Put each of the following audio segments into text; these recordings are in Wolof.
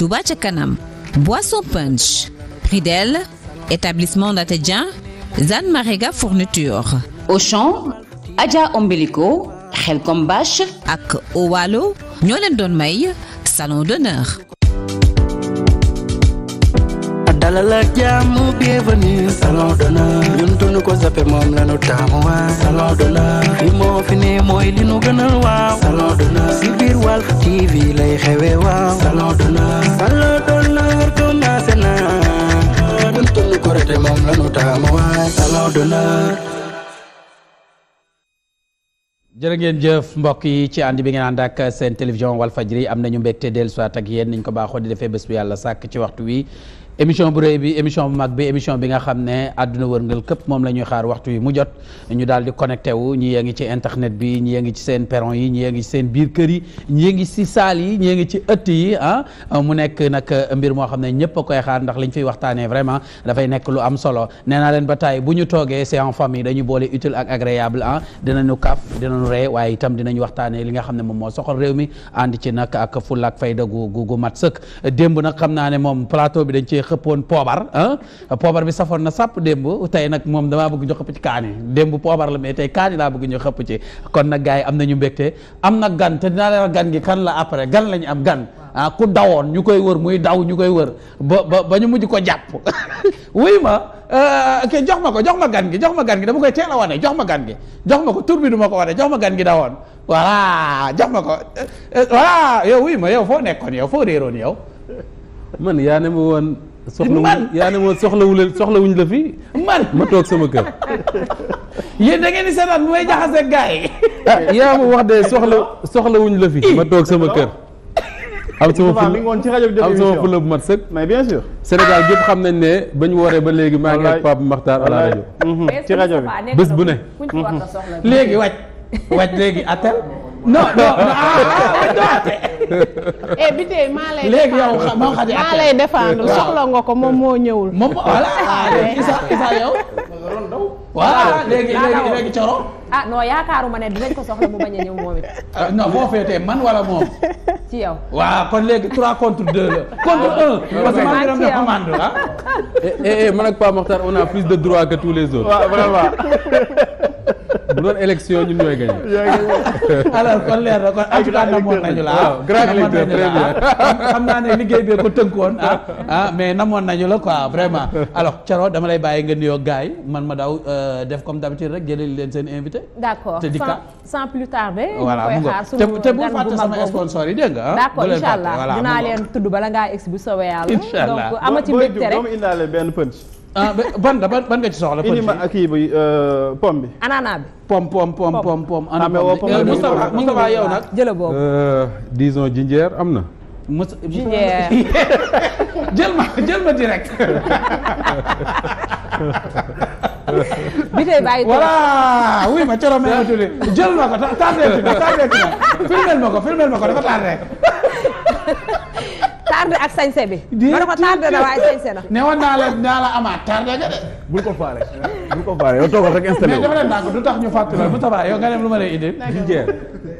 Touba kanam boisson punch Pridel établissement Ndatedja Zane Marega fourniture Auchan Adja Ombilico Xelcom Bache ak Owalo ñoo leen doon may salon d'honneur dalal ko zappe moom la nu taamu jëf mbokk yi ci ànd bi ngeen ànd ak seen télévision Walfadjri am nañu mbégte dellu siwaat ak yéen niñ ko baaxoo di defee bés bu yàlla sàkk ci waxtu wi émission bu rëy bi émission bu mag bi émission bi nga xam ne àdduna wërngal këpp moom la xaar waxtu yi mu jot ñu daal di connecté wu ñi yaa ngi ci internet bi ñi yaa ngi ci seen perron yi ñi yaa ngi ci seen biir kër yi ñi yaa ngi ci saal yi ñi yaa ngi ci ëtt yi ah. mu nekk nag mbir moo xam ne ñëpp a koy xaar ndax liñ fiy waxtaanee vraiment dafay nekk lu am solo nee naa leen ba tey bu ñu toogee c'est en famille dañu boole utile ak agréable ah dinañu kaf dinañu ree waaye dinañ waxtaanee li nga xam ne moom moo soxal réew mi ànd ci nag ak fulla ak fayda gu gu mat sëkk xëppoon poobar ah poobar bi safoon na sapp démb tey nag moom damaa bëgg ñu xëpp ci kaani démb poobar la mais tey kaani laa bëgg ñu xëpp ci kon nag gars yi am nañu mbégte am na gan te dinaa leen gan gi kan la après gan lañu am gan ah ku dawoon ñu koy wër muy daw ñu koy wër ba ba ba ñu mujj ko jàpp wuy ma ah, ok jox ma ko jox ma gan gi jox ma gan gi dama koy teel a wane jox ma gan gi jox ma ko tur bi du ko wane jox ma gan gi dawoon voilà jox ma ko eh, eh, voilà yow wuy ma yow foo nekkoon yow foo réeroon yow man yaa ne ma soxla man yaa ne ma soxlawul soxlawuñ la fi. man ma toog sama kër. yéen da ngeen di seetaan bu jaxase gars yi. Ah, yaa ma wax de soxla soxlawuñ la fi. ma toog sama kër. am sama fula am sama fula bu mat sëkk. mais bien sûr. gépp xam nañ ne ba ñu waree ba léegi maa ngi ak Pape Makhtar à rajo. Mhm. ci rajo bi bés bu ne. léegi wàcc wàcc léegi atel. non non ah ah wàcc eh bi tey maa lay. léegi yow xam maa lay soxla nga ko moom moo ñëwul. moom voilà ah, eh. Isa Isa yow. voilà ah, léegi ah, léegi léegi yaakaaruma ne dinañ ko soxla mu bañ a ñëw moom it. non boo feetee man wala moom. ci yow. waaw kon léegi 3 contre 2 la. contre 1. Eh, eh, man ak Pape Makhtar on a plus de droit que tous les autres. waaw bu doon élection ñun ñooy gagné. alors kon leer na kon en tout la ah. waaw grand électeur très bien ah. xam naa ne liggéey bee ko tënkoon ah. ah mais namoon nañu la quoi vraiment alors Caro dama lay bàyyi nga nuyoo gaay man ma daaw euh, def comme d'habitude rek jëlee leen seen invité. d'accord sans sans plus tarder. voilà mu nga te te bu fàtte sama sponsor yi dégg nga ah. d'accord incha allah dinaa leen tudd bala ngaa ex bu allah donc amati mbégte rek ah ban ban ban ci soxla. indi ma ak bi euh, pom bi. anaana pom pom pom pom pom. ah eh, yow nag jëla boobu. Euh, disons jinjeer am na. Moussa jinjeer jël ma jël ma direct. bi tey bàyyi ko voilà oui ma coro ma tuli jël ma ko tardé filmel ma ko filmel ma ko dafa tardé. tardé ak sañse bi. di ma ne ko tardé na waaye sañse na. ne woon naa la naa la amaat tardé nga de. bul ko faale bul ko faale yow toogal rek installé wu. mais dafa leen du tax ñu fàttali la bu tabaay yow nga dem lu ma lay indil.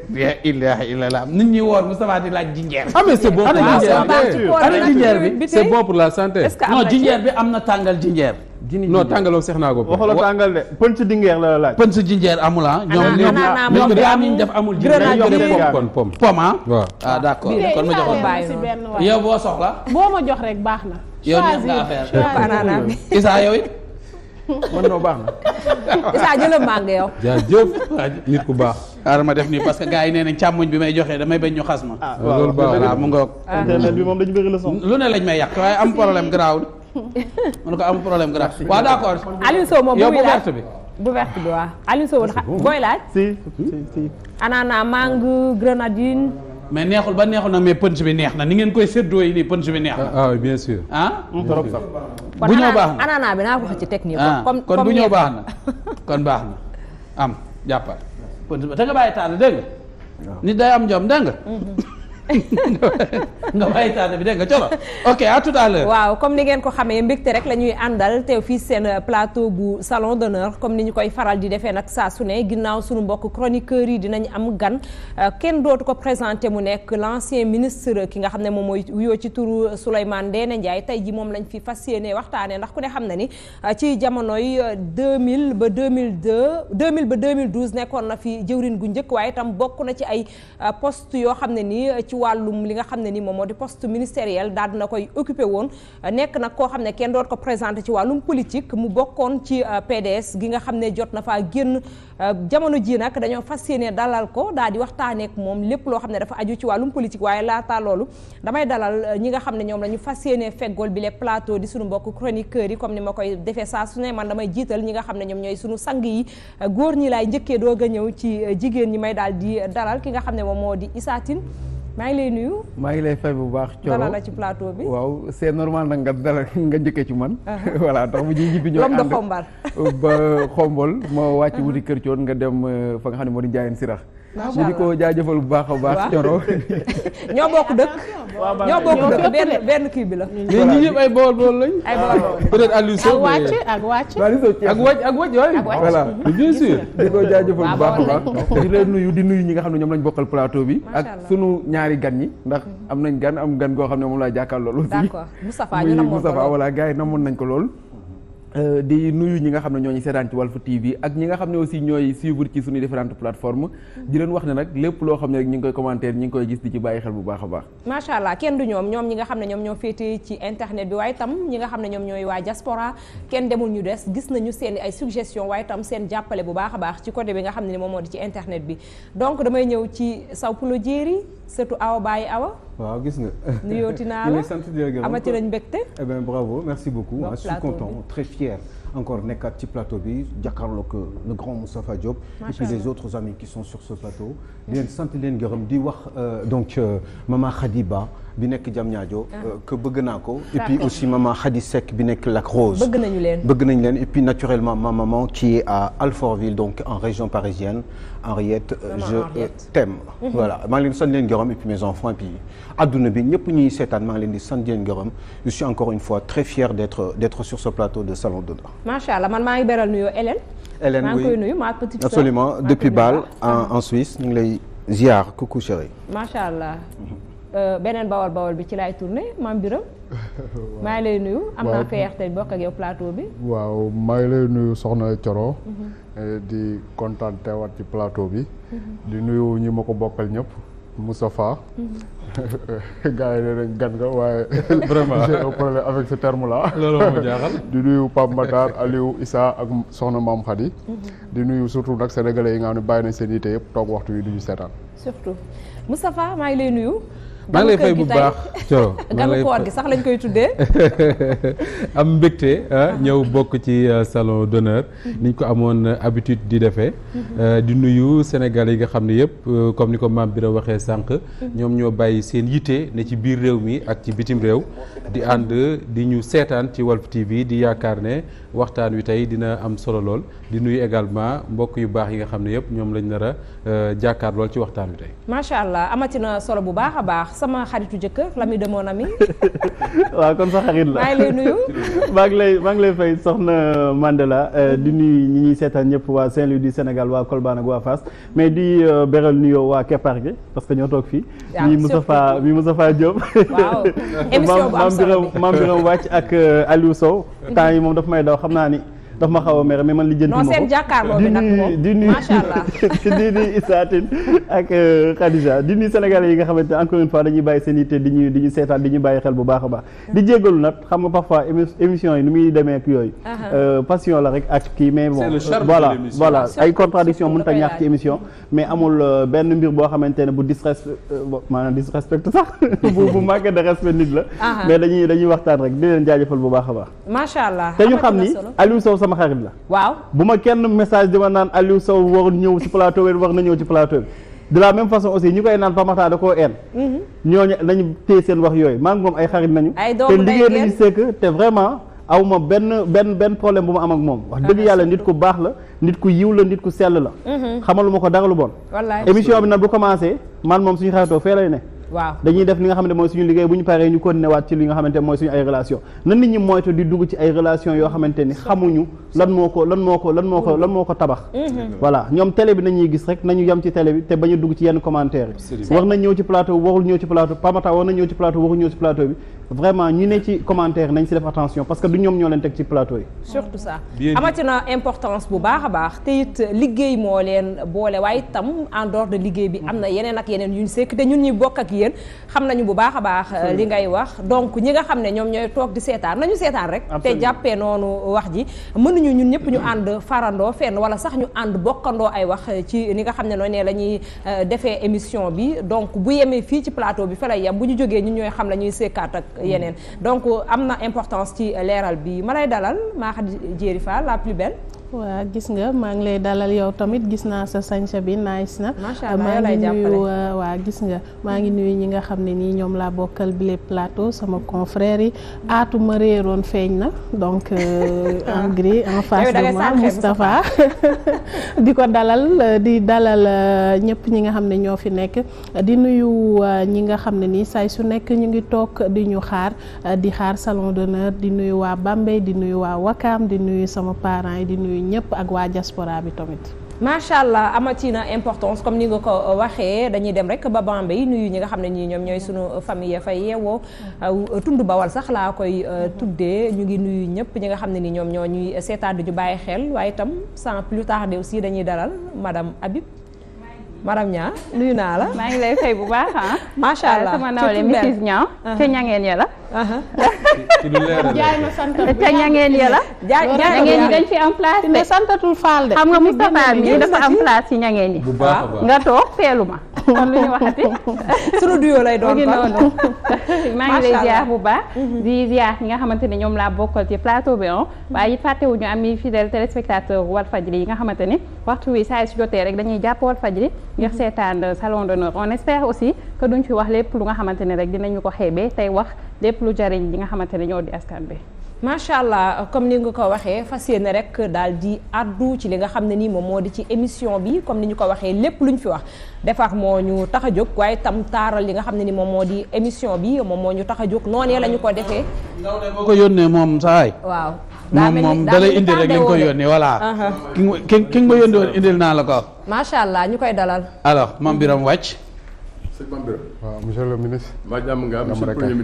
la ilaha illallah nit ñi woor Moustapha di laaj jinjeer. ah mais c'est pour la santé ana jinjeer bi c'est am na non jinjeer bi am na tàngal jinjeer. non tàngaloo seex naa ko. waxula tàngal de pënc jinjeer la la laaj. pënc jinjeer amul ah. ñoom ñoom def amul jinjeer. pom pom pom ah. waaw ah d'accord kon ma joxoon yow boo soxla. boo ma jox rek baax na. yow neex nga affaire. Isa mën noo baax na. Issa jëlal màng yow. jaajëf nit ku baax. xaaral ma def nii parce que gars yi nee nañ càmmuñ bi may joxe damay bañ ñu xas ma. ah loolu baax na mu ngoog. Ah. internet bi moom dañu bëri leçon. lu ne lañ may yàq waaye am problème grave. mën ko am problème grave. waaw d'accord Aliou Sow moom bu bu verte bi waaw Aliou Sow booy laaj. si si si. anaana mangue grenadine. mais neexul ba neexul nag mais pënc bi neex na ni ngeen koy séddoo yi nii pënc bi neex na. ah, ah bien sûr. ah mmh. bu ñëw baax na anaana bi naa ko xëcc teg nii. comme kon bu ñëw baax na kon baax na am jàppal pënc ba te nga bàyyi taal dégg nga. nit day am jom dégg nga bàyyi tànn bi dégg nga coro ok à tout à waaw comme ni ngeen ko xamee mbégte rek la ñuy àndal te fii seen euh, plateau bu salon d'honneur comme ni ñu koy faral di defee nag saa su ne ginnaaw suñu mbokk chroniqueurs yi dinañ am gan euh, kenn dootu ko présenté mu nekk l'ancien ministre ki nga xam ne moom mooy wuyoo ci turu Souleymane ne njaay tey ji moom lañ fi fas yéenee waxtaanee ndax ku ne xam na ni euh, ci jamonoy 2000 ba 2002 2000 ba 2012 nekkoon na fi jëwrin gu njëkk waaye itam na ci ay wàllum li nga xam ne ni moom moo di poste ministériel daal koy occupé woon nekk nag koo xam ne kenn doot ko présenté ci wàllum politique mu bokkoon ci euh, PDS gi nga xam ne jot na faa génn euh, jamono ji nag dañoo fas yéene dalal ko daal di waxtaanee moom lépp loo xam ne dafa aju ci wàllum politique waaye laata loolu damay dalal euh, ñi nga xam ne ñoom la ñu fas yéene feggool bi les plateau di suñu mbokk chroniqueurs yi comme ni ma koy defee saa su ne man damay jiital ñi nga xam ne ñoom ñooy suñu sang yi góor ñi laay njëkkee doog a ñëw ci jigéen ñi may daal di dalal ki nga xam ne moom moo di Issa maa ngi lay nuyu. maa ngi lay fay bu baax. Coro dalal la ci plateau bi. waaw c'est normal nag nga dalal nga njëkkee ci man. Uh-huh. voilà tax mu ji bi ñooy ànd lom de xombal. ba xombal ma wàcc uh-huh. wuti kër coon nga dem uh, fa nga xam ne moo di Njaayeen Sirax ñu di ko jaajëfal bu baax a baax. coro ñoo bokk dëkk. ñoo bokk dëkk benn kii bi la. mais ñi ñëpp ay bool bool lañ. ay bool ak wàcc ak wàcc. ak wàcc ak wàcc waaye. voilà bien sûr. bu baax a baax. di leen nuyu di nuyu ñi nga xam ne ñoom lañ bokkal plateau bi. ak sunu ñaari gan ñi. ndax mhm. am nañ gan am gan goo xam ne moom laa jàkkaarloo lool. d'accord Moustapha ñu namoon gars yi namoon nañ ko lool. Euh, di nuyu ñi nga xam ne ñoo ñu seetaan ci Walfu TV ak ñi nga xam ne aussi ñooy suivre ci suñu différentes plateformes di leen wax ne nag lépp loo xam ne rek ñu ngi koy commentaire koy gis di ci bàyyi xel bu baax a baax macha allah kenn du ñoom ñoom ne ñoom ñoo féete ci internet bi waaye tam ñi nga xam ne ñoom ñooy waa diaspora kenn demul ñu des gis nañu seen ay suggestion waaye tam seen jàppale bu baax a baax ci côté bi nga xam ne moom moo di ci internet bi donc damay ñëw ci Saw Pulo Jéeri surtout awa bàyyi awa. waaw gis nga. nuyooti naa la sant di la gërëm amati nañ mbégte. Eh bravo merci beaucoup. je suis content très fier. encore nekkat ci plateau bi jàkkaarloog euh, le grand Moustapha Diop. et puis les autres amis qui sont sur ce plateau. leen sant leen gërëm di wax euh, donc euh, Mama Khadiba. bi nekk Diamniadio ah. euh, que bëgg naa ko et puis aussi maman Khady Seck bi nekk Lac Rose bëgg nañu leen bëgg nañu leen et puis naturellement ma maman qui est à Alfortville donc en région parisienne Henriette euh, je euh, t'aime mhm. voilà leen di sant leen gërëm et puis mes enfants et puis adduna bi ñëpp ñuy seetaan maa ngi leen di sant leen gërëm je suis encore une fois très fier d'être sur ce plateau de Salon d'Honneur macha allah man maa ngi beral nuyoo Hélène Hélène maa ngi koy nuyu ma petite absolument depuis Bâle en Suisse ñu ngi lay ziar Euh, beneen bawal bawal bi ci laay tourné maam Biram maa ngi lay nuyu am naa fierté bokk ak yow plateau bi waaw maa ngi lay nuyu soxna Coro mhm. eh, di kontaan teewaat ci plateau bi mhm. di nuyu ñi ma ko bokkal ñëpp Moustapha mhm. gars yi danañ gan nga waaye vraiment j'ai un problème avec ce terme là loolu ma jaaxal di nuyu Pape Matar Aliou Issa ak soxna Maam Khady di nuyu surtout nag sénégalais yi nga xam ne bàyyi nañ seen yitte yëpp toog waxtu wi di ñu seetaan surtout Moustapha maa lay nuyu maa ngi bu baax Coro ganu koor gi sax lañ koy tuddee. am mbégte ah, ñëw bokk ci ah, salon d'honneur mhm. niñ ko amoon ah, habitude di defee. Mhm. di nuyu Sénégal yi nga xam ne yëpp comme ni ko maam Bira waxee sànq. Mhm. ñoom ñoo bàyyi seen yitte ne ci biir réew mi ak ci bitim réew. di ànd di ñu seetaan ci Walf TV di yaakaar ne. waxtaan wi tey dina am solo lool di nuyu également mbokk yu baax yi nga xam ne yëpp ñoom lañ nar a euh, jàkkaar lool ci waxtaan wi tey. macha allah amatina solo bu baax a baax sama xaritu jëkkër l'ami de mon ami. waaw kon sa xarit la maa ngi maa ngi lay maa ngi lay fay soxna euh, mm-hmm. di nuyu ñi ñuy ñëpp waa saint du Sénégal waa Colbane ak waa Fass mais di euh, beral nuyoo waa Keppaar gi parce que ñoo toog fii. mi Moustapha mi Moustapha Diop. am solo bi maam Biram wàcc ak Aliou Sow mm-hmm. temps yi moom dafa may daw xam naa ni daf ma xaw mere mais man lijjanti ma moom di nuyu di nuyu ak euh, Khadija di nuyu yi nga xamante ne encore une fois dañuy bàyyi seen yitte di ñuy di ñu seetaan di ñu bàyyi xel bu baax a baax ah. di jéggalu nag xam nga parfois émission yi nu muy demee ak yooyu ah. euh, ak kii mais bon voilà voilà ay contradiction mënut a ñàkk ci émission mais amul euh, benn mbir boo xamante ne bu disres maanaam disrespect sax bu bu manque de respect nit la ah. mais dañuy dañuy waxtaan rek di leen jaajëfal bu baax a baax sama xarit la. waaw bu ma kenn message di ma naan Aliou Sow warul ñëw ci plateau bi war na ñëw ci plateau bi. de la même façon aussi ñu koy naan pamata da koo een mhm. ñooñu nañu téye seen wax yooyu maa moom ay xarit nañu te liggéey nañu sekk te vraiment aw benn benn benn problème bu ma am ak moom wax dëgg ah, yàlla nit ku baax la nit ku yiw la nit ku sell la mhm. xamalu ma ko dara lu bon émission bi nag bu commencé man moom suñu xaritoo fee lay ne waaw dañuy def li nga xam ne mooy suñu liggéey bu ñu paree ñu continuer waat ci li nga xamante mooy suñu ay relation na nit ñi moytu di dugg ci ay relation yoo xamante ni xamuñu lan moo ko lan moo ko lan moo ko lan moo ko tabax mhm. voilà ñoom télé bi nañuy gis rek ñu yem ci télé bi te bañu dugg ci yenn commentaire yi war nañ ñëw ci plateau warul ñëw ci plateau pamata war nañ ñëw ci plateau warul ñëw ci plateau bi vraiment ñu ne ci commentaire parce que du ñoo leen teg ci plateau na importance bu baax baax te it liggéey leen boole waaye tam en liggéey bi am na yeneen ak yeneen yuñ sekk te ñun ñuy bokk ak yéen xam nañu bu baax a baax euh, li ngay wax donc ñi nga xam ne ñoom ñooy toog di seetaan nañu seetaan rek te jàppee noonu wax ji mënuñu ñun ñëpp ñu ànd farandoo fenn wala sax ñu ànd bokkandoo ay wax euh, ci ni nga xam ne noonu ne la ñuy euh, defee émission bi donc bu yemee fii ci plateau bi fa lay yem bu ñu jógee ñun ñooy xam la ñuy sekkaat ak mm. yeneen donc am na importance ci leeral bi ma lay dalal maa xam Diéry la plus belle waa gis nga maa ngi lay dalal yow tamit gis naa sa sañsa bi nice na maa ngi nuyu waa gis nga maa ngi nuyu ñi nga xam ne nii ñoom laa bokkal bile plateau sama confrère yi aatu ma feeñ na donc euh, en gris en face di ko dalal di dalal euh, ñëpp ñi nga xam ne ñoo fi nekk di nuyu ñi nga xam ne nii saay su nekk ñu ngi toog di ñu xaar di xaar salon d'honneur di nuyu waa Bambey di nuyu waa Wakaam di nuyu sama parents yi di nuyu nuyu ñëpp ak waa diaspora bi tamit. macha allah amati importance comme ni nga ko euh, waxee dañuy dem rek ba Bambey nuyu ñi nga xam ne ñii ñoom ñooy sunu famille ya fa yeewoo euh, euh, tund bawal sax laa koy mm-hmm. tuddee ñu ngi nuyu ñëpp ñi nga xam ne ni ñoom ñoo ñuy seetaan du ñu bàyyi xel waaye itam sans plus tarder aussi dañuy daral madame Habib madame Niang nuyu naa la. maa ngi lay fay bu baax ah. macha ah, allah sama nawle Mrs Niang. ca ñangeen ya la. ci du leer jaay ma santatul ca ñangeen ya la. jaay ñangeen yi am santatul faal de. xam nga Moustapha mi dafa am place ci ñangeen yi. nga toog feelu ma. kon lu ñu waxati. sunu duyo lay doon kon maa ngi lay ziar bu baax. Mm-hmm. di ziar ñi nga xamante ne ñoom laa bokkal ci plateau bi ah. Mm-hmm. waaye it fàttewuñu am fidèle téléspectateur Walfadjri yi nga xamante ne waxtu wi saa yu si jotee rek dañuy jàpp Walfadjri ngir seetaan euh, salon d'honneur on aussi que duñ fi wax lépp lu nga xamante ne rek dinañu ko xeebee tey wax lépp lu jariñ ñi nga xamante ne ñoo di askan bi macha allah comme ni nga ko waxee fas yéene rek daal di addu ci li nga xam ne nii moom moo di ci émission bi comme ni ñu ko waxee lépp lu ñu fi wax defar moo ñu tax a jóg waaye tam taaral li nga xam ne ni moom moo di émission bi moom moo ñu tax a jóg noonee la ñu ko defee. ndaw de boo ko yónnee moom saay waaw. daa mel moom da lay indi rek li nga koy yónnee voilà. ki nga ki naa la ko. macha allah ñu koy dalal. alors Mame Birame wàcc. sëñ Mame Birame. waaw monsieur le ministre. maa jàmm nga monsieur le premier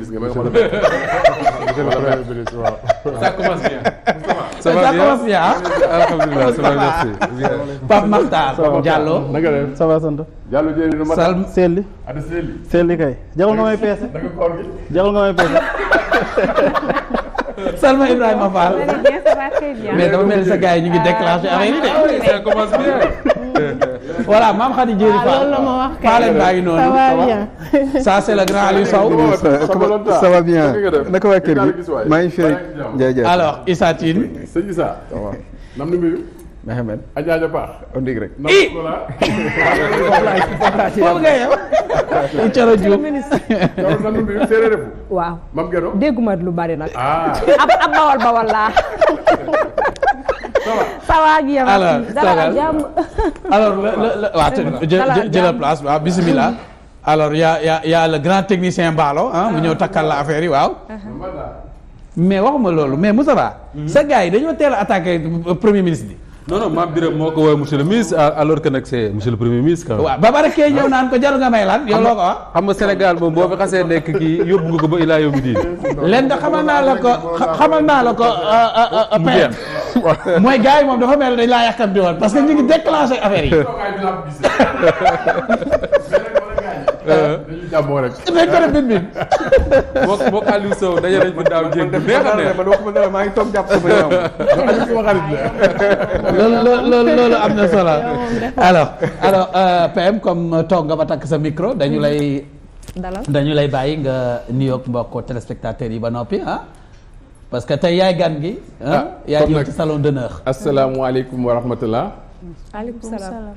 kay. jaxul nga peese. Salma Ibrahima Fall. mais dafa mel ni sa gars yi ñu ngi euh, déclenché affaire yi de. ça commence bien. voilà maam Khady Diéry ah, Fall Fall baa ngi noonu. ça c'est le grand Aliou Sow. ça va bien naka waa kër gi maa ngi fi. alors Issa Tine. sëñ Issa. Mouhamed. Adja Adja Paax. on dit rek. i foofu laay foofu laay ci foofu waaw dégguma lu bari nag. Ah. ab ab bawal bawal laa. ça va alors alors la jël place waaw bisimilah. alors y' a y' a y' a le technicien Mballo ah, mu ñëw takkal la affaire yi waaw. mais waxuma loolu mais Moussa hmm. sa gars yi dañoo teel a attaqué premier ministre bi. non non Mame moo ko woowee monsieur le ministre alors que nag c'est monsieur le premier ministre. waaw ba pare kee ñëw naan ko jaru nga yow loo ko wax. xam nga Sénégal moom boo fi xasee nekk kii yóbbu nga ko ba ilaa yow mi diin. lenn xamal naa la ko xamal naa la ko. Euh, euh, euh, mooy gars yi moom dafa mel dañ laa yàkkamti woon parce que ñu ngi déclenché affaire yi. a ngi toog jàpp sama yaram. loolu loolu am na solo. alors alors euh, PM comme euh, toog nga ba takk sa micro dañu lay. dalal dañu lay bàyyi nga nuyoog mbokk téléspectateurs yi ba noppi ah. parce que tey yaay gan gi. ah, ah yaay ñëw ci salon d'honneur. asalaamualeykum wa rahmatullah. waaleykum salaam.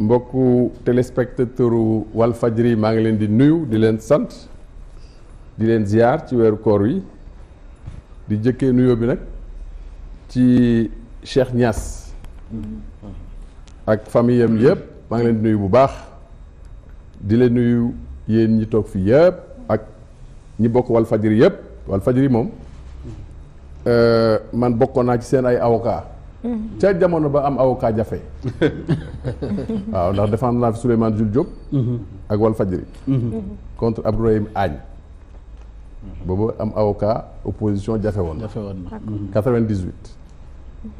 mbokku téléspectateur u Walfadjri maa ngi leen di nuyu di leen sant di leen ziar ci weeru koor wi di jëkkee nuyoo bi nag ci Cheikh Niass ak famille am yëpp maa ngi leen di nuyu bu baax di leen nuyu yéen ñi toog fii yëpp ak ñi bokk Walfadjri yëpp Walfadjri moom euh, man bokkoon naa ci seen ay avocat Mm-hmm. ca jamono ba am avocat jafe waaw ndax défendre naa fi Souleymane Jules Diop mm-hmm. ak Walfadjri mm-hmm. contre Abdourahim Agne boobu am avocat opposition jafe woon jafe woon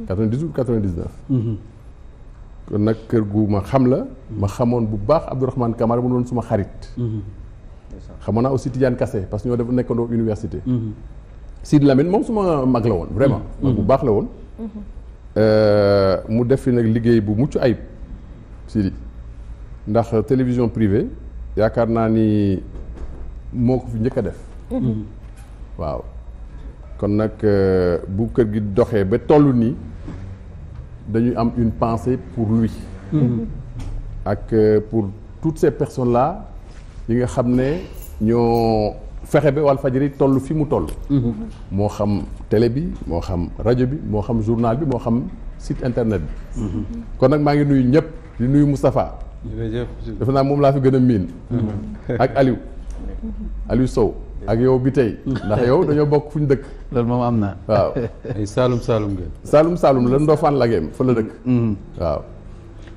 na 98 nag kër gu ma xam la ma xamoon bu baax Abdourahmane Camara mu doon suma xarit xamoon naa aussi Tidiane kase parce que ñoo def nekkandoo université Sidi Lamine moom suma mag la woon vraiment mag bu baax la woon Euh, mu def fi nag liggéey bu mucc ayib Sidi ndax télévision privée yaakaar naa ni moo ko fi njëkk a def. Mm-hmm. waaw kon nag euh, bu kër gi doxee ba toll nii dañuy am une pensée pour lui. Mm-hmm. ak euh, pour toutes ces personnes là yi nga xam ne ñoo. fexe ba Walfadjri toll fi mu toll. Mhm. moo xam télé bi moo xam rajo bi moo xam journal bi moo xam site internet bi. Mhm. kon nag maa ngi nuyu ñëpp di nuyu Moustapha. jërëjëf defe naa moom laa fi gën a miin. Mhm. ak Aliou Aliou Sow. ak yow bi tey ndax yow dañoo bokk fu ñu dëkk. loolu moom am na waaw. ay Saalum Saalum ngeen. Saalum Saalum la Ndofane Laguem fa la dëkk. waaw.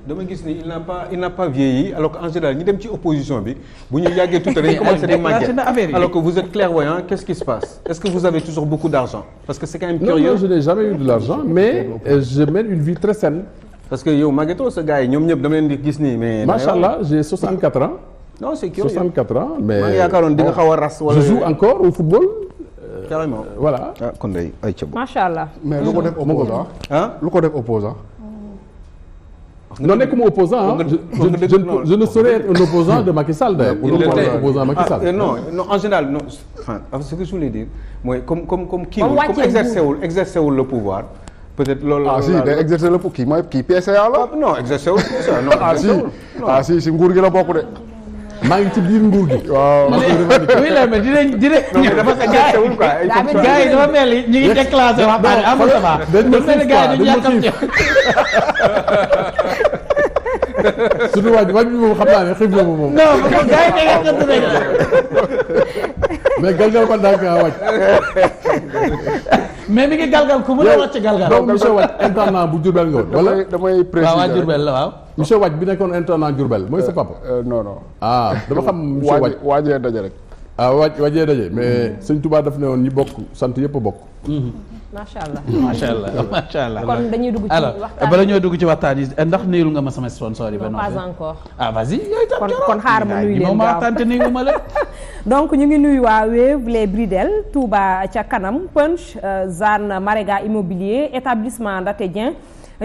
dama gis ni il n'a pas il n'a pas vieilli alors que en général dem ci opposition bi bu ñu yàggee tuuti dañu commencé di màgget alors que vous êtes clairvoyant qu'est-ce qui se passe est-ce que vous avez toujours beaucoup d'argent parce que c'est quand même curieux non, non je n'ai jamais eu de l'argent mais euh, je mène une vie très saine parce que yow màggetoo oh, sa gars yi ñoom ñëpp dama leen di gis ni mais macha allah j'ai 64 ans non c'est curieux 64 ans mais a ras wala je euh, ah, macha allah mais lu ko lu ko def opposant non nekkuma opposant je ne saurais être un de Macky Sall d'ailleurs pour opposant Macky ah, Sall euh, non non en général non enfin ce que je voulais dire mooy comme comme comme kii comme exercer wul exercer wul le pouvoir peut-être loolu la ah si day exercer le kii mooy kii la ah, non exercer wul non ah si ah si si nguur gi la bokk maa ngi ci biir nguur gi. waaw oui la mais dinañ dinañ. dafa gàccewul quoi. gars yi dafa mel ni ñu ngi moom xam naa ne xiif na moom. non galgal kon daal waaj. mais mi ngi galgal ku mu ne wàcc galgal. donc monsieur Wath internat bu Diourbel nga waaw. monsieur Wade bi nekkoon intendant Diourbel mooy sa euh, papa. Euh, non non. ah dama xam monsieur Wade waajee daje rek. ah waaj waajee daje mais hmm. sëñ Touba daf ne woon ñi bokk sant yëpp a bokk. Hmm. macha allah macha allah macha allah kon dañuy dugg ci waxtaan bala ñoo dugg ci waxtaan yi ndax nuyul nga ma sama sponsor yi. ba non pas encore ah kon xaar ma nuyu leen ma tante nuyu ma la. donc ñu ngi nuyu waa Wave les Bridel Touba ca kanam Punch euh, Zane Marega immobilier établissement Ndaté Dieng.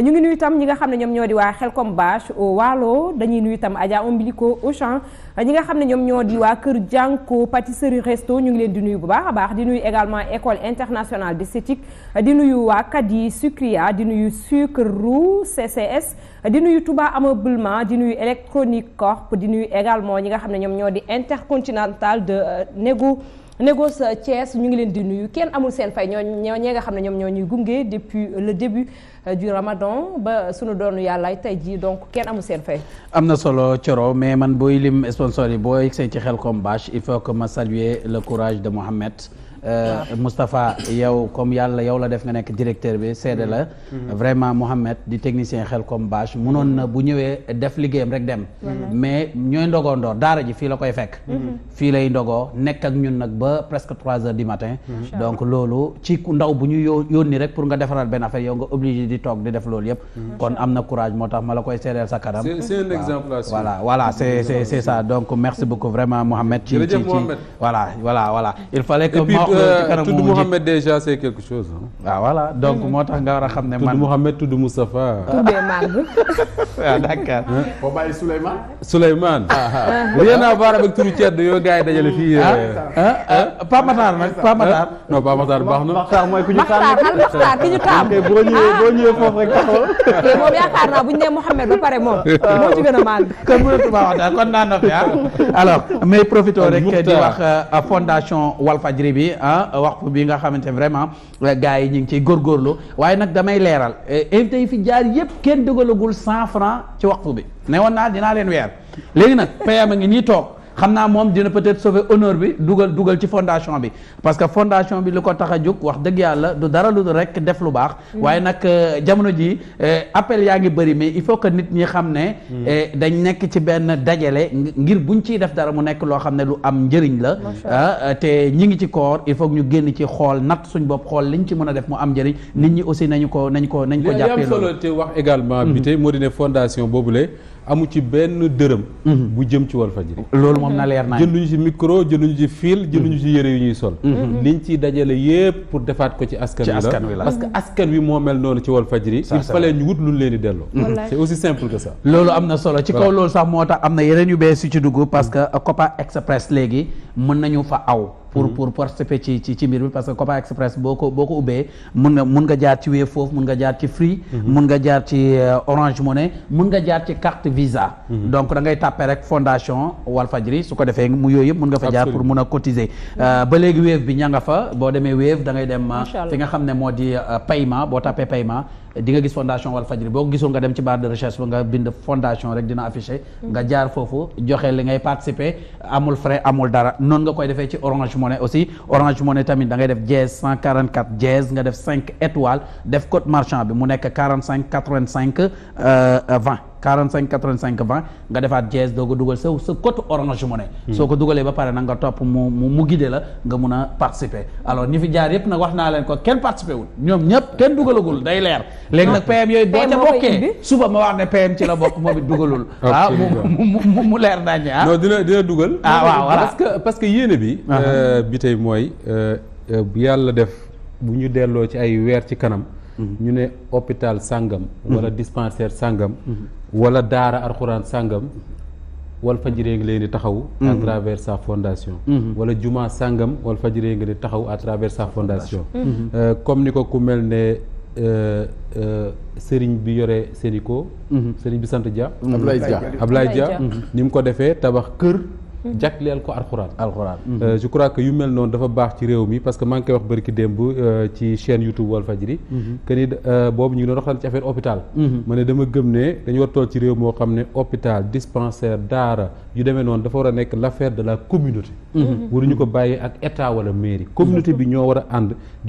ñu ngi nuy itam ñi nga xam ne ñoom ñoo di waa Xelkom Bâche Waalo dañuy nuyu itam Adja Ombilico Auchan ñi nga xam ne ñoom ñoo di waa Kër Jànko pâtisserie resto ñu ngi leen di nuyu bu baaxa baax di nuy également école internationale d'esthétique di nuyu waa Kadi Sucria di nuyu Sucre Roux CCS di nuyu tubaa Ameublement di nuyu Electronique Corp di nuyu également ñi nga xam ne ñoom ñoo di Intercontinental de euh, Nego Negos cees ñu ngi leen di nuyu kenn amul seen fay ñoo ñoo ñee nga xam ne ñoom ñoo ñuy gunge depuis le début euh, du Ramadan ba sunu doonu yàlla tey jii donc kenn amul seen fay. am na solo Thioro mais man booy lim sponsor yi booy seet ci Khelcom Bache il faut que ma saluer le courage de Mohamed. Euh, ah. Moustapha yow comme yàlla yow la def nga nekk directeur bi seede la mm-hmm. Mm-hmm. vraiment Mohamed di technicien xel comme bâche munoon na bu ñëwee def liggéeyam rek dem mais ñooy ndogoondoor daara ji fii la koy fekk mm-hmm. fii lay ndogoo nekk ak ñun nag ba presque trois heures du matin donc loolu ci ndaw bu ñu yó yónni rek pour nga defaral benn affaire yow nga obligé di toog di def loolu yëpp kon am na courage moo tax ma la koy seedeel sa kanam c'est un exemple voilà c'est c'est ça donc merci beaucoup vraiment Mohamed ci tudd euh, Mouhamed déjà c'est quelque chose. waaw ah, voilà donc mm. moo tax nga war a xam ne man tudd Mouhamed tudd Moustapha. tuddee màgg. waaw d'accord. boo bàyyi Souleymane. Souleymane. Ah, ah. rien à yooyu gars dajale fii. ah euh, nag Pape Matar. non ki ñu taamu. boo ñëwee boo rek taxawal. te eh, moom naa bu ñu nee ba pare moom. moo ci gën a kon mënatu maa wax daal kon naa noppi ah. mais profitons rek di wax euh, fondation Walfadjri bi. ah waxtu bi nga xamante vraiment euh, gars yi ñu ngi ciy góorgóorlu waaye nag damay leeral euh, invité yi fi jaar yépp kenn dugalagul cent franc ci waxtu bi ne woon naa dinaa leen weer léegi nag PM a ngi nii toog xam naa moom dina peut-être sauver honneur bi dugal dugal ci fondation bi parce que fondation bi li ko tax a jóg wax dëgg yàlla du dara lu rek def lu baax. Mm. waaye nag euh, jamono ji euh, appel yaa ngi bëri mais il faut que nit ñi xam ne. Mm. Euh, dañ nekk ci benn dajale ngir buñ ciy def dara mu nekk loo xam ne lu am njëriñ la. Ah, te ñi ngi ci koor il faut ñu génn ci xool natt suñ bopp xool ñu ci mën a def mu am njëriñ nit ñi aussi nañu ko nañ ko nañ ko. jàppee loolu wax également. bi mm-hmm. tey moo di ne amu ci benn dërëm. Mhm. bu jëm ci Walfadjri. loolu moom na leer naa jënduñu ci micro jënduñu ci fil jënduñu ci yëre yu ñuy sol. Mhm. Mhm. li ñu ciy dajale yépp pour defaat ko ci askan wi la parce que askan wi moo mel noonu ci Walfadjri. il fallait ñu wut luñ leen di dellu c'est aussi simple que ça. loolu am na solo ci kaw loolu sax moo tax am na yeneen yu bees yu ci dugg parce que Copa Express léegi mën nañu fa aw. pour hmm. pour participer ci ci ci mbir bi parce que Copa Express boo ko boo ko ubbee mun nga mun nga jaar ci Wave foofu mun nga jaar ci Free hmm. mun nga jaar ci euh, Orange Money mun nga jaar ci carte Visa hmm. donc da ngay tàppe rek fondation Walfadjri su ko defee mu yooyu yëpp mun nga fa jaar pour mun a cotiser euh, ba léegi Wave bi ña nga fa boo demee Wave dangay ngay dem euh, fi nga xam ne moo di payman boo tàppee paiement di nga gis fondation Walfadjri boo ko gisul nga dem ci barre de recherche ba nga bind fondation rek dina affiché nga jaar foofu joxe li ngay participer amul frais amul dara noonu nga koy defee ci Orange Money aussi Orange Money tamit da ngay def dièse 144 dièse nga def 5 étoiles def code marchand bi mu nekk 45 85 20 45 85 20 nga defaat dièse doo ko dugal sa sa code orange money hmm. soo ko dugalee ba pare nag nga topp mu mu mu guidé la nga mun a participer alors ñu fi jaar yépp nag wax naa leen ko kenn participer wul ñoom ñëpp kenn dugalagul day leer léegi ah. nag PM yooyu boo ca bi suba ma wax ne PM ci la bokk moom it dugalul ah mu mu leer nañ ah dina dina dugal ah waaw voilà parce que parce bi ah. euh, bi tey mooy euh, euh, bu yàlla def bu ñu delloo ci ay weer ci kanam hmm. ñu ne hôpital sàngam hmm. wala dispensaire sàngam wala daara alxuraan sàngam Walfadjri mm-hmm. mm-hmm. ngi leen di taxaw à travers sa fondation wala juma sàngam Walfadjri ngi di taxaw à travers sa fondation mm-hmm. euh, comme ni ko ku mel ne euh, euh, sëriñ bi yore Sénico sëriñ bi sant Dia Ablaye Dia Ablaye Dia ni mu ko defee tabax kër jagleel ko alxuraan. alxuraan. Euh, mm-hmm. je crois que yu mel noonu dafa baax ci réew mi parce que maa koy wax bërki démb euh, ci chaîne YouTube Walfadjri. Mm-hmm. que euh, mm-hmm. war toll ci réew moo xam de la communauté. ko bàyyee ak état wala bi ñoo war a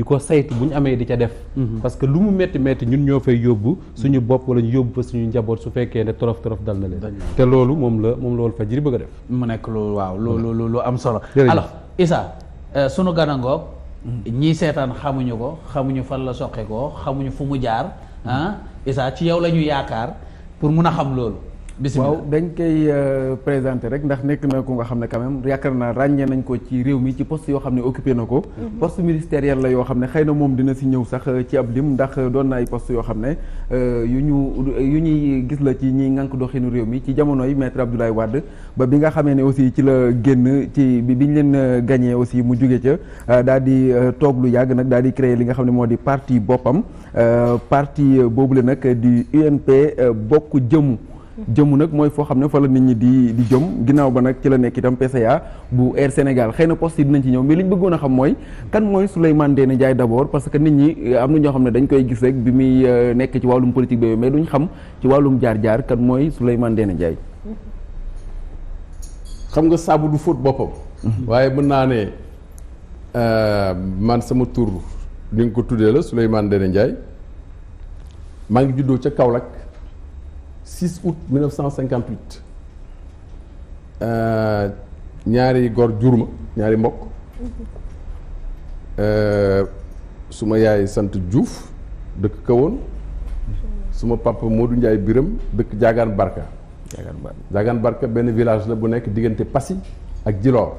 ko saytu bu ñu amee di ca def. parce que lu mu métti métti ñun ñoo fay yóbbu suñu bopp wala ñu yóbbu fa suñu njaboot su fekkee ne torof torof dal na leen. te bëgg a def. waaw lu lu lu am solo. alors Issa euh, sunu ganangoog. ñii seetaan xamuñu ko xamuñu fan la soqe ko xamuñu fu mu jaar ah Issa ci yow la ñu yaakaar pour mun a xam loolu. bisimilah waaw dañ koy euh, présenté rek ndax nekk na ko nga xam ne quand même yaakaar naa ràññee nañ ko ci réew mi ci poste yoo xam ne occupé na ko. Mhm. post ministériel la yoo xam ne xëy na moom dina si ñëw sax euh, ci ab lim ndax doon na ay poste yoo xam ne euh, yu ñu yu ñuy gis la ci ñiy ŋànk doxinu réew mi ci jamono yi maître Abdoulaye Wade ba bi nga xamee ne aussi ci la génn ci bi biñ leen gagné aussi mu jóge ca daal di toog lu yàgg nag daal di créer li nga xam ne moo di parti boppam parti boobule nag di UNP bokk jëmu. jëmm nag mooy foo xam ne fa la nit ñi di di jëm ginnaaw ba nag ci la nekk itam PCA bu Air Sénégal xëy na poste yi dinañ ci ñëw mais li ñu bëggoon a xam mooy kan mooy Souleymane Ndéné Ndiaye d'abord parce que nit ñi am na ñoo xam ne dañ koy gis rek bi muy euh, nekk ci wàllum politique boobu mais duñ xam ci wàllum jaar-jaar kan mooy Souleymane Ndéné Ndiaye xam nga saabu du fóot boppam mhm. waaye mën naa ne euh, man sama tur ni ko tuddee la Souleymane Ndéné Ndiaye maa ngi juddoo ca Kaolack 6 août 1958 euh, ñaari góor jur ma ñaari mbokk euh, suma yaay sant juuf dëkk Kawoon suma papa Modou Ndiaye Biram dëkk Diagane Barka. Diagane Barka benn village la bu nekk diggante Passy ak Djilor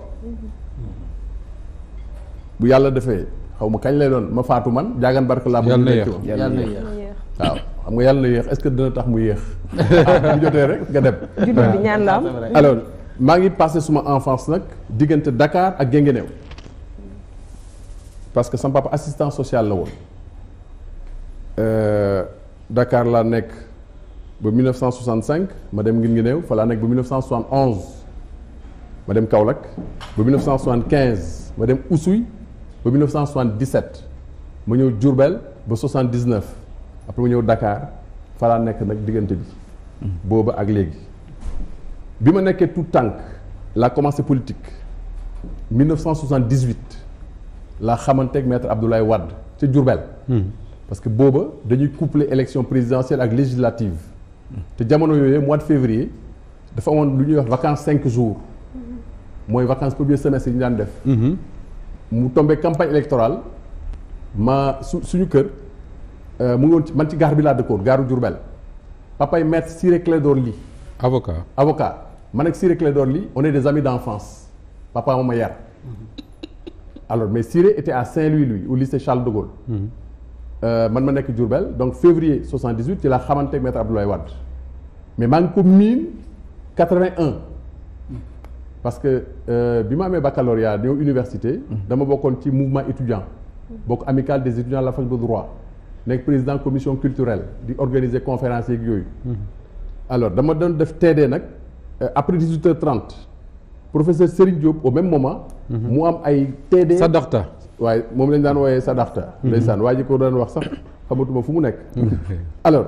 bu yàlla defee xaw ma kañ lay doon ma faatu man Diagane Barka laa. yàlla na yéex yàlla na yéex waaw. xam nga yàlla na yéex est-ce que dina tax mu yéex ah, bu jotee rek nga dem. jullit ah, maa ngi passé suma enfance nag diggante dakaar ak Guinguinéo parce que sama papa assistant social la woon euh, dakaar laa nekk ba 1965 ma dem Guinguinéo fa laa nekk ba 1971 ma dem Kaolack ba 1975 ma dem Oussouye ba 1977 ma ñëw Diourbel ba 79. après mu ñëw dakaar falaa nekk nag diggante bi booba ak léegi bi ma nekkee tout tànk la commencé politique 1978 la xamante ak maître Abdoulaye Wade ca Diourbel hmm. parce que booba dañuy coupler élection présidentielle ak législative te jamono yooyu mois de février dafa amoon lu ñuy wax vacances cinq jour mooy vacances premier semestre yi ñu daan def hmm. mu tombé campagne électorale ma su suñu kër Euh, mu ngi woon man ci gaar bi laa dëkkoon gaaru Diourbel papay maître Ciré Clédor Ly avocat avocat man ak Ciré Clédor Ly on est des amis d'enfance papa moom a yar mhm. alors mais Ciré était à saint lui au lycée Charles de Gaulle mhm. euh, man ma nekk Diourbel donc février 78 ci laa xamante ak maître Abdoulaye Wade mais maa ngi ko miin parce que euh, bi ma amee baccalauréat ñëw université mhm. dama bokkoon ci mouvement étudiant bokk amicale des étudiants la fac de droit nekk président commission culturelle di organiser conférence yeeg yooyu. alors dama doon def TD nag euh, après 18h30 professeur Serigne Diop au même moment. Mhm. mu am ay TD. Sadaxta waaye moom lañ daan wooyee Sadaxta. Mhm. ndeysaan waa ji ko daan wax sax xamatuma fu mu nekk. Mhm. alors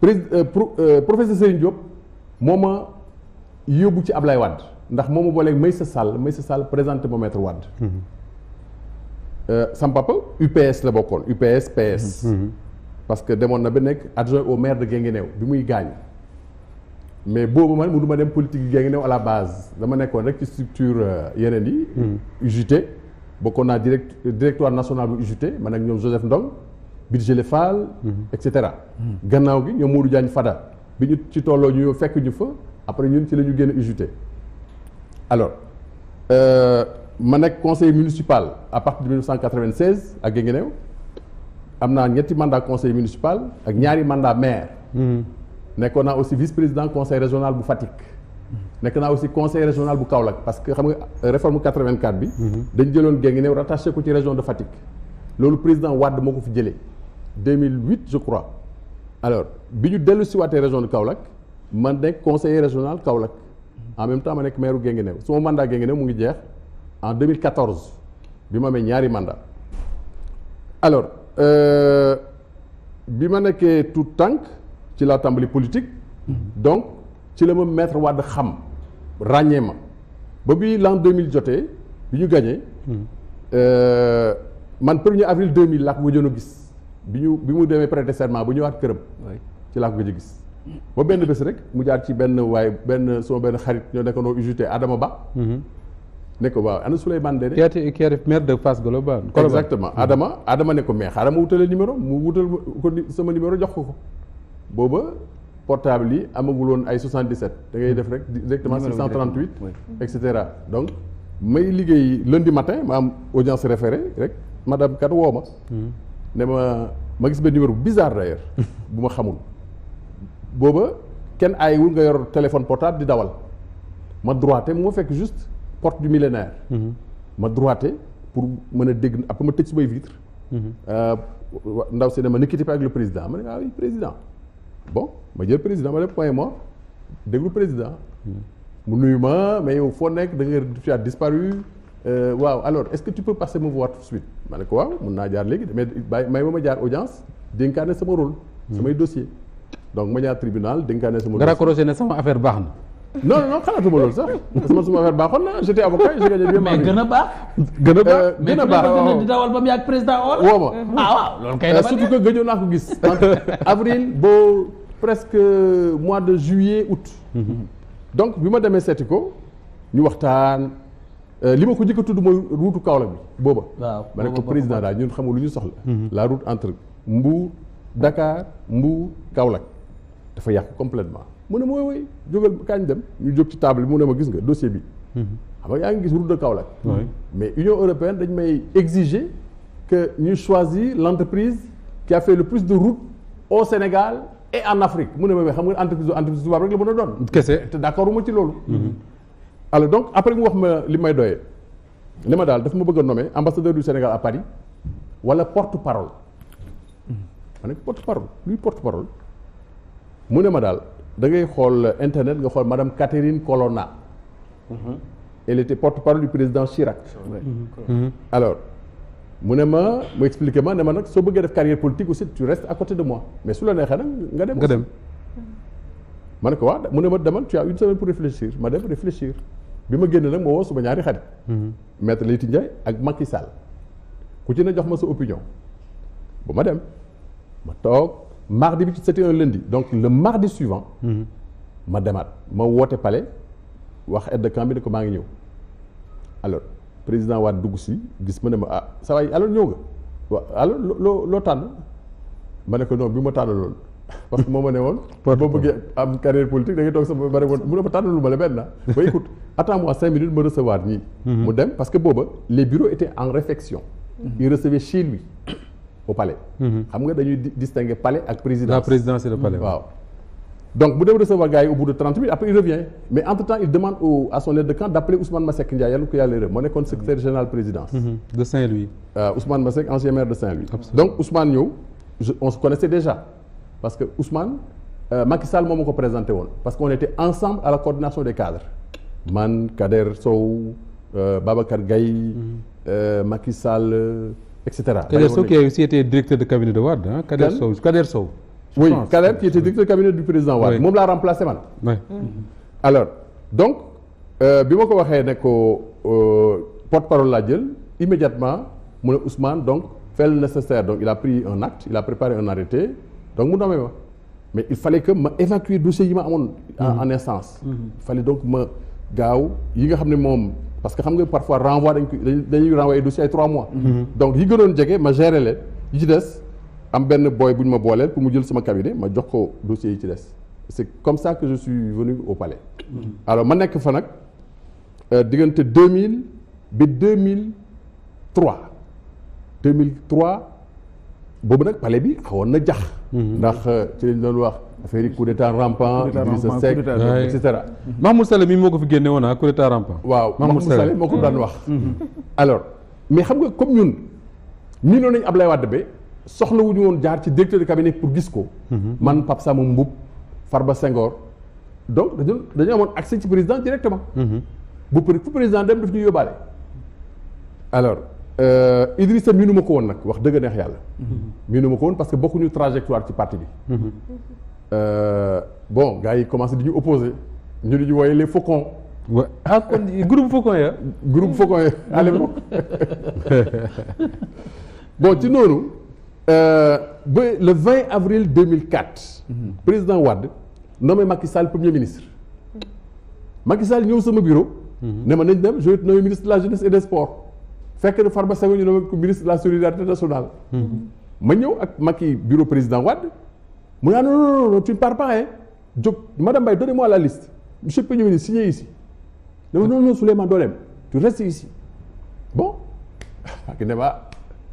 prés euh, euh, professeur Serigne Diop moo ma yóbbu ci Ablaye Wade ndax moom ma booleeg Maysa Sall Maysa Sall présenté ma maître Wade. Euh, sam papa UPS la bokkoon UPS PS. Mhm. Mhm. parce que demoon na ba nekk adjoint au maire de Guinguinéo bi muy gaañ. mais boobu man mënu ma dem politique yi Guinguinéo à la base dama nekkoon rek ci structure euh, yeneen yi. Mhm. UJT bokkoon naa direct directoire national bu UJT man ak ñoom Joseph Ndong Birgile Fall. et cetera. gannaaw gi ñoom Modou Diagne Fada bi ñu ci tolloo ñu fekk ñu fa après ñun ci la ñu génn UJT alors. Euh, ma nekk conseil municipal à partir de 1996 ak Guinguinéo am naa ñetti mandat conseil municipal ak ñaari mandat maire hmm. nekkoon naa aussi vice président conseil régional bu Fatick nekk naa aussi conseil régional bu Kaolack parce que xam nga euh, réforme 84 bi hmm. dañ jëloon Guinguinéo rattaché ko ci région de Fatick loolu président Wade moo ko fi jëlee 2008 je crois alors bi ñu dellu si waatee région de Kaolack man nekk conseiller régional Kaolack en même temps ma nekk maire Guinguinéo suma mandat Guinguinéo mu ngi jeex en 2014 bi ma amee ñaari mandat alors euh, bi ma nekkee tout tànk ci laa tàmbali politique donc ci la ma metre Wade xam ràññee ma ba bi l'an 2000 jotee bi ñu gagné euh, man premier avril 2000 laa ko gëjoon a gis bi ñu bi mu demee prêter serment bu ñëwaat këram ci laa ko gëj gis ba benn bés rek mu jaar ci benn waaye benn suma benn xarit ñoo nekkoonoo UGT Adama Ba mm-hmm. ne ko waaw ana Souleymane Ndéné. qui était qui était maire de Fass Global. exactement Adama Adama ne ko mais xaaral ma wutale numéro mu wutal ko sama numéro jox ko ko booba portable yi amagul woon ay 77 da ngay def rek directement 638. et cetera donc may liggéey lundi matin ma am audience référée rek madame kat woo ma. Hmm. ne ma ma gis benn numéro bizarre d'ailleurs bu ma xamul. booba kenn aayewul nga yor téléphone portable di dawal ma droité mu ma fekk juste. porte du millénaire. ma droité pour mën a dégg après ma tëj sumay vitre. Euh, ndaw si ne ma ne quittez pas avec président ma ne ah oui président bon ma jël président ma ne point moi déglu président. mu nuyu ma mais yow foo nekk da nga tu as disparu. Euh, waaw alors est-ce que tu peux passer me voir suite ma ne ko waaw mun naa jaar léegi mais baay may ma ma jaar audience dénkaane sama rôle. samay dossier donc ma jaar tribunal dénkaane sama. dossier nga raccroché ne sama affaire baax na. non non xalaatuma loolu sax parce suma affaire baaxoon na j'étais avocat j'ai gagné bien ma vie. gën a baax. gën a euh, baax gën a baax mais di dawal ba mu yàgg président woo ma. ah waaw loolu kay euh, surtout que gëjoon naa ko gis. avril ba presque mois de juillet août. Mhm. bi ma demee seeti ko ñu waxtaan. Euh, li ma ko njëkk a tudd mooy route Kaolack bi booba. waaw ma ne ko président daal ñun xamul lu ñu soxla. Mhm. la route entre Mbour Dakar Mbour Kaolack dafa yàqu complètement mu ne ma woy woy jógal kañ dem ñu jóg ci table bi mu ne ma gis nga dossier bi. Mhm. xam nga yaa ngi gis route de Kaolack. mais Union européenne dañ may exige que ñu choisir l' entreprise qui a le plus de route au Sénégal et en Afrique mu ne ma xam nga entreprise entreprise tubaab rek la mën a doon. kese te d' accord uma ci loolu. Mhm. alors donc après mu wax ma li may doyee li ma daal daf ma bëgg a nommer ambassadeur du Sénégal à Paris wala porte parole. Mhm. ma ne porte parole luy porte ne ma daal. da ngay xool internet nga xool madame Catherine Colonna. Mhm. elle était porte-parole du président Chirac. Mhm. Mhm. alors mu ne ma mu expliqué ma ne ma nag soo bëggee def carrière politique aussi tu restes à côté de moi mais su la neexee nag nga dem. nga dem ma ne ko waaw mu ne ma demal tu as une semaine pour réfléchir ma dem réfléchir bi ma génne nag moo woo suma ñaari xarit. maître Leyti Ndiaye ak Macky Sall ku ci ne jox ma sa opinion bu ma dem ma toog. mardi bi c'était un lundi donc le mardi suivant. Mhm. ma demaat ma woote pale wax aide de camp bi ne ko maa ngi ñëw alors président waat dugg si gis ma ne ma ah saa waay alors ñëw nga waaw alors loo loo tànn ma ne ko non bi ma tànn loolu. parce que moo ma ne woon. boo bëggee am carrière politique da ngay toog sama bari mu ne ma tànn lu ma la benn na. Ah. ba écoute attends-moi cinq minutes ma recevoir ñii. Mhm. mu dem parce que booba les bureaux étaient en réfection. Mhm. il recevait chez lui. au palais. Mhm. xam nga dañuy distinguer palais ak présidence. la présidence et le donc bu dem recevoir gars yi au bout de 30 minutes après il revient mais entre temps il demande au son aide de camp d' appeler Ousmane Masseck Ndiaye yàlla ko yàlla yërëm moo nekkoon secrétaire général présidence. Mhm. de Saint-Louis. Euh, Ousmane ancien maire de Saint-Louis. donc Ousmane ñëw on se connaissait déjà parce que Ousmane euh, moom moo ko woon parce que on était ensemble et cetera. Kader Sow qui de cabinet de Wade ah. Kader Sow Kader Sow. je moom laa remplacé man. Mm-hmm. alors donc euh, bi ma ko waxee ne ko euh, porte laa jël immédiatement mu ne Ousmane donc fel le nécessaire donc il a pris un acte il a préparé un arrêté donc mu nommé ma mais il fallait que ma évacuer dossier yi ma amoon. en mm-hmm. instance. Mm-hmm. il fallait donc ma gaaw yi nga xam ne moom. parce que xam nga parfois renvoi dañ ko dañuy renvoyer dossier ay 3 mois. donc yi gënoon jege ma gérer leen yi ci des am benn boy bu ñu ma booleel pour mu jël sama cabinet ma jox ko dossier yi ci des c' comme ça que je suis venu au palais. alors ma nekk fa nag euh, diggante 2000 ba mille 2003 boobu nag palais bi xawoon na jax. Mhm. ndax euh, ci lañ doon wax. affaire yi coup d'état rampant Idrissa Seck et cetera moo ko fi génne woon ah coup d'état rampant waaw Mahmoud Saleh moo ko daan mm-hmm. wax alors mais xam nga comme ñun miinoon nañu Ablaye Wade ba soxlawuñu woon jaar ci directeur de cabinet pour gis ko mm-hmm. man Pape mbub far ba Senghor donc dañu dañu amoon accès ci président ma mm-hmm. bu fu président dem daf ñu yóbbaale alors euh, Idrissa miinu ma ko woon nag wax dëgg neex yàlla miinu ma ko woon parce que bokkuñu trajectoire ci parti bi Euh, bon gars yi commencé di ñu opposé ñu di ñu wooyee les faucons. wa ah kon groupe faucon ya. groupe faucon ya à ah, l'époque bon ci noonu euh, ba le avril mhm. président Wade nommé Macky Sall premier ministre. Macky Sall ñëw sama bureau. Mhm. ne ma nañ dem je vais te nommer ministre de la jeunesse et des sports. fekk na Farba Senghor ñu nommé ko ministre de la solidarité nationale. Mhm. ma ñëw ak Macky bureau président wadd mu naan ah, non non non tu ne pars pas hein jóg madame Baye donnez-moi la liste monsieur le Premier ministre signez ici non non non Souleymane Dolem tu restes ici bon Macky ne ma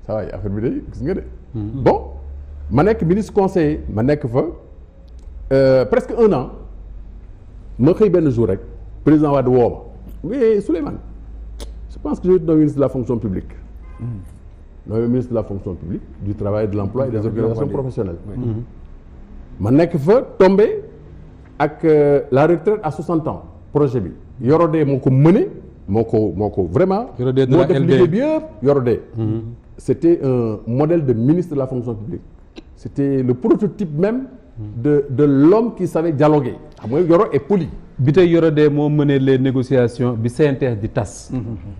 ça va affaire bi de gis nga de. Mm-hmm. bon ma nekk ministre conseiller ma nekk fa euh, presque un an ma xëy benn jour rek président Wade woo ma oui Souleymane je pense que je vais te nommer ministre de la fonction publique. Mm-hmm. nommer ministre de la fonction publique du travail de l'emploi et des organisations professionnelles. Mm-hmm. ma nekk fa tombé ak euh, la retraite à 60 ans projet bi Yorodé moo ko mëne moo ko moo ko vraiment. Yorodé moo def liggéey bi yëpp Yorodé. Mhm. c' était un modèle de ministre de la fonction publique c' était le prototype même. de de l'homme qui savait dialoguer xam nga Yoro est poli. bi tey Yorodé moo mënee les négociations bi CNTS di tas.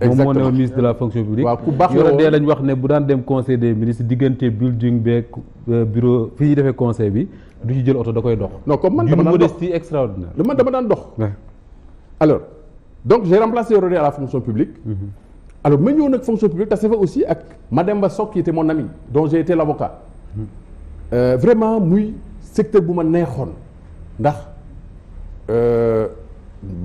exactement mhm. moom moo ne ministre de la fonction publique. waaw ku baax Yorodé wax ne bu daan dem conseil des ministre diggante building beeg euh, bureau fi ñuy defee conseil bi. du ci jël oto da koy dox. non comme man dama daan dox modestie extraordinaire. man dama daan dox. alors donc j'ai remplacé René à la fonction publique. Mm-hmm. alors ma ñëw nag fonction publique tase fa aussi ak ma Sock qui était mon ami dont j'ai été l'avocat. Mm-hmm. Euh, vraiment muy secteur bu ma neexoon ndax euh,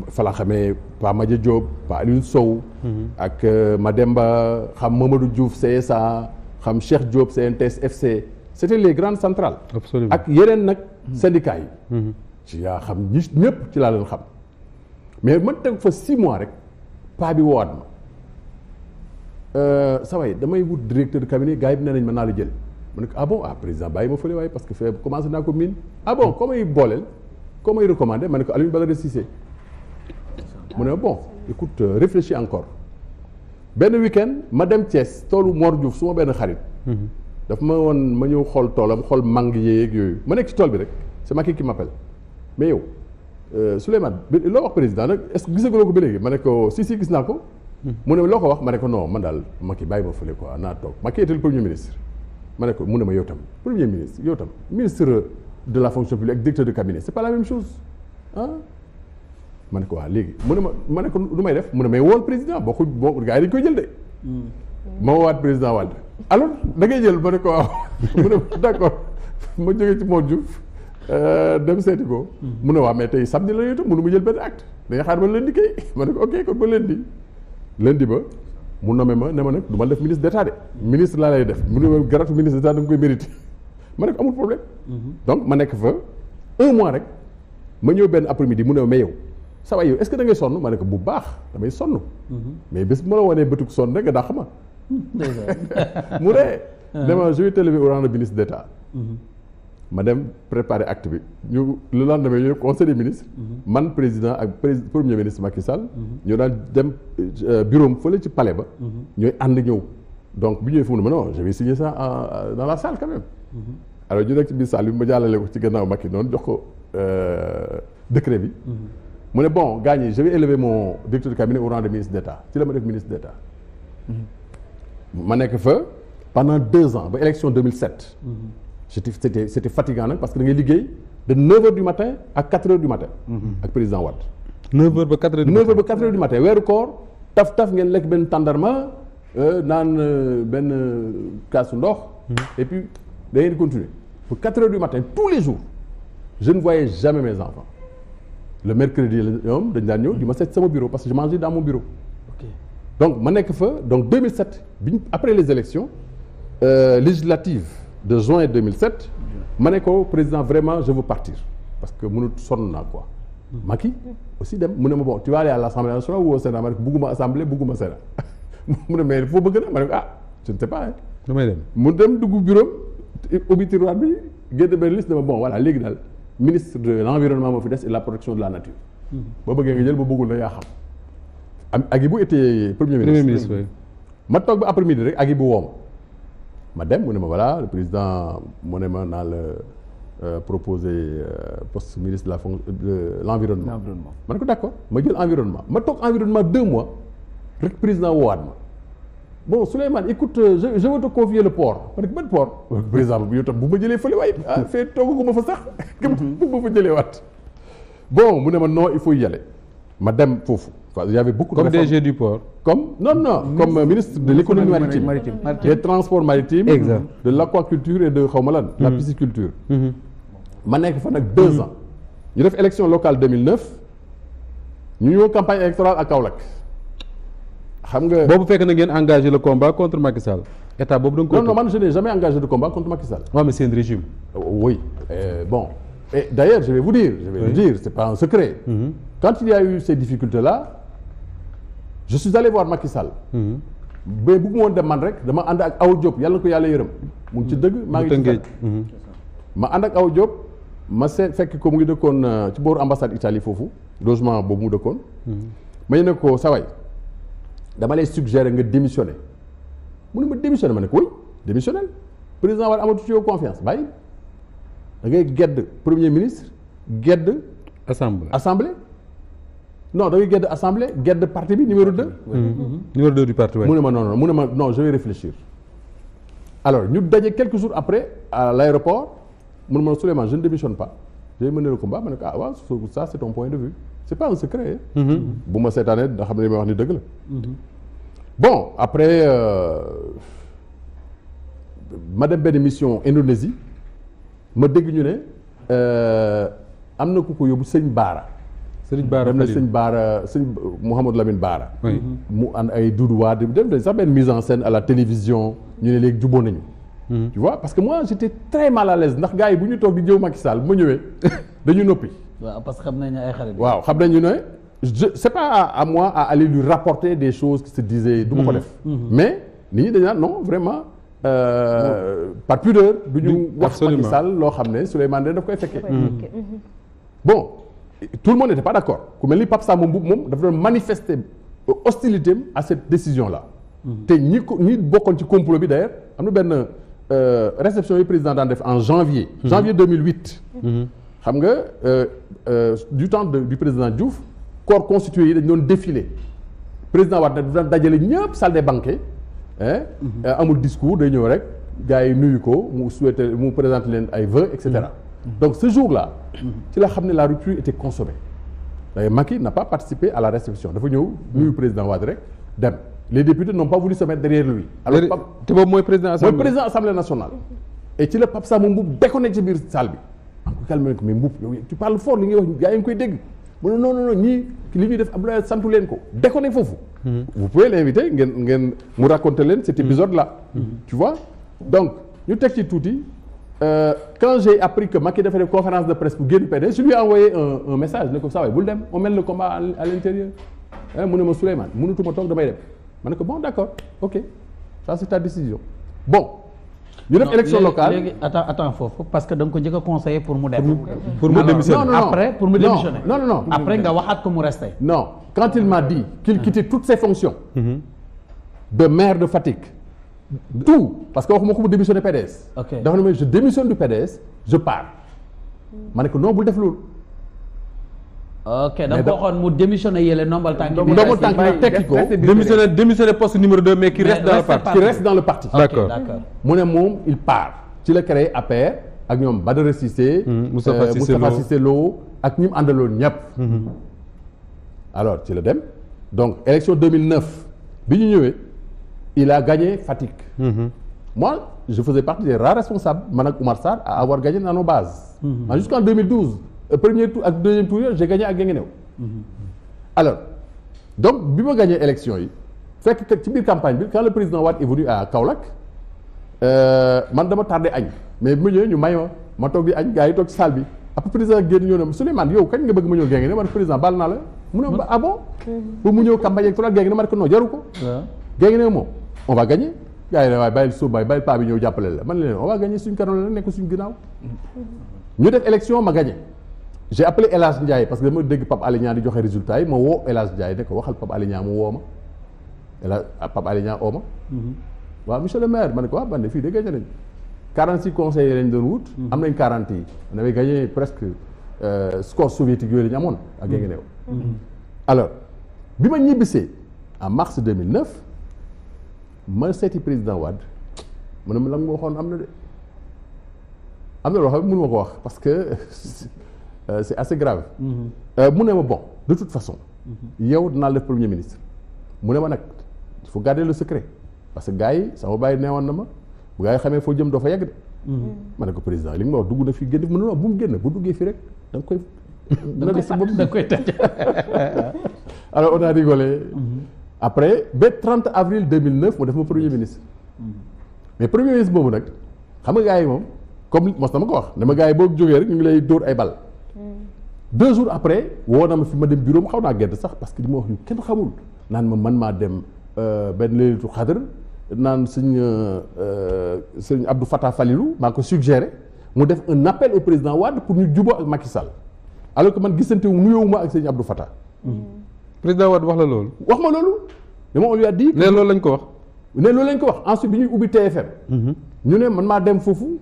fa la xamee Pa Madja Diop Pa Alioune Sow. Mm-hmm. ak euh, Mademba xam Mamadou Diouf CSA xam Cheikh Diop CNTS FC. c'était les grandes centrale absolument ak yeneen nag syndicats mhm. ci yaa xam ñi ñëpp ci laa leen xam. mais man teg fa six mois rek paa bi woowaat ma saa euh, waay damay wut directeur de cabinet gars yi nee nañ mën naa la jël mu ne ko ah bon ah président bàyyi ma fële waaye parce que fee commencé naa ko miin ah bon mhm. koo may booleel koo may recommandé ma ne ko Alioune Badara Cissé mu ne bon écoute euh, réfléchis encore benn week-end ma dem Thiès toolu Mor Diouf su ma benn xarit. Mhm. dafa ma woon ma ñëw xool toolam xool mang yeeg yooyu ma nekk ci tool bi rek c'est Macky qui m'appelle mais yow euh, Souleymane bi loo wax président nag est-ce gisaguloo ko ba léegi ma ne ko si si gis naa ko. Hmm. mu ne loo ko wax ma ne ko non man daal Macky bàyyi ma fële quoi naa toog Macky était le premier ministre. ma ne ko mu ne ma yow tam premier ministre yow tam ministre de la fonction publique ak directeur de cabinet c'est pas la même chose ma ne ko waa léegi mu ne ma ma ne ko lu may def mu ne may wool président boo ko gaa gars yi dañu koy jël de. Hmm. ma woowaat président Wade. alors da ngay jël ba ne ko waaw mu ne d'accord ma jógee ci Modou Diouf euh, dem seeti ko. Hmm. mu ne waa mais tey samedi la ñuy toog mënu mu jël benn acte da xaar ba lundi kay ma ne ko ok kon ba lundi lundi ba mu nommé ma ne ma nag du ma def ministre d'état de ministre laa lay def mu ne ma garatu ministre d'état da koy mérité ma ne ko amul problème. Hmm. donc ma nekk fa un mois rek ma ñëw benn après-midi mu ne ma yow. sa waay yow est-ce que da sonn ma ne ko bu baax damay sonn. Hmm. mais bés bu ma la wanee bëtug sonn rek nga ma. mu ree dama je vais téléver au de ministre d'État mhm. ma dem préparer acte bi ñu lu lendemain ñu ne conseil des ministres mhm. man président ak premier ministre Macky Sall mhm. ñoo daan dem euh, bureau am fële ci pale ba ñooy ànd ñëw donc bi ñëwee fu mu ma non je vais signer ça euh, dans la salle quand ci biir salle bi ma jàllale ko ci gannaaw Macky noonu jox ko euh, décret bi mu ne bon gars ñi je vais moo mon directeur de cabinet au rang de ministre d'État ci la ma def ministre d'État ma nekk fa pendant deux ans ba élection 2007. j'étais c'était c'était fatigant nag parce que da ngay liggéey de 9 heures du matin à 4 heures du matin. Mhm. ak président Wade. 9 heures ba 4 heures du ba 4 du matin weeru koor taf taf ngeen lekk benn tàndarma euh, naan euh, benn euh, kaasu ndox. Mhm. et puis da ngeen continuer ba 4 heures du matin tous les jours je ne voyais jamais mes enfants le mercredi la ñoom dañ daan ñëw di ma seet sama bureau parce que je mangeais dans mon bureau. donc ma nekk fa donc 2007 bi après les élections euh, législatives de juin 2007 ma ne ko président vraiment je veux partir parce que mënut sonn naa quoi. Macky aussi dem mu ne ma bon tu vas aller à l'Assemblée nationale ou au Sénat ma ne ko bugguma assemblée bugguma Sénat mu ne mais foo bëgg na ma ne ah je ne sais pas hein. may dem mu dem dugg bureau ubbi tiroir bi génn benn liste ne ma bon voilà léegi daal ministre de l'environnement moo fi des et de la protection de la nature. yaa hmm. xam. am était premier ministre premier ministre ma toog ba après midi rek Agibou woo ma ma dem mu ne ma voilà le président mu ne ma naa la euh, proposer euh, poste ministre de la fonction de l' ma ne ko d' accord ma jël environnement ma toog environnement deux mois rek président woowaat ma bon Souleymane écoute euh, je je veux le port ma ne ko ban président bu ma jëlee fële waay ah mm-hmm. fee toogagu ma fa sax. Mm-hmm. bu ma fa jëlee waat bon mu ne ma non il faut y ma dem foofu. quoi il y avait beaucoup comme de réformes. DG du port. comme non non comme euh, ministre de l'économie maritime, maritime, maritime de l'aquaculture et de xawma lan. la mhm. pisciculture. Mhm. ma nekk fa nag deux ans. ñu def élection locale 2009 ñu ñëw campagne électorale à Kaolack. xam nga boobu fekk na ngeen engagé le combat contre Macky Sall état boobu da nga ko. non non man je n'ai jamais engagé de combat contre Macky Sall. waaw c'est un régime. Oh, oui euh, bon et d'ailleurs je vais vous dire. je vais oui. vous dire c'est pas un secret. mm il y eu ces difficultés là. je suis allé voir Macky Sall. mais mhm. bëgg woon dem man rek dama ànd ak aw Diop yàlla na ko yàlla yërëm. mu ngi ci dëgg maa ngi ci mhm. ma ànd ak Awa Diop ma seet fekk ko mu ngi dëkkoon euh, ci booru ambassade Italie foofu logement boobu mu dëkkoon. Mhm. ma ñu ne ko saway dama lay suggérer nga démissionner mu ne ma démissionner ma ne ko oui démissionner président war amatu ci yow confiance bàyyi da ngay gedd premier ministre gedd assemblée assemblée. non da ngay gedd assemblée gedd parti bi numéro 2. Mm-hmm. Mm-hmm. numéro 2 du parti mu ne ma non non mu ne ma non je vais réfléchir alors ñu daje quelques jours après à l' aéroport mu ne ma Souleymane je ne démissionne pas je ma ne ko ah mm-hmm. bu ma seetaanee da xam ne li may wax ni bon après euh, ma dem benn mission Indonésie ma dégg ñu ne euh, am na ku ko yóbbu sëñ Baara. sëriñ Baara dem na sëñ Baara sëñ Mouhamadou Lamine Baara. mu ànd ay Doudou Wade dem na sax benn mise en scène à la télévision ñu ne léegi jubóo nañu. Hmm. tu parce que moi j'étais très mal à ndax gars yi bu ñu toog di jëw Macky Sall bu ñëwee dañu noppi. waaw parce que xam nañ ne ay xarit. waaw xam nañu ne je c'est pas à, à moi à aller lui rapporter des choses qui se disaient. du ma ko hmm. def hmm. mais nit ñi dañu naan non vraiment. Euh, oui. par pudeur du ñu wax Macky Sall loo xam ne Souleymane daf koy fekkee bon tout le monde n'était pas d'accord ku mel ni Pape Samba Mboup moom dafa doon manifester hostilité à cette décision la mhm. te ñi ko ñi bokkoon ci complot bi d'ailleurs am na benn euh, réception yi président daan def en janvier mhm. janvier 2008 mhm. xam nga euh, euh, du temps du président Diouf corps constitué yi dañ doon défilé président Wade nag daan dajale ñëpp salle des banquets amul discours day ñëw rek gars yi nuyu ko mu souhaité mu présente leen ay vœux et cetera donc ce jour-là ci la xam ne la rupture était consommée d'ailleurs Macky n'a pas participé à la réception dafa ñëw nuyu mm. président Wade rek dem les députés n'ont pas voulu se mettre derrière lui alors te boobu mooy président assemblée mooy président assemblée nationale et ci la Pape Samba Mboup déconné ci biir salle bi am ko calmé ko mais Mboup yow tu parles fort li ngay wax gars yi koy dégg mu ne non non non ñii li ñuy def Abdoulaye santu leen ko déconné foofu mm. vous pouvez l'inviter ngeen mu raconter leen cet mm. épisode là tu vois donc ñu teg ci tuuti Euh, quand j'ai appris que Macky dafa def conférence de presse bu génn PDS je lui ai envoyé un, message ne ko saa waay bul dem on mène le combat à l'intérieur eh, mu ne ma Souleymane mënatuma toog damay dem ma ne ko bon d'accord ok ça c'est ta décision bon ñu def élection locale parce que da nga ko njëkk conseiller pour mu dem pour mu démissionner après pour mu démissionner non non non après nga waxaat ko mu rester non quand il m'a dit qu'il ah. quittait toutes ses fonctions mm-hmm. maire de Fatick tout parce que waxuma ko mu démissionné PDS. ok dafa ne ma je démissionne du PDS je pars. ma ne ko non bul def loolu. ok da nga ko waxoon mu démissionné yële ndombal tànk. ndombal tànk bi tekki ko démissionné démissionné poste numéro 2 mais qui reste dans le parti qui reste dans d'accord mu ne moom il part. ci la créé APR ak ñoom Badara Cissé. Mm, Moustapha Cissé euh, Lo Moustapha Cissé ak ñi mu àndaloon ñëpp. Mm-hmm. alors ci la dem donc élection 2009 bi ñu ñëwee. il a gagné Fatick. Mmh. moi je faisais partie des rares responsables man ak Oumar Sarr à avoir gagné nano base. Mhm. man jusqu'en euh, premier tour ak deuxième tour yooyu j'ai ak Guinguinéo. Mhm. alors donc bi ma gagné élection yi fekk que ci biir campagne bi quand le président Wade est venu à Kaolack euh, man dama tardé añ mais bu ma ñu mayoo ma toog di añ gars yi toog ci salle bi après président génn ñëw ne Souleymane yow kañ nga bëgg ma ñëw Guinguinéo man président baal naa la mu ne ah mu ñëw campagne électorale Guinguinéo ma ne ko non moom. on va gagner gars yi ne waaye bàyyi Soumbay bàyyi paa ñëw jàppale la man leen on va suñ kanam la nekk suñ ginnaaw ñu def élection ma gagné j'ai appelé El Hadj parce que dama dégg Pape Alé Niang di joxe résultat yi ma woo El Hadj Ndiaye ne ko waxal Pape Alé Niang mu woo ma El Hadj ah, Pape Alé Niang oo mm-hmm. le maire ma ne ko waaw ah, man fii de gagné nañ 46 conseillers lañ doon wut mm-hmm. am nañ 40 yi on avait gagné presque euh, score soviétique yooyu la ñu amoon mm-hmm. ak Guinguinéo alors bi ma ñibbisee en mars 2009 ma seeti président Wade mu ne mu la nga waxoon am na de am na loo xam ne mënu ma ko wax parce que euh, c'est assez grave. Mhm. Euh, mu ne ma bon de toute façon. Mhm. yow dinaa def premier ministre. mu ne ma nag il faut garder le secret parce que gars yi sama bàyyi neewoon na ma bu gars yi xamee foo jëm doo fa yegg de. Mhm. Mm. ma ne ko président li nga ma wax dugg na fi génn mu ne ma bu mu génn bu duggee fii rek da nga koy. da nga koy da nga koy tëj alors on a après ba 30 avril 2009 mu def ma premier ministre mais premier ministre boobu nag xam nga gars yi moom comme mos na ma ko wax dama gars yi boo jógee rek ñu ngi lay dóor ay bal hmm. deux jours après woo na ma fi ma dem bureau xaw naa gedd sax parce que li ma wax ñu kenn xamul naan ma man maa dem euh, benn leelitu xadar naan suñ euh, euh, sëñ Abdou Fattah Falilou maa ko suggéré mu def un appel au président Wade pour ñu juboo ak Macky Sall alors que man gisante wu nuyoowuma ak sëñ Abdou Fattah hmm. président Wade wax la loolu. wax ma loolu. dama on lui a dit. ne loolu lañ ko wax. ne loolu lañ ko wax ensuite bi ñuy ubbi TFM. Mhm. ñu ne man maa dem foofu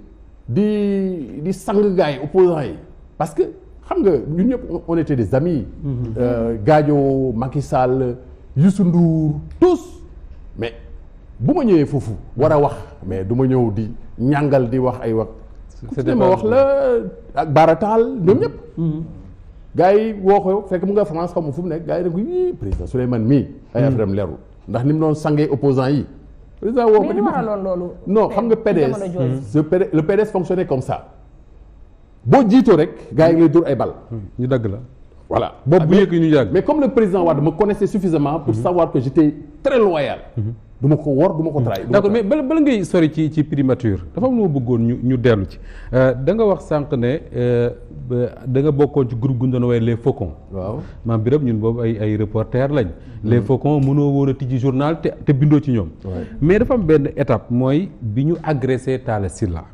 di di sang gars yi opposants yi parce que xam nga ñun ñëpp on était des gaajo mhm. euh, Gadio Macky Sall Youssou Ndour mais bu ma ñëwee foofu war a wax mais du ma ñëw di ñàngal di wax ay wax. c' ma wax la ak Baratal ñoom mhm. ñëpp. gars yi woo ko fekk mu nga France xaw ma fu mu nekk gars yi da ko yii président Souleymane mii. ay hmm. affaire am ndax ni mu doon sangee opposants yi. président woo ko ni mu loolu. non xam nga PDS hmm. le PDS fonctionnait comme ça boo jiitoo rek gars yi ngay dur ay bal. Hmm. ñu dagg la. voilà boobu bu yëg ñu yàgg mais comme le président Wade ma connaissait suffisamment pour savoir que j'étais très loyal. du ko wor du ma ko hmm. trahir. d'accord mais bala ngay sori ci ci primature dafa am lu ma bëggoon ñu ñu dellu ci euh, da nga wax sànq ne euh, da nga bokkoon ci groupe gu ñu doon woowee les faucons. waaw maam Birame ñun boobu ay ay reporter lañ. Hmm. les faucons mënoo woon a tijji journal te te bindoo ci ñoom. mais dafa am benn étape mooy bi ñu agressé Talla Sylla.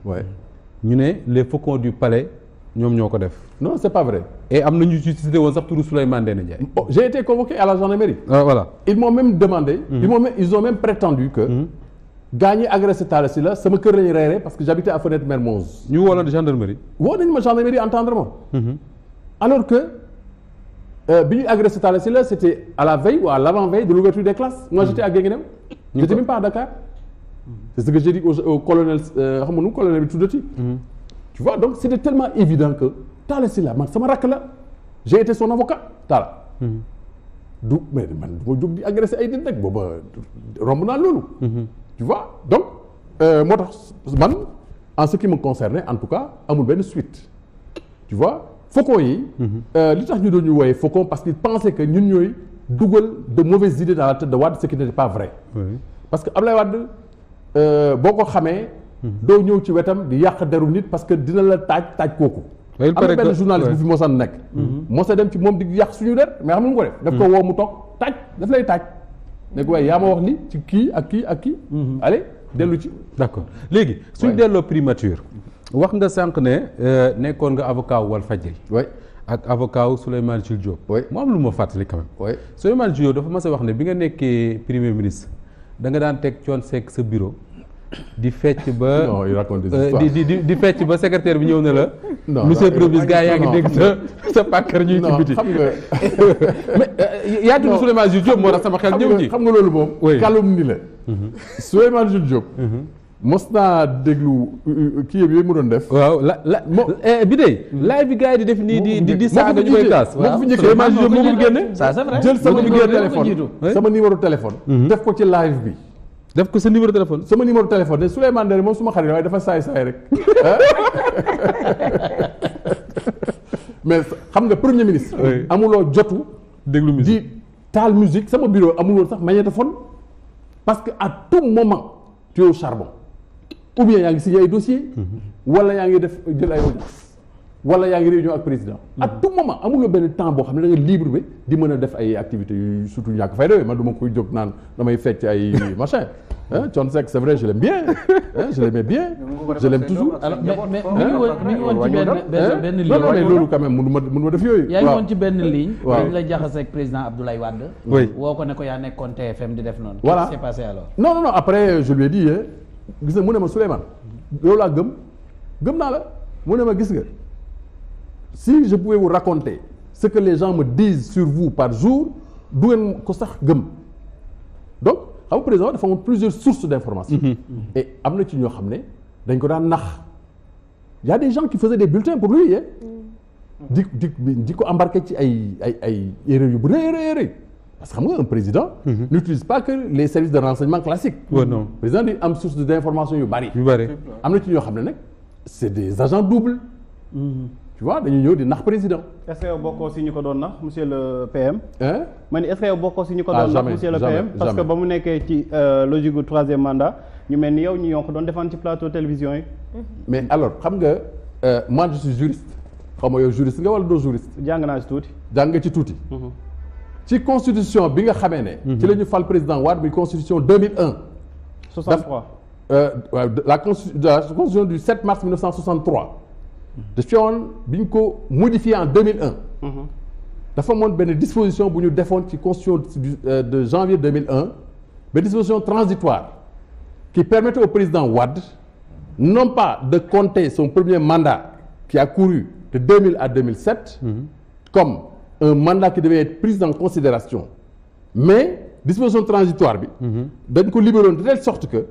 ñu ne les faucons du palais. ñoom ñoo ko def non c'est pas vrai et am na ñu ci cité woon sax turu Souleymane Ndéné Ndiaye bon j'ai été convoqué à la gendarmerie ah, voilà ils m'ont même demandé mmh. ils m'ont même prétendu que mmh. gaa ñi agressé sama kër lañu reeree parce que j'habitais à Fenêtre Mermoz ñu woo gendarmerie woo nañu ma gendarmerie entendre alors que euh, bi ñuy agressé Talla Sylla c'était à la veille ou à l'avant-veille de l'ouverture des classes moi j'étais à Guinguinéo j'étais même pas ce que j'ai dit au euh, tu vois donc c'était tellement évident que Talla Sylla man sama rakk la j'ai été avocat Talla mhm. du mais man du ma jóg di agressé ay nit rek booba romb naa loolu mhm. tu vois donc euh, moo tax man en ce qui me concernait en tout cas amul benn suite tu vois faucons yi mhm. euh, li tax ñu doon ñu wooyee faucon parce que pensaient que ñun ñooy dugal de mauvaises idées dans la tête de Wade ce qui n'était pas vrai parce que Ablaye Wade euh, boo ko xamee Mhm. doo ñëw ci wetam di yàq deru nit parce que dina la taaj taaj kooku am na benn journaliste bu fi mosan nekk mhm. mosa dem ci moom di yàq suñu der mais xam lu mu ko def mhm. mu toog taaj daf lay taaj ne yaa ma wax ni ci kii ak kii ak kii ale dellu ci d'accord léegi suñ delloo primature wax nga sànq ne euh, nekkoon nga avocat wu Walfadjri ak avocat wu Souleymane Jules Diop mu am lu ma fàttali quand même Souleymane dafa mas a wax ne bi nga nekkee premier ministre da nga daan teg coon seek sa bureau di fecc ba euh, di di di fecc ba secrétaire bi ñëw ne la. non monsieur Provis gars yaa ngi dégg sa sa pàkkar ñuy ci biti. xam nga mais euh, yaa tudd Souleymane Jules Diop moo tax sama xel ñëw ci. xam nga loolu moom. oui calomnie la. Mhm. Souleymane Jules Diop. Mhm. mos naa déglu euh, kii yëpp yooyu mu doon def. waaw la la mo eh, bi de. live bi gars di def nii di di di saaga ñu koy taas. waaw Souleymane Jules Diop moo ko génne. ça c'est vrai jël sama numéro téléphone. sama numéro téléphone. def ko ci live bi. def ko sa numéro téléphone sama numéro téléphone de Souleymane Ndéné moom suma xarit waaye dafa saay saay rek mais xam nga premier ministre. amuloo jotu. déglu musique di taal musique sama bureau amuloo sax ma magnétophone parce que à tout moment tu es charbon ou bien yaa ngi signé ay dossier mm-hmm. wala yaa ngi def jël ay audience wala yaa ngi réunion ak président mm-hmm. à tout moment amuloo benn temps boo xam ne da nga libre bi di mën a def ay activités yu surtout ñàkk fay dawee man du ma koy jóg naan damay fecc ay machin Thione Seck c'est vrai je l'aime bien je l'aimais toujours mais mais mi ngi woon ci benn benn ligne non mais loolu quand même mënu ma mënu ma def yooyu yaa ngi woon ci benn ligne dañ la jaxase ak président Abdoulaye Wade oui woo ko ne ko yaa nekkoon TFM di def noonu voilà c'est passé alors non non non après je lui ai dit gis ma loolu laa gëm gëm naa la ma gis nga si je pouvais vous raconter ce que les gens me disent sur vous par jour du ngeen ko sax gëm donc xam nga président dafa amoon plusieurs sources d'information mhm. et am na ci ñoo xam ne dañ ko daan nax y des gens qui faisaient des bulletins pour lui eh di di di ko embarqué ci ay ay ay erreur yu bu rëy rëy rëy parce que xam nga un président mhm. n'utilise pas que les services de renseignement classiques non président di am source d'information yu bari yu bari am na ci ñoo xam ne nag c'est des agents doubles tu vois dañu ñëw di nax président. est ce bokkoo si ñu ko doon nax monsieur le PM. ma ni est ce que bokkoo si ñu ko ah, doon nax monsieur le PM parce que ba mu nekkee ci euh, logique gu troisième mandat ñu mel ni yow ñu ñoo ko doon défendre ci plateau télévision yi. Mm-hmm. mais alors xam nga euh, moi je suis juriste xam nga yow juriste nga wala doo juriste. jàng naa ci tuuti. jàng nga ci tuuti. Mm-hmm. ci constitution bi nga xamee ne. ci mm-hmm. la ñu fal président Wade muy constitution 2001. 63 waaw la constitution du 7 mars 1963. Tivaouane bi ñu ko modifié en 2001. Mhm. dafa amoon benn disposition bu ñu defoon ci constitution de euh, janvier 2001 benn disposition transitoire qui permettait au président Wade non pas de compter son premier mandat qui a couru de 2000 à 2007. Mmh. comme un mandat qui devait être pris en considération mais disposition transitoire bi. Mhm. dañ ko libéroon de telle sorte que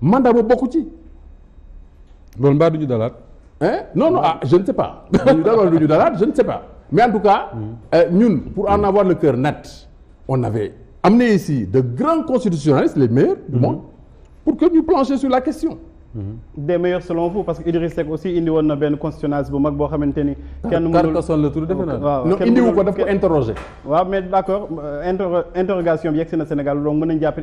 mandat ba bokku ci. loolu mbaa non non ah je ne sais pas. ñu daloon lu ñu dalaat je ne sais pas. mais en tout cas. Hmm. Euh, ñun pour en hmm. avoir le cœur net. on avait amené ici de grands constitutionnalistes les meilleurs du hmm. monde. pour que ñu plancher sur la question. Mhm. des meilleurs selon vous parce que Idriss Seck aussi indi woon na benn constitutionnaliste bu mag boo xamante ni. kenn mënul Carcassonne la tur defe inter interrogation bi yegg na Sénégal donc mën nañu jàpp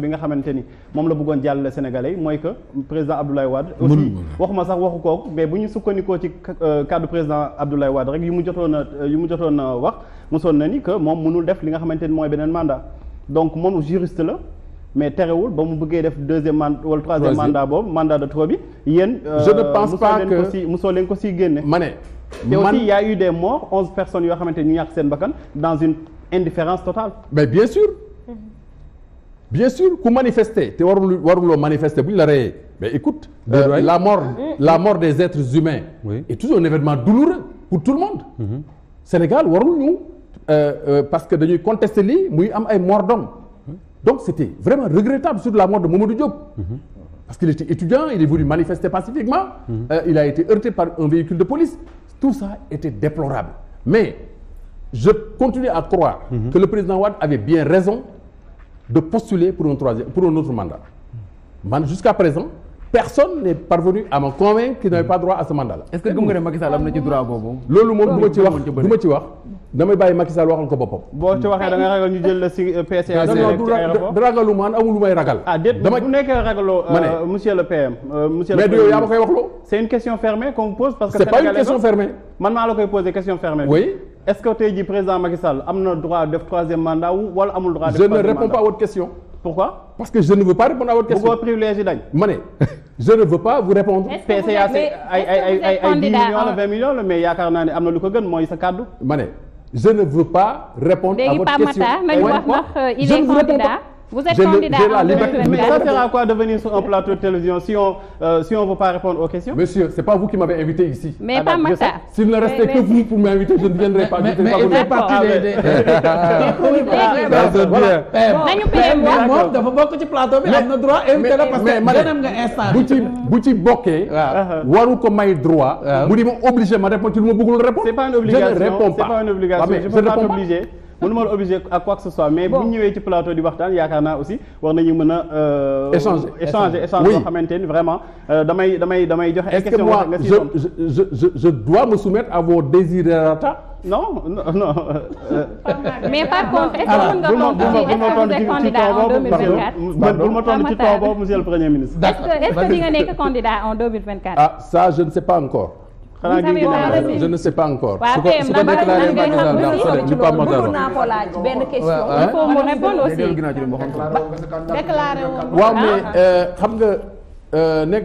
bi nga xamante ni moom la bëggoon jàllale Sénégalais mooy que président Abdoulaye Wade. aussi waxuma sax waxu mais bu ñu sukkandikoo ci cadre euh, président Abdoulaye Wade rek yu mu jotoon a euh, yu mu jotoon a wax mosoon na ni que moom mënul def li nga xamante ni mooy beneen mandat donc moom juriste la. mais terewul ba mu bëggee def deuxième mandat wala troisième mandat boobu mandat de trop bi yéen je ne euh, pense pas que ko ko si génne ma ne te aussi y a eu des morts onze personnes yoo xamante ñu ñàkk seen bakkan dans une indifférence totale mais bien sûr bien sûr ku manifester te warul waruloo manifester bu ñu la reyee mais écoute euh, la mort mm-hmm. la mort des êtres humains oui. est toujours un événement douloureux pour tout le monde mm-hmm. Sénégal warul ñu euh, euh, parce que dañuy contester li muy am ay mort d'homme donc c'était vraiment regrettable sur la mort de Mamadou Diop mm -hmm. parce qu'il était étudiant il est venu manifester pacifiquement mm il a été heurté par un véhicule de police tout ça était déplorable mais je continue à croire mhm. que le président Wade avait bien raison de postuler pour un troisième pour un autre mandat jusqu'à présent personne n'est parvenu à me convaincre qu'il pas droit à ce mandat est droit loolu moom du ci wax du ci wax. damay bàyyi Macky waxal ko boppam. boo ci waxee da nga ragal ñu jël la si euh, PCA. ci aéroport ragalu amul lu may ragal. ah bu nekkee ragaloo. ma euh, monsieur le PM. Euh, mais du yow yaa ma koy wax loo. c'est une question fermée qu'on pose. parce que c'est pas une question fermée. man maa la koy poser question fermée. oui est que tey jii président Macky pourquoi. parce que je ne veux pas répondre à votre question. bu ko privilégié dañ. ma ne je ne veux pas vous répondre. est-ce que vous êtes mais est-ce que vous êtes candidat ay ay ay ay dix millions la vingt millions la mais yaakaar naa ne am na lu ko gën mooy sa kàddu. ma ne je ne veux pas répondre à votre question. léegi Pape Makhtar nañu wax ndax euh, il est Vous êtes candidat en 2024. Mais ça sert à quoi de venir sur un plateau de télévision si on euh, si on veut pas répondre c'est pas vous qui m'avez invité ici. Mais ah, pas Makhtar. S'il ne restait que vous pour m'inviter, je ne viendrais pas. Mais il fait partie des des eh, moom dafa bokk ci plateau bi am na droit invité la parce que gënam nga instant bu ci bu ci bokkee ah, waru ko may droit mu di ma obligé ma répondre ci lu ma bëggul je ne peux mënu ma la obligé à quoi que ce soit mais bu ñu ñëwee ci plateau di waxtaan yaakaar naa aussi war nañu mën a euh, échanger échanger échanger yoo xamante ni vraiment euh, damay damay damay joxe ay question wax nga si je je dois me soumettre à vos désirata non non non. Euh, mais par contre est-ce que ah, mën nga tontu si est-ce que boobu monsieur le premier ministre. est-ce que di nga nekk candidat en 2024. ah ça je ne sais pas encore. xanaa gi je ne sais pas encore. su ko su ko déclaré Macky Sall ndax peut être pas Matar benn question. il faut mu répondre aussi déclaré woon waaw mais xam nga nekk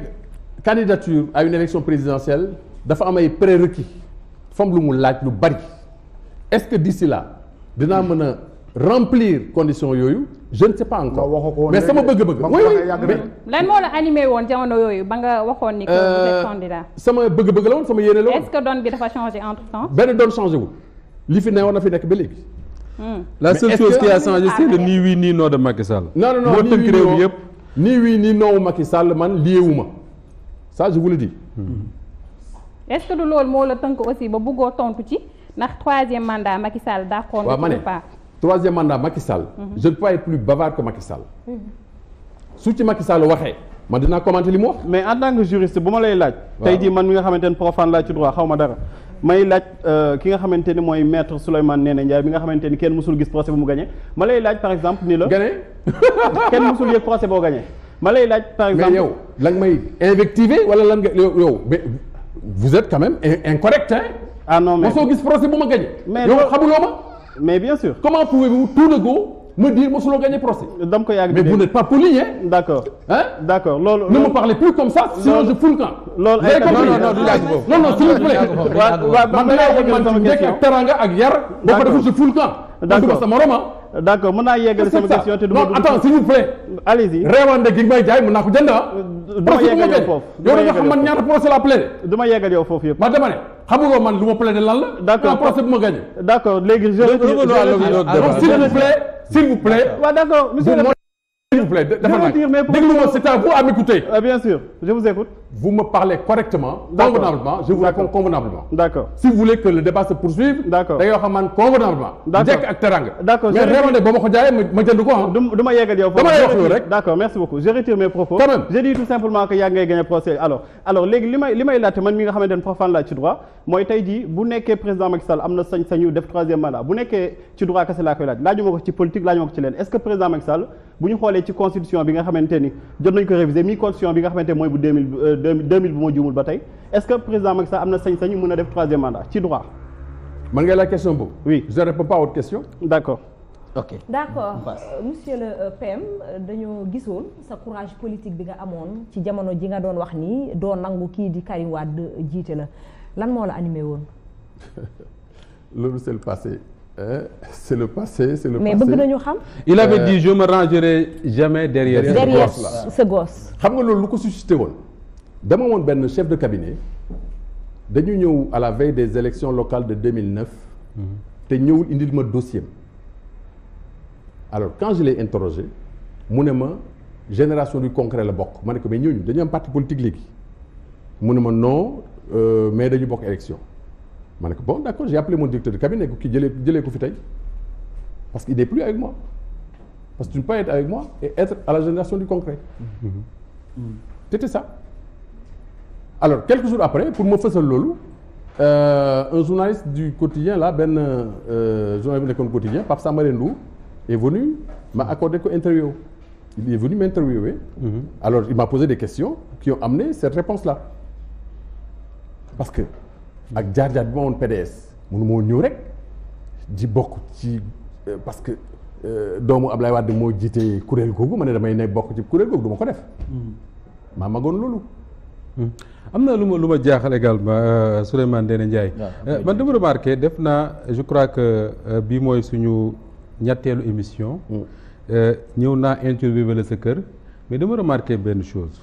candidature à une élection présidentielle dafa am ay prérequis fam lu mu laaj lu bari est ce que d'ici là dinaa mën a. remplir condition yooyu je ne sais pas encore mais sama bëgg-bëgg lan moo la animé woon jamono yooyu ba nga waxoon ni que euh, vous êtes candidat sama bëgg-bëgg la woon sama yéene la woon est-ce que donne fi newoon na fi nekk ba léegi hmm. la seule chose qui a ah, de Macky Sall non non non moo ni oui ni non Sall man liewu ma ça je vous le dis hmm. du loolu moo la tënk aussi ba bëggoo tontu ci ndax troisième mandat Macky Sall d'accord waaw ma ne troisième mandat Macky Sall. Mhm. je ne peux plus bavard que Macky su ci Macky waxee. man dinaa commenter li mu wax. mais en tant que bu ma lay laaj. tey jii man mi nga xamante ne profane laa ci droit xaw ma dara. may laaj euh, ki nga xamante ni mooy maître Souleymane Ndéné Ndiaye bi nga xamante ni kenn mësul gis procès bu mu gagné ma lay laaj par exemple ni la. gagné kenn mësul yëg procès boo gagné. ma lay laaj par exemple yow la nga may invectiver wala lan nga yow vous êtes quand même incorrect hein. ah mais bien sûr. comment pouvez-vous tout de go me dire mosuloo gagné procès. dama ko yàgg mais vous n'êtes pas poli d'accord hein. d'accord loolu. ne me parlez plus comme ça. sinon je fous le camp. loolu ay non non non non s'il vous plaît. waaw ak yar. d'accord boo ko deful je fous d' accord mën naa yeggal sama question te du ma. non attends s'il vous plaît. allez-y réewande gi may jaay mën naa ko jënd ah. du ma yeggal yow foofu yow da nga xam man ñaata procès la plaidé. du ma yeggal yow foofu yëpp. ma dama ne xamuloo man lu ma plaidé lan la. d' accord procès bu ma gagné. d' accord léegi je. s'il vous plaît s'il vous plaît. waaw d' accord monsieur s'il nag déglu-moi c'est à vous à m'écouter. Ah, bien sûr je vous écoute. vous me parlez correctement. convenablement je vous convenablement. d'accord si vous voulez que le débat se poursuive. d'accord da wax man convenablement. d'accord ak teranga. d'accord mais réew ba ma ko ma jënd ko ah. du d'accord merci beaucoup je retire mes propos. je dis tout simplement que yaa ngay gagner procès alors léegi li may li may laajte man mi nga xamante ne profane bu ñu xoolee ci constitution bi nga xamante ni jot nañ ko réviser mi constitution bi nga xamante mooy bu 2000 2000 euh, bu ma juumul ba tey est-ce que président Macky Sall am na sañ-sañu mën a def troisième mandat ci droit. man ngay la question boobu. oui je a pas à votre question. d'accord. ok d'accord euh, monsieur le euh, dañoo gisoon sa courage politique bi nga amoon ci jamono ji nga doon wax nii doo nangu kii di Karim Wade jiite la lan moo la animé woon. loolu c'est Euh, c'est le passé c'est le mais passé mais bëgg nañu xam. il avait euh, dit je me rangerai jamais derrière. derrière ce xam nga loolu lu ko suscité woon dama woon benn chef de cabinet dañu ñëw à la veille des élections locales de 2009. Mhm. te ñëwul indil ma dossier alors quand je l'ai interrogé mu ne ma génération du concret la bokk ma ne ko mais ñooñu dañu am parti politique léegi mu ne ma non euh, mais dañu bokk élection. ma ne ko bon d' accord j'ai appelé mon directeur de cabinet ne ko kii jëlee jëlee parce que il n'est plus avec moi parce que tu ne peux pas être avec moi et être à la génération du concret mm-hmm. c'était ça alors quelques jours après pour ma fësal loolu euh, un journaliste du quotidien la benn euh, journaliste bu nekkoon quotidien Pape Samba Rendou est venu m'a accordé ko interview il est venu m'interviewer mm -hmm. alors il m'a posé des questions qui ont amené cette réponse là parce que ak jaar-jaar bi ma woon PDS mënu moo ñëw rek di bokk ci euh, parce que euh, doomu Ablaye Wade moo jiite kuréel googu ma ne damay ne bokk ci kuréel googu du ma ko def hmm. maa magoon loolu hmm. am na lu ma lu ma jaaxal également euh, Souleymane Ndéné Ndiaye man dama remarqué def naa je crois que bii mooy suñu ñetteelu émission hmm. ñëw naa interviewé la sa kër mais dama remarqué benn chose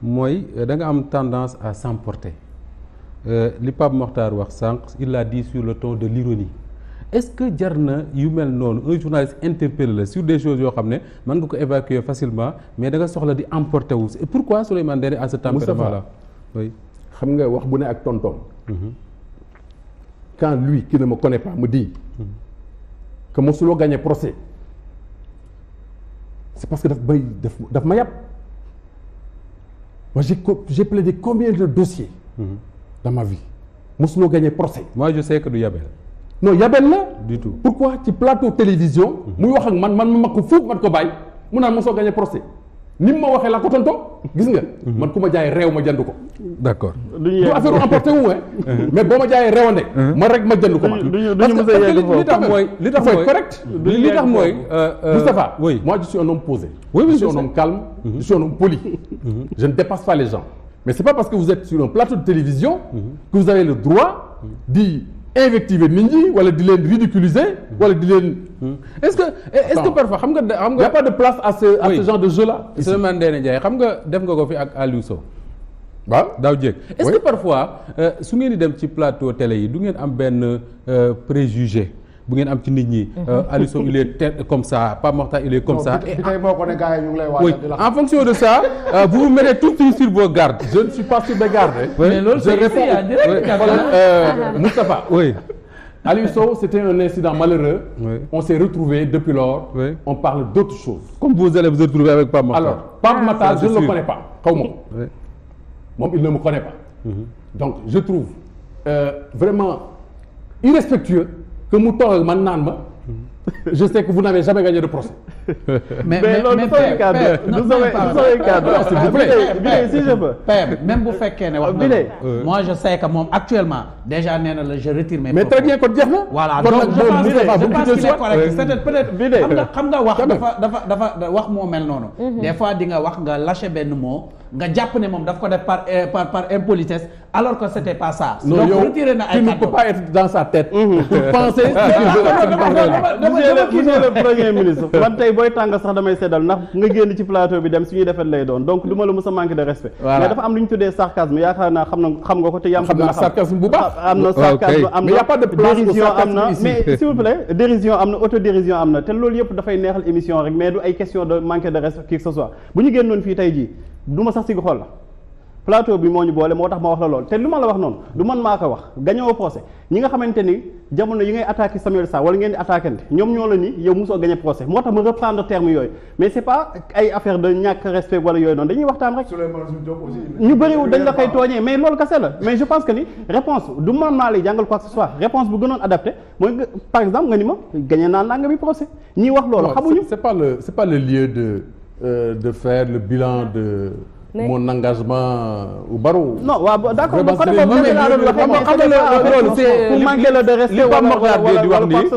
mooy da nga am tendance à s'emporter Euh, li Pape Mokhtar wax sànq il l'a dit sur le ton de l'ironie est-ce que jar na yu mel noonu un journaliste interpellé la sur des choses yoo xam ne mën nga ko évacuer facilement mais da nga soxla di emporter wu et pourquoi Souleymane Ndéné à ce tempérament xam nga wax bu ne ak tonton. Mhm. quand lui qui ne me mhm. mosuloo gagné procès c'est parce que daf bay daf ma yàpp moi j'ai plaidé combien de dossiers. Mhm. dans ma vie mosuloo gagné procès. moi je sais que du yabel. non yabel la. du tout pourquoi ci plateau télévision. muy wax ak man man ma mag ko fuuf mu naan mosoo gagné procès ni mu ma waxee laa ko tontoo gis nga. Mhm. man ku ma jaay réew ma jënd ko. d' accord du affaire mhm. boo ma jaayee réewande. Mhm. man rek ma jënd ko ma. a yegg foofu parce mooy. li tax mooy correct. li tax mooy. Euh, Moustapha oui homme calme. je suis homme poli. je dépasse pas les gens. mais c'est pas parce que vous êtes sur un plateau de télévision mhm. que vous avez le droit mhm. di invectiver nit ñi wala di leen ridiculiser mhm. wala di leen est-ce que est-ce que parfois xam nga xam nga a pas de place à ce à ce genre de jeu là Souleymane Ndéné Ndiaye xam nga def nga ko fi ak Aliou Sow waaw daaw jéeg est-ce que parfois euh, su ngeen di dem ci plateau télé yi du ngeen am benn euh, préjugé bu ngeen am ci nit ñi. Mhm. Euh, Alisson il est tel comme ça Pape Makhtar il est comme ça. et en fonction de ça euh, vous vous mettez tout de suite sur vos gardes. je ne suis pas sur mes gardes. en direct. Euh, Moustapha oui. Aliou Sow c'était un incident malheureux. Oui. on s'est retrouvé depuis lors. on parle d'autres choses. comme vous allez vous retrouver avec Pape Makhtar. alors Pape ah, Makhtar je ne connais pas xaw moom il ne me connaît pas. Mhm. donc je trouve vraiment irrespectueux. que mu toog ak man naan ma je sais que vous n'avez jamais gagné de procès. mais mais mais père père non non même bu fekkee ne wax na moi moom actuellement déjà nee na la je retire mes. mais très bien kon jeex na. voilà peut-être xam xam nga wax dafa dafa dafa wax moo mel noonu. Mhm. des fois di nga wax nga lâcher benn moo nga jàpp ne moom daf ko def par euh, par par impolitesse alors que c'était pas ça. donc retiré na ay kàddu mm-hmm. tu ne peux pas être dans sa premier ministre. man tey booy tàng sax damay seddal ndax nga génn ci plateau bi dem suñuy defet lay doon donc du ma la mës a manqué de respect. mais dafa am lu ñu tuddee sarcasme yaakaar naa xam na xam nga ko te. yàlla naa sarcasme bu baax ah, am na sarcasme am na. mais y a pas dérision am na mais s'il vous plaît dérision am na autodérision am na te loolu émission rek mais du ay question fii tey jii du ma sax si xool la plateau bi moo ñu boole moo tax ma wax la lool te lu ma la wax noonu du man maa ko wax gañoo procès ñi nga xamante ni jamono yi ngay attaqué Samuel Sarr wala ngeen di attaquante ñoom ñoo la ni yow mosoo gañe procès moo tax ma reprendre terme yooyu mais c'est pas ay affaire de ñàkk respect wala yooyu noonu dañuy waxtaan rek ñu bëriwul dañ la koy tooñee mais loolu kese la mais je pense que ni réponse du man ma wax loolu euh, de faire le bilan de. Mais... mon engagement au barreau. non waaw d'accord bu côté boobu dëgg laa doon waxee. pour manquer le de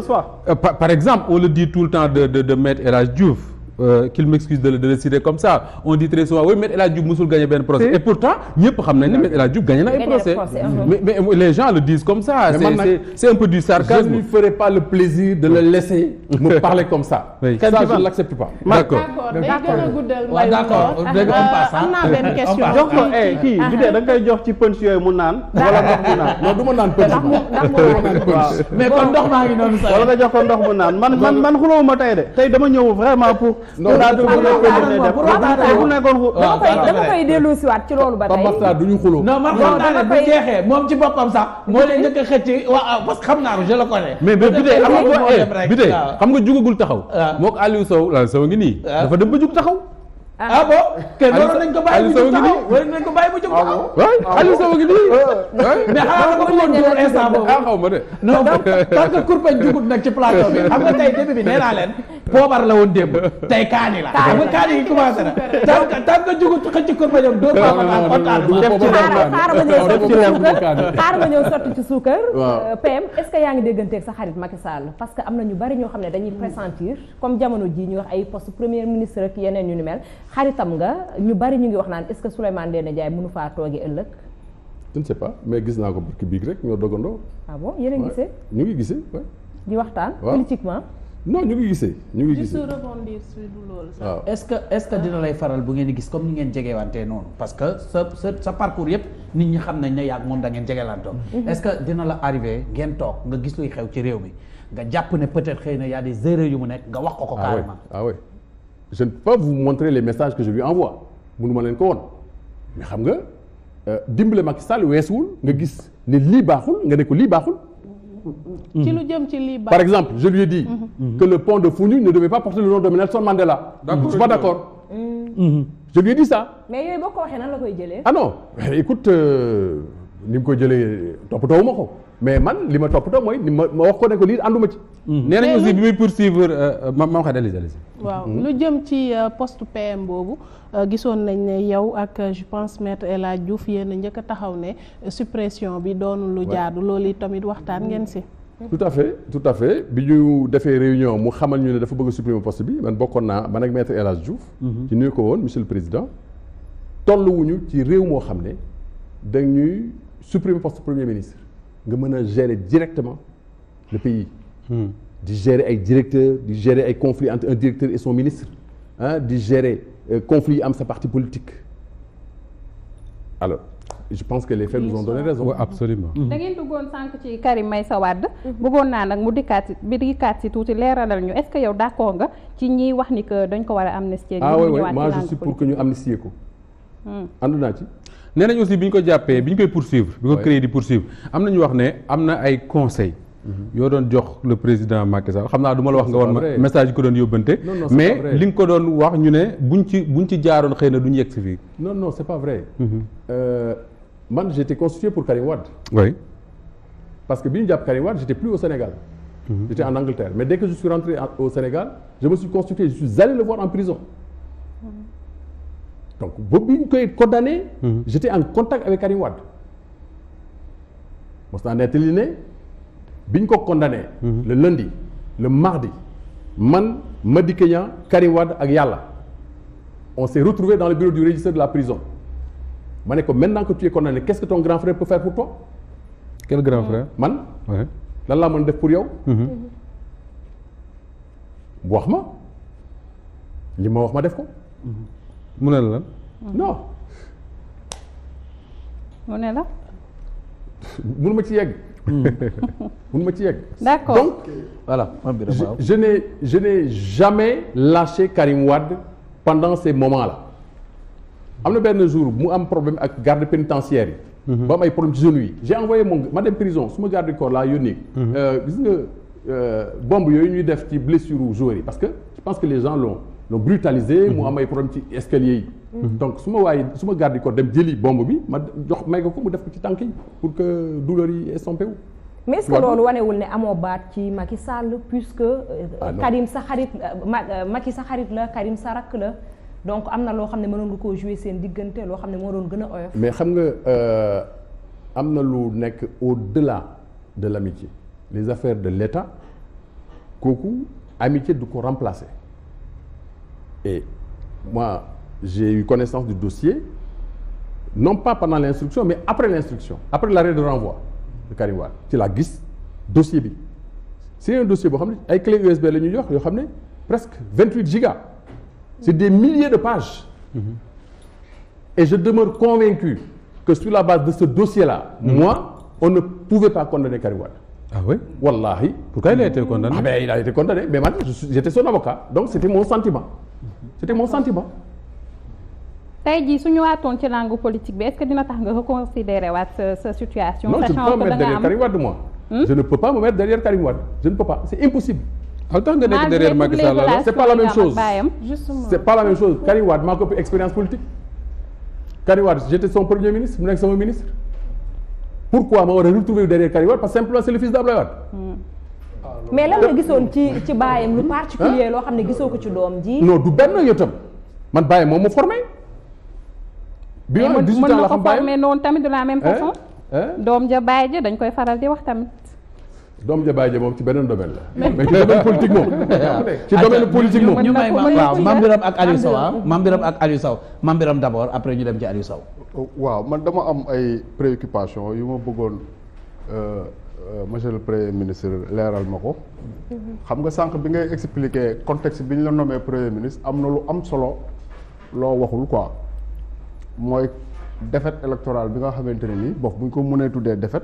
euh, par exemple on le dit tout le temps de de de maître euh, qu'il m'excuse de le de le citer comme ça on dit très souvent oui Me El Hadji Diouf musul gagné benn procès et pourtant ñëpp xam nañ ne Me El Hadji Diouf gagné na ay procès mm. mais mais les gens le disent comme ça c'est c'est un peu du sarcasme je ne ferai pas le plaisir de le laisser me parler comme ça ça je ne l'accepte pas d'accord d'accord ah, am naa benn question jox ko eh, eh, kii ah. bi dee da nga koy jox ci punch yooyu mu naan wala ndox mu naan non du ma naan punch mais kon ndox maa ngi noonu sax wala nga jox ko ndox mu naan man man man xulawuma tey de tey dama ñëw vraiment pour non bu nekkoon dama koy dama koy dellu si waat ci loolu ba tey Mafta du ñu xuloo non Mafta daanaka bu jeexee moom ci boppam sax moo leen njëkk a xëcc waa parce a xam naa ko je le connais mais bi tey xam nga bi tey xam nga jugagul taxaw mook Aliou la Sow nii dafa dem ba jug taxaw ah bon kenn waroon nañ ko bàyyi bu jóg taxaw waroon nañ ko bàyyi bu jóg taxaw. waaw Aliou Sow ngi nii. mais xanaa ko bëggoon dugal instant boobu. xaw ma jugut nag ci plateau bi xam nga tey début bi nee naa leen. poobar la woon démb tey kaani la xam nga kaani gi commencé na tant que tant que xëcc ko ma ñëw dóor paabataan otaan xaar ma ñëw sotti ci suukar euh, PM est-ce que yaa ngi dégganteeg sa xarit Macky Sall parce que am na ñu bari ñoo xam ne dañuy pressentir comme jamono ji ñu wax ay poste premier ministre ak yeneen ñu ni mel xaritam nga ñu bari ñu ngi wax naan est-ce que Souleymane Ndéné Ndiaye mënu faa toogee ëllëg je ne mais gis naa ko barki biig rek ñoo dogandoo ah bon yéen a gisee ñu ngi waxtaan non ñu ngi gisee. ñu ngi gisee waaw est ce que est ce que dina lay faral bu ngeen gis comme ni ngeen jegewantee noonu parce que sa sa sa parcours yëpp nit ñi xam nañ ne yaa moom da ngeen jegewantoon. Mhm. est ce que dina la arrivé ngeen toog nga gis luy xew ci réew mi nga jàpp ne peut être xëy na y a des erreurs mu nekk nga wax ko ko. Ah carrément ah oui je ne pas vous montrer les messages que je lui envoie mënuma leen ko woon mais xam nga euh, dimbale Macky Sall weesuwul nga gis ni lii baaxul nga ne ko lii baaxul. ci lu jëm ci lii par exemple je lui ai dit mhm. Mhm. que le pont de Foundiougne ne devait pas porter le nom de Nelson Mandela je suis pas d'accord mhm. je lui ai dit ça mais yooyu boo ko waxee nan la koy jëlee ah non écoute euh, ni mu koy jëlee toppatoo ma ko mais man li ma toppatoo mooy ni ma ma wax ko ne ko lii ànduma ci. Mm-hmm. nee nañu aussi bi muy poursuivre euh, ma ma wax dëgg waaw mm-hmm. lu jëm ci euh, poste PM boobu euh, gisoon nañ ne yow ak je pense maître El Hadj Diouf yéen a a taxaw ne suppression bi doonu lu jaadu loolu tamit waxtaan ngeen si. tout à fait tout bi ñu defee réunion mu xamal ñu ne dafa bëgg a supprimer bi man bokkoon naa man ak maître El Hadj Diouf. Mm-hmm. ci ko woon monsieur le président. tolluwuñu ci réew moo xam ne dañuy supprimer poste premier ministre. nga mën a gérer directement le pays. Hmm. di gérer ay directeurs di gérer ay conflits entre un directeur et son ministre di gérer euh, conflits yi am sa parti politique alors. je pense que les faits nous ont raison. oui da ngeen duggoon sànq ci may sa wadd bëggoon naa nag mu dikkaat si bi dikkaat si tuuti leeralal ñu est-ce que yow d'accord nga ci ñiy wax ni que dañ ko war a amnistier. ah oui oui moi je suis pour que ñu amnistier ko. Hmm. ànd naa ci. nee aussi bi ñu ko jàppee bi ñu koy poursuivre bi ko créé di poursuivre am na ñu wax ne am na ay conseils mhm. yoo doon jox le président Macky Sall xam naa duma la wax nga woon ma message yi ko doon yóbbante mais li nga ko doon wax ñu ne buñ ci buñ ci jaaroon xëy na duñu yegg si fii non no c'est pas vrai mhm. euh, man j'étais constitué pour Karim Wade oui parce que bi ñu jàpp Karim Wade j'étais plus au Sénégal mhm. j'étais en Angleterre mais dès que je suis rentré au Sénégal je me suis constitué donc ba bi ñu koy condamné. Hmm. j'étais en contact avec Karim mos naa nettali ne bi ñu ko condamné. Hmm. le lundi le mardi man Madické Niang Karim Wade ak yàlla on s'est retrouvé dans le bureau du régisseur de la prison ma ne ko maintenant que tu es condamné quest que ton grand frère peut faire pour toi. quel grand frère hmm. man. lan laa mën def pour yow. wax ma li ma wax ma def ko. mu ne la lan non. mu ne la. mënu ma ci yegg. Hmm. mënu ma ci yegg. d'accord donc voilà. je je n'ai je n'ai jamais lâché Karim Wade pendant ces moments-là am na benn jour mu am problème ak garde pénitentiaire yi. Mhm. ba am ay problème ci genoux yi. j'ai envoyé mon ma dem prison su ma garde corps laa yónnee. Mhm. Euh, gis nga euh, bombe yooyu ñuy def ci blessure wu joueur yi parce que je pense que les gens l'ont le brutaliser mu mhm. am ay problème ci escalier yi mhm. donc su ma waaye su ma garde ko dem jëli bombe bi ma jox may ko ko mu def ko ci tànk yi pour que douleur yi estompé wu mais est-ce que loolu wanewul ne amoo baat ci sàll Sall que euh, ah, Karim sa xarit euh, euh, Macky sa xarit la Karim sa rakk la donc am na loo xam ne mënoon nga ko jouer seen diggante loo xam ne moo doon gën a oyof mais xam nga am na lu nekk au la de l'amitié les affaires de l'État kooku amitié du ko remplacer Et moi, j'ai eu connaissance du dossier, non pas pendant l'instruction, mais après l'instruction, après l'arrêt de renvoi de Karim Wade ci laa gis dossier bi c'est un dossier boo xam ne ay clé USB la ñuy jox yoo xam ne presque vingt-huit gigas c'est des milliers de pages mm -hmm. et je demeure convaincu que sur la base de ce dossier-là mm -hmm. moi on ne pouvait pas condamner Karim Wade ah oui wallahi pourquoi il a été condamné ah il a été condamné mais man j'étais son c'était mon sentiment. tey jii su ñu waatoon ci langue politique bi est dina tax nga reconsidérer waat sa sa situation. non je ne peux pas me mettre derrière Karim hmm? je ne peux pas me mettre derrière Karim c'est impossible. al tax nga nekk derrière maa ko ëpp expérience politique. Karim Wade j'étais son premier ministre mu nekk sama ministre. pourquoi ma war a retrouver derrière Karim Wade simplement c'est le fils d'Abdoulaye Wade. Hmm. mais lan nga gisoon ci ci baayam lu particulier loo xam ne gisoo ko ci doom ji. non du benn yëtam man baayam moom ma formé. bi yoon 18 ans la xam baayam mais mën na ko formé noonu tamit de doom ja baay dañ koy faral di wax doom ja baay ja ci beneen domaine la. mais ci domaine politique moom. ci domaine ak Aliou Sow ah Mame ak Aliou Sow Mame Birame d' abord après ñu dem ci Aliou Sow. waaw man dama am ay préoccupations yu ma bëggoon. Euh, Euh, monsieur le premier ministre leeral ma ko. xam nga sànq bi ngay expliqué contexte bi ñu la nommé premier ministre am na lu am solo loo waxul quoi mooy défaite électorale bi nga xamante ne nii bof bu ñu ko mënee tuddee defet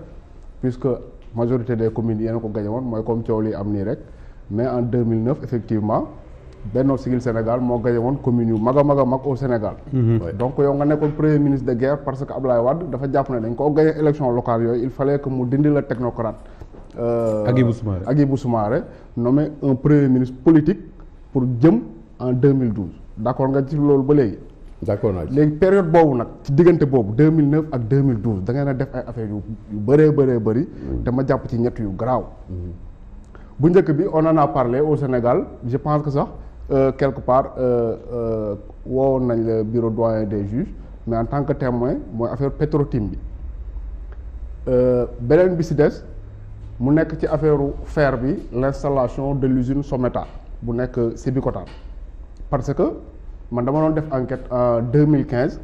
puisque majorité des communes yéen a ko gañe mooy comme coow li am nii rek mais en 2009 effectivement. Benno Siggil Sénégal moo gañe woon commune yu mag a mag a mag au Sénégal mhm. donc yow nga nekkoon premier ministre de guerre parce que Abdoulaye Wade dafa jàpp ne dañ koo gañe élection locale yooyu il fallait que mu dindi la technocrate euh, Agibou Soumaré Agibou Soumaré nommé un premier ministre politique pour jëm en 2012 d'accord nga ci loolu ba léegi d'accord naa léegi période boobu nag ci diggante boobu 2009 ak 2012 da ngeen a def ay affaires yu yu bëree bëree mhm. te ma jàpp ci ñett yu garaaw mhm. bu njëkk bi on en a parlé au Sénégal je pense que sax Euh, quelque part euh, euh, woowoon nañ la bureau doyen des juges mais en tant que témoin mooy affaire pétrotime bi beneen bi si des mu nekk ci affaire fer bi l'installation de l'usine Someta bu nekk Sébikotane parce que man dama doon def enquête en deux mille quinze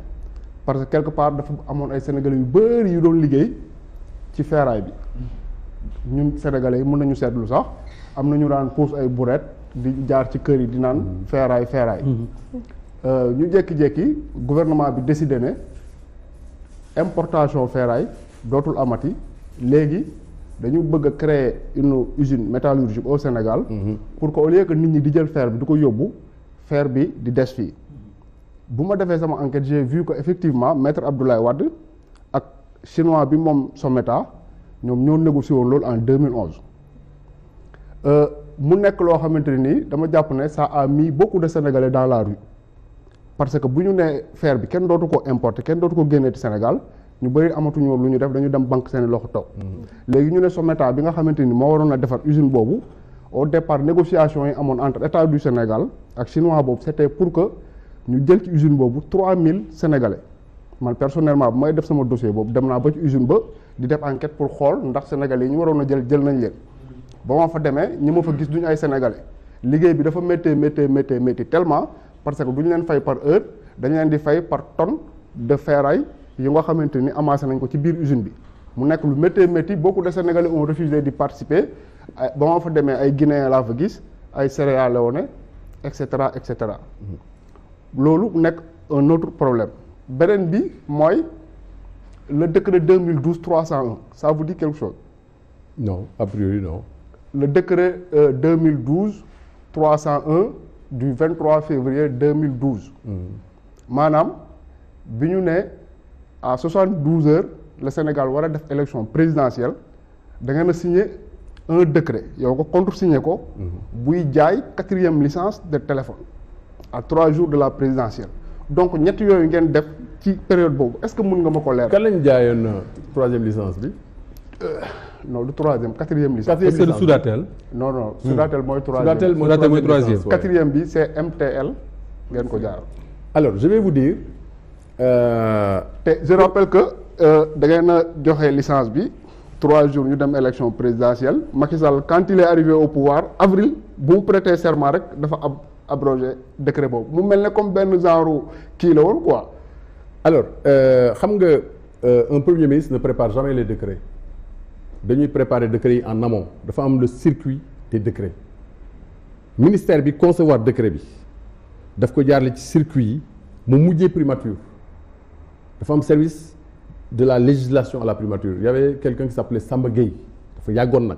parce que quelque part dafa amoon ay sénégalais yu bëri yu doon liggéey ci ferraille bi ñu sénégalais yi mën nañu seetlu sax am na ñu daan pouse ay burettes di jaar ci kër yi di naan mm-hmm. feeraay feeraay mm-hmm. Euh, ñu jékki-jékki gouvernement bi décidé ne importation ferraille dootul amati léegi dañu bëgg a créer une usine métallurgique au Sénégal mm-hmm. pour que au lieu que nit ñi di jël fer bi du ko yóbbu fer bi di des fii bu ma defee sama enquête j'ai vu que effectivement maître Abdoulaye Wade ak chinois bi moom Someta ñoom ñoo négocié woon loolu en 2011. mu nekk loo xamante ne nii dama jàpp ne ça a mis beaucoup de sénégalais dans la rue parce que bu ñu nee feer bi kenn dootu ko importer kenn dootu ko génneeti Sénégal ñu bëri amatuñu woon lu ñu def dañu dem banque seen loxo toog. Mm-hmm. léegi ñu ne Someta bi nga xamante ni moo waroon a defar usine boobu au départ négociation yi amoon entre état du Sénégal ak chinois boobu c'était pour que ñu jël ci usine boobu 3000 sénégalais man personnellement bu may def sama dossier boobu dem naa ba ci usine di def enquête pour xool ndax sénégalais yi ñu waroon a jël jël nañ leen. ba ma fa demee ñi ma fa gis duñu ay sénégalais liggéey bi dafa méttee méttee méttee métti tellement parce que duñu leen fay par heure dañu leen di fay par tonne de ferraille yi nga xamante ni amassé nañ ko ci biir usine bi mu nekk lu méttee métti beaucoup de sénégalais ont refusé di participer ba ma fa demee ay guinéen laa fa gis ay Sierra Leone et cetera et cetera loolu nekk un autre problème beneen bi mooy la décret 2012 301 ça vous dit quelque chose. non a priori non. le décret euh, cent un du 23 février 2012. Mm-hmm. maanaam bi ñu ne à 72 heures le Sénégal war a def élection présidentielle da ngeen a signé un décret yow ko contresigné ko. Mm-hmm. buy jaay quatrième licence de téléphone. à trois jours de la présidentielle donc ñett yooyu ngeen def ci période boobu est-ce que mun nga ma ko leer. kan lañ na euh, troisième licence bi. Euh, non du troisième quatrième licence. quatrième licence est-ce que Soudatel. non non Soudatel mooy. troisième Soudatel mooy troisième quatrième bi c'est MTL ngeen ko jaar. alors je vais vous dire. Euh, te je rappelle que euh, da ngeen a joxe licence bi trois jours ñu dem élection présidentielle Macky Sall quand il est arrivé au pouvoir avril bu mu prêter serment rek dafa ab abrogé décret boobu mu mel ne comme benn genre kii la woon quoi. alors euh, xam euh, nga euh, un premier ministre ne prépare jamais les décrets. dañuy préparer décret yi en amont dafa am le circuit des décrets ministère bi concevoir décret bi daf ko jaarale ci circuit yi mu mujjee primature dafa am service de la législation à la primature Il y avait quelqu'un qui s'appelait Samba Gueye dafa yàggoon nag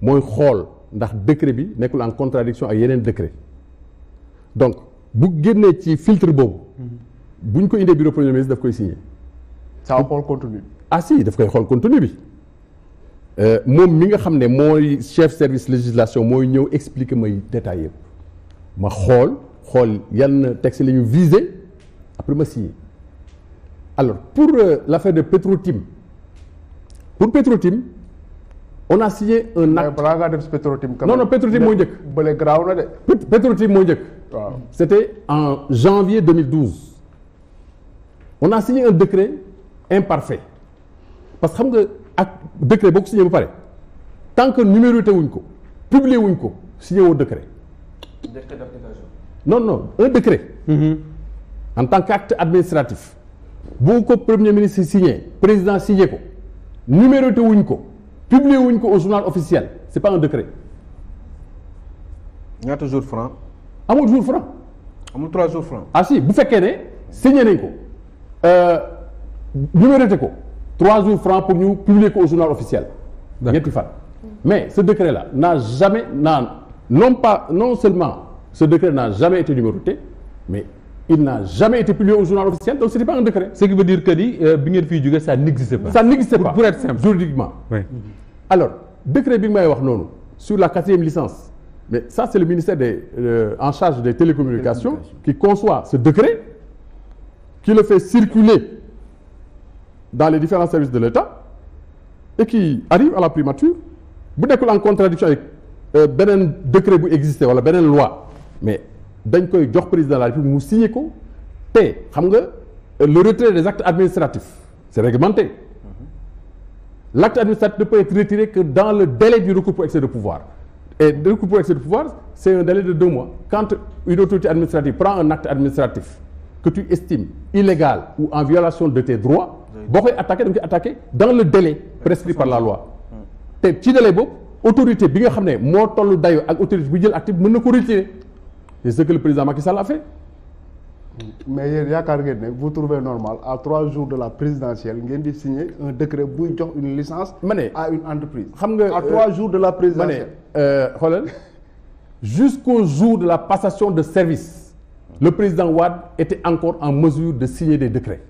mooy xool ndax décret bi nekkul en contradiction ak yeneen décret donc bu génnee ci filtre boobu mhm. bu ñu ko indee bureau premier ministre daf koy signer ça va xool contenu bi ah si daf koy xool contenu bi Euh, moom mi nga xam ne mooy chef service législation mooy ñëw expliquer may détail yëpp ma xool xool yan texte la ñu visé après ma signé alors pour euh, l'affaire de pétrotime pour Petrotim on a signé un acte balaa ngaa def moo njëkk bële garaaw na de Petrotim moo njëkk waaw c'était en janvier 2012 on a signé un décret imparfait parce que xam nga ak décret boo ko signé ba pare tant que numéroté wuñ ko publier wuñ ko signé woo décret. décret d'application. non non un décret. Mm-hmm. en tant qu'acte administratif bu ko premier ministre signé président signé ko numéroté wuñ ko publier wuñ ko au journal officiel c'est pas un décret. ñaata jour franc. amul jour franc. amul trois jours franc. ah si bu fekkee ne signé nañ ko euh, numéroté ko. trois jours francs pour ñu publier ko au journal officiel ñetti fan mais ce décret là n'a jamais n'a non pas non seulement ce décret n'a jamais été numéroté mais il n'a jamais été publié au journal officiel donc ce n'est pas un décret ce qui veut dire que ni euh, bi ngeen fiy jógee ça n'existe pas ça n'existe pas pour être simple juridiquement alors décret bi may wax noonu sur la quatrième licence mais ça c'est le ministère des euh, en charge des télécommunications qui conçoit ce décret dans les différents services de l'État et qui arrive à la primature bu nekkul en contradiction avec euh, beneen décret bu existé wala beneen loi mais dañ koy jox président la République mu signé ko te xam nga euh, le retrait des actes administratifs c'est réglementé mm-hmm. l'acte administratif ne peut être retiré que dans le délai du recours pour excès de pouvoir et le recours pour excès de pouvoir c'est un délai de deux mois quand une autorité administrative prend un acte administratif de tes boo koy attaqué da nga koy attaqué dans le délai di par la loi te ci délai boobu autorité bi nga xam ne moo toll dayo ak autorité bu jël acte mën na ko retirer c'est ce que le président Macky Sall mais yéen yaakaar ngeen ne vous trouvez normal à trois jours de la présidentielle ngeen di signer un décret buy jox une licence. ma ne à une entreprise. xam nga à trois euh, jours de la présidentielle ma ne euh, jusqu'au jour de la passation de service le président Wade était encore en mesure de signer des décrets.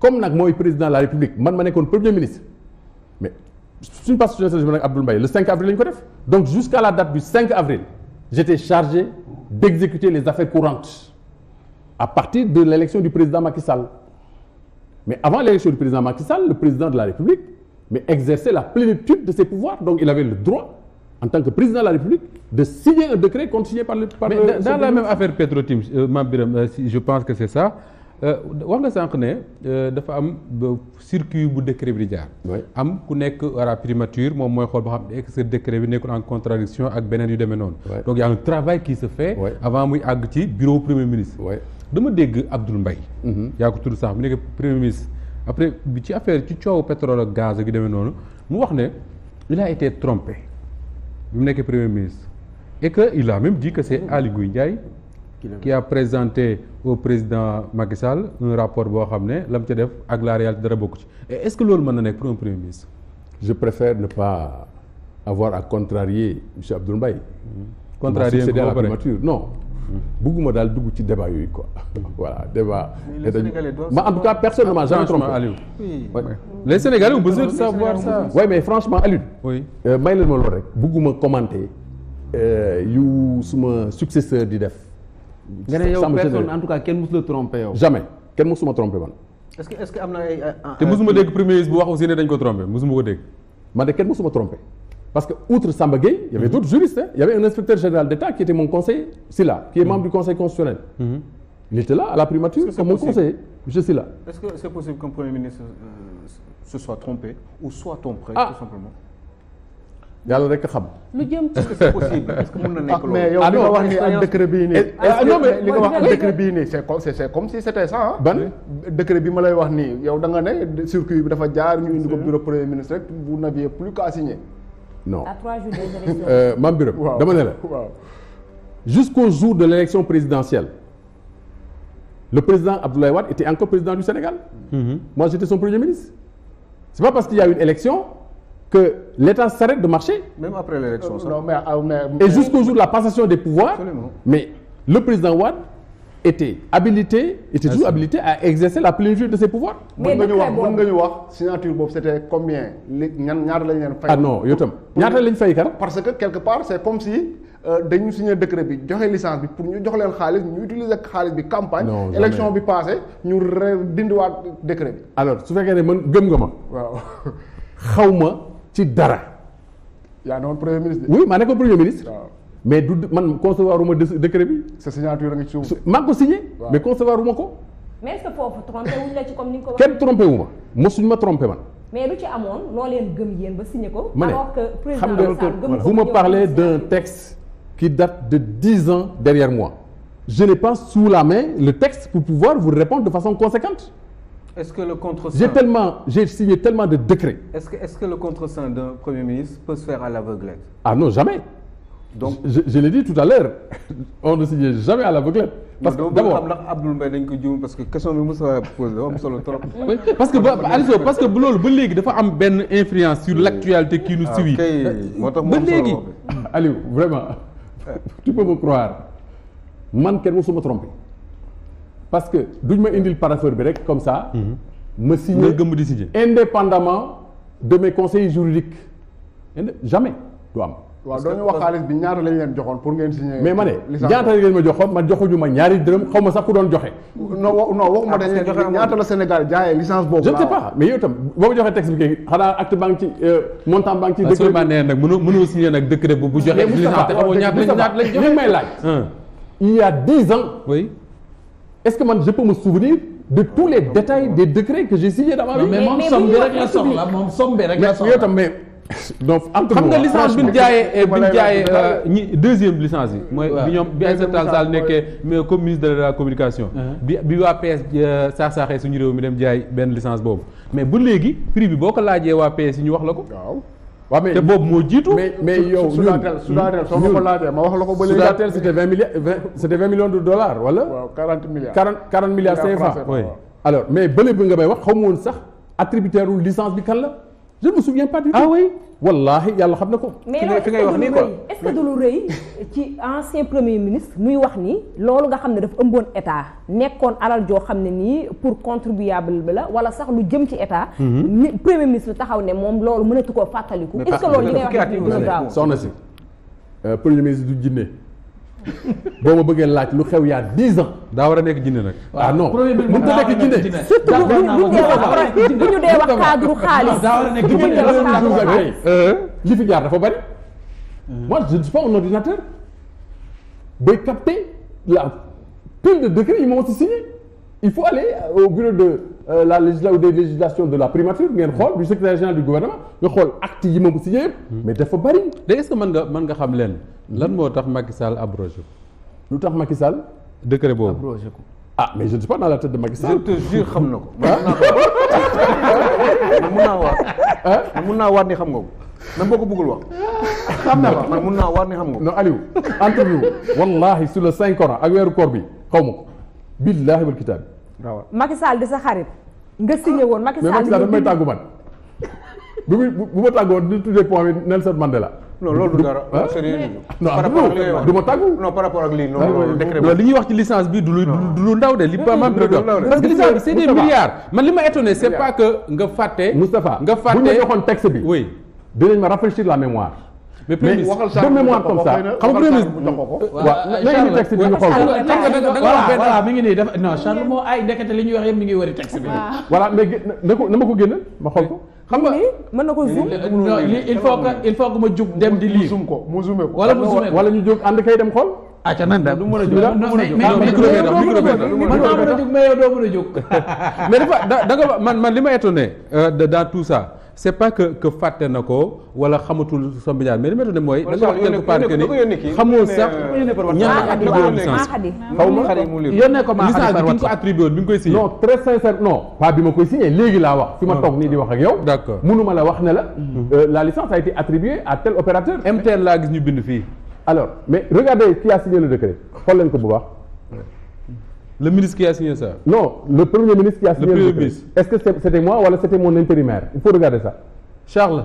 comme nag mooy président de la république man ma nekkoon premier ministre mais suñu passe suñu émission le 5 avril la ñu ko def donc jusqu'à la date du 5 avril j'étais chargé d'exécuter les affaires courantes à partir de l'élection du président Macky Sall mais avant l'élection du président Macky Sall le président de la république mais exerçait la plénitude de ses pouvoirs il avait le droit en tant que président de la République de signer un décret contresigné par Euh, wax nga sànq ne euh, dafa am circuit bu décret bi di jaar. am ku nekk wara primature moom mooy xool ba xam ne ce que décret bi nekkul en contradiction ak beneen yu demee noonu. donc y a un travail qui se fait. avant muy àgg ci bureau premier ministre. dama dégg Abdoul mbay mm-hmm. yaa ko tudd sax mu nekk premier ministre après bi ci affaire ci coowu pétrole ak gaz yu demee noonu mu wax ne il a été trompé bi mu nekkee premier ministre et que il a même dit que c' qui a présenté au président Macky Sall un rapport boo xam ne la mu ca def ak la réalité dara bokku ci et est-ce que loolu mën na nekk pour un premier ministre. je préfère ne pas avoir à contrarier monsieur Abdoul Mbaye. contrarier ko ba pare non. Hmm. daal dugg ci débat yooyu quoi. voilà débat. mais ma en tout cas personnellement j'en trompe. oui les Sénégalais ont besoin de savoir ça. oui mais franchement Aliou. oui euh, may leen ma loolu rek. bugguma commenter euh, yu suma successeur di def. nga ne yow personne en tout cas kenn mosu la trompé yow. jamais kenn mosuma trompé man. est-ce que est-ce que am na ay. te mosuma dégg premier ministre bu wax aussi ne dañ ko trompé mosuma ko dégg. man de kenn mosuma trompé parce que outre Samba Gueye y avait mhm. d'autres juristes il y avait un inspecteur général d'État qui était mon conseiller Sylla qui est mhm. membre du conseil constitutionnel. Mhm. il était là à la primature comme mon conseiller je suis là. est-ce que c'est possible qu'un premier ministre euh, se soit trompé ou soit trompé ah. tout simplement. yàlla rek xam. lu jëm ci c'est possible est-ce que mën na nekk ah, loolu. mais yow li ah, nga wax ni ak décret bii nii. Eh, ah, li nga wax ak décret bii nii c'est comme c'est comme si c'était ça ban décret bi ma lay wax nii yow da nga ne circuit bi dafa jaar ñu indi ko bureau premier ministre rek vous n'aviez plus qu'à signer. non à trois jours des élections. Euh, Mame Birame dama ne la. waaw jusqu'au jour de l'élection présidentielle le président Abdoulaye Wade était encore président du Sénégal. Mm-hmm. moi j'étais son premier ministre. c'est pas parce qu'il y a une élection. que l'État s'arrête de marcher. Même après l'élection. Euh, non mais, euh, mais, et jusqu'au jour la passation des pouvoirs. Absolument. Mais le président Wade était habilité était toujours habilité à exercer la plénitude de ses pouvoirs. mën nga ñu wax mën nga ñu wax signature boobu c'était combien li ñaata lañ leen fay. ah non yow itam parce que quelque part c'est comme si euh, dañu signé décret bi joxe licence bi pour ñu jox leen xaalis ñu utiliser xaalis bi campagne. élection bi passé ñu re dindiwaat décret bi. alors su fekkee ma. waaw xaw ma. ci dara. yaa ne woon premier ministre. oui maa nekkoon premier mais du man concevoir uma décret bi. sa signature nga ci suuf. maa ko signé. mais concevoir uma ko. mais ni nga ko waxee. kenn trompé wu ma mosuñ ma trompé man. mais lu ci amoon loo leen gëm yéen ba signé ko. alors que président vous me parlez d'un texte qui date de dix ans derrière moi. je n'ai pas sous la main le texte pour pouvoir vous répondre de façon conséquente. est-ce que le contresens j'ai tellement j'ai signé tellement de décrets. est-ce que est-ce que le contresens d'un premier ministre peut se faire à l'aveuglette. ah non jamais. je l'ai dit tout à l'heure on ne signe jamais à l'aveuglette. parce que d'abord xam ndax Abdoul Mbaye ko juum parce que question bi Moussa posé am solo que ba Aliou parce que ba léegi dafa am benn influence sur l'actualité qui nous ah, suit. Euh, moo tax ba léegi. Aliou vraiment tu peux me croire man kenn mosuma trompé. parce que du duñ ma indil parapheur bi rek comme ça. Mhm. ma signer gëm décider indépendamment de mes conseils juridiques jamais du am. waaw doo ñu wax xaalis bi ñaata lañ leen joxoon pour ngeen signer. mais ma ne ñaata lañ leen ma joxoon man joxuñu ma ñaari dërëm xaw ma sax ku ah, la Sénégal jaayee licence boobu. je mais yow itam boo joxee texte bi kay xanaa acte banque ci euh, montant banque ci. Ah, décret bi nag mënoo mënoo signer nag décret bu bu licence te xamoo ñaata ñaata lañ joxe ñu may laaj. Ah. il y a dix ans. est-ce que man je peux me souvenir de tous les détails des décrets que j'ai signés dans ma vie. mais moom somme bi rek la soxla moom somme bi rek la soxla. mais yow tam mais donc entre xam nga licence bi ñu jaayee bi ñu jaayee euh, ñi deuxième licence yi. mooy bi ñoom bi Aïssata Tall Sall nekkee comme ministre de la communication. Uh-huh. bi bi waa PS saa euh, saaxee suñu réew mi dem jaay benn licence boobu mais bu léegi prix bi boo ko laajee waa PS yi ñu wax la ko. waaw mais te boobu moo jiitu. mais mais yow Sonatel Sonatel soo ko ko ma wax la ko ba léegi. Sonatel c'était vingt milliards c'était vingt millions de dollars wala. waaw quarante milliards quarante quarante milliards CFA. alors mais bële bi nga may wax xamu woon sax attributaire licence bi kan la. je ne me souviens pas du ah oui wallaahi yàlla xam ne ko. mais loolu fi ngay wax nii quoi est premier ministre muy wax ni. loolu nga xam ne dafa ëmboon état nekkoon alal joo xam ne nii pour contribuable bi la wala sax lu jëm ci état. Mhm. premier ministre taxaw ne moom loolu mënatu koo fàttaliku. est ce que loolu li ngay wax nii du gën a soxna si euh, premier ministre du jinne boo ma bëggee laaj lu xew yaa dix ans. daawar a nekk jinne nag. ah no mënut a nekk jinne surtout bu bu ñu dee wax cadre xaalis. daa war a nekk jinne li fi jaar dafa bari. moi je ne suis pas un ordinateur. bay capter la pile de décret yi ma si signé. il faut aller euh, au bureau de euh, la législation ou de la primature ngeen xool du secrétaire général du gouvernement nga xool acte yi moom si yëpp. Hmm. mais dafa bari. mais est-ce que mën nga xam leen. lan moo tax Macky Sall abrogé lu tax Macky Sall. décret boobu ko. ah mais je ne suis pas dans la tête de Macky Sall. xam na ko. man mun naa waat man ni xam nga ko même boo ko bëggul wax. xam na ko man mun naa waat ni xam nga ko. non Aliou entre nous wallaahi sur le Saint Coran ak weeru koor bi xaw ma ko. billaahi wal kitaab. waaw Macky Sall di sa xarit. nga signé woon Macky Sall mais Macky Sall dafa may tàggu man bu bu ma tàggoon di tuddee point bi Nelson Mandela. non loolu du dara. Ah? du ma tàggu. non par rapport ak lii non ah, li ñuy wax ci licence bi du lu du lu ndaw de li pas mal. parce que licence bi c'est des milliards. man li ma étonné c'est pas que nga fàtte. Moustapha nga fàtte bu ñu bi. oui dinañ ma rafraîchir la mémoire. mais mais de mémoire comme ça xam nga premier ministre. waaw léegi ni texte bi ñu xool ko. mi ngi nii dafa non Charles moo ay ndekete li ñuy wax yëpp mi ngi wari texte bi. voilà mais na ko na ma ko génne ma xool ko. xam nga mën na ko zoom. non il faut que il faut que ma jug dem di lii. mu ko mu zoomé ko. wala mu zoomé ko wala ñu jóg ànd kay dem xool. ah ca nan daal du mën a jóg mën a jóg mais yow doo mën a jóg. mais dafa da nga man man li ma étonné euh, dans tout ça c' est pas que que fàtte na ko wala xamatul sa mbéjaay mais li ma ne mooy. da nga wax quelque part que ni xamoo sax ñaata attribué woon licence. xaw ma yónnee ko maa xam ne bi nga ko attribué woon bi nga koy signé. non très sincère non pas bi ma koy signé léegi laa wax. fi ma ah. toog nii di wax ak yow. d' accord mënuma la wax ne la. Hmm. Euh, la licence a été attribuée à tel opérateur. MTN laa gis ñu bind fii. alors mais regardez qui a signé le décret xool leen ko bu baax. le ministre qui a signé ça. non le premier ministre qui a signé le premier ministre est-ce que c'était moi wala c'était mon intérimaire il faut regarder ça Charles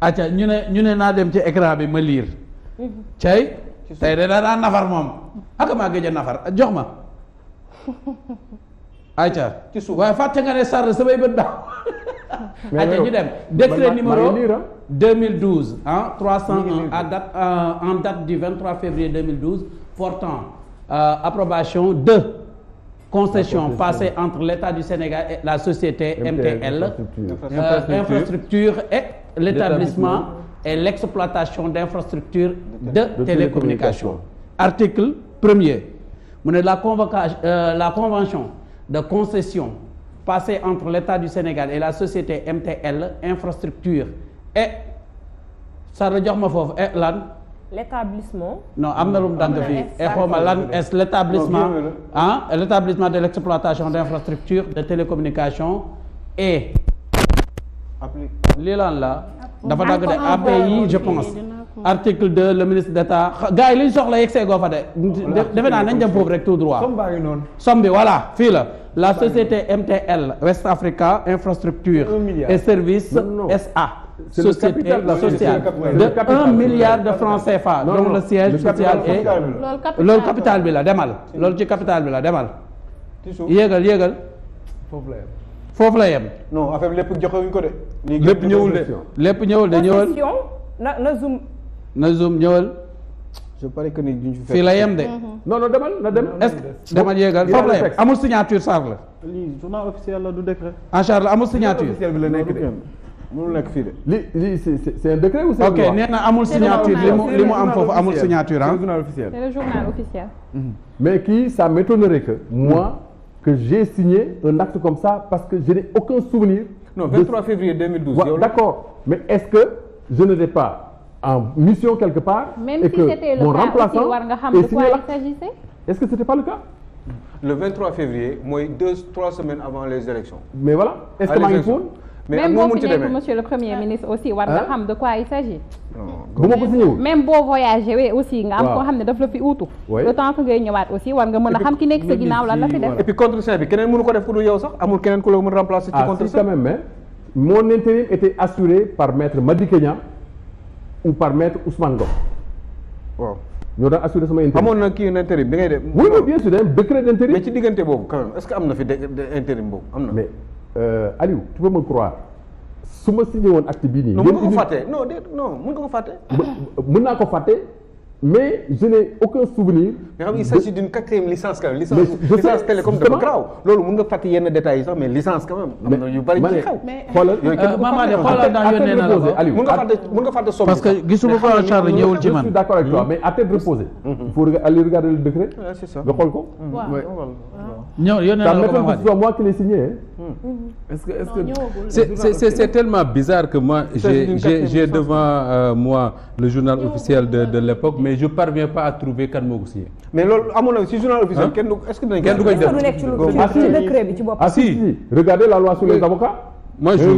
acca ñu ne ñu ne naa dem ci écran bi ma liir cay tey de daa daan nafar moom ak maa gëj a nafar jox ma acca ci suuf waaye fàtte nga ne sàrr samay bët baax acca ñu dem décret numéro 2012 ah 301 ah, à date euh, en date du 23 février 2012 portant euh, approbation de concession passée entre l'État du Sénégal et la société MTL euh, infrastructure et l'établissement et l'exploitation d'infrastructures de télécommunication article premier mu ne la convocation euh, la convention de concession passée entre l'État du Sénégal et la société MTL infrastructure et Sarr jox ma foofu et lan. l'établissement non am na lu mu dàgg fii et xawma lan est l'établissement ah l'établissement de l'exploitation d'infrastructures de télécommunication et lii la dafa dagg de API je pense article 2 le ministre d'État gars yi soxla yegg fa de defe naa nañ dem foofu rek tout droit somme bi fii la la société MTL West Africa infrastructure et services SA société sociale de un milliard de francs CFA donc le siège social et loolu capital bi la demal loolu ci capital bi la demal yéegal yéegal foofu la yem non affaire lépp joxewuñ ko lépp ñëwul de lépp ñëwul de ñëwal na na zoom. na zoom ñëwal. je parie que ni duñ fi fii la yem de. Mhm. non non na dem est ce que. demal yéegal foofu la yem amul signature Sarr la. lii journal officiel la du décret. en ah, charge la amul signature nekk de. mënul fii de. li li c' est c' est un décret ou c' ok nee amul signature li mu am foofu amul signature ah. c' le journal officiel mhm. mais kii ça m' étonnerait que. moi que j'ai signé un acte comme ça parce que je n'ai aucun souvenir. non 23 février 2012. yow ouais, d'accord mais est-ce que je n'étais pas en mission quelque et si que mon remplaçant war nga xam de mooy deux trois semaines avant les élections mais voilà est-ce mais ak moo mun ci demee même boo fi nekk monsieur le premier ah. ministre aussi war nga ah. xam de quoi il s'agit bu ko si ñëwul même boo voyagé wee aussi nga am koo xam ne daf la fi uutu le temps que ngay ñëwaat aussi war nga mën a xam ki nekk sa ginnaaw lan la fi def et puis contrat bi keneen mënu ko def ku dul yow sax amul keneen ku la mën remplacer ci ah, contrat quand même mais mon intérim était assuré par maître Madické Niang ou par maître Ousmane Ngom waaw ñoo daan assuré sama intérim na kii intérim bi ngay def na Euh, Aliou tu peux me croire su ma signé woon acte bii nii. non mën nga ko fàtte non non mën nga ko fàtte. mën naa ko fàtte. mais je n'ai aucun souvenir. mais xam nga il s'agit d'une quatrième licence quand même. licence licence télécom dafa garaaw. loolu nga fàtte yenn détails yi mais licence quand même. am na yu bari ci xew. mais xoolal yooyu kenn euh, nga fàtte parce que gisuma ko Charles ñëwul ci man. je suis d'accord avec mais à tête mm-hmm. il faut aller regarder le décret. c'est ça nga xool ko. ñëw yónnee na la ko ma c'est moi qui l'ai signé. Mm. Mm-hmm. est-ce que est-ce que c'est c'est tellement bizarre que moi j'ai j'ai devant euh, moi le mais je parviens pas à trouver kan moo ko signé. mais loolu amoon na si journal officiel kenn du est kenn du ko def ah, ah, ah si regardez la loi sur les avocats. moi je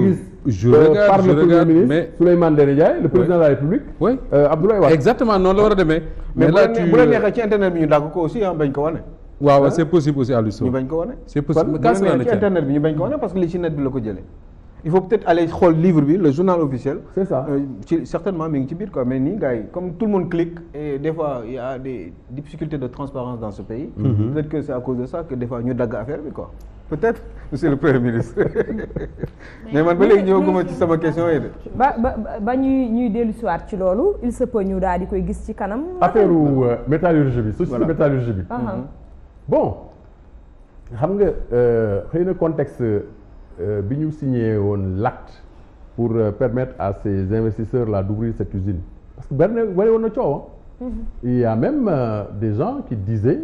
je regarde par le premier ministre Souleymane Ndéné Ndiaye le la République. oui euh, Abdoulaye Wade exactement noonu la war a demee. mais bu la neexee ci internet bi ñu dàgg ko aussi ah bañ ko wane. waaw c'est possible aussi Aliou Sow ñu bañ ko wane. c'est possible ci internet bi ñu bañ ko wane parce que li ci net bi la il faut peut-être aller xool livre bi le journal officiel. c'est ça euh, ci euh, certainement mi ngi ci biir quoi mais nii gars yi comme tout le monde clique et fois il y a des difficultés de transparence dans ce pays. Mm -hmm. peut-être que c'est à de ça que des fois ñu dagg affaire bi quoi. peut-être monsieur le premier ministre mais man ba léegi ñëwaguma ci sama question yi de. ba ba ba ñuy ñuy dellu si waat ci loolu il se peut ñu daal di koy gis ci kanam. affaire euh, métallurgie bi. société métallurgie bi. Uh-huh. Mhm. bon xam nga euh, xëy na contexte. Euh, bi ñu signé woon lat pour euh, permettre à ces investisseurs là d'ouvrir cette usine parce que bari na woon na coow mhm. il y a même euh, des gens qui disaient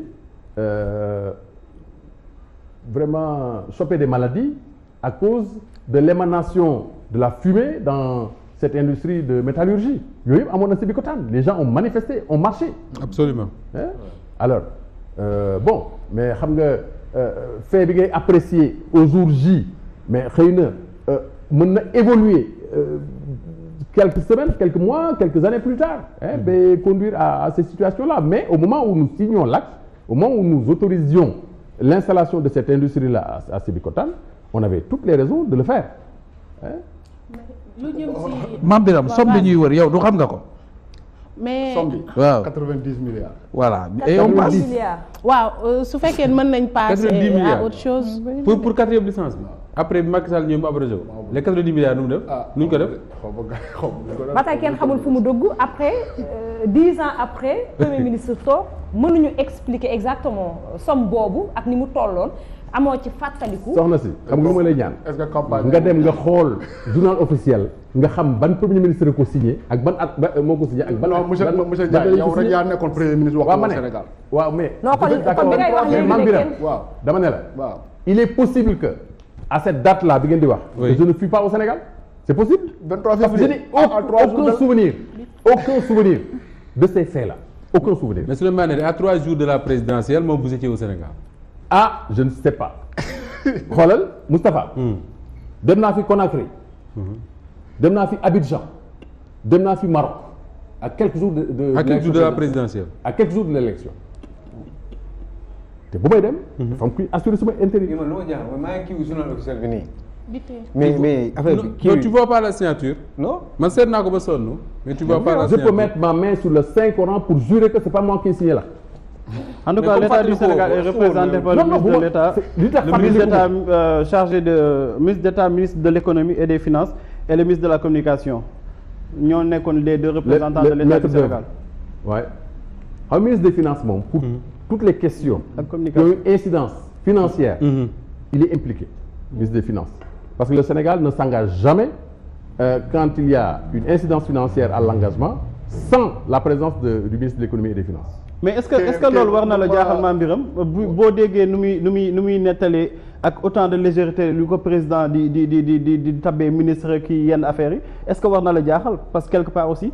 vraiment choper des maladies à cause de l'émanation de la fumée dans cette industrie de métallurgie yooyu yëpp amoon na si Bikotaan les gens ont manifesté ont marché. absolument hein? alors euh, bon mais xam nga fait bi ngay apprécier au jour J. mais xëy na euh, mën na évoluer euh, quelques semaines quelques mois quelques années plus tard hein, hmm. conduire à, à ces situations-là mais au moment où nous signions l'acte au moment où nous autorisions l'installation de cette industrie-là à, à Sébikotane on avait toutes les raisons de le faire hein? lu somme bi ñuy wër yow du xam nga ko. mais somme bi waaw 90 milliards. voilà et on passe 90 milliards. waaw euh, su fekkee mën nañ passer à autre chose. pour pour quatrième licence bi. après bi Macky Sall ñëw mu abrogé ko les quatre-vingt-dix milliards nu mu def. Ah, nu ñu ko def ba tey kenn xamul fu mu dëgg après euh, dix ans après premier ministre toog mënuñu expliquer exactement euh, somme boobu ak ni mu tolloon amoo ci fàttaliku. soxna si xam nga lu ma lay ñaan. est-ce que nga dem nga xool journal officiel nga xam ban premier ministre ko signé ak ban at ba euh, moo ko signé ak ban. non monsieur monsieur Ndiaye yow rek yaa nekkoon premier ministre. waxtu woon Sénégal waaw mais. non kon kon bi ngay wax léegi dama ne la. waaw il est possible que. à cette date là bi ngeen di wax. je ne fuis pas au Sénégal c' est possible. 23 février oh, à 3 aucun souvenir aucun souvenir de ces faits là aucun souvenir. mais Souleymane Ndéné à 3 jours de la présidentielle moom vous étiez au Sénégal. ah je ne sais pas Moustapha. Hmm. dem naa fi Conakry. Hmm. dem naa fi Abidjan. dem naa fi Maroc à quelques jours de. de la présidentielle. à quelques jours de l' te bu may dem. Mhm. dafa am kuy assurer sama intérêt. man loo jaaxal maa ngi kii wu journal officiel bi nii. mais mais affaire bi kii non tu vois pas la signature. non man seet naa ko ba sonn. mais tu vois pas la signature je peux mettre ma main sur le Saint Coran pour jurer que c'est pas moi qui signe là. en tout cas l'état du Sénégal est représenté par le ministre de l'état ministre euh, de euh, ministre d'état ministre de l'économie et des le ministre de la communication ñoo nekkoon les deux représentants de l'état du Sénégal. waay xam ministre des finances moom. pour mhm. toutes les questions qui ont une incidence financière mm -hmm. il est impliqué ministre des Finances parce que le Sénégal ne s'engage jamais euh, quand il y a une incidence financière à l'engagement sans la présence de, du ministre de l'économie et des finances mais est-ce que est-ce que loolu war na la jaaxal maa mbiram boo déggee nu muy nu muy nu ak autant de légèreté lu ko président di di di di di di tabbee ministre ki yenn affaire yi est-ce que war na la jaaxal parce que quelque part aussi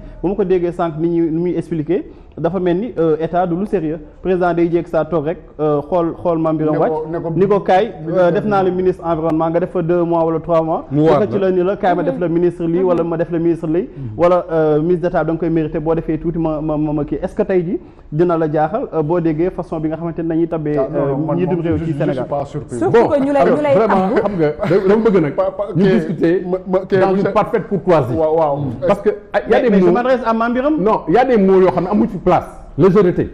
déggee sànq ni ñuy ni muy expliquer dafa mel ni euh, état du lu sérieux président day jéeg saa toog rek euh, xool xool ma wàcc ni ko kaay euh, def naa la ministre environnement nga def fa deux mois wala trois mois deka ci la ni la kaay ma def la mhm. ministre lii wala ma def la ministre lii mhm. wala ministre d'état da nga koy mérité boo defee tuuti ma ma ma est-ce que tey ji dina la jaaxal boo déggee façon bi nga xamante ne tabee ñi dum réew ci Sénégal surtout que ñu lay ñu lay vraiment place légèreté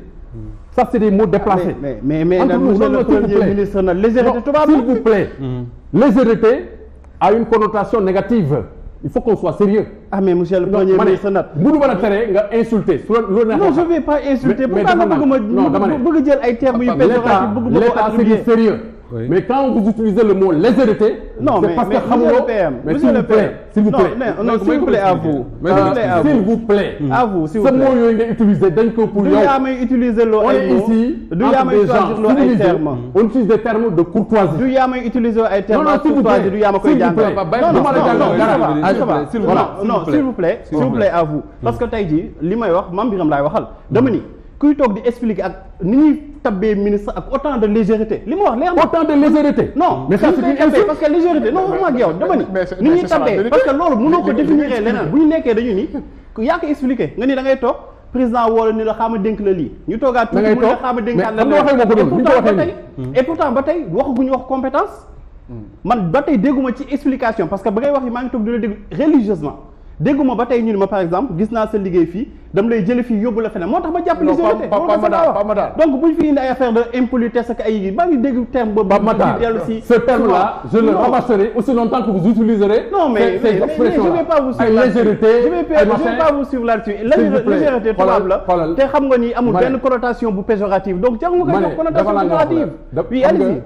ça c'est des mots ah, déplacés. mais mais mais nag monsieur le premier ministre nag légèreté tubaab s'il vous plaît mm. a une connotation négative il faut qu'on soit sérieux. ah mais monsieur le premier ministre nag. mënu ma la nga insulter. non je pas insulter. mais mais dama naan non dama ay termes yu. bëgg bëgg bëgg bëgg Oui. Mais quand vous utilisez le mot légèreté, non, c'est parce mais, que xamuloo mais s'il vous plaît, s'il vous plaît. Non, non, s'il vous plaît à vous. S'il vous plaît. À vous, s'il vous plaît. Ce mot yooyu nga utiliser dañ ko pour yow. Du yaa may utiliser loo ay mots. On est ici, du yaa may choisir loo ay termes. On utilise des termes de courtoisie. Du yaa may utiliser ay termes de courtoisie, du yaa ma koy jàngal. Non, non, non, s'il vous plaît, s'il vous plaît à vous. Parce que tey jii li may wax Mame Birame laay waxal. Dama ni kuy toog di expliquer ak ni ñuy tabbee ministre ak autant de légèreté li ma wax leer na. autant de légèreté. non mais ça c'est une insulte parce que légèreté non moom ak yow dama ni. ni tabbee parce que loolu mënoo ko définir leneen bu ñu nekkee dañu ni yaa ko expliquer nga ni da toog. président woola ni la xaama dénk la lii ñu toogaat tuuti mu ne la xaama dénkaat la lii et pourtant ba tey waxaguñu wax compétence hmm. man ba tey dégguma ci dégguma ba tey ñu ne ma par exemple gis naa sa liggéey fii dam lay jële fii yóbbu la feneen moo tax ma jàpp lisonité donc bu ñu fi indi ay affaire de impolitesse ak ay yi baa ngi dégg terme boobu Pape Matar ce terme là je le mais je vais pas vous suivre légèreté je vais pas vous suivre la te xam nga ni amul benn connotation bu péjorative donc jarul nga jox connotation péjorative oui allez-y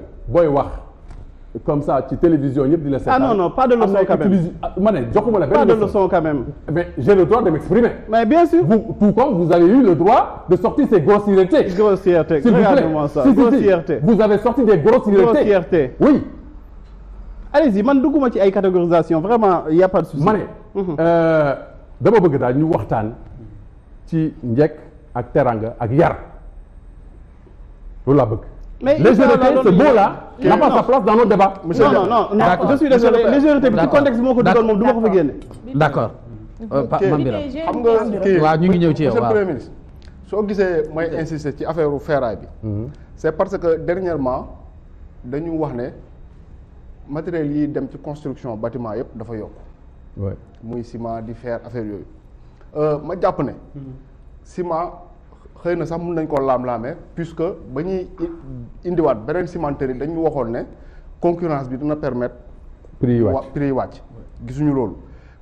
comme ça ci télévision ñëpp di la seetaan. ah non non pas de leçon quand même ah, ma ne joxuma la benn pas de leçon quand même. mais j'ai le droit de m'exprimer. mais bien sûr tout comme vous avez eu le droit de sortir ces grossièretés. grossièretés s'il vous plaît ça. Si, grossièreté vous avez sorti des grossièretés. grossièreté oui. allez-y man dugguma ci ay catégorisation vraiment y a ma mhm. euh, dama bëgg daal ñu waxtaan ci njekk ak teranga ak yar légèreté ce mot-là n'a pas sa place dans nos débats. monsieur non non non je suis désolé légèreté bi ci contexte bi moo ko dugal moom du ma ko fa génne. d'accord euh, Mame Birame xam nga kii waaw ñu ngi ñëw ci yow waaw monsieur le premier ministre. soo gisee mooy insister ci affaire u ferraille bi. Mhm. c'est parce que dernièrement dañu wax ne matériel yi dem ci construction bâtiment yëpp dafa yokk. muy ciment di fer affaire yooyu euh, ma jàpp ne. Mhm. ciment. xëy na sax mun nañ koo laam-laamee puisque ba ñuy indiwaat beneen cimenterie dañu waxoon ne concurrence bi dana permettre. prix yi wàcc prix yi wàcc. gisuñu loolu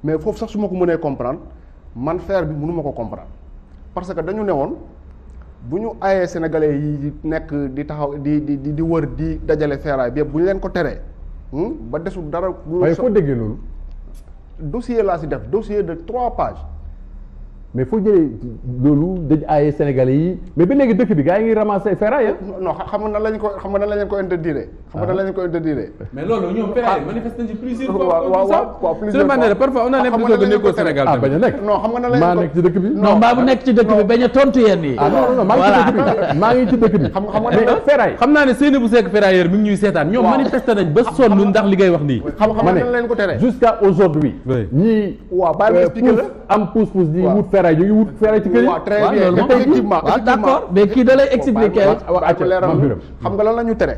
mais foofu sax su ma ko mënee comprendre man faire bi mënu ko comprendre parce que dañu ne woon bu ñu ayee sénégalais yi nekk di taxaw di di di wër di dajale feeraay bi yëpp bu ñu leen ko teree hmm, ba desul dara. Ah, waaye foo déggee loolu. dossier laa si def dossier de trois pages. mais foo jëlee loolu dañ aaye sénégalais bi gars yi ngi ramassé ferraille non xam nga nan lañ ko xam nga nan lañ a ah, l'impression de nekk au Sénégal ah a nekk non ci dëkk bi non mbaa bu nekk ci dëkk bi bañ a tontu yéen yi ah, non maa ngi ci dëkk bi xam naa ne seeni bu seek ferrailleur mi ngi ñuy seetaan ñoom manifesté nañ ba sonn ndax li wax nii xam nga aujourd'hui ñi waaw bàyyi ma euh, expliquer la am pousse pousse di wut ferraille ñu ngi wut ferraille ci kër yi. waaw très bien effectivement waaw d'accord mais kii da lay expliquer. xam nga lan la ñu tere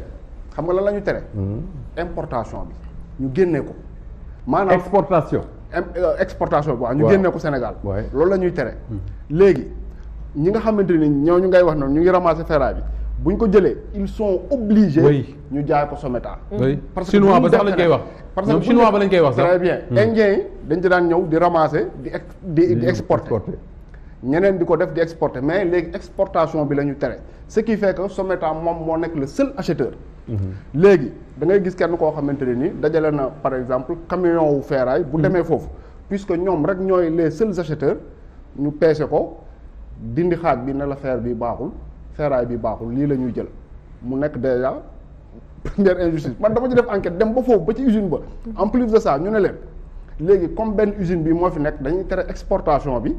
xam nga lan la ñu tere. Hmm. importation bi ñu génne ko. maanaam exportation. Euh, exportation bi waaw ñu génne ko Sénégal. loolu la ñuy tere. Hmm. léegi ñi nga xamante ni ñooñu ngay wax noonu ñu ngi ramasser ferraille bi. bu ñu ko jëlee ils sont obligés. ñu jaay ko Sométa. parce que chinois ba sax lañ koy wax. parce que chinois ba lañ koy wax sax. très bien hmm. indien yi dañ ci daan ñëw di ramasser di ex di di exporter. ñeneen di ko def di exporter mais léegi exportation bi la ñu tere ce qui fait que Sométa moom moo nekk le seul acheteur. Hmm. léegi da ngay gis kenn koo xamante ne ni dajale na par exemple camion wu ferraille bu hmm. demee foofu puisque ñoom rek ñooy les seuls acheteurs ñu peese ko dindi xaaj bi ne la fer bi baaxul. seeraay bi baaxul lii la ñuy jël mu nekk déjà première injustice man dama ci def enquête dem ba foofu ba ci usine ba en plus de ça ñu ne leen léegi comme benn usine bi moo fi nekk dañuy tere exportation bi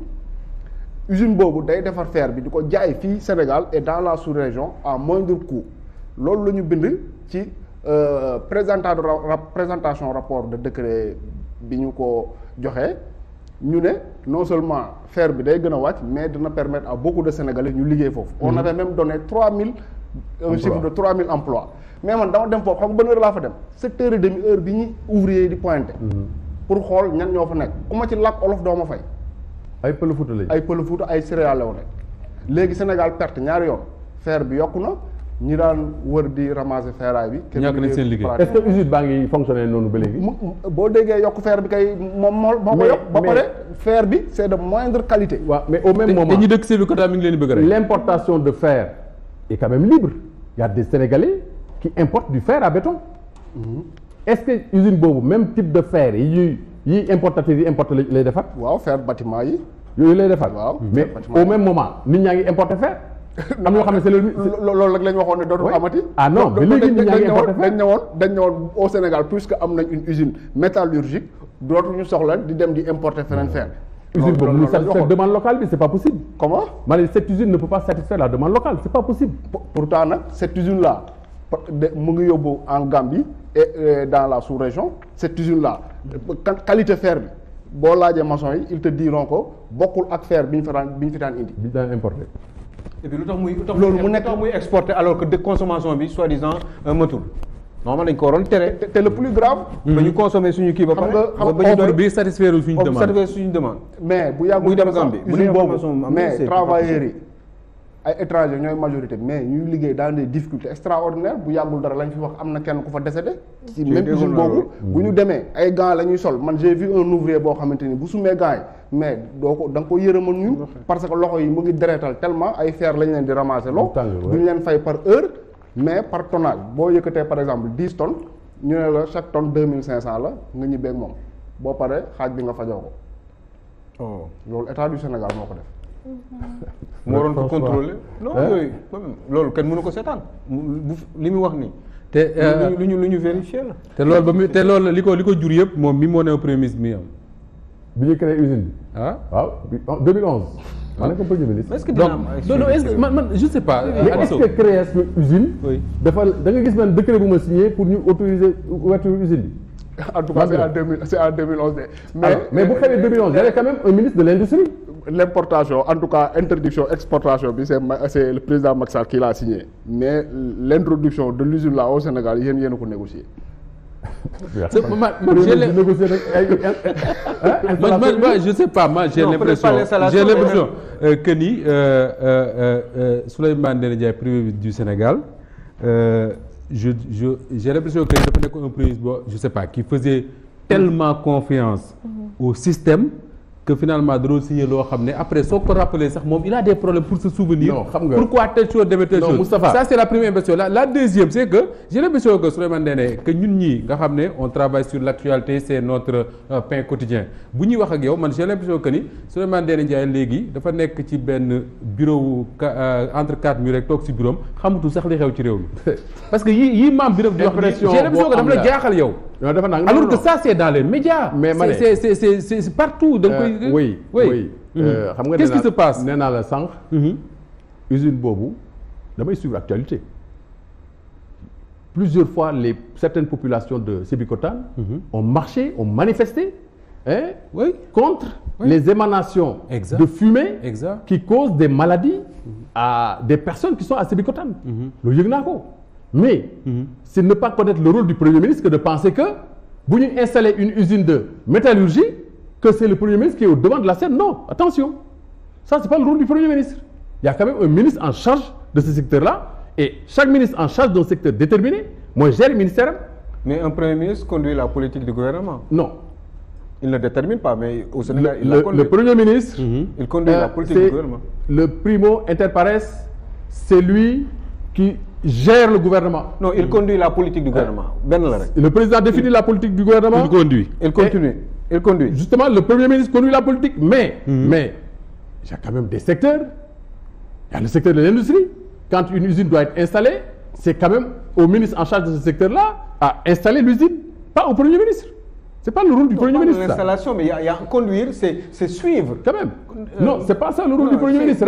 usine boobu day defar fer bi di ko jaay fii Sénégal et dans la sous-région à moindre coût loolu la ñu bind ci euh, présentation rapport de décret bi ñu ko joxee ñu ne non seulement fair bi day gën a wàcc mais dina permettre à beaucoup de sénégalais ñu liggéey foofu. on mhm. avait même donné 3000. emplois un chiffre de mille emplois. mais man dama dem foofu xam ba ban heure laa fa dem sept heures et demi heure bi ñu ouvrier di pointé. Mhm. pour xool ñan ñoo fa nekk ku ma ci làkk olof doo ma fay. ay pël Fuuta lañ ay pël Fuuta ay céréales la nekk léegi Sénégal perte ñaari yoon fer bi yokk na. ñi daan wër di ramasser ferraille bi. kenn ñàkk nañ seen liggéey est-ce que usine baa ngi fonctionner noonu ba léegi. boo déggee yokk fer bi kay moom moo moo ko yokk. ba pare fer bi c'est de moindre qualité. de fer est quand même libre il y a des Sénégalais qui importent du mm-hmm. ce que usine boobu même type de fer yi ñuy yi importateurs yi importe lay defar. waaw fer bâtiment yi. yooyu lay defar. waaw mais au même moment nit ñaa ngi importer fer. am ñoo xam ne c'est loolu rek la ñu waxoon ne dootul amati. ah non mais ñu soxla di dem di importer feneen fer. usine boobu mu satisfaire demande locale bi c'est pas possible. comment ma ne cette usine ne peut la demande locale c'est pas possible. mu ngi yóbbu en Gambie euh, dans la sous-région cette usine là qualité fer bi. boo laajee mason yi ils te diront ko bokkul ak fer bi ñu fa daan bi daan indi. bi daan importé. et loolu mu nekk muy exporté alors que de consommation bi soi-disant euh, matul normal dañ ko waroon tere te le plus grave ba ñu consommer suñu kii ba pare ba ñu doy bi satisfaire suñu satisfaire suñu demande bu yàggul dem Gambie bu boobu mais travailleurs yi ay étrangers ñooy majorité mais ñuy liggéey dans des difficultés extraordinaires bu yàggul dara lañ fi wax am na kenn ku fa décédé. ci même usine boobu bu ñu demee ay gants la sol man j'ai vu un ouvrier boo xamante ni bu sumee gants yi mais doo ko da nga ko yërëmal ñun. parce que loxo yi mu ngi dereetal tellement ay fer lañ leen di ramasser loo. du ñu leen fay par heure mais par tonal boo yëkkatee par exemple dix tonnes ñu ne la chaque tonne deux mille cinq cent la nga ñibbeeg moom boo paree xaaj bi nga fajoo ko. Oh. loolu état du Sénégal moo ko def. moo doon ko contrôler non yooyu loolu kenn mënu ko seetaan li mu wax nii te lu ñu euh, lu ñu vérifié la te loolu ba mu li ko li ko jur yëpp moom mi moo ne premier ministre bi am bi ñu créé usine bi ah waaw 2011 ah. maa nekk que dina am donc man man je sais usine dafa da gis man décret bu ma signé pour ñu autoriser ouverture usine bi en tout cas c'est en 2000 c'est en de. mais bu xewee 2011 y un ministre de l'industrie. l'importation en tout cas interdiction exportation bi c'est le président Macky Sall qui l'a signé mais l'introduction de l'usine là au Sénégal yéen yéen a ko négocié. man j'ai euh, euh, euh, les du Sénégal. je je j'ai l'impression que dafa nekk un président je sais pas qui faisait tellement confiance mm-hmm. au que finalement da doon loo xam ne après soo ko rappelé sax moom il a des pour se souvenir. non xam nga pourquoi telle demee telle chose. non Moustapha ça la première question la deuxième c' est que j' ai l' impression que Souleymane ñun ñii nga xam ne on travaille sur l' actualité c' est notre euh, pain quotidien bu ñuy wax ak yow man j' ai l' impression ni Souleymane Ndéné Ndiaye léegi dafa nekk ci benn bureau euh, entre quatre murs rek toog si bureau am xamatul sax li xew ci réew mi parce que yii yii jaaxal yow. non dafa nag alors que ça c'est dans les médias. mais ma ne c'est partout. Euh, mhm. euh, xam nga qu'est-ce qui se passe nee naa la sànq. Mhm. usine boobu damay suivre actualité plusieurs fois les certaines populations de Sébikotane. Mhm. ont marché ont manifesté. oui contre les émanations. de fumée. qui causent des maladies à des personnes qui sont à Sébikotane. loolu yëg naa ko. mais mm-hmm. c'est ne pas connaître le rôle du premier ministre que de penser que bu ñu installer une usine de métallurgie que c'est le premier ministre qui est au devant de la scène non attention ça c'est pas le rôle du premier ministre il y a quand même un ministre en charge de ce secteur-là et chaque ministre en charge d'un secteur déterminé mooy gère ministère am mais un premier ministre conduit la politique du gouvernement non il ne détermine pas mais au Sénégal il le, la conduit le premier ministre mm -hmm. il conduit euh, la politique du gouvernement le primo inter pares c'est lui qui gère le gouvernement. non il conduit la politique du gouvernement. Ah. benn la rek le président définit la politique du gouvernement. il conduit il justement le premier ministre conduit la politique hmm. mais. il y a quand même des secteurs il y a le secteur de l'industrie quand une usine doit être installée c'est quand même au ministre en charge de ce secteur-là à installer l'usine pas au premier ministre. c'est pas le rôle du non, premier ministre l'installation mais il y a, y a conduire c'est suivre quand même euh, non c'est pas ça le rôle du premier ministre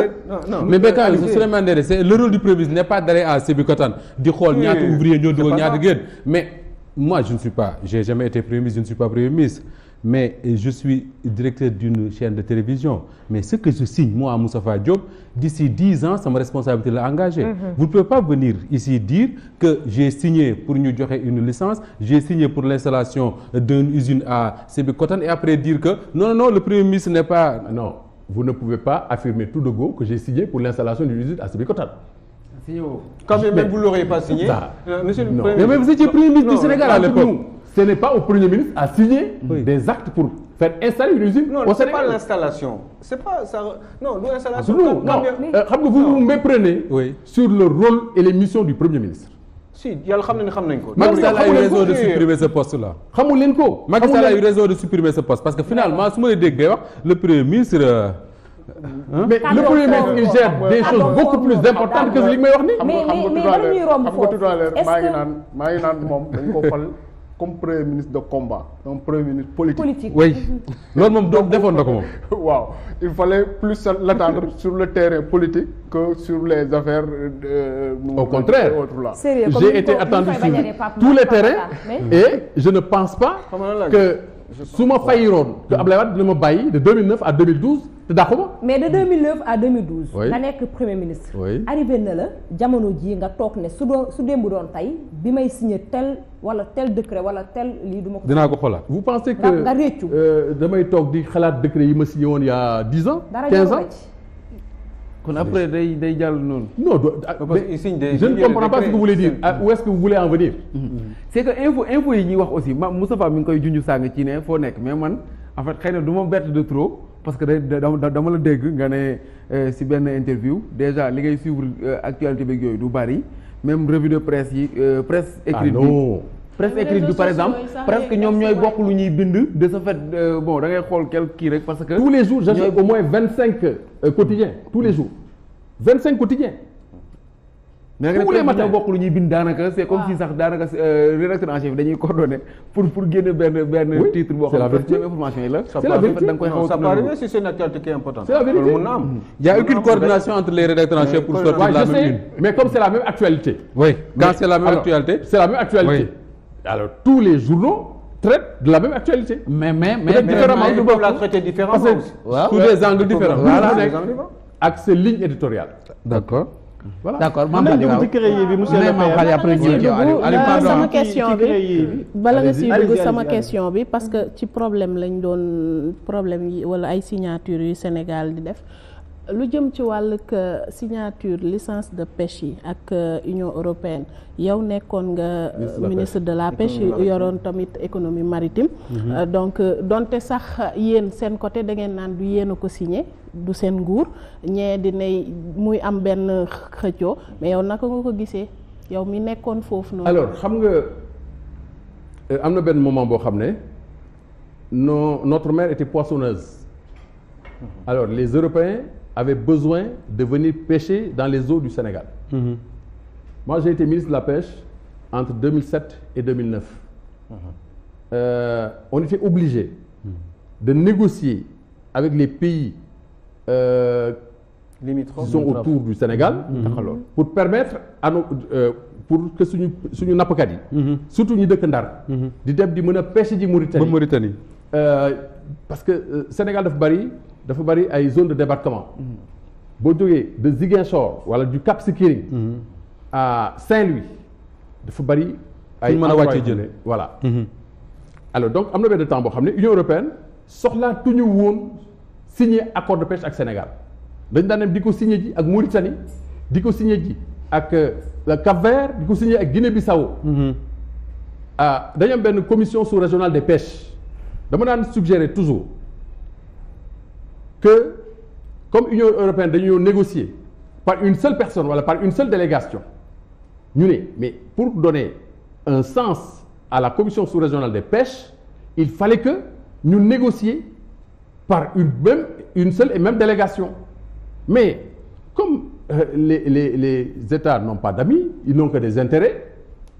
non mais Bécaye Souleymane le rôle du premier ministre n'est pas d'aller à Sébikotane di xool ouvrier ñoo dugal mais moi je ne suis pas j'ai jamais été premier je ne suis pas premier mais je suis directeur d'une chaîne de télévision mais ce que je signe moi Moustapha Diop d'ici dix ans sama responsabilité la engagée mhm. vous ne pouvez pas venir ici dire que j'ai signé pour ñu joxe une licence j'ai signé pour l'installation d'une à Sébikotane et après dire que non non le premier ministre n'est pas non vous ne pouvez pas affirmer tout de go que j'ai signé pour l'installation d'une usine à Sébikotane quand euh, mais vous étiez premier ce n'est pas au Premier ministre à signer des actes pour faire installer une usine non, c'est pas l'installation. C'est pas non, l'installation non, non. Euh, xam nga vous vous méprenez oui. sur le rôle xam nañu xam nañ ko. Macky Sall a eu raison de supprimer ce poste là. xamul leen ko. a eu raison de supprimer ce poste parce que finalement su ma la déggee wax le premier ministre. mais le premier ministre il gère des choses beaucoup plus importantes que li may wax nii. mais maa ngi naan moom comme premier ministre de combat donc premier ministre politique. moom doon defoon na ko moom. waaw il fallait plus l'attendre sur le terrain politique que sur les affaires. Euh, au contraire sérieux j'ai été attendu sur tous les terrains. et je ne pense pas. que su ma fayiroon. que Ablaye Wade dina ma bàyyi de 2009 à 2012. te dàqu ma. mais de 2009 à 2012. oui nga nekk premier ministre. oui arrivé na la jamono jii nga toog ne su doon su démb doon tey bi may signé tel wala tel décret wala tel lii du ma ko. dinaa ko xoolaat bu pensez que nga réccu euh, damay toog di xalaat décret yi ma signé woon il y a 10 ans. 15 ans kon après day day jàll noonu. non je ne comprends pas ce ah, est-ce que vous voulez en venir. Mm-hmm. Mm-hmm. info info yi ñuy wax aussi ma Moustapha mi ngi koy junj sàng ci ne foo nekk mais man en fait xëy na du ma bett de trop. parce que da dama la dégg nga ne euh, si benn interview déjà li ngay suivre euh, actualité beeg yooyu du bari même revue de presse yi euh, presse écrite bi presse écrite bi par exemple que ñoom ñooy bokk lu ñuy bind de ce fait bon da xool quelque kii rek parce que tous les jours j'ai au moins vingt cinq quotidiens tous les mm. jours vingt cinq quotidiens mais tous les matins bokk lu ñuy bind daanaka c'est comme si sax daanaka euh, rédacteur en chef dañuy coordonné pour pour génne benn benn titre boo xam ne information yi la c'est la vérité da nga koy xaw ça paraît c'est une actualité qui est importante c'est la vérité mën na am y a aucune coordination entre les rédacteurs en chef pour sortir la même une mais comme c'est la même actualité oui quand c'est la même actualité c'est la même actualité alors tous les journaux traitent de la même actualité mais mais mais différemment du bokk la traité différemment sous des angles différents voilà ak sa ligne éditoriale d'accord voilà d' accord maam Khady waaw mais maam sama question bi bala nga siy dugg sama question bi parce que ci problème lañ doon problème yi wala ay signature yu Sénégal di def lu jëm ci wàllug signature licence de pêche yi ak euh, Union européenne yow nekkoon nga ministre de la euh, pêche yoroon tamit économie maritime mhm. euh, donc donte sax yéen seen côté da ngeen naan du yéen a ko signé du seen nguur ñee dinay muy am benn xëccoo mais yow naka nga ko gisee yow mi nekkoon foofu noonu. alors xam nga euh, am na benn moment boo xam ne no notre mère était poissonneuse mm-hmm. alors les Européens avaient besoin de venir pêcher dans les eaux du Sénégal. Mmh. Moi, j'ai été ministre de la pêche entre et 2009. Mmh. Euh, on était obligé mmh. de négocier avec les pays Euh, limitrophes son autour du Sénégal. Mm-hmm. pour permettre à euh, pour que suñu suñu nappkat yi. Mm-hmm. surtout ñu dëkk Ndar. Mm-hmm. di dem di mën a pêche ji Mauritanie ba Mauritanie. Euh, parce que Sénégal dafa bari dafa bari ay zone de débarquement. boo jógee de Ziguinchor wala du Cap Skirring. à Saint-Louis dafa bari. ay mën a wàccee jëlee voilà. alors donc am na benn temps boo xam ne Union européenne soxlaa tuñu woon. signé accord de pêche ak Sénégal dañ daan dem di ko signé ji ak Mauritanie di ko signé ji ak euh, Cap-Vert di ko signé ak Guinée-Bissau mhm. ah dañu benn commission sous-régionale des pêche dama daan suggérer toujours que comme Union européenne dañu négocier par une seule personne wala par une seule délégation ñu ne mais pour donner un sens à la commission sous-régionale des pêches il fallait que ñu négocier par une même une seule et même délégation mais comme euh, les les les États n'ont pas d'amis ils n'ont que des intérêts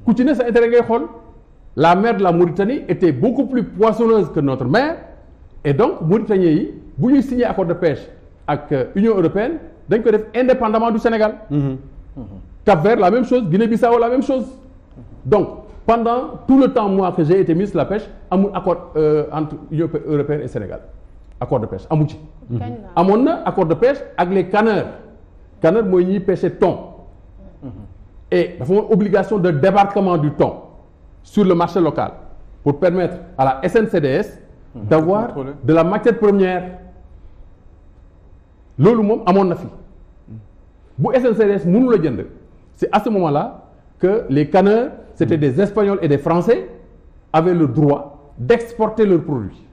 ku ci sa intérêt ngay xool la mer de la Mauritanie était beaucoup plus poissonneuse que notre mer et donc Mauritaniens yi bu ñuy signé accord de pêche ak euh, Union européenne dañ ko def indépendament du Sénégal mm -hmm. mm -hmm. Cap-Vert la même chose Guinée-Bissau la même chose donc pendant tout le temps mois que j'ai été ministre la pêche amul accord euh, entre Union européenne Sénégal accord de pêche amu ci. Mhm. amoon na accord de pêche ak les canneurs canneurs mooy ñiy pêcher thon. Mhm. et dafa amoon obligation de débarquement du thon sur le marché local pour permettre à la SNCDS. Mhm. d'avoir de la matière première. loolu moom amoon na fi bu SNCDS mënu la jënd c'est à ce moment-là que les canneurs c'était des Espagnols et des Français avaient le droit d'exporter leurs produit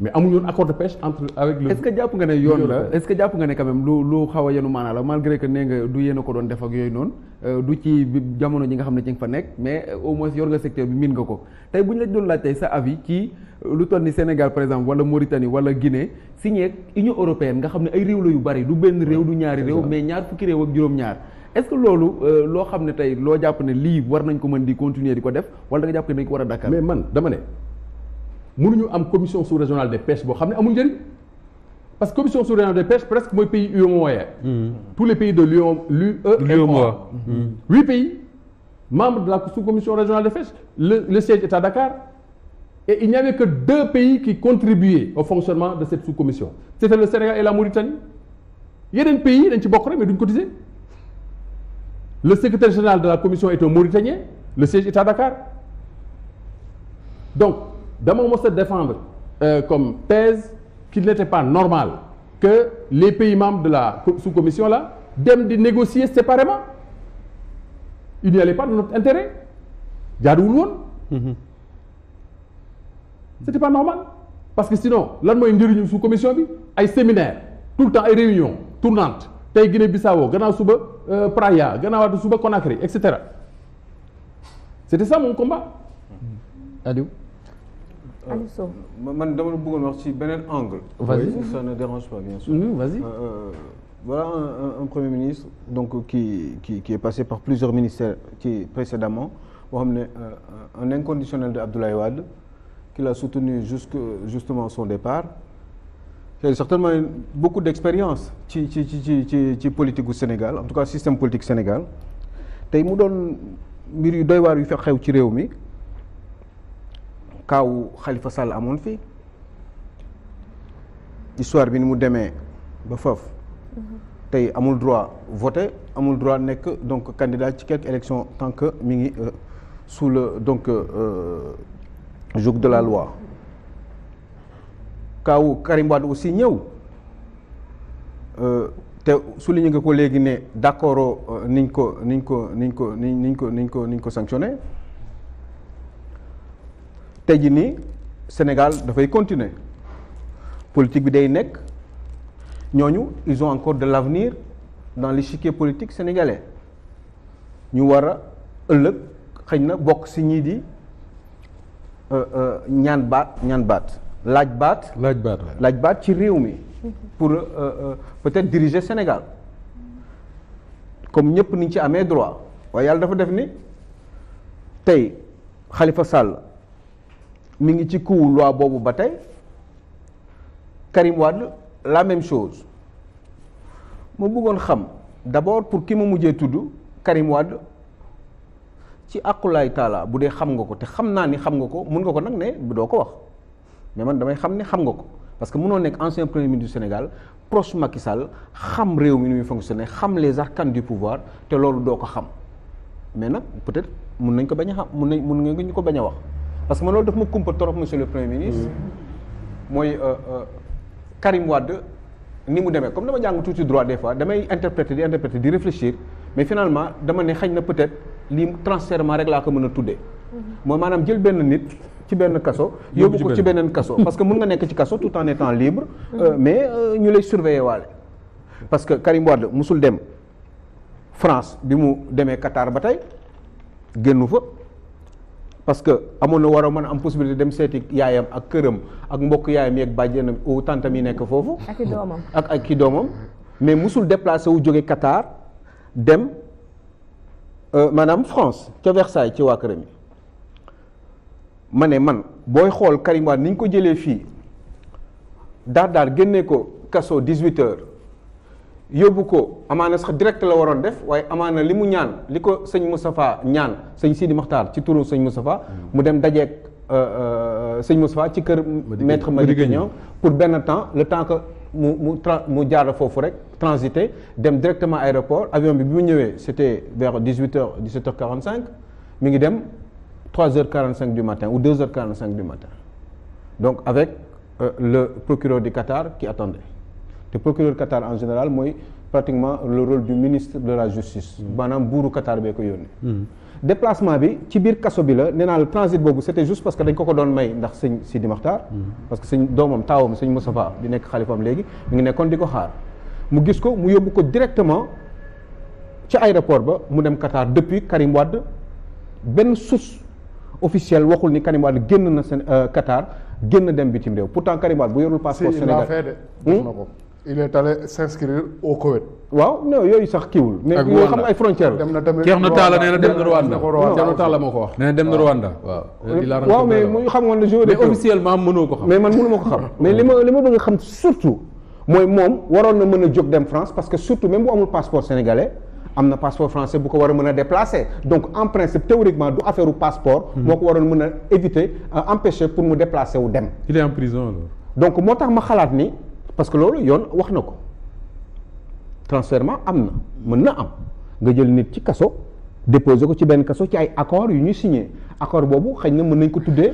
mais amuñu woon accord de pêche entre avec le. ce que jàpp nga ne yoon la est ce que jàpp nga ne quand lu lu xaw a yenu maanaa la malgré que nee nga du yéen a ko doon def ak yooyu noonu euh, du ci jamono ji nga xam ne ci nga fa nekk mais euh, au moins yor nga secteur bi miin ko tey bu ñu la doon laaj tey sa avis ci euh, lu toll exemple wala Mauritanie wala Guinée signé Union européenne nga xam ne ay réew la yu bari du benn réew du ñaari réew mais ñaar fukki réew ak juróom-ñaar est ce que loolu loo xam ne tey loo jàpp ne lii war nañ ko mën di continuer di ko def wala da nga jàpp ne dañ ko war a Dakar mais man dama ne ñu am commission sous régionale des pêches boo xam ne amul njëriñ parce que commission sous régionale des pêches presque mooy pays UEMOA hmm. tous les pays de l'UEMOA e hmm. hmm. huit pays membres de la sous commission régionale des pêches le le siège est à Dakar et il n'y avait que deux pays qui contribuaient au fonctionnement de cette sous commission c'était le Sénégal et la Mauritanie yeneen pays dañ ci bokk rek mais duñ cotiser le secrétaire général de la commission est un Mauritanien le siège est dama mos a défendre euh, comme thèse qu'il n'était pas normal que les pays membres de la sous-commission la dem di négocier séparément il n'y allait pas de notre intérêt jaaduwul woon mhm. c'était pas normal parce que sinon lan mooy njëriñu sous-commission bi ay séminaire tout le temps ay réunion tournante tey Guinée-Bissau gannaaw suba euh, Praia gannaawaatu suba Conakry et cetera c'était ça mon combat Euh, Aliou Sow man dama bëggoon wax ci beneen angle. vas-y ça ne dérange pas bien sûr. Mm-hmm, vas-y. Euh, euh, voilà un, un, un premier ministre donc qui qui qui est passé par plusieurs ministères précédemment boo xam ne un inconditionnel de Abdoulaye Wade qui l'a soutenu jusque justement son départ c'est certainement beaucoup d'expérience ci ci ci ci ci politique gu Sénégal en tout cas système politique Sénégal tey mu doon mbir yu doy waar yu fekk xew ci réew mi kaawu xalifa Sall amoon fii histoire bi ni mu demee ba foofu tey amul droit voter amul droit nekk donc candidat ci quelques élections tant que mi ngi euh, sous le donc euh, euh, joug de la loi kaaw Karim aussi ñëw euh, te su ñu nga ko léegi ne d'accord niñ ko niñ ko niñ ko niñ ko niñ ko niñ ko niñ ko sanctionné tey ji nii Sénégal dafay continuer politique bi day nekk ñooñu ils ont encore de l'avenir dans l'échiquier politique sénégalais ñu war a ëllëg xëy na bokk si ñii di euh, euh, ñaan baat ñaan baat laaj baat laaj baat laaj baat ci réew mi pour euh, peut-être diriger Sénégal comme ñëpp niñ ci amee droit waaye yàlla dafa def ni tey Khalifa Sall mi ngi ci kaw loi boobu ba tey Karim Wade la même chose ma bëggoon xam d'abord pour ki mu mujjee tudd Karim Wade ci àqulaay taala bu dee xam nga ko te xam naa ni xam nga ko mun nga ko nag ne doo ko wax mais man damay xam ne xam nga ko parce que mënoo nekk ancien premier ministre Sénégal proche Macky Sall xam réew mi nu muy fonctionner xam les arcanes du pouvoir te loolu doo ko xam mais nag peut-être mun nañ ko bañ a xam mun nañ mun nga ñu ko bañ a wax parce que man loolu daf ma kumpa trop monsieur le premier ministre. Mm-hmm. mooy euh, euh, ni mu demee comme dama jàng tuuti droit des fois damay interpréter di interpréter di réfléchir mais finalement dama ne na peut-être lii transfèrement rek laa ko mën a tuddee. Mm-hmm. mooy maanaam jël benn nit. ci benn kaso yóbbu ko ci beneen kaso parce que mën nga nekk ci kaso tout en étant euh, mm-hmm. mais ñu lay surveiller waale que Karim Wade musul dem France bi mu demee Qatar ba tey génn fa parce que amoon na war a mën a am possibilité dem seeti yaayam ak këram ak mbokk yaayam yeeg na ou tantam yi nekk foofu. ak i doomam ak ak i doomam. mais mosul déplacé wu jóge Qatar dem euh, maanaam France ca Versailles ci waa këram yi ma ne man booy xool Karim niñ ko jëlee fii daar daar génnee ko kaso 18 heures. yóbbu ko amaana sax direct la waroon def waaye amaana li mu ñaan li ko sëñ Moustapha ñaan sëñ Sidi Maxtaar ci turu sëñ Moustapha mm. mu dem dajeeg euh, euh, sëñ Moustapha ci kër maître Madické Niang pour benn temps le temps que mu mu mu jaar foofu rek transité dem directement aéroport avion bi bi mu ñëwee c'était vers dix huit heures dix sept heures quarante cinq mi ngi dem trois heures quarante cinq du matin ou deux heures quarante cinq donc avec euh, le procureur di Qatar qui attendait te procureur Qatar en général mooy pratiquement le rôle du ministre de la justice. Mm-hmm. maanaam buuru Qatar bee ko yónnee. Mm-hmm. déplacement bi ci biir kaso bi la nee naa la transit boobu c'était juste parce que dañ ko ko doon may ndax sëñ Sidi Maxtaar. Mm-hmm. parce que sëñ doomam taawam sëñ Moustapha di nekk xalifam léegi mu ngi nekkoon di ko xaar mu gis ko mu yóbbu ko directement ci aéroport ba mu dem Qatar depuis Karim Wade benn source officielle waxul ni Karim Wade génn na seen euh, Qatar génn dem bitim réew pourtant Karim Wade bu yorul passeport Sénégal. il est allé waaw non yooyu sax kiiwul. ak Rwanda xam ay frontières dem na tamit Rwanda Taala nee na dem na Rwanda. Thierno Talla moo ko wax. nee na dem na Rwanda. waaw mais mu xam nga ne jour. officiellement mënoo ko a dem France parce que surtout même bu amul passeport sénégalais. am na passeport français bu ko war a mën a déplacer donc en principe théoriquement du affaire u passeport. Hmm. moo ko waroon mën a éviter euh, empêcher pour mu déplacer wu dem. il est en donc moo tax ma xalaat ni. parce que loolu yoon wax na ko transfèrement am na mën na am nga jël nit ci kaso déposé ko ci benn kaso ci ay accord yu ñuy signé accord boobu xëy na mën nañ ko tuddee.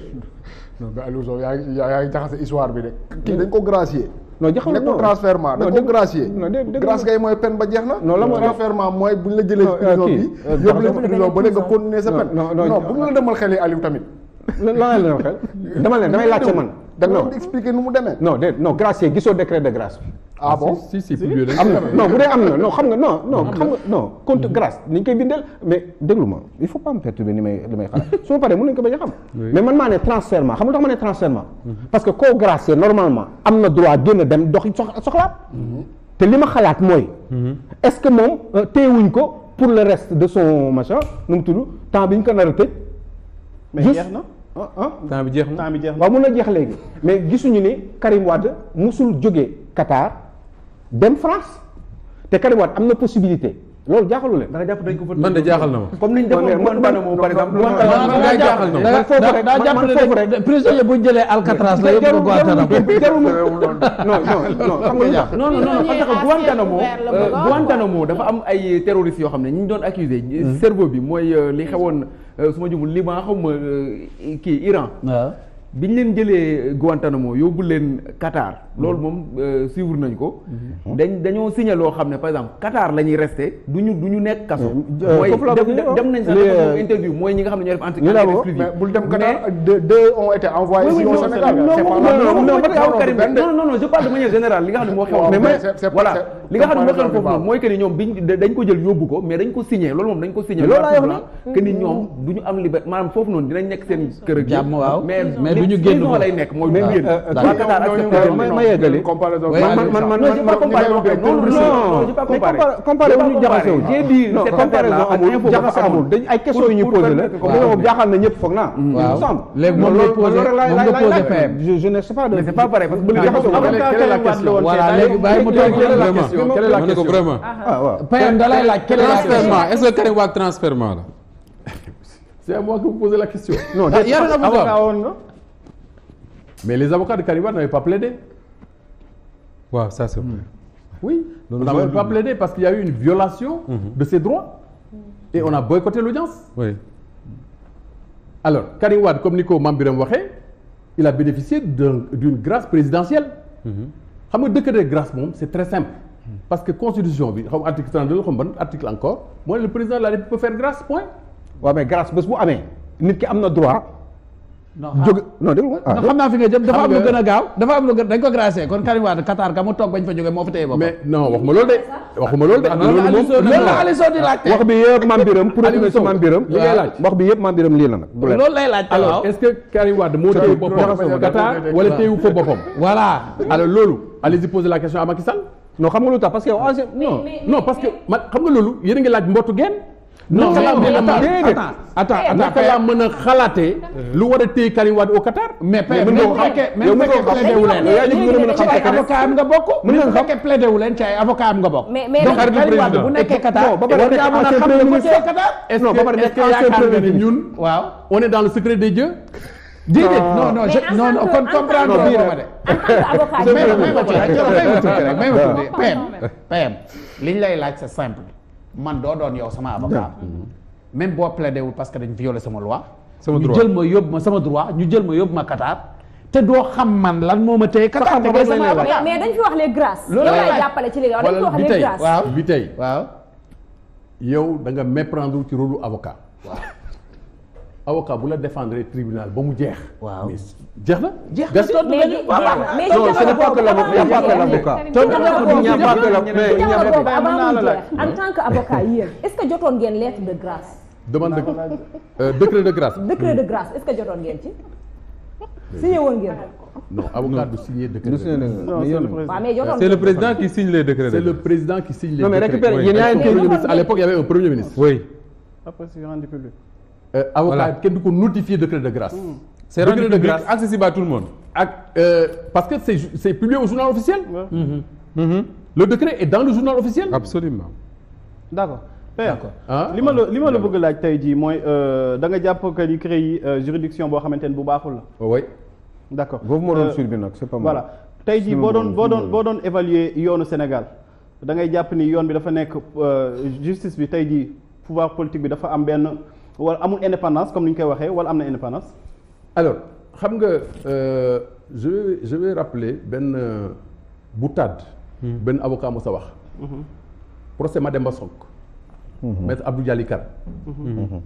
non mais Aliou Sow yaa jaxase histoire bi de. kii dañ ko gracier. non jaxal non nekkul transfèrement dañ ko gracier. non dé grâce mooy peine ba jeex na. non la mooy transfèrement mooy buñ la jëlee. prison bi yóbbu la prison ba nekk continuer sa peine. non non non bu ñu la demal xel yi Aliou tamit. lan la la xel dama da nga expliquer nu mu demee. non déet non gracier gisoo décret de grâce ah ah, am na non bu dee am na non xam nga non non xam nga non compte mm-hmm. grâce ni ñu koy bindeel mais déglu ma il faut pas me perturber ni may li may xalaat su ma paree mën nañu ko bañ a xam mais man maa ne transfèrement xam nga tax ma ne transfèrement mm-hmm. parce que koo gracier normalement am na droit génn dem doxi soxlaat mm-hmm. te li ma xalaat mooy est-ce que moom euh, teyewuñ ko pour le reste de son machin nu mu tudd temps bi ñu ko nar a tëj mais jeex Ah, ah. temps bi jeex na temps jeex na waaw mun na jeex léegi mais gisuñu ni Karim Wade musul jóge Qatar dem France te Karim Wade am na possibilité loolu jaaxalu leen. da nga jàpp dañ ko fa man de jaaxal na ma. comme niñ defoon man man man par exemple. man daa jaaxal na ma man foofu rek man man foofu rek. prisonnier bu ñu jëlee Alcatraz la yóbbu Guantanamo. jarul non non xam nga jaaxal. non non non parce que Guantanamo euh, Guantanamo dafa am ay terroristes yoo xam ne ñu doon accusé. Hmm. cerveau bi mooy euh, li xewoon. Euh, su ma jumul Liban xaw ma euh, kii Iran. bi ñu leen jëlee Guantanamo yóbbu leen Qatar. loolu moom euh, suivre nañ ko. dañ dañoo signé loo xam ne par exemple Qatar la ñuy du ñu du nekk kaso. Mm. Euh, mooy dem nañ sax dafa euh, interview ñi nga xam ne ñoo def. anti bul li nga xam ne moo xew. mais mais li nga xam ne moo xew foofu noonu mooy que ni ñoom biñ dañ ko jël yóbbu ko mais dañ ko signé loolu moom dañ ko signé. loolu laa wax que ni ñoom du ñu am liberté maanaam foofu noonu dinañ nekk seen kër ak mais mais du ñu lay nekk mooy yeggali comparaison man man man non dañ ay questions yu ñu posé la dañoo jaaxal na ñëpp foog naa mm. ensemble léegi moom nga posé moom nga posé PM je ne sais pas de c'est pas pareil parce que quelle est la question voilà léegi bàyyi mu toog quelle est la question vraiment PM da lay laaj quelle est la question est-ce que Karim la c'est à moi que la question les avocats de Karim Wade n'avaient pas waaw ça c'est vrai. Hmm. oui on n'avait pas plaidé parce qu'il y a eu une violation hmm. de ses droits et on a boycotté l'audience alors Karim comme ni ko Mame Birame il a bénéficié d'une grâce présidentielle hmm. xam nga décret de grâce moom c'est très simple parce que constitution bi xam article 32 xam ban article encore mooy le président la République peut faire grâce point waaw mais grâce bés bu amee nit ki am na droit jóg non déglu ma ah xam naa fi nga jëm dafa am lu gën a gaaw dafa am lu gën dañ ko gracier kon Karim Wade Qatar ka mu toog bañ fa jógee moo fa téye boppam mais non waxuma loolu de waxuma loolu de ah, loolu moom loolu la bi yëpp Mame Birame pour ñu ci Mame Birame li ngay laaj wax est-ce que Karim moo téye boppam Qatar wala téyewu ko boppam voilà alors loolu allez-y poser la question à Macky Sall non xam nga lu tax parce que non non parce man xam nga loolu yéen a ngi laaj mbootu genn naka la eh, mën a attends naka la mën a xalaatee. lu war a téye Karim Wade au Qatar. mais paye mën nga ko xam yow mën nga xam nga bokk. mën nga ko plaidé wu leen ci ay avocat am nga bokk. mais mais donc Karim Wade bu nekkee Qatar. ba pare yaa mën a xam lu mu téye Qatar. est-ce que yaakaar nga ni laaj c'est simple man doo doon yow sama avocat mhm. même boo plaidé wul parce que dañ violé sama loi ñu jël ma yóbbu ma sama droit ñu jël ma yóbbu ma Qatar te doo xam man lan moo ma téye Qatar ma sama avocat mais dañ fi wax les grâces loolu lay jàppale ci li nga dañ fi wax les grâces bi tey waaw yow da nga méprendre ci rôle avocat avocat bu la défendre tribunal ba mu jeex. waaw jeex na. jeex na mais non ce n'est pas que l'avocat. en tant que avocat yéen est-ce que jotoon ngeen lettre de grâce. demande euh, décret de grâce. décret de hmm. grâce est-ce que jotoon ngeen ci. signé woon ngeen non avocat du signer décret de grâce. non c'est le président qui signe les décrets. c'est le président qui signe les décrets. non mais récupère yéen à l'époque il y avait un premier ministre. oui. après c'est rendu public. Euh, avocat kenn du ko notifier décret de grâce. Hmm. c'est rendu de grâce accessible à tout le monde. ak euh, parce que c'est c'est publié au journal officiel. Mm-hmm. Hmm. Mm-hmm. le décret est dans le journal officiel. absolument d'accord. d'accord ah. li ma la li ma la bëgg laaj tey jii mooy euh, da nga jàpp que ni créé juridiction boo xamante ne bu baaxul la. Oh, oui d'accord boobu moo doon suivi nag c'est pas mal. voilà tey jii boo doon boo doon boo doon évaluer yoonu Sénégal da ngay jàpp ni yoon bi dafa nekk justice bi tey jii pouvoir politique bi dafa am benn. wala amul indépendance comme ni ñu koy waxee wala am na indépendance. alors xam nga euh, je vais je vais rappeler benn euh, bu boutade. Hmm. benn avocat mu sa wax. Mhm. procès Mademba Sonk. Mhm. maître Abdou Dialikar. Mhm. Hmm.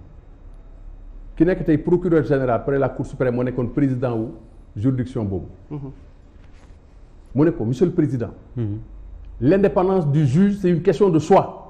ki nekk tey procureur général près la cour suprême moo nekkoon président wu juridiction boobu. mu ne ko monsieur le président. Hmm. l' indépendance du juge c' une question de choix.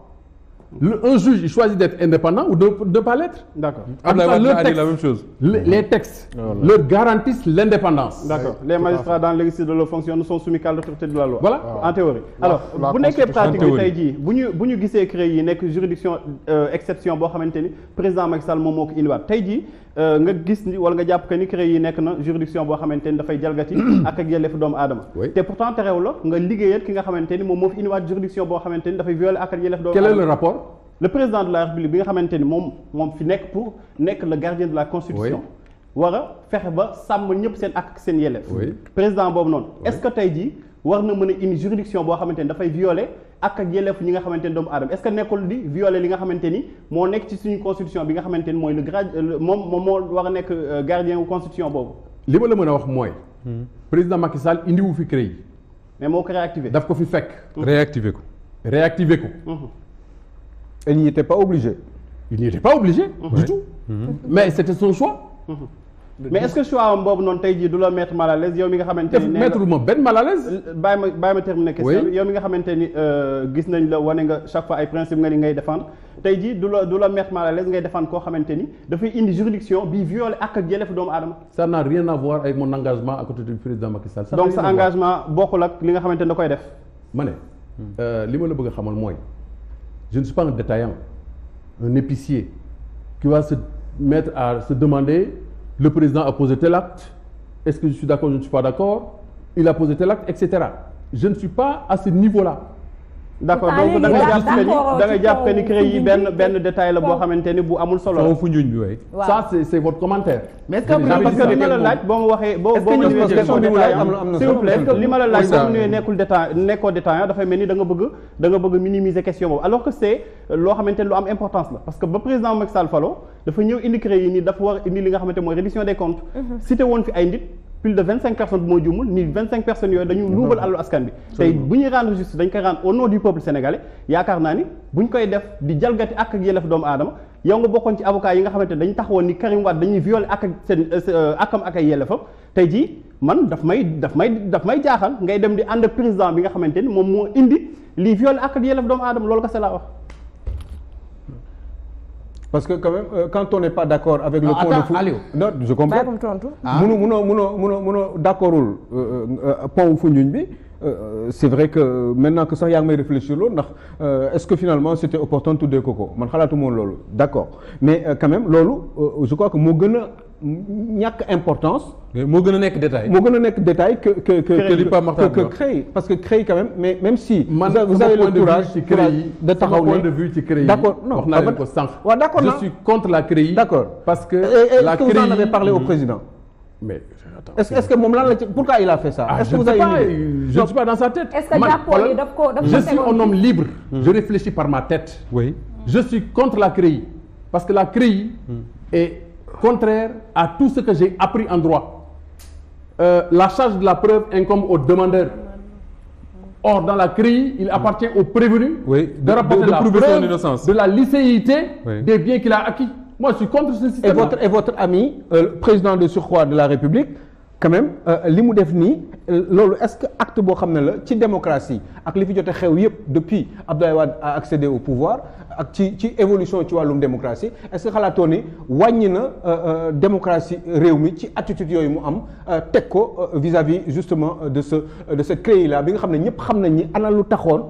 le un juge il choisit d'être indépendant ou de pas l'être. d'accord Abdoulaye Wade a dit la même chose. les, les textes. Oh leur garantissent l'indépendance. d'accord les magistrats dans l'exercice de leurs fonctions sont soumis qu'à l'autorité de la loi. Ah. en théorie. alors bu nekkee pratique bi tey jii bu ñu bu ñu gisee CREI yi nekk juridiction euh, exception boo xamante ni président Macky Sall moom moo ko indiwaat tey jii euh, nga gis ni nga jàpp que ni CREI yi nekk na juridiction boo xamante ni dafay jalgati. ak ak yelleefu doomu boo xamante ni dafay violer ak ak yelleefu doomu aadama. quel est le rapport le président de la république bi nga xamante ni moom moom fi nekk pour nekk le gardien de la constitution war a fexe ba sàmm ñëpp seen ak seen yelleef président boobu noonu est-ce que tey jii war na mën a indi juridiction boo xamante ni dafay violer ak ak yelleef ñi nga xamante ni doomu aadama est-ce que nekkul di violer li nga xamante ni moo nekk ci suñu constitution bi nga xamante ni mooy le gra moom moom moo war a nekk euh, gardien wu constitution boobu li ma la mën a wax mooy hmm. président Macky Sall indiwu fi CREI mais moo ko réactivé daf ko fi fekk hmm. réactivé ko réactivé ko hmm. Et il n'y était pas obligé. Il n'y était pas obligé mmh. du tout. Mmh. Mais c'était son choix. Mhm. mais est-ce que choix am boobu noonu tey jii du la mettre mal à l'aise yow mi nga xamante ni mettre ma benn mal à l'aise bàyyi ma bàyyi ma terminer question bi yow mi nga xamante ni euh, gis nañ la wane nga chaque fois ay principe nga ni ngay défendre tey jii du la du la mettre mal à l'aise ngay défendre koo xamante ni dafay indi juridiction bi violer ak ak yelleef doomu aadama ça n'a rien à voir avec mon engagement à côté du président Macky Sall donc sa engagement bokkul ak li nga xamante ni da koy def ma ne hmm. euh, li ma la bëgg a xamal mooy je ne suis pas un détaillant un épicier qui va se mettre à se demander le président a posé tel acte est-ce que je suis d'accord je ne suis pas d'accord il a posé tel acte et cetera je ne suis pas à ce niveau-là d'accord donc da nga jàpp que ni jàpp que ni yi benn benn détail la boo xamante ni bu amul solo la. fu njuñ li ma la laaj boo ma waxee. boo boo li ma la laaj nekkul détail nekkoo détail dafay mel ni da nga bëgg da nga bëgg minimiser question boobu alors que c'est loo xamante lu am importance la parce que ba président Macky Sall falo dafa ñëw indi crédit yi nii dafa war indi li nga xamante mooy réduction des comptes mhm. cité woon fi ay nit plus de vingt cinq personnes bu moo jumul ni vingt cinq personnes yooyu dañu luubal àllu askan bi tey bu ñuy rendre justice dañ koy rendre au nom du peuple sénégalais yaakaar naa ni buñ koy def di jalgati ak ak yelef doomu aadama yow nga bokkoon ci avocat yi nga xamante dañ taxawoon ni Karim Wade dañuy violer ak ak seen euh, euh, ak yelefam tey jii man daf may daf may daf may jaaxal ngay dem di ànd ak président bi nga xamante ni moom moo indi lii violer ak ak yelef doomu aadama laa wax parce que quand même euh, quand on n'est pas d'accord avec non, le pont attends, de foot Aliou non je comprends mënu mënoo mënoo mënoo mënoo d'accordul euh, euh, euh, bi c'est vrai que maintenant que sax yaa ngi may réfléchir loolu ndax est-ce que finalement c'était opportun tuddee ko ko man xalaatu moon loolu d'accord mais quand même loolu je crois que moo gën a ñàkk importance. moo gën a nekk détail. moo gën que que parce que CREI quand même si. vous avez le courage de taxaw ne d' accord non wax naa leen je suis contre la CREI. parce que. la CREI est-ce que vous en avez parlé au président. mais attends, est-ce, est que moom lan la ci ah, je suis pas dans sa tête. je suis un homme libre. Hmm. je réfléchis par ma tête. je suis contre la CREI parce que la CREI hmm. est contraire à tout ce que j'ai appris en droit euh, la charge de la preuve incombe au demandeur or dans la CREI il hmm. appartient au prévenu de, la preuve la licéité oui. des biens qu'il a acquis moi je suis contre ce et votre ami euh, président de surcroît de la République quand même euh, li mu def nii loolu est-ce que acte boo xam ne la ci démocratie ak li fi jotee xew yëpp depuis Abdoulaye Wade a accédé au pouvoir ak ci ci évolution ci wàllum démocratie est-ce que xalaatoo ni wàññi na euh, euh, démocratie réew mi ci attitude yooyu mu am euh, teg ko vis-à-vis justement de ce de ce CREI là bi nga xam ne ñëpp xam nañ ñi ana lu taxoon.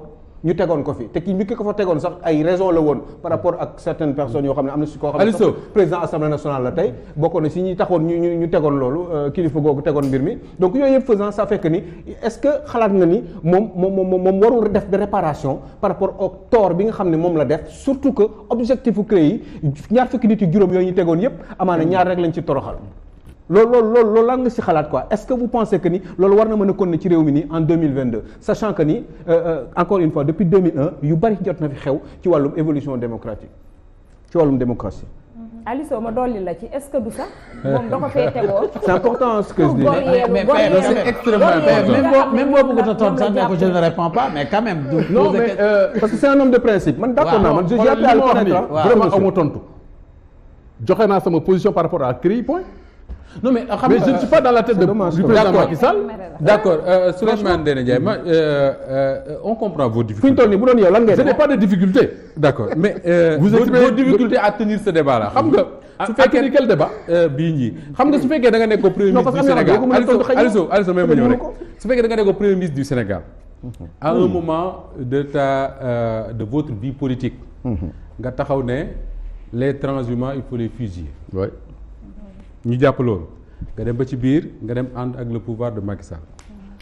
ñu tegoon ko fi te ki ñu ki ko fa tegoon sax ay raison la woon par rapport ak certaines personnes yoo xam ne am na si koo xam ne président assemblée nationale la tey bokkoon si ñi taxoon ñu ñu tegoon loolu euh, kilifa googu tegoon mbir mi donc yooyu yëpp faisant ça fekk ni est que xalaat nga ni moom moom moom moom warul def de réparation par rapport au tort bi nga xam ne moom la def surtout que objectif u CREI yi ñaar fukki nit yu juróom yooyu ñu tegoon yëpp amaana ñaar rek lañ ci toroxal lool lool loolu loolu lan nga ci xalaat quoi est-ce que vous pensez que ni loolu war na mën a kon ne ci réew mi nii en 2022 sachant que ni euh, euh, encore une fois depuis yu bari jot na fi xew ci wàllum évolution démocratique ci wàllum démocratie. Mm-hmm. Aliou ma dolli la ci est-ce que du sax moom da ko fee tegoo. mais mais c'est extrêmement important même boo bëgg a tontu sax ne ko je ne mais euh, parce que c'est un homme de principe. man d'accord naa man j'ai appris à le connaître vraiment aw ma tontu. joxe naa sama position par rapport à CREI point. non mais xam je ne suis pas dans la tête de. du président Macky Sall d' accord euh, euh, Souleymane Ndéné Ndiaye ma euh, on comprend vos difficultés. fi ñu toll nii bu doon yow lan ngay ce n' est pas des difficultés. d' accord mais. vous exprimez vos difficultés à tenir ce débat xam nga. Ah, su fekkee ni bii ñii xam nga su fekkee da nga nekk ko premier ministre du Sénégal Aliou Aliou même ma ñëw rek su fekkee da nekk ko premier ministre du Sénégal. à un hmm. moment de ta de votre vie politique. Hmm. nga taxaw ne les transhumants il faut ñu jàpp loolu nga dem ba ci biir nga dem ànd ak le pouvoir de Macky Sall.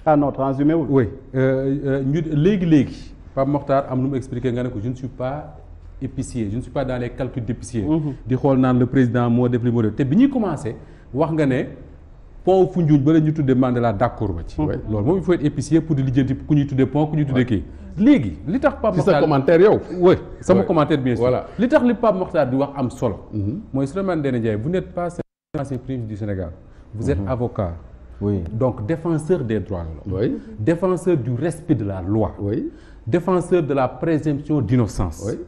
ah non wul. oui euh, euh, léegi léegi Pape Mokhtar am lu mu expliqué nga ne ko je ne suis pas épicier je ne suis pas dans les d'épicier. Mhm. di xool naan le président moo def li moo te bi ñuy commencé wax nga ne. pont Foundiougne ba la ñu tuddee Mandela d'accord ma ci. Mhm. loolu moom il faut être épicier pour di lijjanti ku ñuy tuddee pont ku ñuy tuddee kii. léegi li tax Pape Mokhtar ci sa commentaire yow. oui sama li tax li Pape Mokhtar di wax am solo. Mhm. finances primes du Sénégal vous êtes mhm. avocat donc défenseur des droits de l'homme oui défenseur du respect de la loi oui défenseur de la présomption d'innocence oui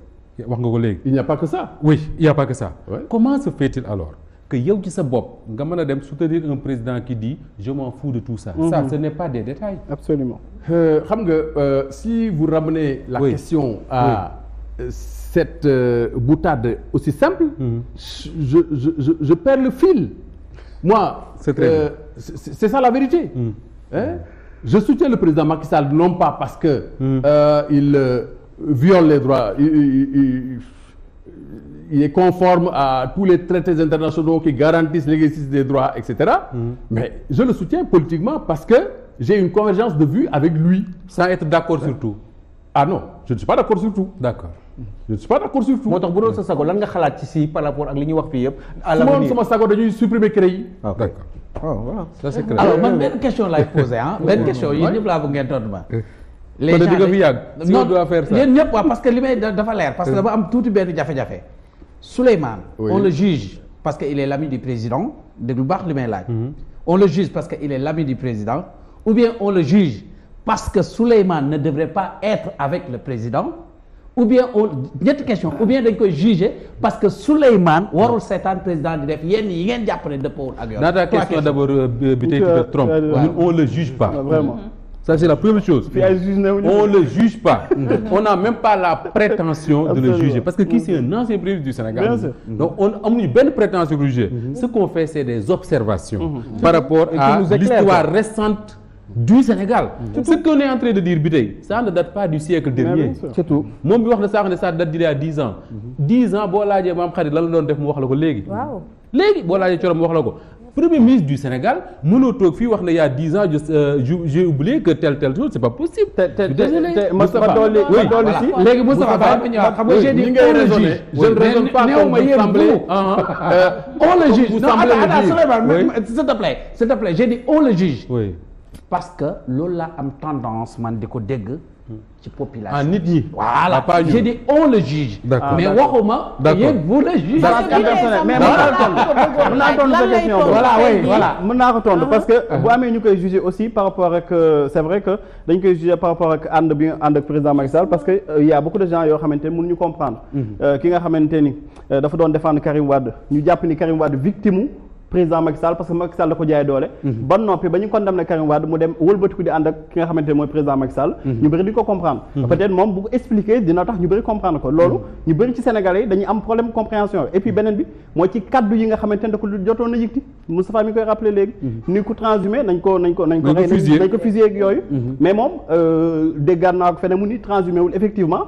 wax nga ko léegi il n'y a pas que ça a pas que comment se fait-il alors que yow ci sa bopp nga mën a dem soutenir un président qui dit je m'en fous de tout ça mmh. ça mhm. ce n'est pas des détails absolument euh, xam nga euh, si vous ramenez la oui. question à euh, cette euh, boutade aussi simple, mmh. je, je, je, je, perds le fil. Moi, c'est euh, ça la vérité. Mmh. Hein? Je soutiens le président Macky Sall, non pas parce que mmh. euh, il euh, viole les droits, il, il, il, il, est conforme à tous les traités internationaux qui garantissent l'exercice des droits, etc. Mhm. Mais je le soutiens politiquement parce que j'ai une convergence de vues avec lui. Sans être d'accord ouais. sur tout. Ah non, je ne suis pas d'accord sur tout. D'accord. je ne suis pas d'accord sur tout. xalaat ci si li ñuy wax fii yëpp. à l'avenir su ma sama sago dañuy supprimer CREI yi. Ah, d'accord ah, voilà ça c'est clair. alors man benn question laay posé ah. benn question yéen ñëpp laa bëgg eh, les gens nga fi yàgg. si on doit faire ça yéen ñëpp que li may dafa eh. le juge parce que il est l'ami du président dégg lu baax li mm-hmm. que il est l'ami du président ou bien on le juge parce que Souleymane ne devrait pas être avec le président. ou bien on ñetti question ou bien dañ juger parce que Souleymane warul seetaan président di def yenn yi ngeen jàpp ne dëppoowul ak ta question d' abord euh, bi euh, on le juge pas. vraiment mm-hmm. ça la première chose. on le juge pas. Mm-hmm. on n'a même pas la prétention. de le juger parce que kii c' est un mm-hmm. ancien président du Sénégal. donc on amuñu benn prétention de juger. ce qu'on fait c' des observations. par rapport à l'histoire récente. du Sénégal. Mmh. ce qu'on est en de dire bi tey ça ne pas du siècle dernier. moom bi wax na sax ne ça date d'il a dix ans. Mmh. dix ans boo laajee maam xarit lan la doon def mu wax la ko léegi. waaw léegi boo laajee corom mu wax la ko. premier ministre du Sénégal mënoo toog fii wax na yaa a dix ans euh, je j'ai oublié que tel tel chose c'est pas possible. ma dolli si léegi Moustapha Ba xam nga j'ai dit on le juge je ne raisonne pas comme vous semblez on le parce que loolu laa am tendance man di ko dégg ci population ah nit yi. voilà j'ai dit on le juge. mais waxuma. yéen vous le jugez. mais mën naa tontu sa question voilà oui voilà mën naa ko tontu parce que ah. bu amee ñu koy juger aussi par rapport ak euh, c'est vrai que dañ koy juger par rapport ak ànd bi ànd ak président Macky parce que euh, y a beaucoup de gens yoo xamante ni ñu comprendre. Mm-hmm. Euh, ki nga xamante ni dafa doon défendre Karim Wade ñu jàpp ni Karim Wade victime président Macky parce que Macky da ko jaay doole mhm. ba noppi ba ñu condamné Karim Wade mu dem wëlbatiku di ànd ak ki nga xamante mooy président Macky mhm. ñu bëri di ko comprendre mhm. peut moom bu ko dina tax ñu bëri comprendre ko loolu ñu bëri ci Sénégalais yi dañuy am problème compréhension et puis beneen bi mooy ci kaddu yi nga xamante ne da ko jotoon na yëkkati Moustapha mi koy rappelé léegi ni ku transhumé nañ ko nañ ko nañ ko nañ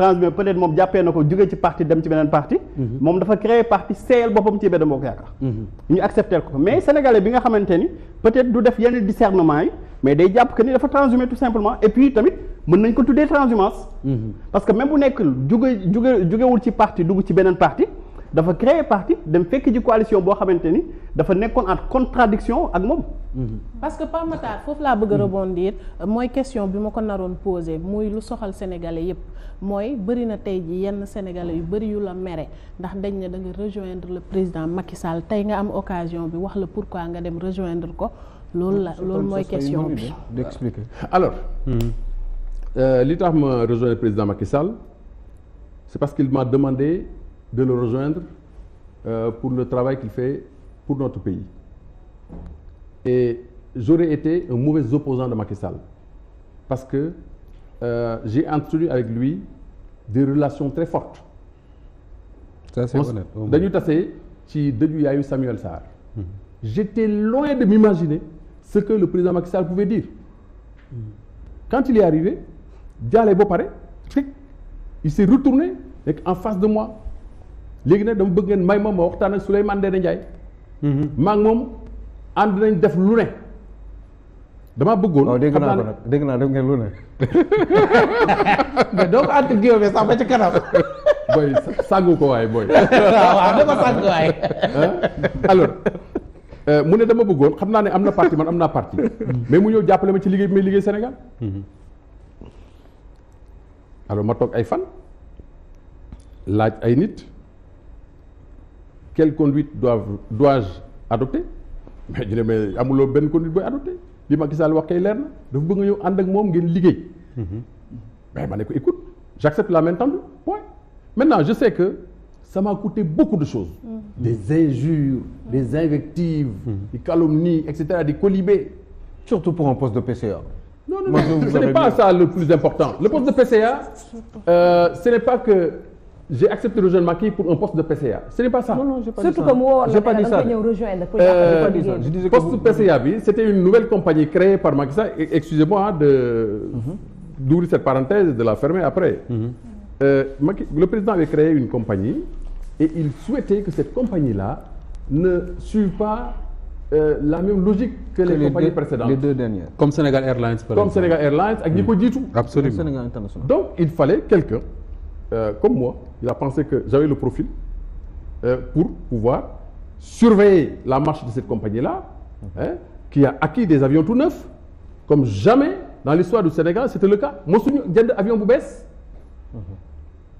transhumé peut-être moom jàppee na ko jóge ci parti dem ci beneen parti mhm. moom dafa créer parti seeyal boppam ci Benno Bokk Yaakaar mhm. ñu accepter ko mais sénégalais bi nga xamante ni peut-être du def yenn discernement yi mais day jàpp que ni dafa transhumé tout simplement et puis tamit mën nañ ko tuddee transhumance mhm. parce que même bu nekk jóge jóge jógewul ci parti dugg ci beneen parti dafa créer parti dem fekk ji coalition boo xamante ni dafa nekkoon en contradiction ak moom parce que Pape Matar foofu laa bëgg a rebondir mooy question bi ma ko naroon posé muy lu soxal sénégalais yépp mooy bëri na tey ji yenn sénégalais yu bëri yu la mere ndax dañ ne da nga rejoindre le président Macky Sall tey nga am occasion bi wax la pourquoi nga dem rejoindre ko loolu la loolu mooy question bi d'expliquer alors hmm. euh, li tax ma rejoindre président Macky Sall c'est parce de le rejoindre euh, pour le travail qu'il fait pour notre pays. Et j'aurais été un mauvais opposant de Macky parce que euh, j'ai entretenu avec lui des relations très fortes. Ça c'est honnête. dañu tase ci dëju yaayu Samuel Sarr. Mm j'étais loin de m'imaginer ce que le président Macky Sall pouvait dire. Mm-hmm. quand il est arrivé jaalee ba pare il s'est retourné en face de moi. léegi nag dama bëgg ngeen may ma ma waxtaan ak Souleymane Ndéné Ndiaye. Mm-hmm. moom ànd nañ def lu ne. dama bëggoon waaw dégg naa ko def ngeen lu ne. doo ko ànd géew bi sax ba ci kanam. booy sàngu ko waay booy. waaw waaw dama sàngu waay. alors euh, mu ne dama bëggoon xam naa ne am na parti man am naa parti mm-hmm. mais mu ñëw jàppale ma ci liggéey bi may liggéey Sénégal. Mm-hmm. alors ma toog ay fan laaj ay nit. quelle conduite doivent dois-je adopter mais ñu ne mais amuloo benn conduite booy adopté li Macky Sall wax kay leer na dafa bëgg nga ñëw ànd ak moom ngeen liggéey. Mm-hmm. mais ma ne ko écoute j'accepte la main tendue point maintenant je sais que ça m'a coûté beaucoup de choses. Mmh. des injures mmh. des invectives. Mm-hmm. des calomnies et cetera des colibés. surtout pour un poste de PCA. non non non ce n'est pas bien. le plus important le poste de PCA. Euh, ce n'est pas que. j'ai accepté le rejoindre Macky pour un poste de PCA ce n'est pas ça. que mu woo la da nga ñëw rejoindre. Euh, je disais que poste PCA bi c'était une nouvelle compagnie créée par Macky Sall excusez-moi de. Mhm. d'ouvrir cette parenthèse de la fermer après. Mhm. Euh, le président avait créé une compagnie et il souhaitait que cette compagnie là ne suive pas. Euh, la même logique que, que les, les compagnies deux, précédentes. les deux dernières comme Sénégal Airlines. par exemple comme Sénégal Airlines ak ko jiitu. absolument donc il fallait quelqu'un euh, comme moi, il a pensé que j'avais le profil euh, pour pouvoir surveiller la marche de cette compagnie la mhm. hein, qui a acquis des avions tout neufs, comme jamais dans l'histoire du Sénégal, c'était le cas. Mosuñu jënd avion bu bees. Mhm.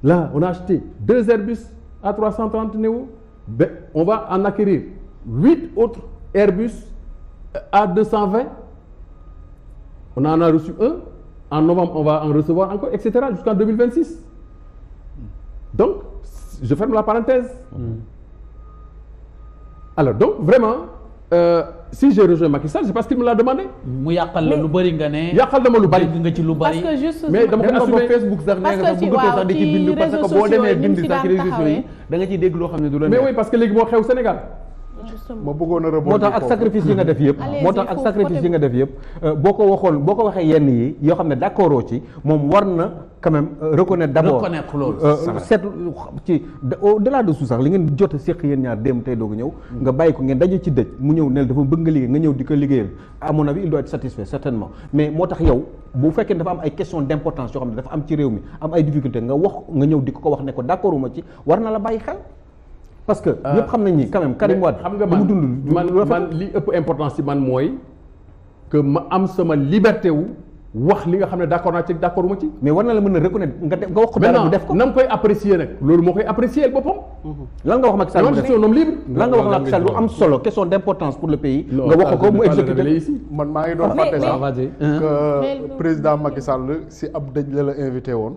Là, on a acheté deux Airbus A330 Neo. Ben, on va en acquérir huit autres Airbus euh, A220. On en a reçu un. En novembre, on va en recevoir encore, etc., jusqu'en donc je ferme la parenthèse alors donc vraiment euh, si j'ai rejoint Macky Sall c'est parce qu'il me l'a demandé. mu yàqal la lu bari nga ne. yàqal na lu bari nga ci lu bari. parce que juste mais dama ko assumer Facebook sax nee nga bu gëstoo sax di ci bindu parce que boo demee bind sax ci réseaux sociaux yi da nga dégg loo xam ne du la mais oui parce que léegi moo xew Sénégal. ma bëggoon a moo tax ak sacrifice yi nga def yëpp moo tax ak sacrifice yi nga def yëpp euh, boo ko waxoon boo ko waxee yenn yi yoo xam ne d'accord ci moom war na quand même euh, reconnaître d'abord reconnaître loolu euh, seet ci au de su sax li ngeen jot a séq yéen ñaar démb tey doog ñëw nga bàyyi ko ngeen daje ci dëj mu ñëw nel dafa bëgg nga liggéey nga ñëw di ko liggéeyal à mon avis il doit être satisfait certainement mais moo tax yow bu fekkee dafa am ay question d'importance yoo xam ne dafa am ci réew mi am ay difficulté nga wax nga ñëw di ko ko wax ne ko d'accorduma ci war na la bàyyi xel parce que euh, ñëpp xam nañ ni quand même Karim Wade xam nga man man man li ëpp importance ci man mooy que ma am sama liberté wu wax li nga xam ne d'accord naa ci d'accord ma ci mais war na la mën a reconnaître nga def nga wax ko dara mu def ko na mu koy apprécier nag loolu moo koy apprécier boppam mm-hmm. lan nga wax Macky wax Macky Sall lu am solo question d'importance pour le pays nga wax ko mu exécuter man maa ngi doon fàtte sax que président Macky Sall si ab dëj la la invité woon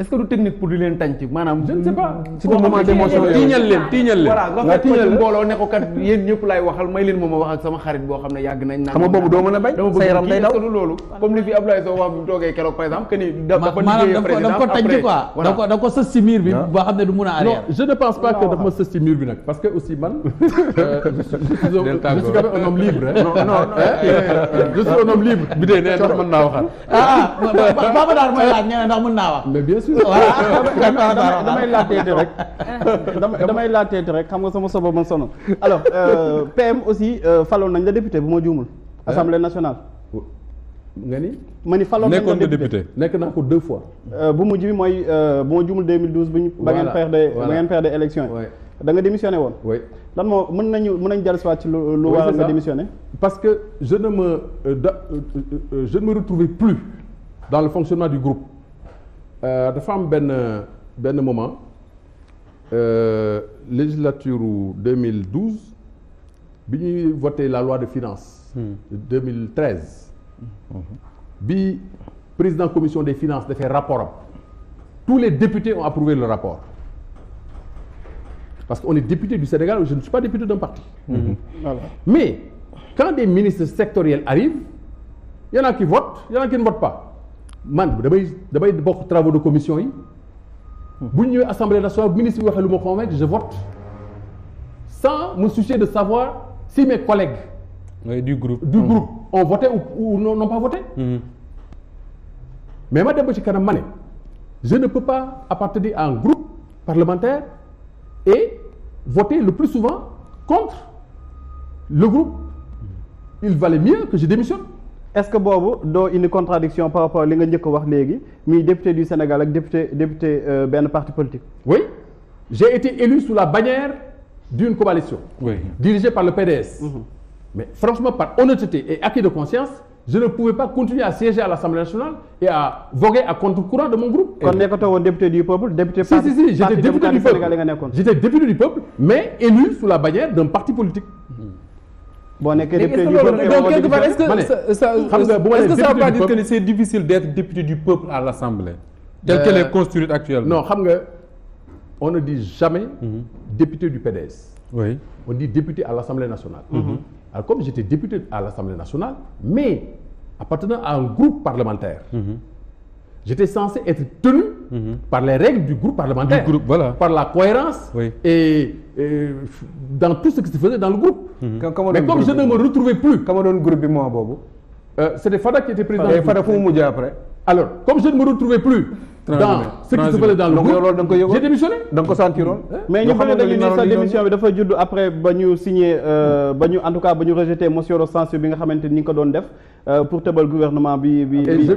est-ce que du technique pour di leen tànc maanaam je ne sais pas. ci moment ne ko a a bañ. sa yaram day daw man. naa waxal. ah ah Baba daal mooy laaj nee ndax mën naa wax. sûr damay laateeti rek damay laateeti rek xam nga sama sobo ma sono alors euh, PM aussi euh, faloon nañ la député bu ma juumul eh? assemblée nationale nga ni ma ni faloon nañ la député nekk naa ko deux fois euh, bu mujj bi mooy bu ma juumul 2012 bu ñu ba ngeen perdre ba ngeen perdre élection yi da nga démissionné woon lan moo mën nañu mën nañu jàll si ci lu lu waral nga démissionné parce que je ne me jeune ne me retrouvais plus dans le fonctionnement du groupe Euh, dafa am benn benn moment euh, législature 2012 bi ñuy voté la loi de finances. 2013. Hmm. Hmm. bi président commission des finances dafay rapport am tous les députés ont approuvé le rapport parce que on est député du Sénégal je ne suis pas député d'un parti. Hmm. mais quand des ministres sectoriels arrivent y en a qui votent ne votent pas. man damay damay bokk travaux de commission yi bu ñu ñëwee assemblée nationale ministre bi waxee lu ma convaincre je vote sans me soucier de savoir si mes collègues oui, du groupe du groupe on voté ou, ou pas voté mais ma dem ci kanam ma ne je ne peux pas appartenir à un groupe parlementaire et voter le plus souvent contre le groupe il valait mieux que je démissionne est-ce que boobu doo indi contradiction par rapport li nga jëkk wax léegi muy député du Sénégal ak député député euh, benn parti politique oui j'ai été élu sous la bannière d'une coalition oui. par le PDS mm-hmm. mais franchement par honnêteté et acquis de conscience je ne pouvais pas continuer à siéger à l'Assemblée nationale et à voguer à contre-courant de mon groupe. kon nekkatoo woon député du peuple député. si si j'étais député du peuple mais élu sous boo nekk député du peuple est-ce que ça est-ce que ça euh, euh, veut pas dire que c'est du peuple à l'Assemblée telle euh, qu'elle est construite actuellement non xam nga on ne dit jamais mhm. député du PDS oui on dit député à l'Assemblée nationale mhm. alors comme j'étais député à l'Assemblée nationale mais appartenant à un groupe parlementaire mhm. j'étais censé être tenu mm -hmm. par les règles du groupe parlementaire par la cohérence oui. et, et dans tout ce qui se faisait dans le groupe mhm. mais comme je ne me retrouvais plus ka ma groupe bi moment boobu euh, c'était alors comme je ne me retrouvais plus. dans ce qui se faisait dans le groupe j'ai démissionné. da nga ko sentiroon mais ñu bëri dañu ni sa démission bi dafa judd après ba ñu signé euh, hmm. ba ñu en tout cas ba ñu rejeté motion de censure bi nga xamante ni ñu doon def euh, pour tëbal gouvernement bi bi bi.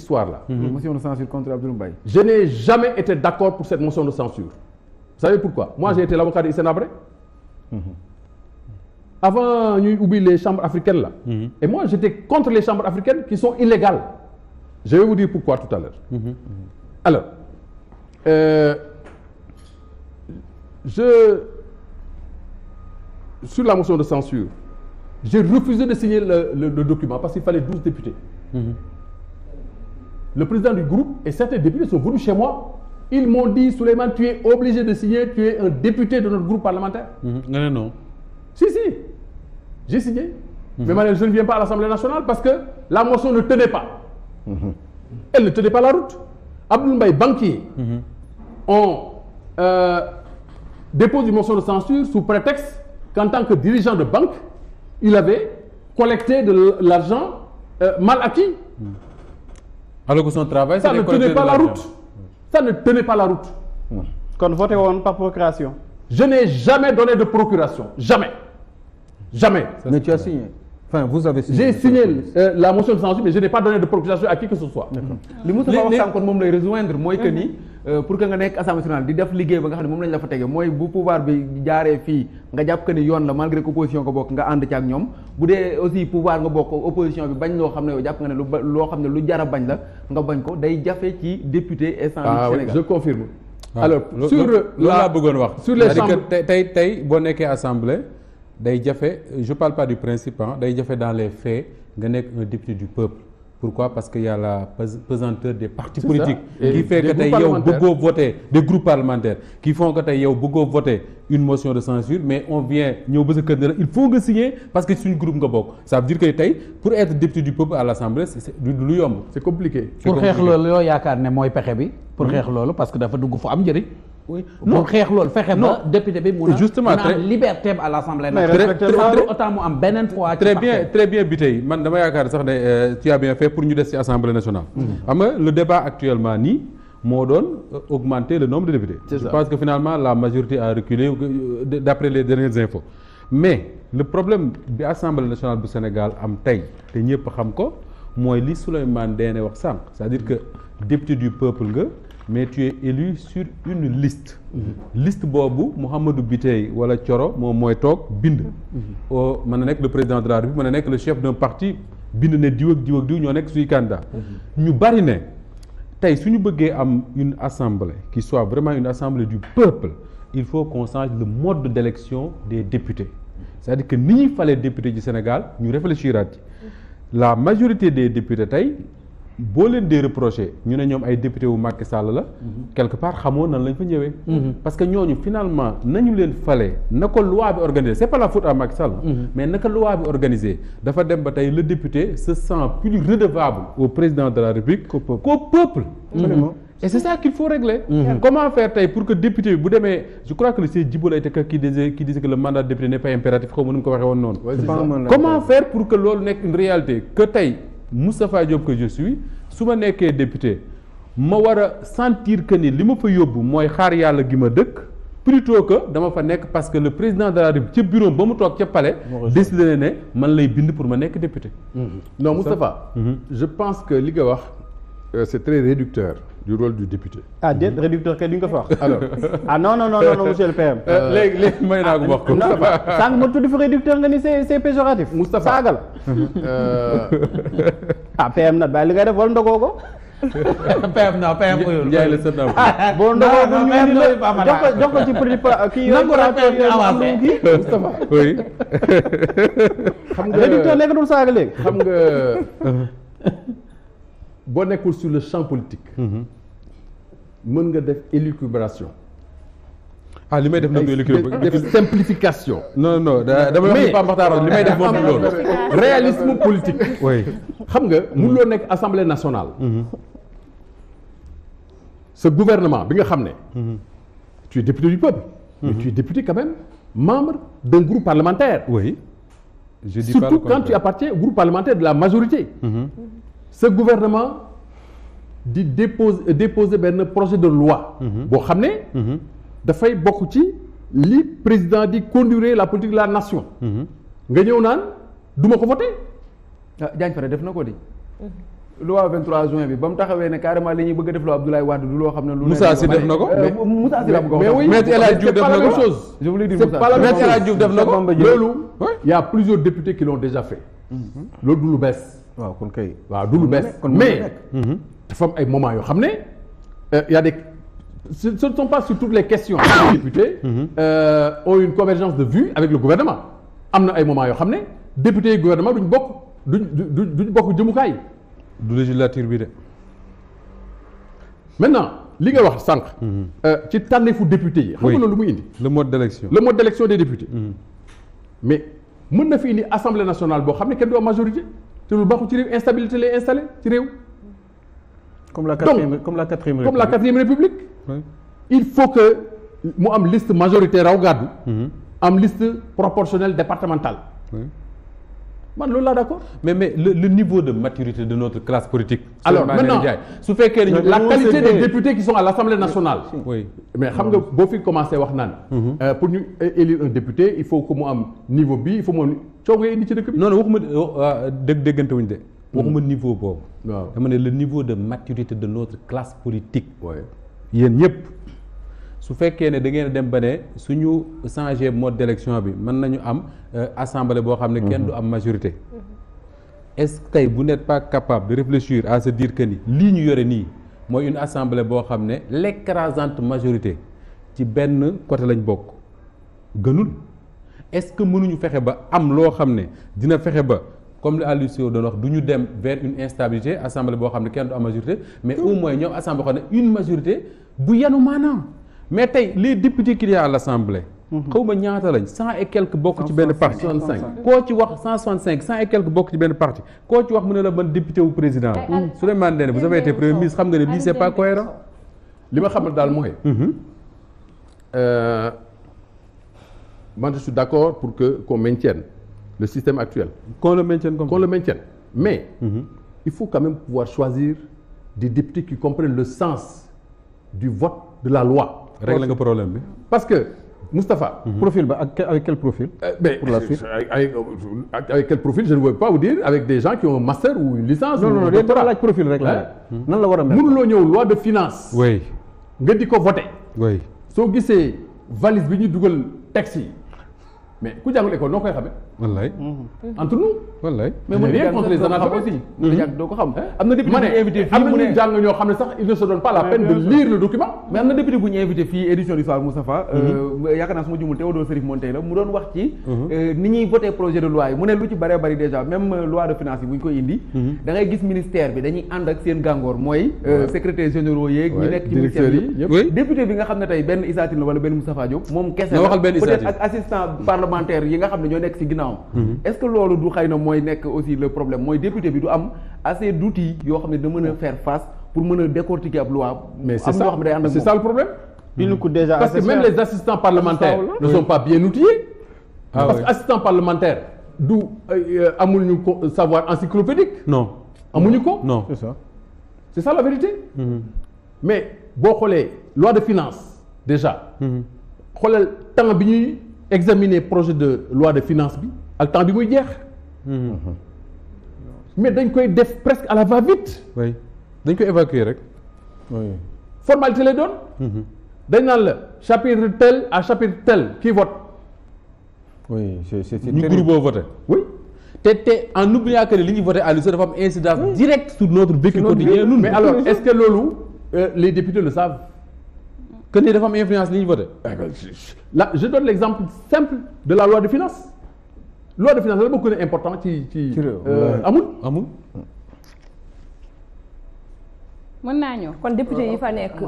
histoire euh, là. Hmm. Hmm. motion de censure contre Abdoul Mbaye. je n'ai jamais été d'accord pour cette motion de censure. vous savez pourquoi moi j'ai été l'avocat avant ñuy ubbi les chambres africaines là. Mm -hmm. et moi j'étais contre les chambres africaines qui sont illégales. je vais vous dire pourquoi tout à l'heure mhm. Mhm. Euh, sur la motion de censure j'ai refusé de signer le, le, le document parce qu'il fallait douze députés. Mhm. le président du groupe et certains députés sont venus chez moi. ils m'ont dit Souleymane tu es obligé de signer tu es un député de notre groupe parlementaire. si si. j'ai signé. Mhm. mais ma ne je ne viens pas à l'Assemblée nationale parce que la motion ne tenait pas. Mhm. elle ne tenait pas la route. Abdoul Mbaye banquier. Mhm. on euh, dépose une motion de censure sous prétexte qu'en tant que dirigeant de banque il avait collecté de l'argent euh, mal acquis. alors que son travail. ça ne tenait pas la route. ça ne tenait pas woon par procuration. je n'ai jamais donné de procuration jamais. Jamais. Ça, mais tu as signé. Euh, la motion de censure mais je n'ai pas donné de procuration à qui que ce soit. Mm. Ah. li Moustapha wax sànq kon moom lay rejoindre mooy que ni mhm. euh, pour que nga nekk assemblée nationale di def liggéey ba nga xam ne moom lañ la fa tege mooy bu pouvoir bi jaaree fii nga jàpp que ni yoon la malgré que opposition nga bokk nga ànd ci ak ñoom bu dee aussi pouvoir nga bokk opposition bi bañ loo xam ne yow jàpp nga ne ba loo xam ne lu jara bañ la nga bañ ko day jafe ci député et sénateur ah, Sénégal je confirme. Ah. alors sur la laa tey tey boo nekkee assemblée. day jafe je parle pas du principe day jafe dans les faits nga nekk un député du peuple pourquoi parce que y a la des partis politiques qui fait que tey yow bëggoo voter des groupes parlementaires qui font que tey yow bëggoo voter une motion de censure mais on vient ñëw ba sa kër ne la il faut nga signer parce que suñu groupe nga bokk ça veut dire que tey pour être député du peuple à l'assemblée c'est lu yomb c'est compliqué pour xeex loolu yoo yaakaar ne mooy pexe bi pour mm-hmm. xeex loolu parce que dafa dugg am njëriñ oui non xeex loolu fexe ba député bi mun a. justement très liberté à l'Assemblée nationale. autant mu am beneen fois. très bien très bien bi tey man dama yaakaar sax ne euh, tu bien fait pour ñu des ci assemblée nationale. Mm. xam nga débat actuellement nii. moo doon euh, augmenter le nombre de députés. je ça. pense que finalement la majorité a reculé euh, d'après les dernières infos. mais le problème bi assemblée nationale bu Sénégal am tey te ñëpp xam ko mooy li Souleymane Ndéné wax sànq c'est-à-dire que député du peuple nga. mais tu es élu sur une liste. liste boobu Mouhamadou Biteye wala coro moom mooy toog bind. Mhm. Oh, mën na nekk le président de la République mën a nekk le chef de parti bind ne diw ak diw ak diw ñoo nekk suy candidat. Mhm. ñu bari ne tey su ñu bëggee am une assemblée qui soit vraiment une assemblée du peuple il faut qu'on change le mode d'élection des députés cest dire que ni ñuy falee député du Sénégal ñu réfléchiraat ci mhm. la majorité des députés tey. boo leen dee reproché ñu ne ñoom ay député wu Macky Sall la. Mhm. quelque part xamoo nan lañ fa ñëwee. Mhm. parce que ñooñu finalement nañu leen fale na ko loi bi organisé c' est pas la faute à Macky Sall. Mhm. mais naka loi bi organisé dafa dem ba tey le député se sent plus redevable au président de la République qu'au peuple. comment faire tey pour que député bu demee je crois que le siège Djibo Leyti Ka que le mandat de député ko waxee woon noonu. comment faire que loolu nekk une réalité Moustapha Diop que je su ma nekkee député ma war a sentir que ni li ma fa yóbbu mooy xaar yàlla gi ma dëkk plutôt ko dama fa nekk parce que le président de la ca bureau ba mu toog ca palais décidé ne man lay bind pour ma nekk député non Moustapha mm-hmm. je pense que li nga wax euh, c'est très réducteur du rôle du député. ah déet réducteur kay duñ ko fa ah non non non non monsieur saaga léegi. xam nga. boo nekkul sur le champ politique. Mhm. mën nga def élucubration. ah li may def nag def simplification. non non dama wax ni Pape li may def moom loolu. réalisme politique. xam nga mhm. mënuloo nekk assemblée nationale. Mhm. ce gouvernement bi nga xam ne. tu es député du peuple. mais tu es député quand membre d'un groupe parlementaire. surtout quand tu appartiens au groupe parlementaire de la majorité. ce gouvernement di déposer euh, déposer benn projet de loi. Mhm. boo xam ne. Mhm. dafay bokk ci lii président di conduire la politique de la nation. Mhm. nga ñëw naan du ma ko voté. ah Diagne Fada def na ko di. loi 23 juin bi ba mu taxawee ne carrément li ñuy bëgg def loo Abdoulaye Wade du loo xam ne. lu Moussa Sy def na ko euh, Moussa Sy def na ko mais oui Maître El Hadj Diouf def na ko loolu. y plusieurs députés qui déjà fait. loolu du lu bees. waaw kon kay waaw du lu bees kon mais mhm. dafa am ay moments yoo xam ne euh, y a des ce ne sur toutes les questions les députés mhm. euh, ont une convergence de vues avec le gouvernement am na ay moments yoo xam ne députés yi gouvernement duñ bokk du duñ duñ bokk jëmukaay du législature bi de maintenant li nga wax sànq mhm. euh, ci tànneefu député yi xam nga loolu lu muy indi le mode d'élection le mode d'élection des députés mais mën na fi indi assemblée nationale boo xam ne kenn du am majorité te loolu baaxul ci réew instabilité la installé ci réew. comme la quatrième comme la quatrième république comme la quatrième république. il faut que mu am liste majorité raw gàddu. Mhm. am liste proportionnelle départementale. man loolu laa d'accord mais mais le, le niveau de maturité de notre classe politique. alors maintenant su fekkee ne la qualité des députés qui sont à l'Assemblée nationale. mais xam nga mm-hmm. boo fi commencé wax naan. Mm-hmm. Euh, pour ñu élire un député il faut que mu am niveau bi il faut moom coow nga indi ci dëkk bi. non waxuma euh, dégg déggante wuñ de. Mm-hmm. waxuma niveau boobu. waaw dama ne le niveau de maturité de notre classe politique. yéen ñëpp. su fekkee ne da ngeen dem ba ne suñu changé mode d'élection bi mën nañu am euh, assemblée boo xam ne kenn du mhm. am majorité mhm. est-ce que tey vous n'êtes pas capable de réfléchir à se diir que ni lii ñu yore nii mooy une assemblée boo xam ne l'écrasante majorité ci benn côté lañ bokk gënul est-ce que mënuñu fexe ba am loo xam ne dina fexe ba comme li Aliou Sow doon wax du ñu dem vers une instabilité assemblée boo xam ne kenn du am majorité mais au moins ñoom assemblée xam ne une majorité bu yanu maanaam mais tey les députés qu'il y a à l'Assemblée xaw ma ñaata lañ cent et quelques bokk ci benn parti koo ci wax cent soixante cinq cent et quelques bokk ci benn parti koo ci wax mu ne la man député wu président mm. Souleymane Ndéné vous avez été premier ministre xam nga ne lii c'est pas cohérent li ma xamal daal mooy mm-hmm. euh, man je suis d'accord pour que qu'on maintienne le système actuel qu'on le maintienne comme qu'on le maintienne mais mm-hmm. il faut quand même pouvoir choisir des députés qui comprennent le du vote de la loi réglé nga problème bi. parce que Moustapha. Mhm. profil ba ak avec quel profil. Euh, pour la suite euh, avec quel profil je ne veux pas vous dire avec des gens qui ont un master ou une licence. non non dafa laaj profil rek la. Hmm. nan la war a mel loo ñëw loi de finance. oui nga di ko voté. oui soo gisee valise bi ñuy dugal taxi yi mais ku jàngul école noo koy xamee. wallaay. Mhm. entre nous. wallaay mais man rien contre les anatomes aussi. doo ko xam am na député bu ñu invité fii mu ne am na ñu jàng ñoo xam ne sax il ne se donne pas la peine de lire le document. mais am na député bu ñu invité fii édition du soir Moustapha. Euh, mhm. yaakaar naa su ma jumul Théodore Serif Monteil la mu doon wax ci. Mhm. Euh, ni ñuy voté projet de loi yi mu ne lu ci bëree bëri déjà même euh, loi de finance yi bu ñu koy indi. da ngay gis ministère bi dañuy ànd ak seen gàngoor mooy. secrétaire généraux yeeg ñu nekk ci ministère yi député bi nga xam ne tey benn Issa Tine la wala benn Moustapha Diop moom kese la peut-être ak assistant parlementaire yi nga xam ne ñoo nekk ci ginnaaw temps est-ce que loolu du xay na mooy nekk aussi le problème mooy député bi du am assez d'outils yoo xam ne da mën a faire face pour mën a décortiquer ab loi mais c'est ça c'est ça le problème il ne sont pas bien outillés ah parce que assistant euh, amul ñu ko euh, savoir encyclopédique non ñu ko non c'est ça c'est la vérité mm-hmm. mais boo xoolee loi de finance déjà mm-hmm. xoolal temps bi ñuy examiner projet de loi de finances bi ak temps bi muy jeex. mais dañ koy def presque à la va-vite. oui dañ koy évacuer rek. oui formalité doon. Mhm. dañ naan la chapitre tel à chapitre tel qui vote. oui c'est c'est ñu groupe boo voté. oui te te en oubliant que li ñu voté à l'USE dafa am incidence directe sur notre vécu quotidien mais alors est-ce que loolu euh, les députés le savent. que ni dafa am influence li ñuy voté. Eh la je donne l'exemple simple de la loi de finances. loi de finance la bokk na important ci ci. Euh, amul amul. mën naa ñëw kon député yi fa nekk.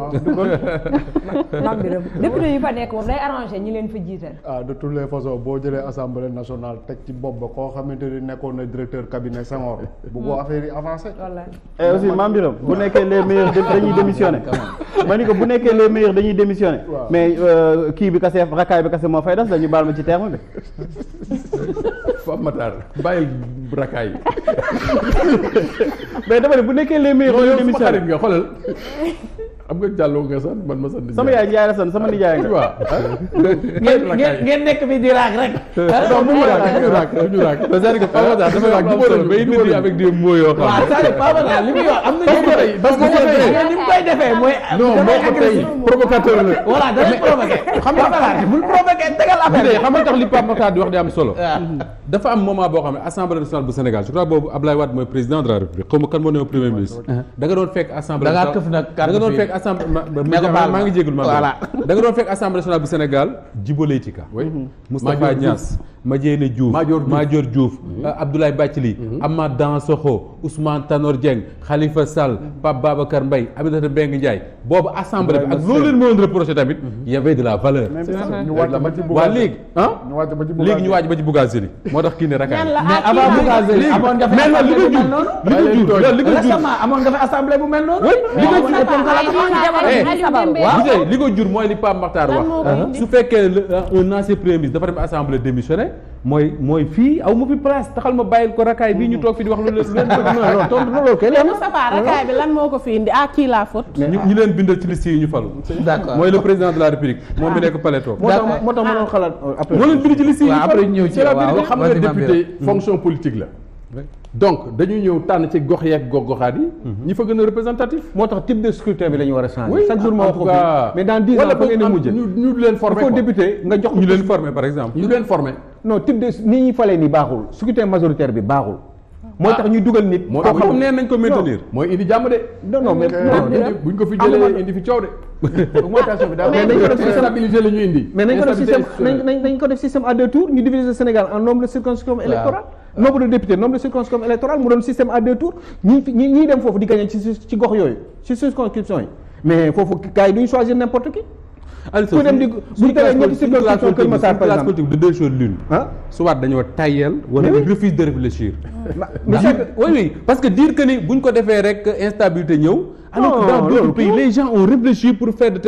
maam Biram député yi fa nekk moom day arrangé ñi leen fa jiital. ah de toutes les boo jëlee assemblée nationale teg ci bopp ba koo xamante ni nekkoon na directeur cabinet Senghor. bu boo hmm. affaire yi avancé. et aussi maam Biram bu nekkee les meilleurs dañuy démissionné. ma ni ko bu nekkee les meilleurs dañuy démissionné. mais euh, kii bi kase rakaay bi kase moo fay des dañu baal ma ci terme bi. Pape Matar bàyyil rakaay yi. mais dama ne bu nekkee les meilleurs. yow sama xarit nga xoolal. am nga jàlloo nga san man ma san sama yaay njaay la san sama nijaay nga waaw ngeen ngeen nekk bi di raak rek non bu a raak bu ñu raak bu ñu raak c'est-à-dire que Papa Tall dafa raak bu doon bay nit yi avec des mots yoo xam waaw cest à muy wax am na parce que ni provocateur wax di am solo dafa am moment boo xam ne assemblée nationale bu Sénégal je crois boobu Abdoulaye Wade mooy président de la République xaw ma kan moo ne premier ministre uh-huh. da nga doon fekk assemblée da doon fekk assemblée maa ngi jégalu ma voilà da nga doon fekk assemblée nationale bu Sénégal Djibo Leyti Ka Moustapha Niass Madiène Diouf Madior Diouf mhm. euh, Abdoulaye Bathily mhm. Amath Dansokho Ousmane Tanor Dieng Khalifa Sall Pape Babacar Mbaye Aminata Mbengue Ndiaye boobu assemblée bi ak loolu tamit mhm. y avait de la valeur waa léegi ah léegi ñu moo tax kii ne mais avant bu mel noonu li ko eh, jur mooy li Pape Makhtar wax uh-huh. su fekkee dafa dem assemblée démissionné mooy mooy fii aw ma fi place taxal ma bàyyil ko rakaay bii ñu toog fi di wax lu leen leen non moo ko fi indi ah kii laa faute ñi leen bindal ci liste yi ñu falu mooy le président de la république moom bi nekk palais toog moo tax moo tax ma doon ah. xalaat euh, moo leen bind ci liste yi ñu falu après ñëw ci waaw xam nga député mm. fonction politique la donc dañuy ñëw tànn ci gox yeeg gox goxaat yi. Mhm. ñi fa gën a représentatif. moo tax type de scrutin bi la ñu war a changer. chaque jour ma wax ko mais dans dix ans fa ngeen a mujj ñu ñu nga bi baaxul. mooy ah. tax ñu dugal nit. moo tax nee nañ ko indi jàmm ko fi jëlee indi fi coow de. augmentation bi daal mais nañ ko def système stabilité la ñu ñu diviser Sénégal en nombre de circonscriptions nombre de députés nombre de circonscription électorale mu doon système à ñi ñi dem foofu di gagné ci ci gox yooyu ci circonscription yi mais foofu gars yi duñu choisir n'importe qui ku dem di buñ teree ñetti circonscription Kër Massar par exemple politique de deux choses l'une ah soit dañoo tayel wala refuse de réfléchir ah. mais oui oui parce que dire que ni buñ ko defee rek instabilité ñëw alors dans d'autres pays les gens ont réfléchi pour faire de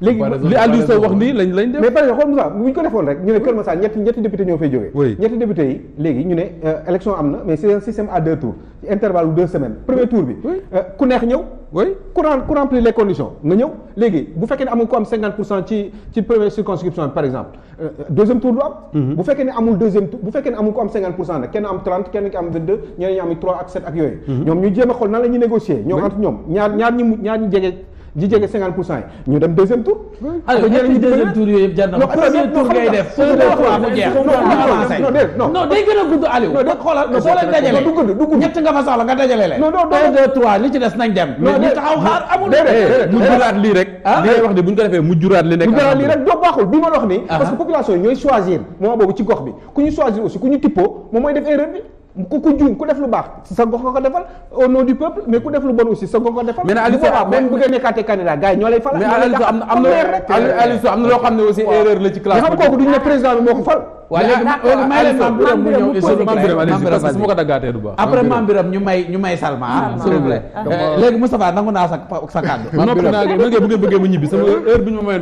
léegi li Aliou Sow wax nii lañ lañ def mais par exemple xool Moussa bu ñu ko defoon rek ñu ne Kër Massar ñetti ñetti député ñoo fay jógee ñetti député yi léegi ñu ne euh, élection am na mais c'est un système à deux tours ci intervalle deux semaines premier tour bi euh, ku neex ñëw oui ku rem ku remplir les conditions nga ñëw léegi bu fekkee ne amul ko am 50 pour cent ci ci première circonscription par exemple euh, deuxième tour du am. Mhm. bu fekkee ne amul deuxième tour bu fekkee ne amul ko am 50 pour cent nag kenn am 30 kenn ki am 22 ñeneen ñi am 3 ak 7 ak yooyu. Mhm. ñoom ñu jéem a xool nan la ñuy négocier. ñoom entre ñoom ñaar ñaar ñi mu ñaar ñi jege. ji jege 50 pour cent yi ñu dem deuxième tour. tour yooyu yëpp jar na ko day gën a gudd Aliou. non xoolal soo leen dajalee du gudd du gudd ñett nga fa soxla nga dajalee leen. non dem. mais ñu taxaw xaar amul. déedéet mu juraat lii rek. Ah? li ngay wax de bu ñu ko defee mu juraat lii rek doo baaxul bi ma wax nii. parce que population ñooy choisir moment boobu ci gox bi ku ñu choisir aussi ku ñu tippoo moom mooy def erreur bi ku ku juum ku def lu baax sa gox nga ko defal au nom du peuple mais ku def lu bon aussi sa gox ko defal. mais Aliou Sow mais na am na loo xam ne aussi erreur la ci xam ne président su ma ko daggaatee du baax après maam Biram ñu may Salma ah s'il vous plaît ah, ah. léegi Moustapha nangu naa sa kàddu maam Biram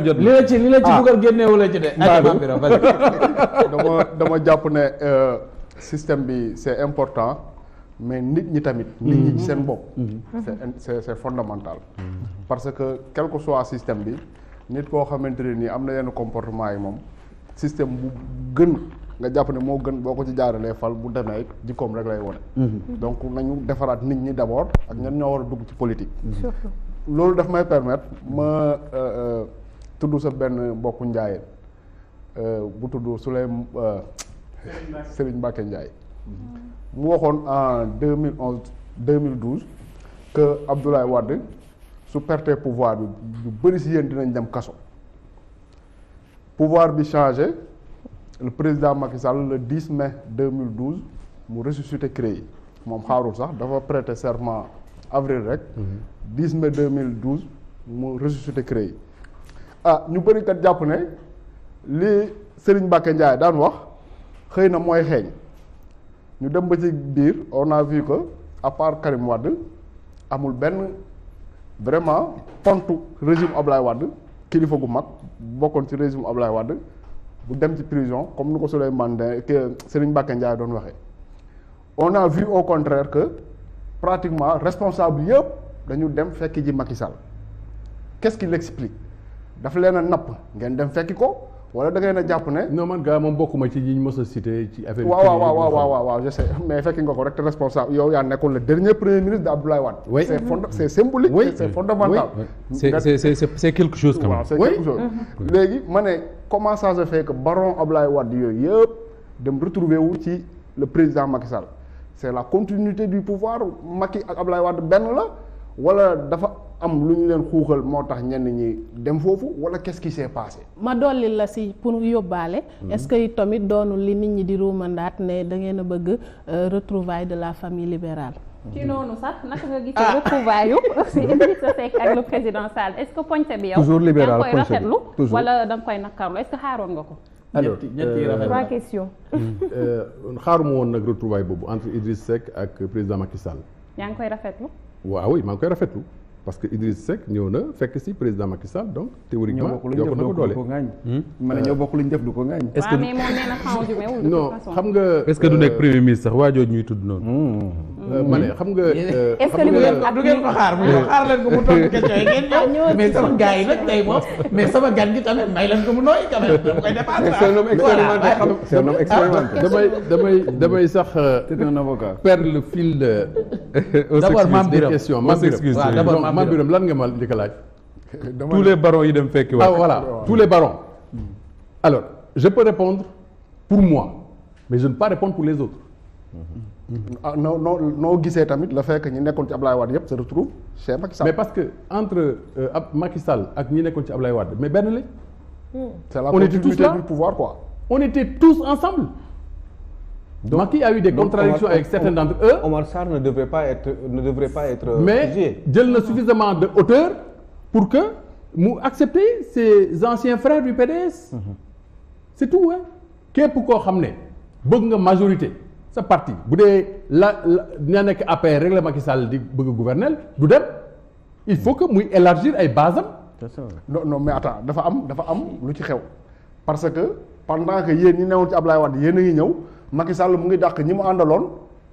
li la ci li la ci ah. bëggal génneewu la ci de dama dama jàpp ne euh, système bi c'est important mais nit ñi tamit. Mm-hmm. nit ñi ci seen bopp. Mm-hmm. c'est c'est fondamental. Mm-hmm. parce que quel que système bi nit koo xamante ne nii am na yenn comportement yi moom système bu gën nga jàpp ne moo gën boo ko ci jaaralee fal bu demee jikkoom rek lay wone donc nañu defaraat nit ñi d'abord ak ñan ñoo war a dugg ci politique. loolu dafa may permettre ma euh, euh, tudd sa benn mbokku njaayeen euh, bu tudd Souleymane. Serigne Mbacke Ndiaye mu waxoon en deux mille onze deux mille douze que Abdoulaye Wade su perte pouvoir bi ñu bëri si yéen dinañ dem kaso pouvoir bi changé le président Macky Sall le 10 mai 2012 mu ressuscité yi moom xaarul sax dafa prêter serment avril rek. 10 mai 2012 mu ressuscité yi ah ñu bëri kat jàpp ne li Serigne Mbacke Ndiaye daan wax. xëy na mooy xeeñ ñu dem ba ci biir on a ko que à part Karim Wade amul benn vraiment tontu régime Ablaye wadd kilifa gu mag bokkoon ci régime Ablaye wadd bu dem ci prison comme ni ko Souleymane Ndéné Serigne Mbacké Ndiaye doon waxee on a vu au contraire que pratiquement responsable yëpp dañu dem fekki ji Macky Sall quest qui l'explique dafa leen a napp ngeen dem fekki ko wala da ngay na jàpp ne. non man gars moom bokkuma ci yiñ mos a cité ci affaire. waaw waaw waaw waaw je sais mais fekki nga ko rek te responsable yow yaa nekkoon le dernier premier ministre de Abdoulaye Wade. oui c' fond c' symbolique. oui c' est fondamental. c' est quelque chose. quand léegi ma ne comment ça se fait que baron Abdoulaye yooyu yëpp dem retrouver wu ci le président Macky Sall est la continuité du pouvoir Macky ak Abdoulaye Wade benn la wala dafa. am lu ñu leen xuuxal moo tax ñenn ñi dem foofu wala qu'est-ce qui s'est passé. ma dolli la si pour yóbbaale. Hmm. est-ce que it tamit doonul li nit ñi di ruumandaat ne da ngeen a bëgg euh, retrouvailles de la famille libérale. ci noonu sax naka nga gisee ah. retrouvailles yu si bi yow. libéral poñte bi koy rafetlu wala da nga koy xaaroon nga ko. alors euh, trois questions. Euh, xaaruma woon nag retrouvailles boobu entre Idriss Seck ak président Macky koy rafetlu. koy rafetlu. parce que Idriss ñëw na fekk si président Macky Sall donc théoriquement yokk na ko doole hmm? man euh, ñoo bokk lu ñu def lu ko ngaañ est-ce que ah, non xam nga est-ce que du euh, nekk sax waa ñuy tudd noonu hmm. Euh, ma ne xam nga. Euh, est-ce que li mu def ak du ngeen ko xaar mu xaar leen ko mu tontu question yi ngeen ñëw. Ah, mais sama gars yi nag tey moom mais sama gan gi tamit may leen ko mu nooy quand même dama koy dépassé. c'est un homme expérimenté ah, ah, damay damay damay sax. Euh, c'est un avocat. perdre le fil de. d'abord Mame Birame question Mame Birame d'abord Mame Birame lan nga ma njëkk a laaj. tous les barons yi dem fekki ah voilà tous les barons. alors je peux répondre pour moi mais je ne peux pas répondre pour les autres. Mhm. Ah, noo noo noo gisee tamit la fekk ñi nekkoon ci Ablaye Wade yëpp se retrouve chez Macky Sall. mais parce que entre euh, ab Macky Sall ak ñi nekkoon ci Ablaye Wade mais benn lañ. Hmm. c'est la continuité du pouvoir quoi. on était tous ensemble. donc Macky a eu des contradictions avec certains d'entre eux. Omar Sarr ne devrait pas être ne devrait pas être. Euh, mais jël na suffisamment de hauteur pour que mu accepter ses anciens frères du PDS. Mm-hmm. c'est tout hein képp koo xam ne bëgg nga majorité. sa parti bu dee la dina nekk APR rek la Macky Sall di bëgg gouverner du dem il faut que muy élargie ay base am. non non mais attends dafa am dafa am lu ci xew parce que pendant que yéen ñi newoon ci Ablaye Wade yéen a ngi ñëw Macky Sall mu ngi dàq ñi mu àndaloon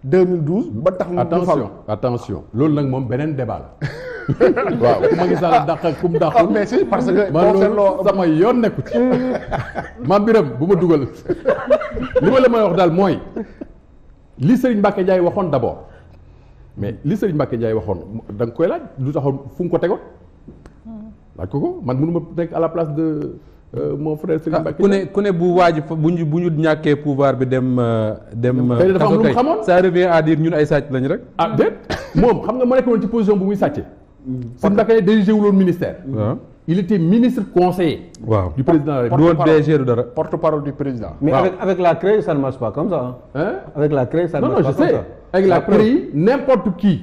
2012. ba tax mu attention attention loolu nag moom beneen débat waaw ku Macky Sall dàq ak ku mu ah, parce que man loolu sama yoon nekku ci. ma mbiram bu ma dugal lu ma la may wax daal mooy. li Serigne Mbacke Ndiaye waxoon d' abord mais li Serigne Mbacke Ndiaye waxoon da nga koy laaj lu taxoon fu nga ko tegoon. laaj ko man mënu ma nekk à la place de euh, mon frère Serigne ah, Mbacke. ku ne ko ne bu waaj bu bu ñu ñàkkee pouvoir bi dem. Euh, dem dafa am lu mu xamoon ça revient à ñun ay sàcc lañ rek. ah déet moom xam nga ma nekkoon ci position bu muy sàccee. Mm. Serigne Mbacke dirigé wuloon ministère. Ah. il était ministre conseiller. waaw du président rek du woon DG du dara. porte-parole du président. mais avec la CREI ça ne marche pas comme ça. avec la CREI ça ne marche pas comme ça non non je sais avec la CREI n'importe qui.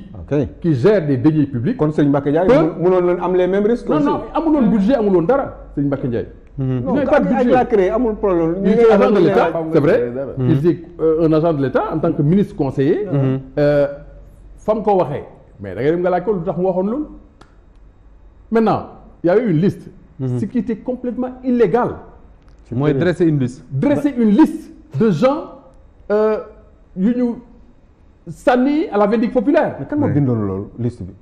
qui gère des deniers publics. kon sëñ Mbacke Ndiaye am les mêmes risques. non non amul budget amul dara sëñ Mbacke Ndiaye. Mhm. non ak la CREI amul problème. il est agent de l'État c'est vrai. il est euh, un agent de l'État en tant que ministre conseiller. Mhm. Mhm. Euh, fa ko waxee mais da nga nga laaj ko lu tax mu waxoon loolu y avait une liste. Mmh. ce qui était complètement illégal. mooy dresser une liste. dresser une liste de gens euh, yu ñu sànni à la vindicte populaire. mais kan moo bindoon loolu liste bi.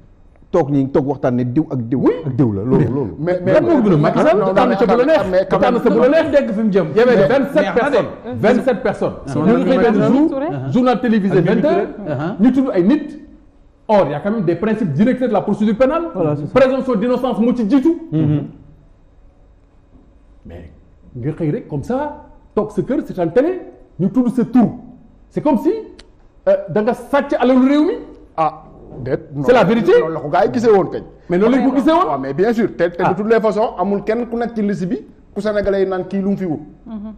toog ñi toog waxtaan ne diw ak diw. ak diw la loolu loolu. mais mais Macky Sall ca bu la ca bu la neex fi mu jëm. y vingt sept personnes vingt sept personnes. journal télévisé vingt heures ay nit. or y' a quand même des la procédure pénale. voilà d'innocence moo ci jiitu. Mhm. mais nga xëy rek comme ça toog sa kër seetaan télé ñu tudd sa tur c' comme si euh, da nga sàcc alalu réew mi. ah déet c'est la vérité loolu la ko gars yi woon kañ. mais loolu lañ ko gisee woon waaw mais bien sûr. te te de ah. toutes les façons amul kenn ku nekk ci liste bi ku sénégalais yi naan kii lu mu fi wut. Mhm.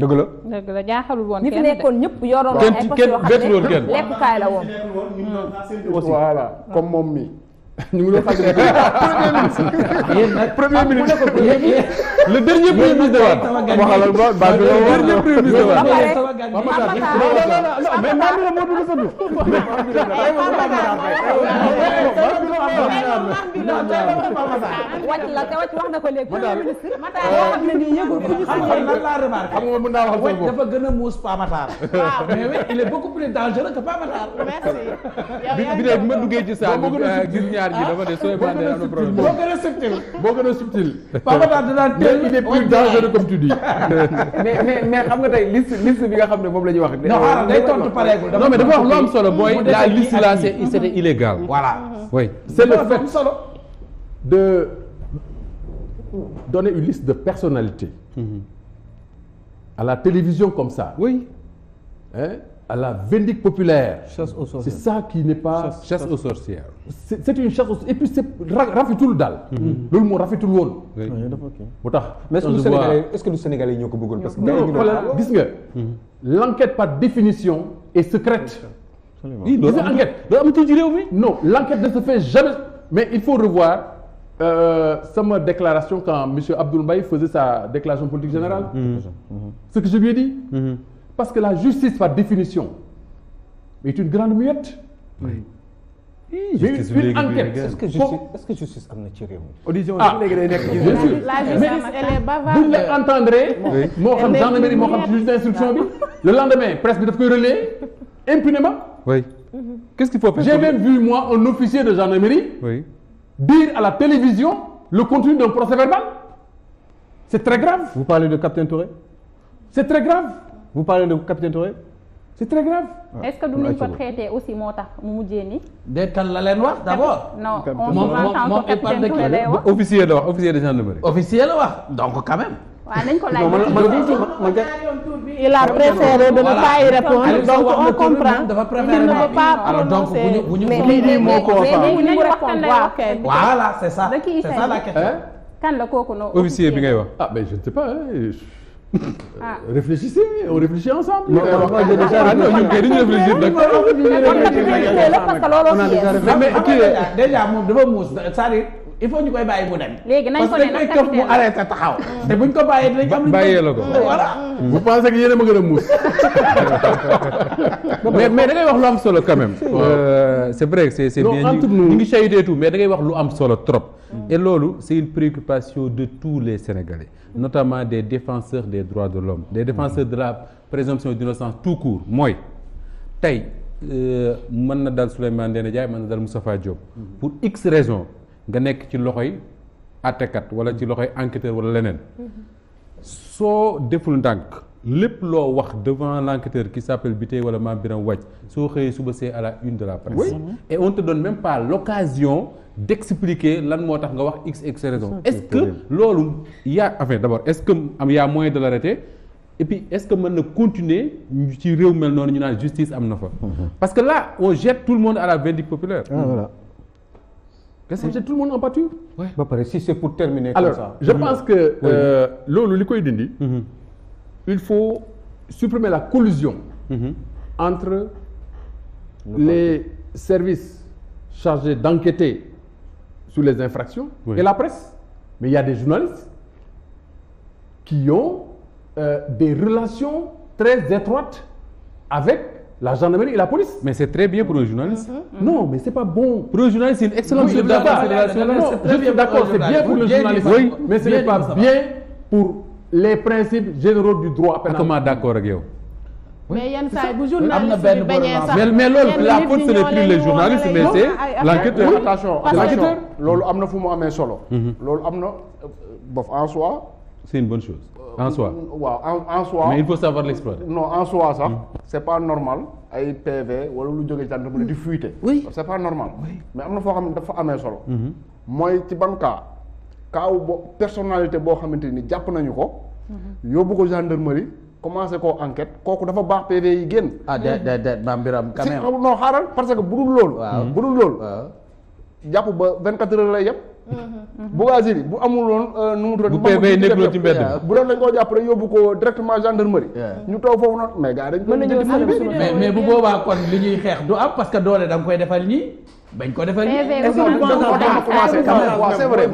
dëgg la dëgg la jaaxalul woon kenn de ñi fi nekkoon ñëpp yoroon ay poste yoo xam ne la woon. voilà comme moom mi ñu ngi doon fàttali premier ministre. yéen nag premier ministre le dernier premier ministre de Wade. waxalal ba ba bi le dernier premier ministre de Wade. Pape Matar mais maa ngi la moo dugg sa tur. wàcc la te wàcc wax na ko léegi. Matar yoo xam ne nii yëgul xam nga lan laa remarqué. xam nga mën naa waxal foofu dafa gën a muus Pape Matar. waaw mais oui il est beaucoup plus dangereux que Pape Matar. merci. bi bi de bi ma duggee ci saal bi gis Dakar gi dama ne sooy bandé am na problème boo gën a subtil boo gën a subtil teel il est plus dangereux comme tu dis ne moom la ñuy wax non day tontu pareegul non mais dafa wax lu am solo booy la liste là c'est illégal voilà c'est le de donner une liste de personnalités mm-hmm. à la télévision comme ça oui à la vindicte populaire. chasse aux sorcières c'est ça qui n'est pas. chasse, chasse aux sorcières. c'est, c'est une chasse aux et puis c'est rafetul daal. Mhm. loolu moo rafetul woon. oui bu tax. mais est-ce que du Sénégalais est-ce que du Sénégalais ñoo ko bëggoon. parce que gis nga. Mhm. l'enquête par définition est secrète. oui loolu enquête loolu amatul ci réew mi. non l'enquête ne jamais mais il faut revoir. Euh, sama déclaration quand monsieur Abdoul Mbaye faisait sa déclaration politique générale. Mhm. Ce que je lui dit. Parce que la justice, par définition, est une grande muette. Oui. Hum, justice une, une enquête. ce que justice est justice am na ci réew mi. ah léegi day bien sûr la justice entendre. moo xam gendarmerie moo xam juge d'instruction bi. le lendemain presse bi daf koy relayer impunément. oui qu'est-ce qu'il faut faire. j'ai même vu moi un officier de gendarmerie. oui dire à la télévision le contenu d'un procès-verbal. c'est très grave. vous parlez de capitaine Touré. c'est très grave. vous parlez de capitaine Touré c'est très grave. est-ce que duñ ko traité aussi moo m mu mujjee nii. dekkal la leen wax d'abord. non on moom moom capitaine Touré lay wax officier la wax officier de gendarmerie. officier la wax donc quand même. waaw nañ ko laaj man il a préféré de ne pas y répondre donc on comprend. dafa préféré alors donc bu ñu bu ñu moo ko voilà c'est ça c'est ça la question. kan la kooku noonu officier bi ngay wax. ah ben je ne sais pas. ah réfléchissez on réfléchit ensemble. non ñun kay dañu réfléchir nag. parce que looloo si yéen mais kii déjà moom dafa muus c'est-à-dire. il faut ñu koy bàyyi mu dem. léegi nañ ko ne nag parce que taxaw. te buñ ko bàyyee dinañ bàyyee la ko voilà. vous pensez que ma gën a muus. mais mais da ngay wax lu am solo quand même. Euh, c' est vrai que c' bien ñu ngi saytee tout mais da ngay wax lu am solo trop. et loolu c' est une préoccupation de tous les Sénégalais notamment des défenseurs des droits de l'homme des défenseurs de la présomption d'innocence tout court mooy tey euh, mën na dal Souleymane Ndéné Ndiaye mën na dal pour x raisons. nga nekk ci loxoy àttekat wala ci loxoy enquêteur wala leneen soo deful ndànk lépp loo wax devant l' enquêteur qui s' appelle Biteye wala Mame Birame Wathie soo xëyee suba see à la une de la presse oui. et on te donne même pas l'occasion d' expliquer lan moo tax nga wax x x raison est ce que loolu yaa enfin d' abord est ce que am yaa moyen de l' arrêter et puis est ce que mën na continuer ci réew mel noonu ñu naan justice am na fa mm-hmm. parce que là on jette tout le c'est tout le monde en pâture. ba pare si c'est pour terminer. comme ça alors je pense que euh, loolu li koy dindi. Mm-hmm. il faut supprimer la collusion. Mm-hmm. entre les services chargés d'enquêter sur les infractions. et la presse mais il y a des journalistes qui ont euh, des relations très étroites avec. la gendarmerie et la police. mais c'est très bien pour un journaliste. Mm-hmm. Mm-hmm. non mais c'est pas bon. pour un journaliste c'est une excellente chef d'État. je journaliste. oui mais ce n'est pas bien pour les principes généraux du droit. pénal d'accord ak yow. mais yenn saa yi bu journaliste bi bañee sax mais la faute ce n'est plus les journalistes mais c'est l'enquêteur attention l'enquêteur loolu am na fu mu amee solo. Mm-hmm. loolu am na euh, bof en c'est une chose en soi. Euh, waaw en en soi mais il faut savoir l'exploiter. non en soi sax. c'est pas normal ay PV wala lu jóge ci entreprise di fuiter. c'est pas normal. mais am na foo xam ne dafa amee solo. Mhm. mooy ci ban cas. kaaw bo personnalité boo xamante ni jàpp nañu ko. Mhm. yóbbu ko gendarmerie commencé koo enquête kooku dafa baax PV yi génn. ah day day day maam Birame quand même. xaaral parce que budul loolu. waaw budul loolu. jàpp ba 24 heures lay yëpp. Mm-hmm. Bougazelli bu amul woon euh, nu mu tudd. bu PV nekkuloo ci mbedd bu doon dañ koo jàpp rek yóbbu ko directement gendarmerie. ñu toog foofu noonu mais gars dañ. mën nañoo mais mais bu boobaa kon li ñuy xeex du am parce que doole da koy defal ñii. bañ ko defal ñii.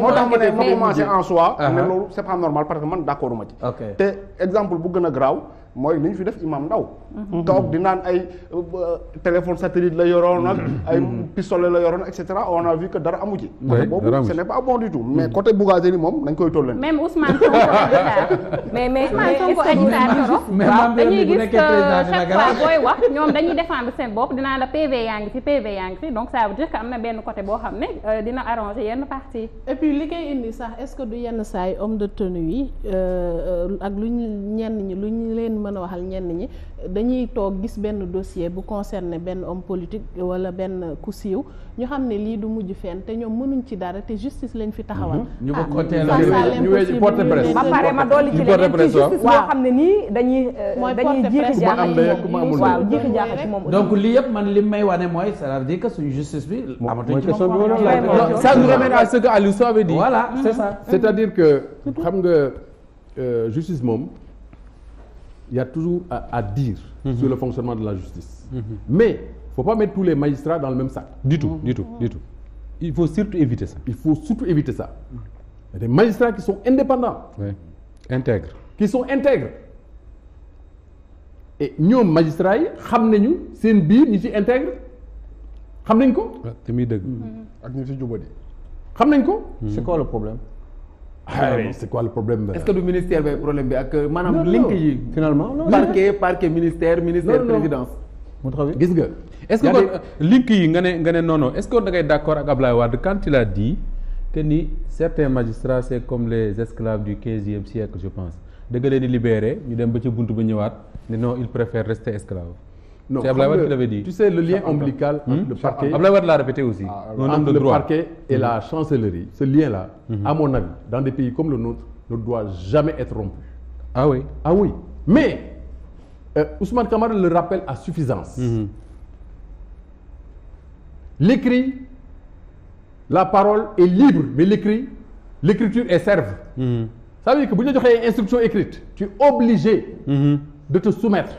moo tax ma ne ma commencé en soi. Ah, mais ah. loolu c'est pas normal parce que man d'accord ma ci. te exemple bu gën a graaw mooy li fi def imam ndaw mhm. toog di naan ay euh, téléphone satellite la yoroon ak mhm. ay mhm. pistolet la yoroon et cetera on a vu que dara amu ci côté boobu ce dañ koy tolleen mais mais Ousmane Sonko Adji Sarr dañuy gis que chaque seen bopp dinaa la PV yaa ngi fi PV yaa am na benn côté boo xam ne euh, dina arranger yenn parti li koy indi ce que du yenn saay homme de tenue yi euh, ak lu ñenn ñi lu ñu leen mën a waxal ñenn ñi dañuy toog gis benn dossier bu concerné benn om politique wala benn ku siiw ñu xam ne lii du mujj fenn te ñoom mënuñ ci dara te justice lañ fi taxawal. Mhm. ñu ah, ñu porte presse ba pare ma dolli ci leen ci justice boo nii dañuy. Euh, dañuy jiixi jaaxa ci moom waaw jiixi jaaxa moom. donc lii yëpp man li may wane mooy c'est-à-dire que suñu justice bi. amatuñ ci moom ça nous ramène à ce que Aliou Sow avait dit. voilà c'est mhm. ça c'est-à-dire que xam nga euh, justice moom. yaa y toujours à, à dire mmh. le fonctionnement de la justice. Mhm. Mais foo ne faut pas mettre tous les magistrats dans le même sac. Du tout, du tout, du Il faut surtout éviter ça. Il faut surtout éviter ça. Il y a des magistrats qui sont indépendants. Intègres. Qui sont intègres. ñoom magistrats yi xam nañu seen biir ñi ci intègre xam nañ ko. te muy dëgg. Mm-hmm. ak ñi ci jubadi. xam nañ ko. Mm-hmm. c'est quoi le problème. xëy ah, c'est quoi le problème. Euh? est-ce que du ministère bay problème bi ak. Euh, maanaam link yi finalement. parquet parquet ministère ministère présidence. moo tax gis nga. est-ce que euh, link yi nga ne nga ne est-ce que da ngay d'accord ak Ablaye Wade quand il a dit que ni certains magistrats c'est comme les esclaves du quinzième siècle je pense da leen di libérer ñu dem ba ci bunt ba ñëwaat ne non il préfère rester esclave. non Ablaye Wade le lien ombilical. le parquet Ablaye Wade l'a répété aussi. entre ah, le parquet et mm-hmm. la chancellerie ce lien là. Mm-hmm. à mon avis dans des pays comme le nôtre ne doit jamais être rompu. ah oui ah oui mais euh, Ousmane Camara le rappelle à suffisance. Mm-hmm. l'écrit la parole est libre mais l'écrit l'écriture est serve. ça veut dire que bu ñu la joxee instruction écrite tu es obligé. de te soumettre.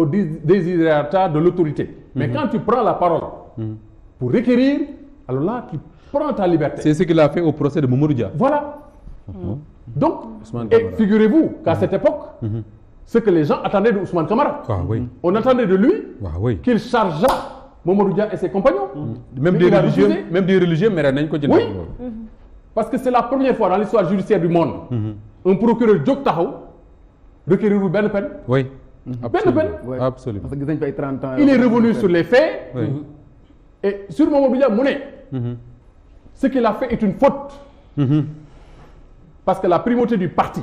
au desiderata de l'autorité. Mais mm-hmm. quand tu prends la parole mm. pour requérir, alors là, tu prends ta liberté. C'est ce qu'il a fait au procès de Moumoudja. Voilà. Mm-hmm. Donc, et figurez-vous qu'à mm-hmm. cette époque, ce que les gens attendaient de Ousmane Kamara. Ah on attendait de lui ah, oui. qu'il chargeât Momodoudia et ses compagnons. Même, des religieux, même des religieux, que Oui. Mmh. Parce que c'est la première fois dans l'histoire judiciaire du monde, mmh. un procureur Djok benn benn. absolument parce que gis nañ fi ay 30 ans. il est revenu sur les faits. Mhm. et sur Mamadou Dia mu ne. Mhm. ce qu'il a fait est une faute. Mhm. parce que la primauté du parti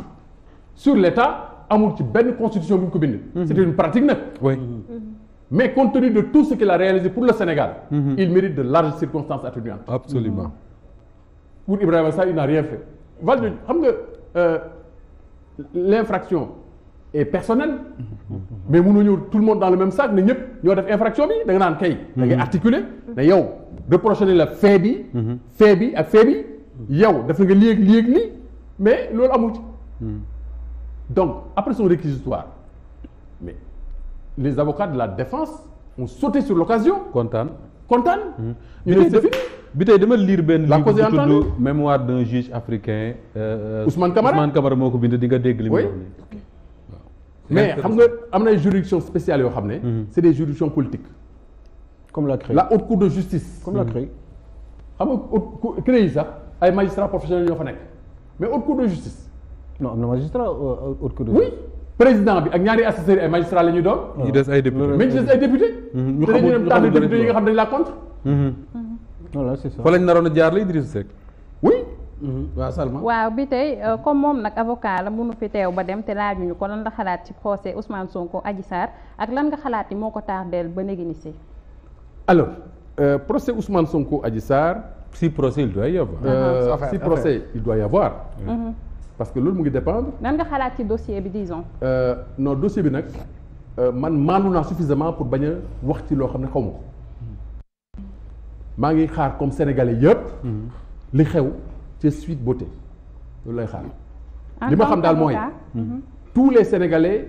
sur l'État amul ci benn constitution bu ñu ko c'est une pratique nag. oui. mais compte tenu de tout ce qu'il a réalisé pour le Sénégal. il mérite de larges circonstances atténuantes. absolument. pour Ibrahima Sall il n'a rien fait. Val xam nga euh, l'infraction. et personnel mais mënoo ñëw tout le monde dans le même sac ñëpp ñoo def infraction bi naan kay. da yow reproché nañ la bi. fait bi ak fait yow def léeg léeg loolu amu ci. donc après son réquisitoire mais les avocats de la défense ont sauté sur l'occasion kontaan kontaan. Hmm. ñu ne c'est bi tey dama lire benn livre bu tudd mémoire d'un juge africain. Euh, Ousmane Camara Ousmane Camara moo ko bind di nga dégg li mu wax nii mais xam nga am na ay juridictions spéciales yoo xam ne. Mhm. c'est des juridictions politiques. comme la CREI la haute cour de justice. comme la mhm. CREI xam nga haute CREI sax ay magistrats fa nekk mais haute cour de justice. non am na magistrat euh, haute cour de justice. oui président bi ak ñaari assesseurs ay magistrats la ñuy ñu des ay députés mais ñu des ay députés. Mhm. ñu xamul ñu xamul député yi nga xam dañ laa contre. voilà c'est lañ naroon a jaar la Idrissa Seck. oui. Mhm. waaw Salma waaw bi tey euh, comme moom nag avocat la mënu fi teew ba dem te laajuñu ko lan la xalaat ci procès Ousmane Sonko aji saar ak lan nga xalaat ni moo ko del ba léegi ni si alors euh, procès Ousmane Sonko Adji Sarr si procès il doit euh, uh-huh. procès il doit y uh-huh. parce que loolu mu ngi dépendre lan nga xalaat ci dossier bi disons euh, non dossier bi nag euh, man maanu naa suffisamment pour bañ wax ci loo xam ne xaw ma ko hmm. maa ngi xaar comme sénégalais yëpp hmm. li xew ca suite beauté loolu lay xaar li ma xam daal mooy mhm. Mhm. tous les sénégalais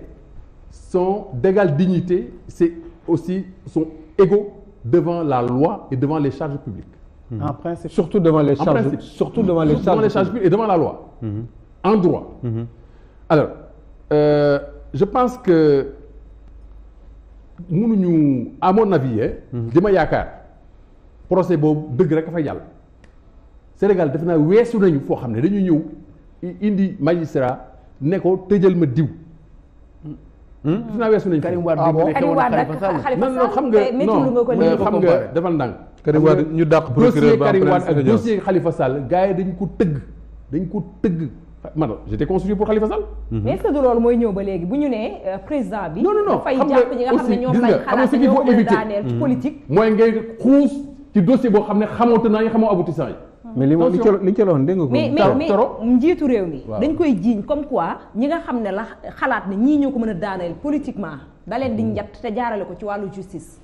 sont d'égale dignité c'est aussi sont égaux devant la loi et devant les charges publiques mhm. en principe surtout devant les charges surtout devant les charges publiques et devant la loi en alors euh, je pense que mënuñu à mon avis di ma yaakaar procès boobu dëgg rek a fay jàll Sénégal def naa weesu nañu foo xam ne dañuy ñëw indi magistrat ne ko tëjal ma diw. Hmm? def naa weesu nañu. Karim Wade ah bi nekkoon Khalifa Sall non non xam nga non xam nga defal ndànk. Karim Wade ñu dàq procureur ba Karim Wade ak dossier Khalifa Sall gars yi ko tëgg dañ ko tëgg. man j'étais constitué pour Khalifa Sall. Mhm. mais est-ce loolu mooy ñëw ba léegi bu ñu nee euh, président bi. non non non xam nga aussi gis nga xam nga ce qu'il faut éviter. Mhm. politique mooy ngay xuus ci dossier boo xam ne xamoon naa ñu xamoo aboutissant yi mais li li li ci loon dégg nga ko. mais mais njiitu réew mi. dañ koy jiiñ comme quoi ñi nga xam ne la xalaat ne ñii ñoo ko mën a daaneel politiquement da di hmm. njatt te jaarale ko ci wàllu justice.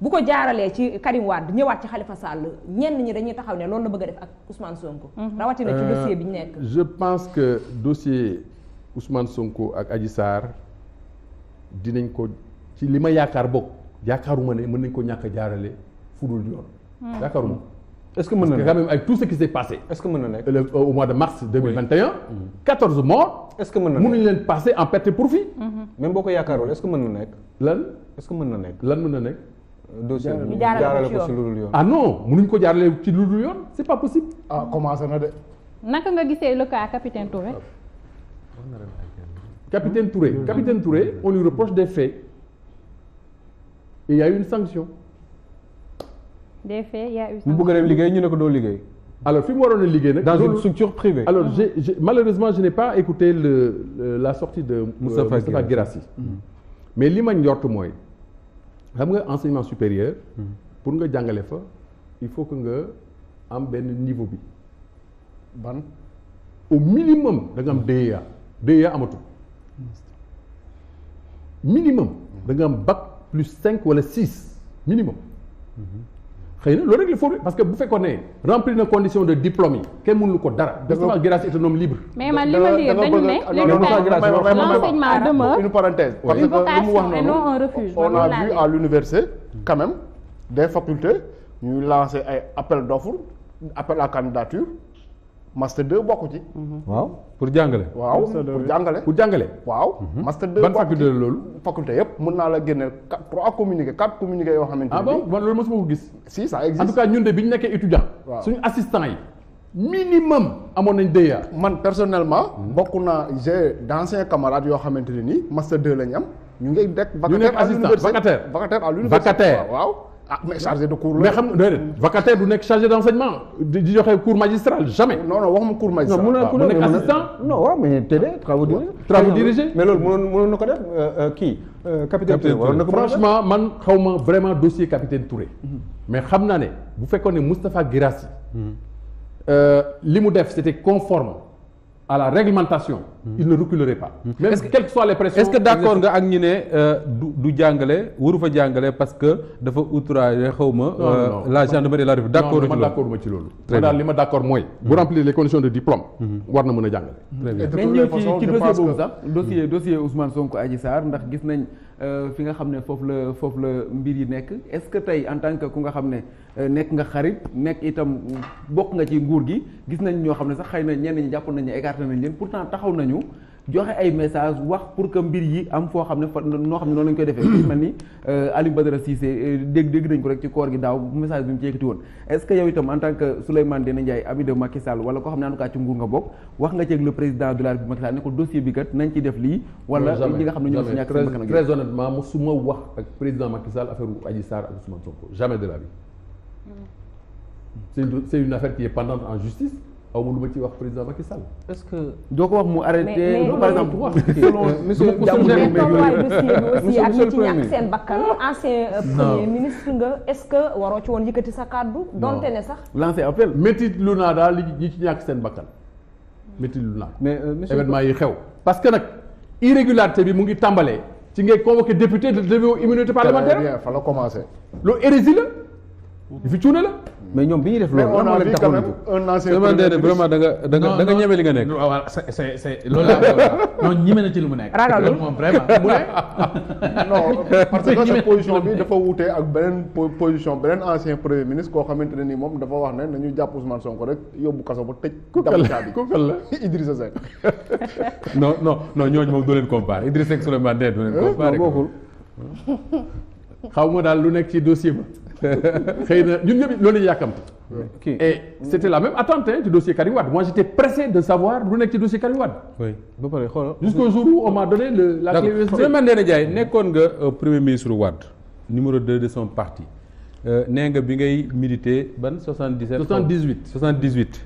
bu ko jaaralee ci Karim Wade ñëwaat ci Khalifa Sall ñenn ñi dañuy taxaw ne loolu la bëgg a def ak Ousmane Sonko. Hmm. rawatina ci euh, dossier bi ñu nekk. je pense que dossier Ousmane Sonko ak Adji Sarr dinañ ko ci li ma yaakaar bokk yaakaaruma ne mën nañ ko ñàkk a jaarale fudul yoon. Hmm. yaakaaruma. est ce que mën na nekk quand même avec tout ce qui s' est passé. est ce que mën na nekk euh, au mois de mars. 2021 14 mhm. morts. est ce que mën na nekk mënuñ leen passer en perte et profit. Mhm. même boo ko yaakaarul est ce que mën na nekk. lan est ce que mën na nekk. lan mën na nekk. dossier bi jaarale ko ci lu dul yoon ah non mënuñ ko jaarale ci lu dul yoon c' est pas possible. ah commencé na de. naka nga gisee le cas capitaine Touré. Ah. capitaine Touré capitaine Touré on lui reproche des faits et il y a eu une sanction. des faits y a mu bëgg dem liggéey ñu ne ko doo liggéey. alors fi mu waroon a liggéey nag. dans une structure privée. alors j'ai j'ai malheureusement je n'ai pas écouté la sortie de. Euh, Moustapha Moustapha Guirassy mm-hmm. mais li ma njort mooy xam nga enseignement supérieur. Mm-hmm. pour nga jàngale fa il faut que nga am benn niveau bi. ban au minimum da nga am mm-hmm. DEA DEA amatul. minimum da am bac plus cinq wala six minimum. Mm xëy na loolu rek la foofu parce que bu fekkoon ne remplir na condition de diplôme yi kenn mënu ko dara. dama grâce autonome libre. mais man li ma lire dañu ne l'enseignement demeure une parenthèse parce que li mu wax noonu on a vu à l'université quand même des facultés ñuy lancer ay appel d'offres appel à candidature master 2 bokku ci. waaw pour jàngale. waaw pour jàngale. pour jàngale. waaw mhm. master 2 ban faculté la loolu. faculté yëpp mën naa la génne quatre trois communiqué quatre communiqué yoo xamante ah ne. ah bon loolu mosuma ko gis. si ça existe en tout cas ñun de bi ñu nekkee étudiant. waaw suñu assistant yi. minimum amoon nañ DEA. man personnellement. Mhm. bokk naa j'ai d'anciens camarades yoo xamante ne nii master 2 la ñu am. ñu ngi dekk vacataire à l'université vacataire à l'université waaw. ah mais chargé de cours mais xam nga de vacataire du nekk chargé d' enseignement di joxe cours magistral jamais. non non waxuma cours magistral. non mun na ah, nekk assistant. non waaw mais ko def euh, euh, kii. Euh, capitaine Touré na ko franchement man xaw ma vraiment dossier capitaine Touré. mais xam naa ne bu fekkoon ne Moustapha Guirassi. Hmm. li mu def c' était conforme à la réglementation. Hmm. il ne reculerait pas. Hmm. même quelles que soient est-ce que d'accord nga ak ñi ne euh, du jàngale waru fa jàngale parce que dafa outragé xaw ma. Euh, la gendarmerie la République d'accord ma d'accord ma ci loolu. très bien daal li ma d'accord mooy. Hmm. bu remplir les conditions de diplôme. war na mën a jàngale. très bien gis nañ euh, fi nga xam ne foofu la foofu la mbir yi nekk est-ce que tey en tant que ku nga xam ne nekk nga xarit nekk itam bokk nga ci nguur gi gis nañ ñoo xam ne sax xëy na ñenn ñi jàpp nañ ne écarté nañ leen nañu joxe ay message wax pour que mbir yi am foo xam ne noo xam ne noonu lañ koy defee mel ni euh, Aliou Badara euh, dégg dégg nañ ko rek ci koor gi daaw message bi mu ci woon est que yow itam en tant que Souleymane Ndéné Ndiaye ami de Macky Sall wala xam ne en ci nguur nga bokk wax nga ci ak président de la République Macky ne ko dossier bi kat nañ ci def lii wala ñi nga xam ne ñoo si ñàkk seen très honnêtement u Adji Sarr ak Ousmane Sonko jamais de la vie mm. c'est une affaire qui aw ma lu ma ci wax président Macky Sall. est-ce que doo ko wax mu arrêté. par exemple selon monsieur Diakhoune ci ñàkk seen bakkan. ancien est-ce que waroo sa kàddu. donte ne sax. lancer appel métti lu naa daal li ñi ci ñàkk seen bakkan métti lu naa. mais monsieur événement yi xew. parce que nag irrégularité bi mu ngi tàmbalee. ci ngay convoqué député de lever immunité parlementaire. fa la commencé. loolu hérésie la. fi cuune la. mais ñoom bi ñuy def loolu. mais on a vu quand même un ancien vraiment da nga da nga da nga ñeme li nga nekk. non waaw c' est c' est loolu laa non ñeme na ci li mu nekk. ragal loolu moom vraiment mu ne. non parce que sa position bi dafa wuute ak beneen position beneen ancien premier ministre koo xamante ne ni moom dafa wax ne nañu jàpp Ousmane Sonko rek yóbbu kaso ba tëj. ku kal la ku kal la Idrissa Seck. non non non ñooñu moom doo leen comparé Idrissa Seck Souleymane Ndeye doo leen eh, comparé. bokkul xaw ma daal lu nekk ci dossier ba. xëy na ñun ñëpp loolu yàkkamti et c' était la même attente ci dossier Karim Wade moi j' étais pressé de savoir lu nekk ci dossier Karim Wade. oui ba pare xoolal. jusqu'au jour où on m'a donné le la clé USB. Souleymane ne Ndiaye nekkoon nga euh, premier ministre Wade numéro 2 de son parti euh, nee nga bi ngay militer ban 77. 78 78.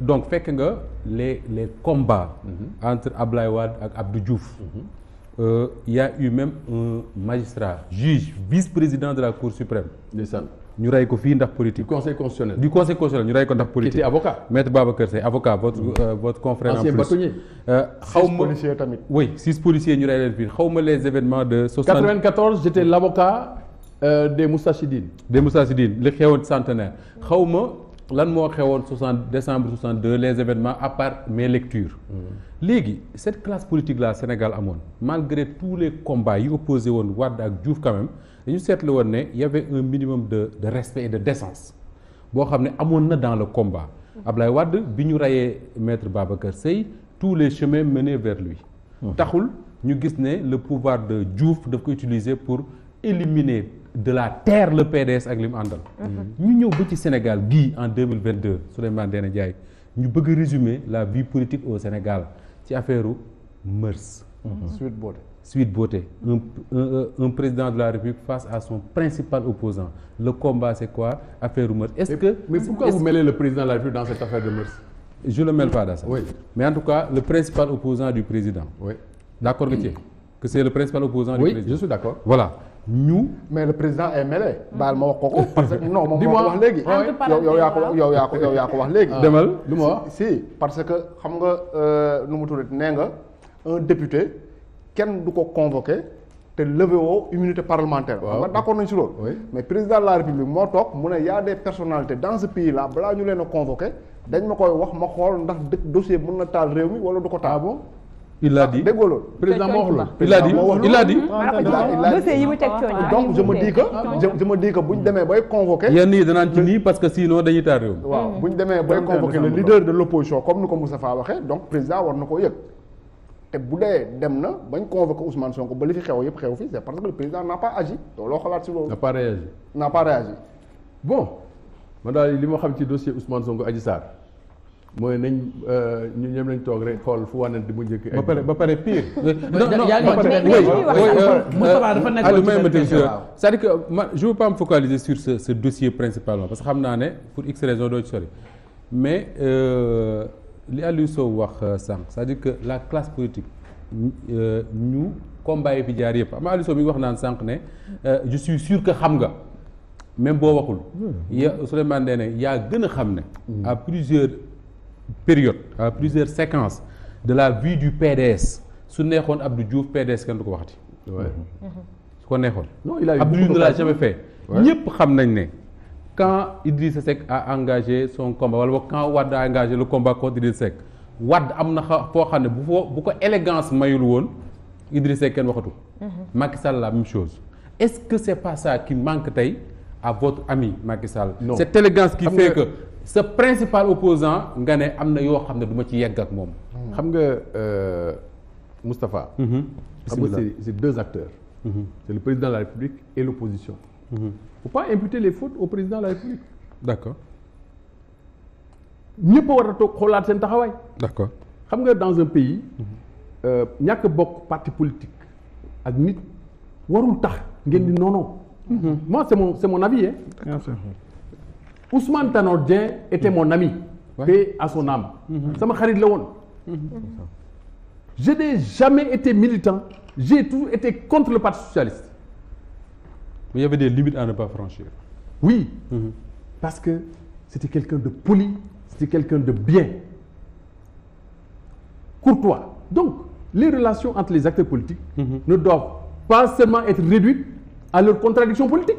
donc fekk nga les les combats. Mm-hmm. entre Ablaye Wade ak Abdou Diouf. Mm-hmm. euh, il eu même un magistrat juge vice-président de la cour suprême. ndeysaan ñu rey ko fii ndax politique. du conseil constitutionnel du conseil constitutionnel ñu rey ko ndax politique. qui était avocat maître Babacar Seye avocat votre mm. euh, plus euh, xaw ma policiers tamit. oui six policiers ñu rey leen fii xaw ma les événements de. 60 94 j'étais l'avocat euh, des Moustachidines. des Moustachidines li xewoon centenaire xaw ma. lan moo xewoon soixante décembre soixante deux les événements à part mes lectures. Mm-hmm. léegi cette classe politique là Sénégal amoon malgré tous les combats yi opposé woon Wade ak Diouf quand même dañu seetlu woon ne y avait un minimum de de respect et de décence boo xam ne amoon na dans le combat. Mm-hmm. Ablaye wadd bi ñu rayee maître Babacar Seye tous les chemins menaient vers lui. Mm-hmm. taxul ñu gis ne le pouvoir de Diouf daf ko utiliser pour éliminer. de la terre le PDS ak li mu àndal. ñu ñëw ba ci Sénégal gii en deux mille vingt deux Souleymane Ndéné Ndiaye ñu bëgg a résumer la vie politique au Sénégal ci affaire mœurs. Mhm. Sweet Beauté. Sweet Beauté un, un président de la République face à son principal opposant le combat c'est quoi affaire mœurs. est-ce mais, que mais pourquoi vous mêlez le président de la République dans cette affaire de mœurs. je le mêle pas dans ça. mais en tout cas le principal opposant du président. d'accord nga ci. que c'est ñu. mais le président ay mêlé. baal ma wax ko ko parce que non moom moo ko wax léegi. yow yow yaa ko yow yaa ko yow yaa ko wax léegi. Ah. demal du ma wax si parce que xam nga euh, nu mu tuddati nee nga un député kenn du ko convoqué te levé woo immunité parlementaire. waaw nga d' nañ si loolu. mais président la république moo toog mu ne y' a des dans ce pays là balaa ñu leen a convoqué dañ ma koy wax ma xool ndax dë dossier mën na taal réew mi wala du ko taal. Ah il l'a ah, dit déggoo loolu président moo wax loolu il l'a dit ah, il l'a dit ah, donc je me dis que bu ñu demee bay convoqué yenn yi danaan ci nii parce que sinon dañuy taar réew waaw hmm. bu demee bay convoqué le leader de l'opposition comme ni ko Moustapha waxee donc président war na koo yëg te bu dee dem na bañ convoqué Ousmane Sonko ba li fi xew yëpp xew fi c'est parce que le président n'a pas agi looloo xalaat si loolu n'a pas réagi n'a pas réagi bon man daal li ma xam ci dossier Ousmane Sonko mooy nañ ñu euh, ñoom nañ toog rek xool fu wanante mu njëkk. ba pare ba pare pire. non non yaa ngi wax euh, dafa nekk dire que man je veux focaliser sur ce ce dossier principalement parce que xam naa ne pour x raison doo ci sori mais euh, li Aliou Sow wax sànq c'est-à-dire que la classe politique ñu combat yi fi jaar yëpp am Aliou Sow mi ngi wax naan sànq ne je suis sûr xam nga même boo waxul. Hmm. ya Souleymane Ndéné yaa gën a xam ne. Hmm. à plusieurs. période à plusieurs séquences de la vie du PDS su neexoon Abdou Diouf PDS kenn du ko waxati. su ko neexoon. non il a l'a jamais fait. ñëpp xam nañ ne. quand Idrissa Seck a engagé son combat wala quand Wade a engagé le combat contre Idrissa Seck Wade am na xa foo xam ne bu foo bu ko élégance mayul woon Idrissa Seck kenn waxatu. Mhm. Macky Sall la même chose. est-ce que c'est pas ça qui manque tey à votre ami Macky Sall. non élégance qui fait sa principal opposant nga ne am na yoo xam ne duma ci yegg ak moom. Hmm. xam nga euh, Moustapha. Mm-hmm. xam nga c'est deux acteurs. Mm-hmm. c'est le président de la République et l'opposition. Mm-hmm. faut pas imputer les fautes au président de la République. d'accord. ñëpp a war a toog xoolaat seen taxawaay. d'accord xam nga dans un pays. Euh, ñàkk bokk parti politique ak nit warul tax ngeen di noonoo. moi c'est mon c'est Ousmane Tanor Dieng était mon ami. paix à son âme. sama xarit la woon. je n'ai jamais été militant j'ai toujours été contre le parti socialiste. mais il y avait des limites à ne oui. Mm-hmm. parce que c'était quelqu'un de poli c'était quelqu'un de bien courtois donc les relations entre les acteurs politiques. Mmh. ne doivent pas seulement être réduites à leurs contradictions politique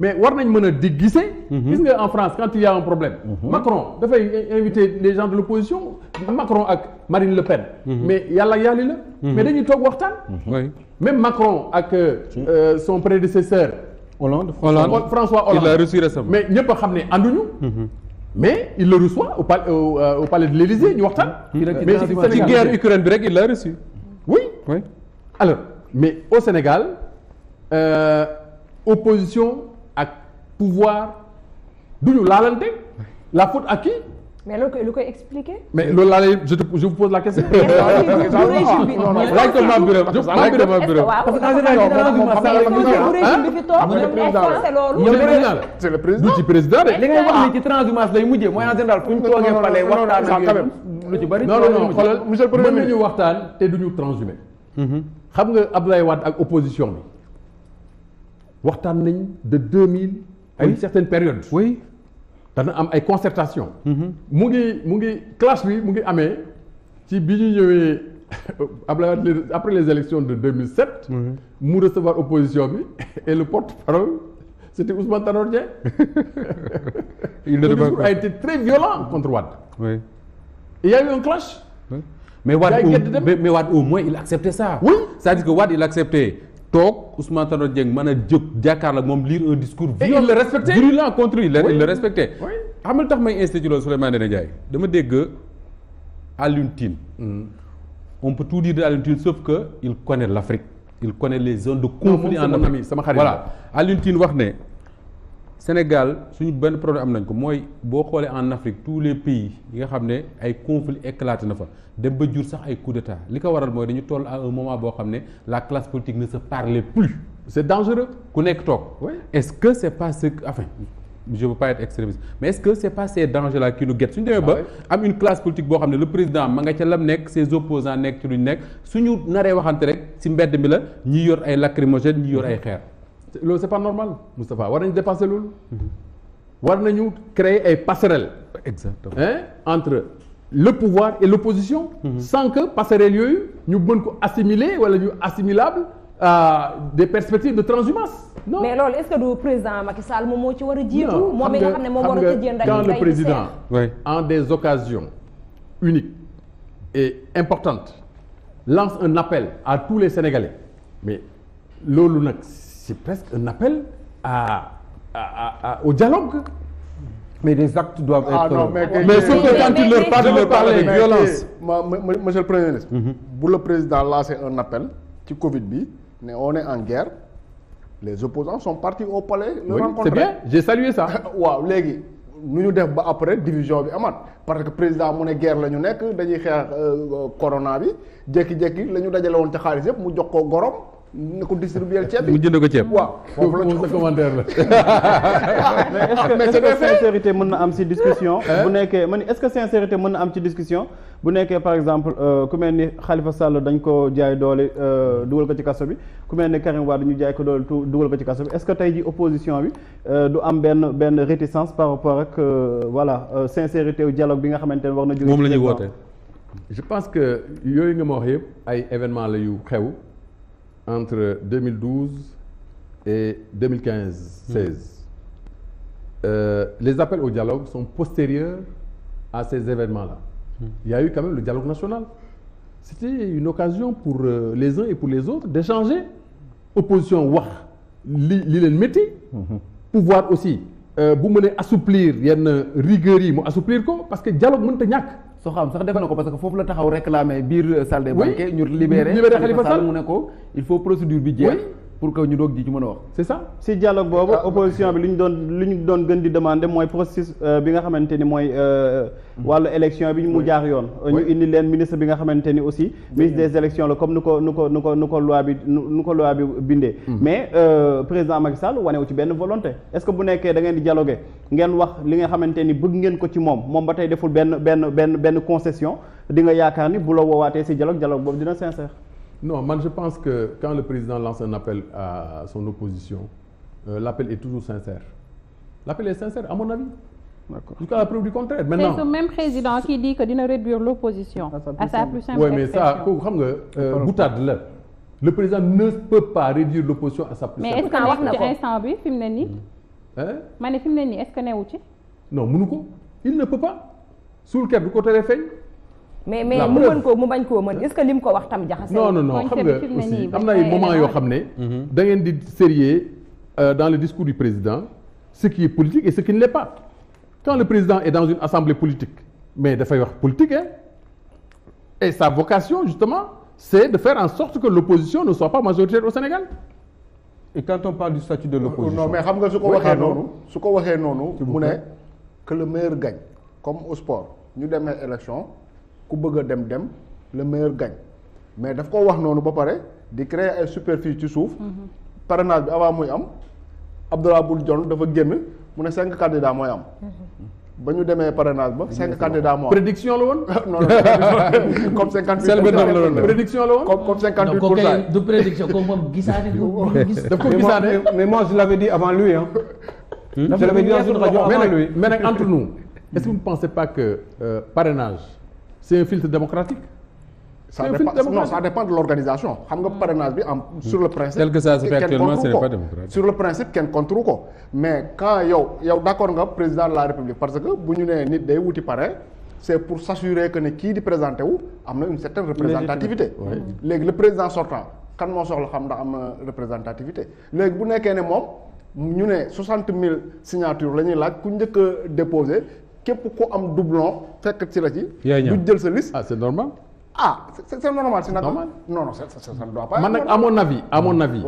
mais war nañ mën a di gisee. Mhm. gis en France quand il y a problème. Mmh. Macron dafay inviter les gens de l'opposition Macron ak Marine Le Pen. Mhm. mais yàlla yàlli la. Mhm. mais dañuy toog waxtaan. même Macron ak euh, euh son prédécesseur. Hollande Hollande François Hollande il l'a mais ñëpp a xam ne ànduñu. mais il le reçoit au palais euh, au palais de l'Élysée ñu waxtaan. mais ci guerre Ukraine bi rek il l'a reçu. oui oui alors mais au Sénégal euh, opposition. pouvoir duñu laalante la faute à qui. mais loolu mais loolu laa lay je te je vous pose la question. est ko Mame Birame laaj ko Mame Birame parce que en général c'est le président du ci président de. li ngay wax ni ci transhumance lay mujjee mooy en général fu ñu toogee pale lu ci bari. non non xoolal waxtaan te duñu transhumé. Mhm. xam nga Abdoulaye Wade ak opposition bi waxtaan nañ de 2000. à une certaine période. oui dana am ay concertation mm-hmm. mu ngi mu ngi classe bi mu ngi amee ci bi ñu ñëwee Abdoulaye après les élections de 2007. mu recevoir opposition bi et le porte-parole c' était Ousmane Tanor Dieng. il ne discours a été très violent contre Wade. oui il y a eu un clash. mais Wade au moins il acceptait ça. oui c'est-à-dire que Wade il acceptait. toog Ousmane Tanor Dieng mën a jóg jàkkaar ak moom lire un discours virulent contre lui il le respecté tax may insisté ci loolu Souleymane Ndéné Ndiaye dama dégg Alioune Tine mm-hmm. on tout dire de Alioune Tine sauf que il connaît l'Afrique il connaît les zones de conflit en Afrique sama xarit voilà Alioune wax ne Sénégal suñu benn problème am nañ ko mooy boo xoolee en Afrique tous les pays yi nga xam ne ay conflits éclaté na fa dem ba jur sax ay coup d'état li ko waral mooy dañu toll à un moment boo xam ne la classe politique ne se parlait plus. c'est dangereux ku nekk toog. est-ce que c'est pas ce que mais est-ce que c'est pas ces dangers là qui nous guettent suñu demee ah ba am une classe politique boo xam ne le président ma nga ca lam nekk ses opposants nekk ci luñ nekk suñu naree waxante rek ci mbedd mi la ñi yor ay lacrymogènes ñi yor ay xeer. loolu c'est pas normal Moustapha war nañu dépasser loolu. war nañu créer ay passerelles. exactement hein entre le pouvoir et l'opposition mm -hmm. sans que passerelles yooyu ñu mën ko assimiler wala ñu assimilable à des perspectives de transhumance. non mais loolu est-ce que du président Macky Sall moom moo ci war a jiitu. moom mi nga xam ne moom war a tëjee ndaje quand le président en des occasions uniques et importantes lance un appel à tous les Sénégalais mais loolu nag. ci presque un appel au dialogue. mais des actes doivent ah être. Non, mais que, euh, mais surtout quand mais, tu leur parles, tu leur monsieur le premier ministre. Mhm. bu le président lancé un appel ci Covid bi ne on en guerre les opposants sont partis au palais. le oui, rencontrer waaw léegi nu ñu def ba après division bi amaat parce que président mu ne guerre la ñu nekk dañuy xeex euh, corona bi jékki la ñu dajale woon ci xaalis yëpp mu jox ko gorom. na ko distribuer ceeb bi mu jënd ko ceeb waaw foofu la sa commentaire la mais est-ce que sincérité mën na am si discussion bu nekkee man est-ce que sincérité mën na am ci discussion bu nekkee par exemple euh, ku mel ni xalifa Sall dañ ko jaay doole euh, dugal ko ci kaso bi ku mel ni Karim Wade ñu jaay ko dugal ko ci kaso bi est-ce que tey ji opposition bi euh, du am benn benn réticence par rapport ak voilà sincérité dialogue bi nga xamante ne war na jóge moom la ñuy woote je pense que yooyu nga ma wax yëpp ay événement la yu xew entre 2012 et 2015 16 hmm. euh, les appels au dialogue sont postérieurs à ces événements-là hmm. il y eu quand le dialogue national c'était une occasion pour euh, les uns et pour les autres d'échanger opposition wax li li leen métti hmm. pouvoir aussi euh, bu mënee assouplir yenn rigueur yi mu assouplir ko parce que dialogue mënta ñàkk soxam sax def na ko parce que foofu la taxaw réclamer biir salle des banquets ñu libéré Khalifa Sall mu ne ko il faut procédure bi jeex pour que ñu doog di ci mën a wax c'est ça si dialogue boobu ah, opposition bi li ñu doon li ñu doon gën di demander mooy processus euh, bi nga xamante ni mooy euh, wàllu élection bi ñu mu jaar yoon euh, ñu indi leen ministre bi nga xamante ni aussi ministre des élections la comme nu ko nu ko nu ko nu ko loi bi nu ko loi bi bindee hmm. mais président Macky wane wanewu ci benn volonté est-ce que bu nekkee dangeen di dialoguer ngeen wax li nga xamante ni bëgg ngeen ko ci moom moom ba tey deful benn benn benn benn concession di nga yaakaar ni bu la woowaatee si dialogue dialogue boobu dina sincère non man je pense que quand le président lance un appel à son opposition euh, l'appel est toujours sincère l'appel est sincère à mon avis d'accord jusqu'à la preuve du contraire c'est ce même président qui dit que dina réduire l'opposition à ah, sa ah, plus simple expression oui mais ça kooku xam nga euh, boutade la le président ne peut pas réduire l'opposition à sa plus simple mais est que wax na ko instant bi fi mu ne nii hmm. ma fi mu ne nii est-ce ci non mënu ko il ne peut pas suul ker du ko teree mais mais mu mën koo mu bañ koo mën est-ce que lim ko wax tam jaxase. non non non xam nga am na ay moment yoo xam ne. Mm-hmm. da ngeen di sérieux euh, dans le discours président ce qui est politique et ce le président est dans une politique mais dafay wax politique hein et sa vocation justement c'est de faire en sorte que l'opposition Sénégal. et quand on parle du statut euh, mais xam nga su ko waxee noonu su ko waxee noonu mu ne que le meilleur gagne comme au sport ñu demee élection. ku bëgg a dem dem le meilleur gagne mais daf ko wax noonu ba pare di créer ay superficie ci suuf. Mm-hmm. parrainage bi avant muy am Abdallah Boun Dionne dafa génn mu ne cinq candidats mooy am. Mm-hmm. ba ñu demee parrainage ba cinq candidats moo am. prédiction la woon. non non comme cinquante huit. la prédiction la woon. comme comme cinquante huit pour cent du moom gisaane daf ko gisaane mais moi je l'avais dit avant lui hein. Hmm? je l'avais dit dans pas que euh, parrainage. c'est un filtre démocratique. Ça dépend, non ça dépend de l'organisation xam nga hmm. parrainage bi am sur le principe tel que ça se fait actuellement ce n'est pas démocratique sur le principe kenn contre ko mais quand yow yow d'accord nga président de la république parce que bu ñu nee nit day wuti parrain c'est pour s'assurer que ne kii di présenté wu am na une certaine représentativité hmm. léegi le président sortant kan moo soxla xam ndax am na représentativité léegi bu nekkee ne moom ñu ne soixante mille signatures la ñuy laaj ku njëkk déposé képp ko am doublon fekk ci la ci. du jël sa liste. ah c'est normal. ah c'est c'est normal c'est normal non non c'est ça ne doit pas. man nag à mon avis à mon avis.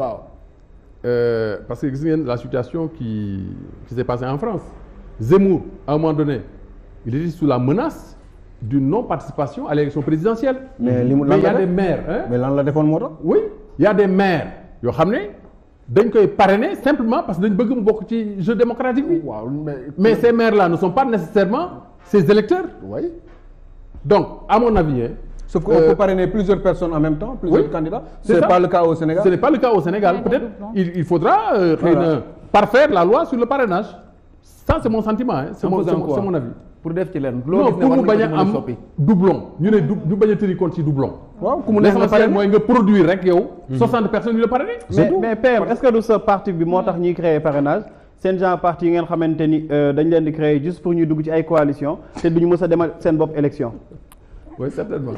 Euh, parce que gis la situation qui qui s'est passée en France Zemmour à un donné il était sous la menace d'une non-participation à l'élection présidentielle. mais li mu lan la mais il y a lan la defoon moo tax. oui il y a des maires yoo xam ne. dañ koy parrainer simplement parce que dañ bëgg mu bokk ci jeu démocratique bi. waaw mais ces maires là ne sont pas nécessairement ces électeurs. donc à mon avis. sauf qu'on euh, peut parrainer plusieurs personnes en même temps. plusieurs candidats c'est pas le cas au Sénégal. ce n'est pas le cas au Sénégal peut-être il faudra euh, na euh, parfaire la loi sur le parrainage ça c'est mon sentiment c'est mon avis. pour def ci leen loo gis ne war nañ soppi doublon ñu ne du bañ a tëri compte ci doublon. waaw ku mu neex na pare mooy nga produire rek yow. 60 mhm. personnes yu la parrainé. mais mais PM est sa parti bi moo tax ñuy créer parrainage. seen genre parti yi ngeen xamante ni euh, dañ leen di créer juste pour ñu dugg ci ay coalition te duñu mës a demal seen bopp élection. oui certainement.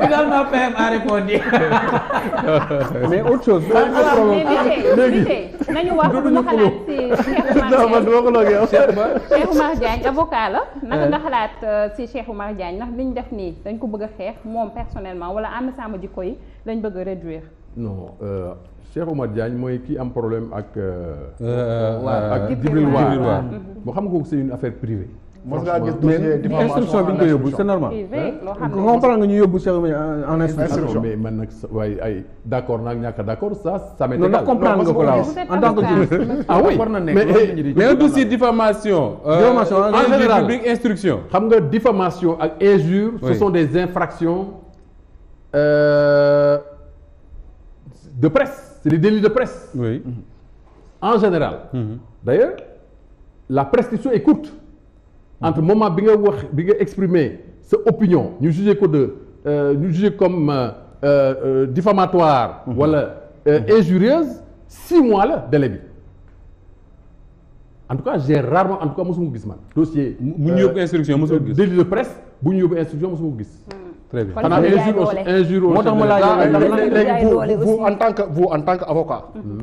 finalement PM a répondu. mais autre chose. Ah, ah, léegi nañu wax lu nga xalaat si Cheikh Oumar avocat la. naka nga xalaat ci Cheikh Oumar Diagne ndax li ñu def nii dañ ko bëgg xeex moom personnellement wala ànd sàmm jikko yi lañ bëgg réduire. non euh, Cheikh Oumar mooy kii am problème ak. Euh, euh, ak Djibril War xam nga ko c'est une affaire privée. mos ngaa gis dossier diffamation instruction bi ñu koy yóbbu c'est normal. comprendre nga ñu yóbbu chef en instruction. mais man nag waaye ay d'accord nag ñàkk d'accord ça ça m'est égal. comprendre nga ko laa wax en tant que juriste. ah oui mais eh, mais un dossier diffamation. Euh, diffamation en général xam nga diffamation ak injure. ce sont des infractions euh, de presse de presse. général. Mm-hmm. d'ailleurs la prescription est courte. entre moment bi nga wax bi nga exprimer sa opinion ñu jugé ko de euh, ñu jugé comme euh, euh, diffamatoire mhm. wala mhm. injurieuse six mois la délai bi en tout cas j'ai rarement en tout cas mosuma ko gis man dossier bu ñu yóbbu instruction mosuma ko gis bu ñu yóbbu instruction xanaa moo tax ma laaj léegi vous vous en tant que vous en tant que avocat hmm.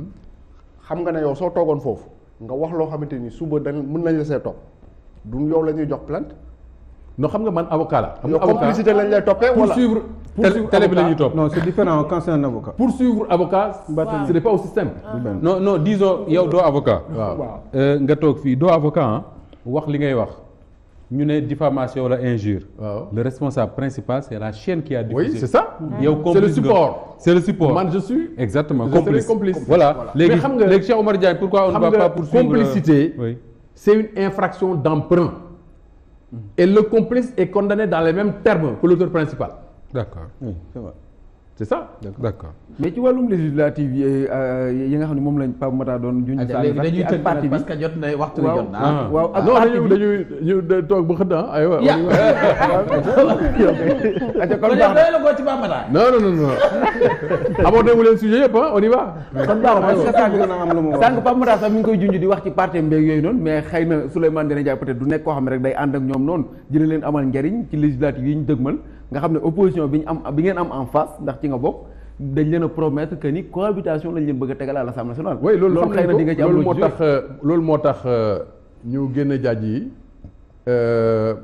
xam nga ne yow soo toogoon foofu nga wax loo xamante ni suba dañ mun nañ la see topp du yow la ñuy jox plainte non xam nga man avocat la. xam nga avocat complicité lañ lay toppee wala bi la ñuy topp noo c'est différent quand c'est un avocat. poursuivre avocat. waaw ce n'est pas aussi simple. Ah. non non disons yow doo avocat. Euh, nga toog fii doo avocat wax li ngay wax. ñu ne diffamation la injure. waaw le responsable principal c'est la chaîne qui a diffusé. oui c'est ça. Mm. yow complice c'est le support. c'est le support man je exactement euh, complicité. c'est une infraction d'emprunt et le complice est condamné dans les mêmes termes que l'auteur principal. D'accord. Oui, c'est vrai. c'est ça. d'accord mais ci wàllum législative euh, yi nga xam ne moom lañ Pape Matar doon. juñ saa léegi dañuy parti bi parce jot na waxtu bi jot na. Ah. waaw ak parti bi dañuy dañuy toog ba xëdd ah aywa. yaa ci Pape ah, sax mi koy junj di wax ci parti mbéy yooyu noonu mais xëy na Souleymane Ndéné Ndiaye du nekk koo xam ne rek day ànd ak ñoom noonu dina leen amal njariñ ci législative yi ñu dëgmal nga xam ne opposition bi ñu am bi ngeen am en face ndax ci nga bokk dañ leen a promettre que ni cohabitation lañ leen bëgg a tegal à l'Assemblée nationale. oui loolu xam nañ ko loolu moo tax loolu moo tax euh, ñu génne jaaj yi euh,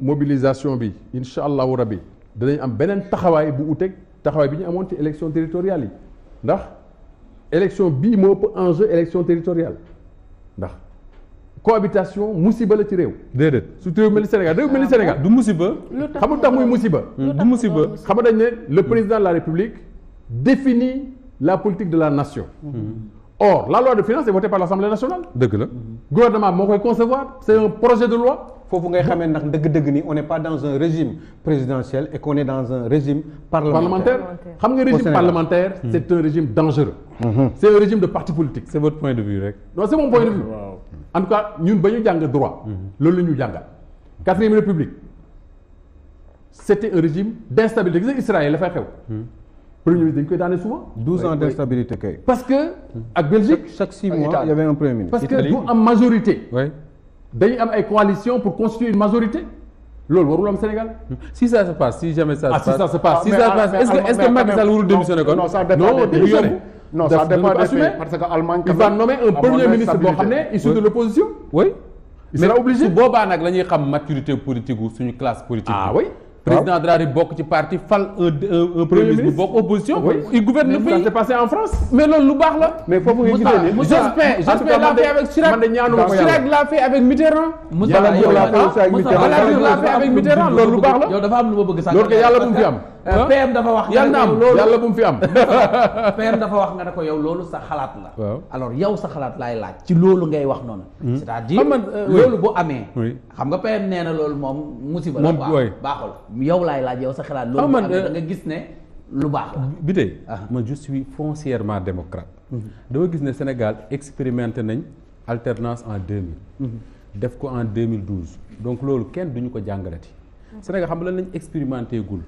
mobilisation bi incha allahu bi danañ am beneen taxawaay bu uteeg taxawaay bi ñu amoon ci élection territoriale yi ndax élection bii moo ëpp enjeu élection territoriale ndax. cohabitation musiba la ci réew. déedéet su réew mel ni ah du musiba. xam nga tax muy musiba. du musiba xam nga dañ ne le président de la République définit la politique de la nation. Mm-hmm. or la loi de finances est votée par l'Assemblée nationale. dëgg la mm-hmm. gouvernement moo koy concevoir c'est un projet de loi. foofu ngay xamee ndax dëgg-dëgg ni on n'est pas dans un régime présidentiel et qu'on est dans un régime parlementaire xam nga régime en tout cas ñun ba ñu jàng droit. Mhm. loolu la ñu jàngal. quatrième république c' un régime d' instabilité gis nga Israël la fay xew. Mhm. premier ministre dañ koy daane souvent. 12 kay. parce que mhm. ak Belgique. chaque 6 mois parce que du am majorité. dañuy am ay coalition pour constituer une majorité. loolu warul am Sénégal. si ça se passe si jamais ça ah, se passe. est est ce warul démissionné kon. non ça dépend des non ça dépend parce que Allemagne. il va nommer un premier ministre boo xam ne issu de l'opposition oui nag la xam maturité politique wu suñu classe politique. ah président de bokk ci parti fal un un premier ministre bokk opposition. il gouverne le pays ça s'est passé en France. mais loolu lu baax la. mais foofu nga gisee avec Chirac Chirac l'a fait l'a fait avec Mitterrand loolu lu baax la. yow dafa am lu ma bëgg sax loolu kay yàlla am. Euh, PM dafa wax. yàlla am yàlla bu mu fi am. PM dafa wax nga ne ko yow loolu sa xalaat la. alors yow sa xalaat laay laaj ci loolu ngay wax noonu. Hmm. c'est-à-dire euh, bu amee. xam nga PM nee na loolu moom musiba la. moom baaxul yow laay laaj yow sa xalaat. loolu bu amee euh, nga gis ne lu baax la. bi tey ah. man je suis foncièrement démocrate. Hmm. dama gis ne Sénégal expérimente nañ alternance en 2000. Hmm. def ko en 2012 donc loolu kenn duñu ko jàngalati. Sénégal xam nga lan lañ expérimenté gul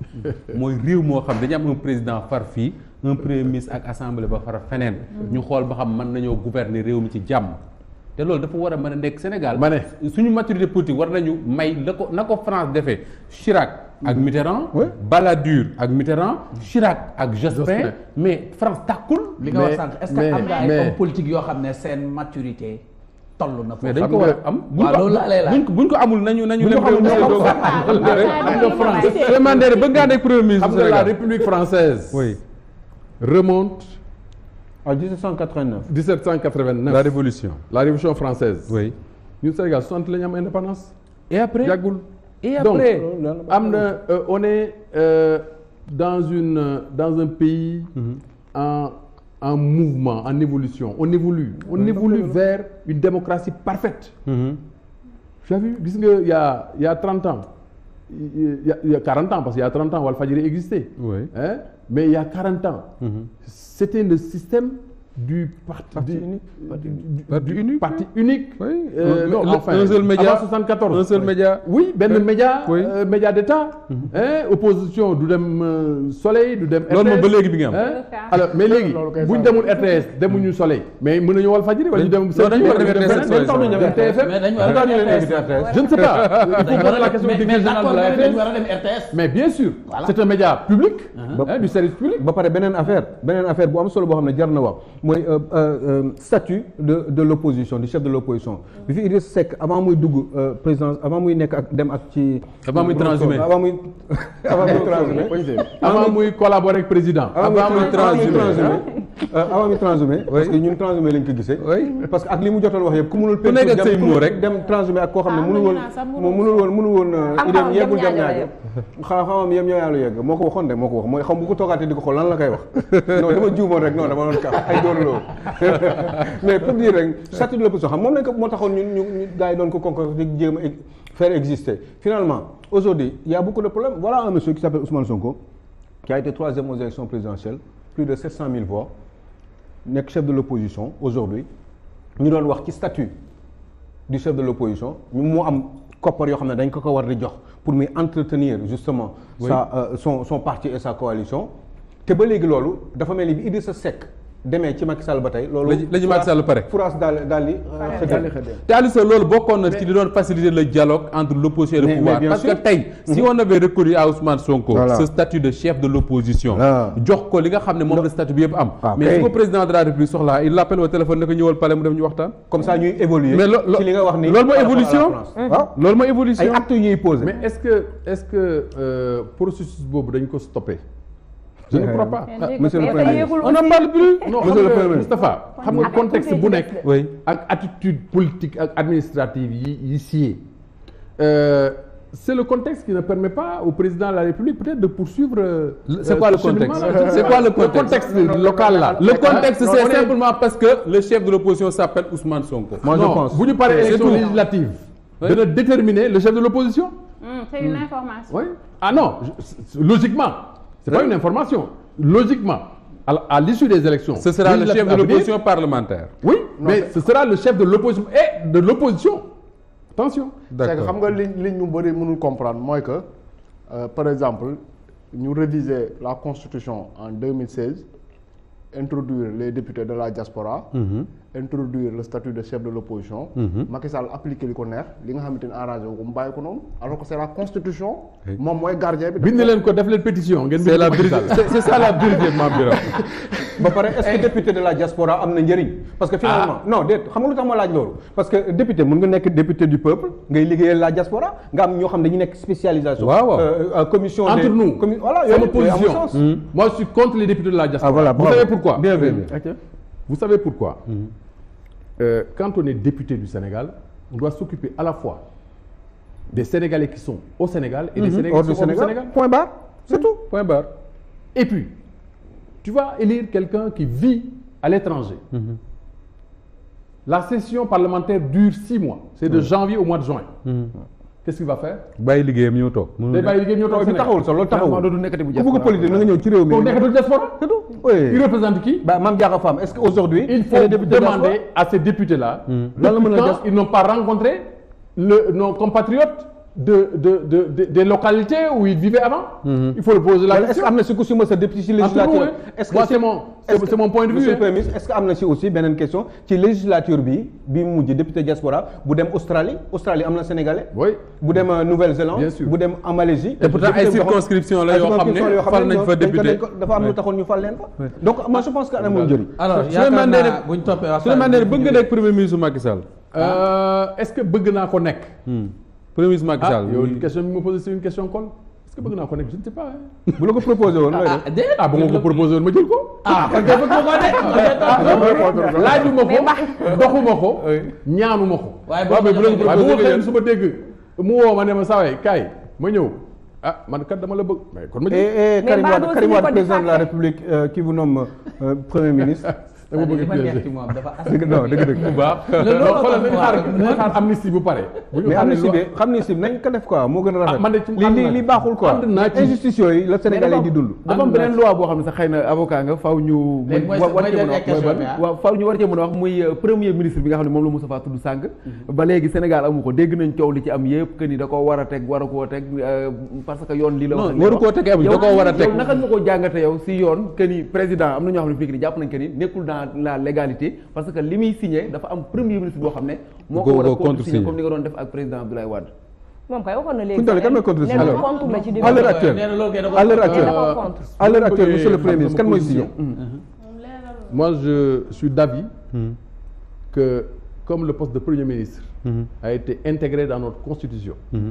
mooy réew moo xam dañu am un président far fii un premier ministre ak assemblée ba far feneen ñu xool ba xam man nañoo gouverner réew mi ci jàmm te loolu dafa war a mën a nekk Sénégal ma ne suñu maturité politique war nañu may la ko na ko France defee Chirac ak Mitterrand Balladur ak Mitterrand mm. Chirac ak Jospin mais France tàkkul li nga wax sànq est-ce nga ay hommes politiques yoo xam ne seen maturité toll na foofu mais dañ ko war a am. waaw loolu laa lay laaj buñ ko amul nañu nañu. buñ ko amul ñoo xam France Mandela bëgg ngaa nekk premier ministre du Sénégal la française remonte. à la révolution la révolution française oui ñun Sénégal soixante la am indépendance. et après yàggul. donc am na euh, on est euh, dans une euh, dans un pays. Mm-hmm. en mouvement en évolution on évolue on évolue vers une démocratie parfaite mm-hmm. tu as vu gis nga il y a il y a trente ans il y a il ans parce qu'il y trente ans Walfadjri existait oui. hein mais il y a ans mm-hmm. c'était le système du parti unique parti unique parti unique. oui euh, euh, un seul média avant 74. un seul média oui benn média. oui euh, média d'État. Mhm. opposition du dem Soleil du dem. RTS loolu moom ba léegi bi nga am. alors mais léegi bu demul RTS demuñu Soleil. mais mën nañu Walf Fadjri wala ñu dem. non dañu war a dem RTS mais dañu war a dem mais dañu war a dem RTS. je ne sais service public. ba pare beneen affaire beneen affaire bu am solo boo xam ne jar na wax. mooy euh, euh, euh, statut de de l'opposition du chef de l'opposition mm. bi fi Idriss Seck avant muy dugg présidence avant muy nekk ak muy transhumé avant muy avant muy transhumé avant muy ak président avant muy transhumé avant muy transhumé parce que ñun transhumé lañ ko gisee parce que ak li mu jotoon wax yëpp ku mënul ku nekk say mots rek dem transhumé ak koo xam ne ah, mënul woon mënul woon mënul woon idéem yeggul dem ñaage xam xamam yem ñoo yàllu yegg moo ko waxoon de moo ko wax mooy xam bu ko toogaatee di ko xool lan la koy wax non dama juumoon Modou Lo mais pour dire rek statut de l'opposition xam moom lañ moo taxoon ñun ñu ñu gars yi doon ko concours di jéem a faire exister finalement aujourd'hui il y a beaucoup de problèmes voilà un monsieur qui s'appelle Ousmane Sonko qui a été troisième aux élections présidentielles plus de 700 000 voix nekk chef de l'opposition aujourd'hui ñu doon wax ci statut du chef de l'opposition mu am koppar yoo xam ne dañ ko ko war di jox pour muy entretenir justement oui. sa euh, son son parti et sa coalition te ba léegi loolu dafa mel ni bi Idrissa demee ci Macky Sall ba tey. loolu la ci Macky pare. France euh, loolu bokkoon na ci li doon faciliter le dialogue entre l' opposition pouvoir parce que tey si mhm. on avait reconnu à Ousmane Sonko ce statut de chef de l' opposition jox ko li nga xam ne moom la statut bi yëpp am ah, mais su ko président de la République soxlaa il l' appelle au téléphone ne ko ñëwal palais mu dem ñu waxtaan comme ça loolu mooy évolution mhm. ah. loolu mooy évolution ay actes ñuy mais est euh, boobu dañ ko stoppé je ne eh. crois pas. Eh, monsieur le premier ministre on n'en parle plus. monsieur le premier ministre Moustapha xam nga contexte bu nekk. ak attitude politique ak administrative yi yi siyee. Euh, c'est le contexte qui ne permet pas au président de la République peut-être de poursuivre. Euh, c'est quoi le contexte c'est quoi le contexte local là. le contexte c'est simplement parce que le chef de l'opposition s'appelle Ousmane Sonko. moi je pense bu ñu paree élection législative. dana déterminer le chef de l'opposition. Hmm, c'est une hmm. information. oui ah non logiquement. c'est pas une information logiquement à l'issue des élections ce sera le chef de l'opposition parlementaire oui mais ce sera le chef de l'opposition et de l'opposition attention c'est que xam nga liñ liñ ñu bëri mënul comprendre mooy que euh, par exemple ñu réviser la constitution en 2016 introduire les députés de la diaspora mm-hmm. introduire le statut de chef de l'opposition mhm. Macky Sall li ko neex li nga xamante ni enragé wu ko mu bàyyi ko noonu alors que c'est constitution moom mooy gardien bi bind leen pétition ngeen c'est la c'est ça la vérité Mame Birame ba pare est-ce eh. la diaspora am na njëriñ parce que finalement ah. non déet xam nga lu tax ma laaj loolu parce que député mën nga nekk député du peuple ngay liggéeyal la diaspora nga am ñoo xam dañu nekk spécialisation euh, euh, euh, quand on est député du Sénégal, on doit s'occuper à la fois des Sénégalais qui sont au Sénégal et des mmh, Sénégalais qui sont Sénégal. au Sénégal. Point barre, c'est mhm. tout. Point barre. Et puis, tu vas élire quelqu'un qui vit à l'étranger. Mmh. La session parlementaire dure six mois. C'est de mmh. janvier au mois de juin. Mhm. qu'est-ce qu'il va faire. bàyyi liggéeyam ñëw toog. day bàyyi liggéeyam ñëw toog taxawul sax loolu taxawul. du nekkati bu jafe ku bëgg politique na nga ñëw ci réew mi. kooku nekkatul diaspora. il représente qui. bah Mame Diarra Fam est-ce que aujourd'hui il faut demander à ces députés là. Hmm. lan la mën a ils n'ont pas rencontré le nos compatriotes. de de de des de localités où ils vivaient avant. Mm -hmm. il faut le poser la question. est-ce que am na si ku si mës a député si ah, législature. est-ce que c'est mon c'est mon point de vue. monsieur le premier ministre est-ce que am na si aussi beneen question ci législature bi bi mu mujj député diaspora bu dem Australie Australie am na sénégalais. oui bu dem euh, Nouvelle-Zélande. bien sûr bu dem en Malaisie. te pourtant ay circonscriptions la yoo xam ne fal nañ fa député dafa am lu taxoon ñu fal leen fa. donc moi je pense que ana mu njëriñ. alors yaakaar naa bu ñu toppee Souleymane Ndéné bëgg nga nekk premier ministre Macky Sall. Ah. Euh, est-ce que bëgg naa ko nekk. Hmm. premier ministre Macky Sall. ah yow question bi ma posé c'est une question kon. est ko nekk je ne sais pas. bu la ko proposé woon looy def ah bu ko proposé woon ma jël ko. ah kon kay bëgg ma koo de. laajuma ko doxuma ko. ñaanuma ko. waaye bu la ko proposé ngeen su ma dégg mu woo ma ne ma saa waay kaay ma ñëw. ah la bëgg. mais kon ma jël Karim Wade Karim Wade président de la République qui vous ministre. dama bëgg a piégé non dëgg dëgg bu baax xoolal nañu xaar nañu xaar amnistie bu pare mais amnistie bi xam ni si nañ ko def quoi moo gën a ah, rafet li li li baaxul quoi injustice yooyu la sénégalais di dund dafa am beneen loi boo xam ne sax xëy na avocat nga faaw ñu war cee mën a wax ah. waaw faaw ñu war cee mën a wax muy euh, premier ministre bi nga xam ne moom la Moustapha tudd sànq mhm. ba léegi Sénégal amu ko dégg nañ coow li ci am yëpp que ni da koo war a teg war a koo teg euh, parce que yoon lii la wax waru koo teg da koo war a teg naka nga ko jàngate yow si yoon que ni président am na ñoo xam ne fii ni jàpp nañ que ni nekkul dans la légalité parce que li muy signé dafa am premier ministre boo xam ne. moo ko war a contre signé comme ni nga doon def ak président Abdoulaye Wade. moom kay waxoon na léegi ne ne la ci déglu. à l'heure actuelle à l'heure actuelle monsieur le premier ministre kan mooy signé. moi je suis hmm. que comme le poste de premier ministre. Hmm. a été intégré dans notre constitution. Hmm.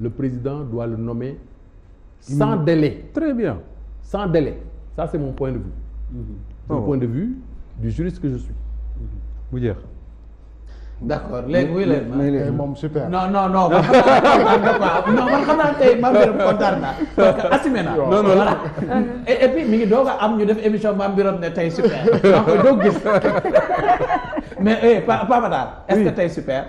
le président doit le nommer. sans délai. très bien sans délai. Ça, c'est de vue. Mm -hmm. C'est du juriste que je suis bu jeex. d' accord léegi ma super. non non non man xam naa tey Mame Birame parce que assumé naa. non et mi ngi am ñu def émission Mame Birame ne tey super maa doog gis. mais eh Papa Dar. est-ce que tey super.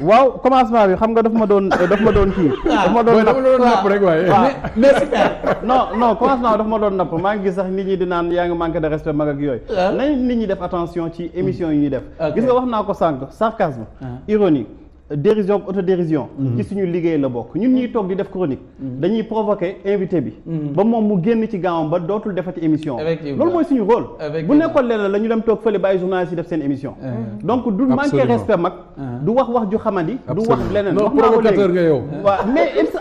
waaw commencement bi xam nga dafa ma doon eh, daf ma doon kii. Ah. daf ma doon napp rek waaye. mais super. non non commencement bi daf ma doon napp maa ngi gis sax nit ñi di naan yaa ngi manqué de respect mag ak yooyu. Ah. nañ nit ñi def attention ci émission yi ñuy def. gis nga wax naa ko sànq sarcasme ah. ironique dérision autodérision mhm. ci suñu liggéey la bokk ñun ñuy toog di def chronique mhm. dañuy provoquer invité bi mhm. ba moom mu génn ci gaawam ba dootul defati émission loolu mooy suñu rôle bu nekkoon leen la ñu dem toog fële bàyyi journaliste yi def seen émission eh. donc du manqué respect mag eh. du wax wax ju xamandi du wax leneen non provocateur nga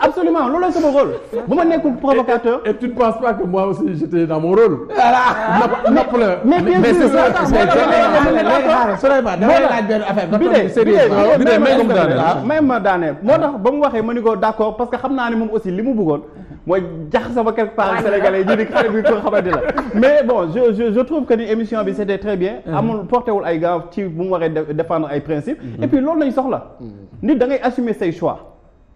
absolument loolu la sama rôle bu ma nekkul provocateur et tu ne penses pas que moi aussi j'étais ah bi de daaneel ah, même ma daaneel moo tax ba mu waxee ma ni ko d'accord parce que xam naa ne moom aussi li mu bëggoon mooy jax sama quelque part sénégalais ñu ni xale bi ko xamante la mais bon je trouve que ni émission bi c'était très bien mm. amul portéwul ay gaaw ci bu mu waree défendre ay principes mm. et loolu lañ soxla mm. nit da ngay say choix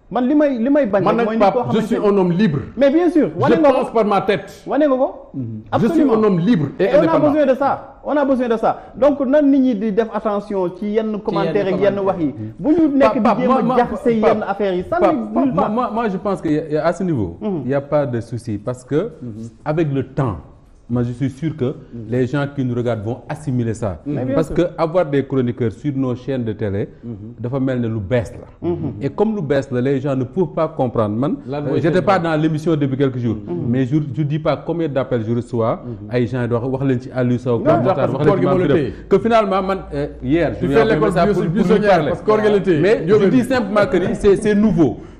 man li may li may bañ. man nag Pape je suis un homme libre. mais bien sûr wane nga ko je ma tête. wane nga je suis un homme libre et indépendant. on a besoin de ça on a besoin de ça donc nan nit ñi di def attention ci yenn commentaire ak yenn wax yi. bu ñu nekk di jéem a jaxase yenn affaires yi. sànni bul moi je pense que à ce niveau. Mhm. y a pas de souci parce que. Mhm. avec le temps. moi je suis sûr que mm. les gens qui nous regardent vont assimiler ça mm. parce que avoir des chroniqueurs sur nos chaînes de télé mm-hmm. dafa mel ne lu bees la mm-hmm. Mm-hmm. et comme lu bees la les gens ne peuvent pas comprendre man euh, j'étais pas dans l'émission depuis quelques jours mais je je dis pas combien d'appels je reçois ay gens yi wax wax leen ci Aliou Sow Mokhtar wax que finalement man euh, hier je lui ai appelé ça pour lui parler mais je dis simplement que ni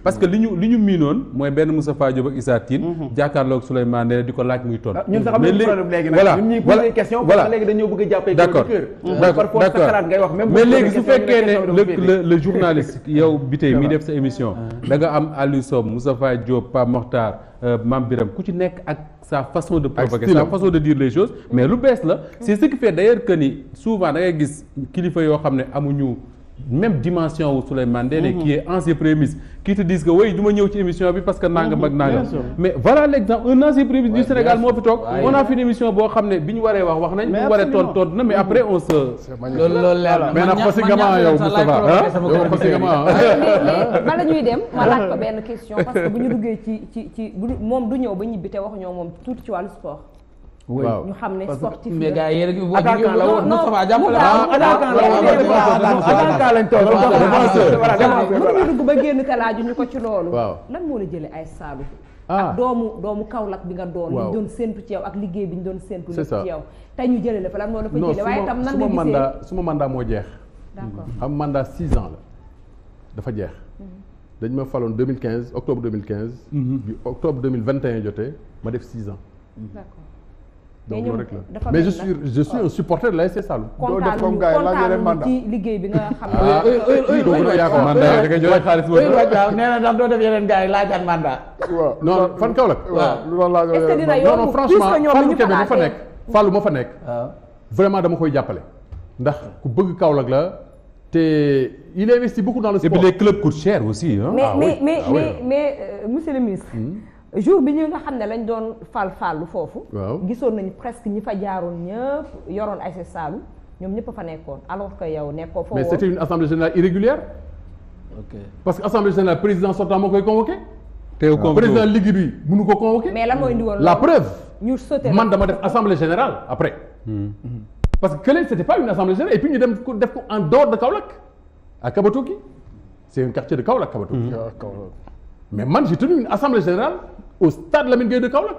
parce que li ñu ñu miinoon mooy benn Moustapha Diop ak Issa Tine mhm. jàkkaarloog Souleymane Ndéné di ko laaj muy tontu ah, ñun sax am nañu problème léegi nag a su fekkee ne le journaliste yow bi tey def sa émission ah. da nga am Aliou Sow Moustapha Diop pa Mokhtar euh, Mame Birame ku ci nekk ak sa façon de provoquer sa façon de dire les choses mais lu bees la c'est ce qui fait d'ailleurs ni souvent da gis kilifa yoo xam ne amuñu même dimension wu Souleymane Ndéné mhm. qui est ancien premier ministre qui te disent que oui ma ñëw ci émission bi parce que nangam ak mhm, nangam mais voilà l'exemple un ancien premier Sénégal moo fi toog on a fait émission boo xam ne bi ñu waree wax wax nañ bu waree tontu tontu na mais après on se loolu loolu leer mais nag fasi gama yow Moustapha ah? fasi gama ah? bala ñuy dem ma laaj ko benn question parce que bu ñu duggee ci ci ci moom du ñëw ba ñibbi te waxuñoo moom tuuti ci wàllu waaw ñu xam ne sportif la mais gars yi yéen a ngi la woon Moustapha jàppale attaquant lañ toll dugg ba génn te ñu ko ci loolu lan moo la jëlee ay saalu ah. ak doomu doomu Kaolack bi nga doon bi ñu doon séntu ci yow ak liggéey bi ñu doon séntu ci yow te ñu jëlee la fa lan moo la fa jëlee waaye tam nan nga gisee mandat suma mandat moo jeex d'accord xam mandat six ans la dafa jeex mhm. dañ ma faloon 2015 octobre 2015 mhm. bi octobre 2021 jotee ma def six ans d'accord donc loolu rek la mais je suis je suis un supporter de l'ASC Saloum. doo def comme gars yi laaj yeneen mandat ci liggéey bi nga xam ah, ne. ah nee na ndax doo def yeneen gars yi laajaat mandat. waaw non fan kaw la. waaw la est-ce que dina yomb plus que ñoom ñu fa nekk Fallou ma fa nekk. Ah. vraiment dama koy jàppale. ndax ku bëgg Kaolack la te il investit beaucoup dans le sport. et puis les clubs coûtent cher aussi. mais ah mais mais mais euh, monsieur jour bi ñu nga xam ne lañ doon fal fallu foofu. waaw nañu presque ñi fa jaaroon ñëpp yoroon ay saalu ñoom ñëpp fa nekkoon alors que yow nekkoo foo. mais c' était une assemblée générale irrégulière. ok parce que assemblée générale président sortant moo koy convoqué. te ah. président ligue bi mënu ko convoqué. mais lan moo indi la preuve. ñu sauté man dama def assemblée générale après. Hmm. Hmm. parce que kële c' était pas une assemblée générale et puis ñu dem ko def ko en dehors de Kaolack à Kabatoki c' est un quartier de Kaolack Kabatoki. Hmm. Ah, mais man j'ai tenu une assemblée générale au stade Lamine Gueye de Kaolack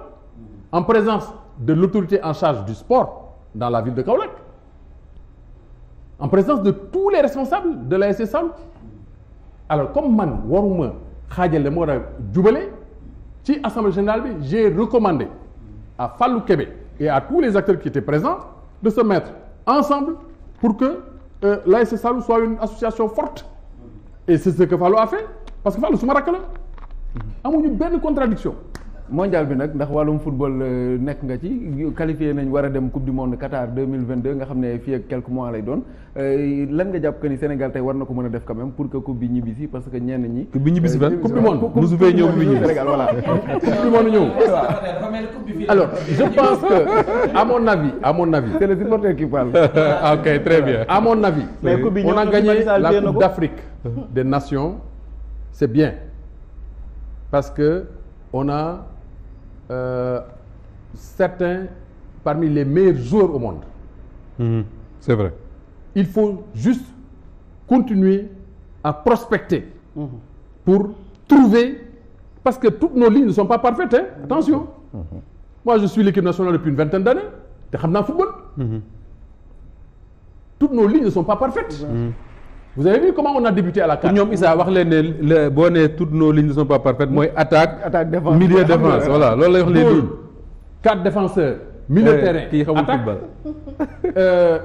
en présence de l'autorité en charge du sport dans la ville de Kaolack en présence de tous les responsables de l'ASC Saloum alors comme man waruma xaajale moo war a jubale ci assemblée générale bi j'ai recommandé à Fallou Kébé et à tous les acteurs qui étaient présents de se mettre ensemble pour que euh, l'ASC Saloum soit une association forte et c'est ce que Fallou a fait parce que Mhm. amuñu benn contradiction mondial bi nag ndax wàllum football euh, nekk nga ci qualifié nañ war a dem coupe du monde Qatar deux mille vingt deux nga xam ne fii ak quelques mois lay doon euh, lan nga jàpp que ni Sénégal tey war na ko mën a def quand même pour que coupe bi ñibbisi parce que ñenn ñi. coupe bi ñibbisi ban euh, coupe du monde coupe du monde ñëw bi ñibbi Sénégal voilà. coupe du monde alors je pense que à mon avis à mon avis. c'est le supporter qui parle. ok très bien. à mon avis. mais coupe bi on a gagné la coupe d'Afrique des nations bien. parce que on a euh, certains parmi les meilleurs joueurs au monde. Mmh, c'est vrai. Il faut juste continuer à prospecter mhm. pour trouver parce que toutes nos lignes ne sont pas parfaites hein? attention. Mmh. Moi je suis l'équipe nationale depuis une vingtaine d'années te xam naa football. Mhm. Toutes nos lignes ne sont pas parfaites. Mhm. vous avez vu comment on a débuté à la carte. ñoom Issa wax leen ne boo nee toutes nos lignes ne sont pas parfaites mooy attaque. attaque défense milieu de voilà loolu lay wax les lignes. quatre défenseurs. milieu de terrain kii euh,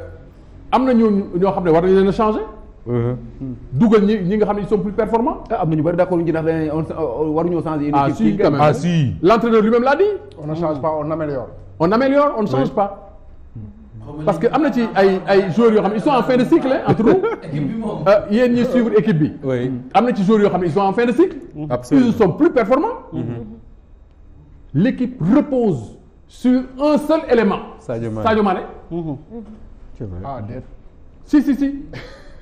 am na ñooñu ñoo xam ne war ñu leen a changer. Uh-huh. dugal ñi ñi nga xam ne ils sont plus performants. Ah, am na ñu bari d'accord ñu ci ndax dañuy waruñoo changer. une ah, équipe ah si quand on ne change pas on améliore. on améliore on change pas. parce que am na ci ay ay joueurs yoo xam ne ils sont en fin de cycle entre nous. Euh, yéen ñi suivre équipe bi. oui am na ci yoo xam ne ils sont en fin de cycle. ils sont plus performants. Mm-hmm. l' équipe repose sur un seul élément. Sadio Mané Sadio Mané. Mm-hmm. c'est vrai ah si si si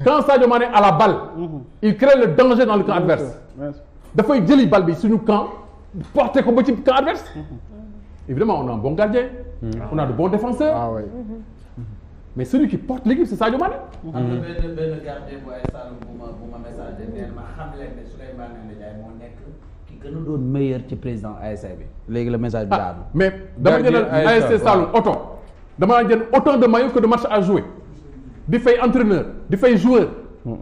quand Sadio Mané a la balle. Mm-hmm. il crée le danger dans le camp adverse. dafay jëli balle bi suñu camp porter ko ci camp adverse. évidemment on a un bon gardien. on a de bons défenseurs. Ah mais celui qui porte l'équipe c'est Sadio Mané. am na benn benn gardien bu ay Saloum bu ma bu ma message nee na ma xam leen ne Souleymane Ndiaye moo nekk ki gën doon meilleur ci président ASC bi. léegi la message bi ah, daanu. mais dama jëndal ASC Saloum autant damaa jënd autant de maillots que de matchs à jouer di fay entraîneur di fay joueur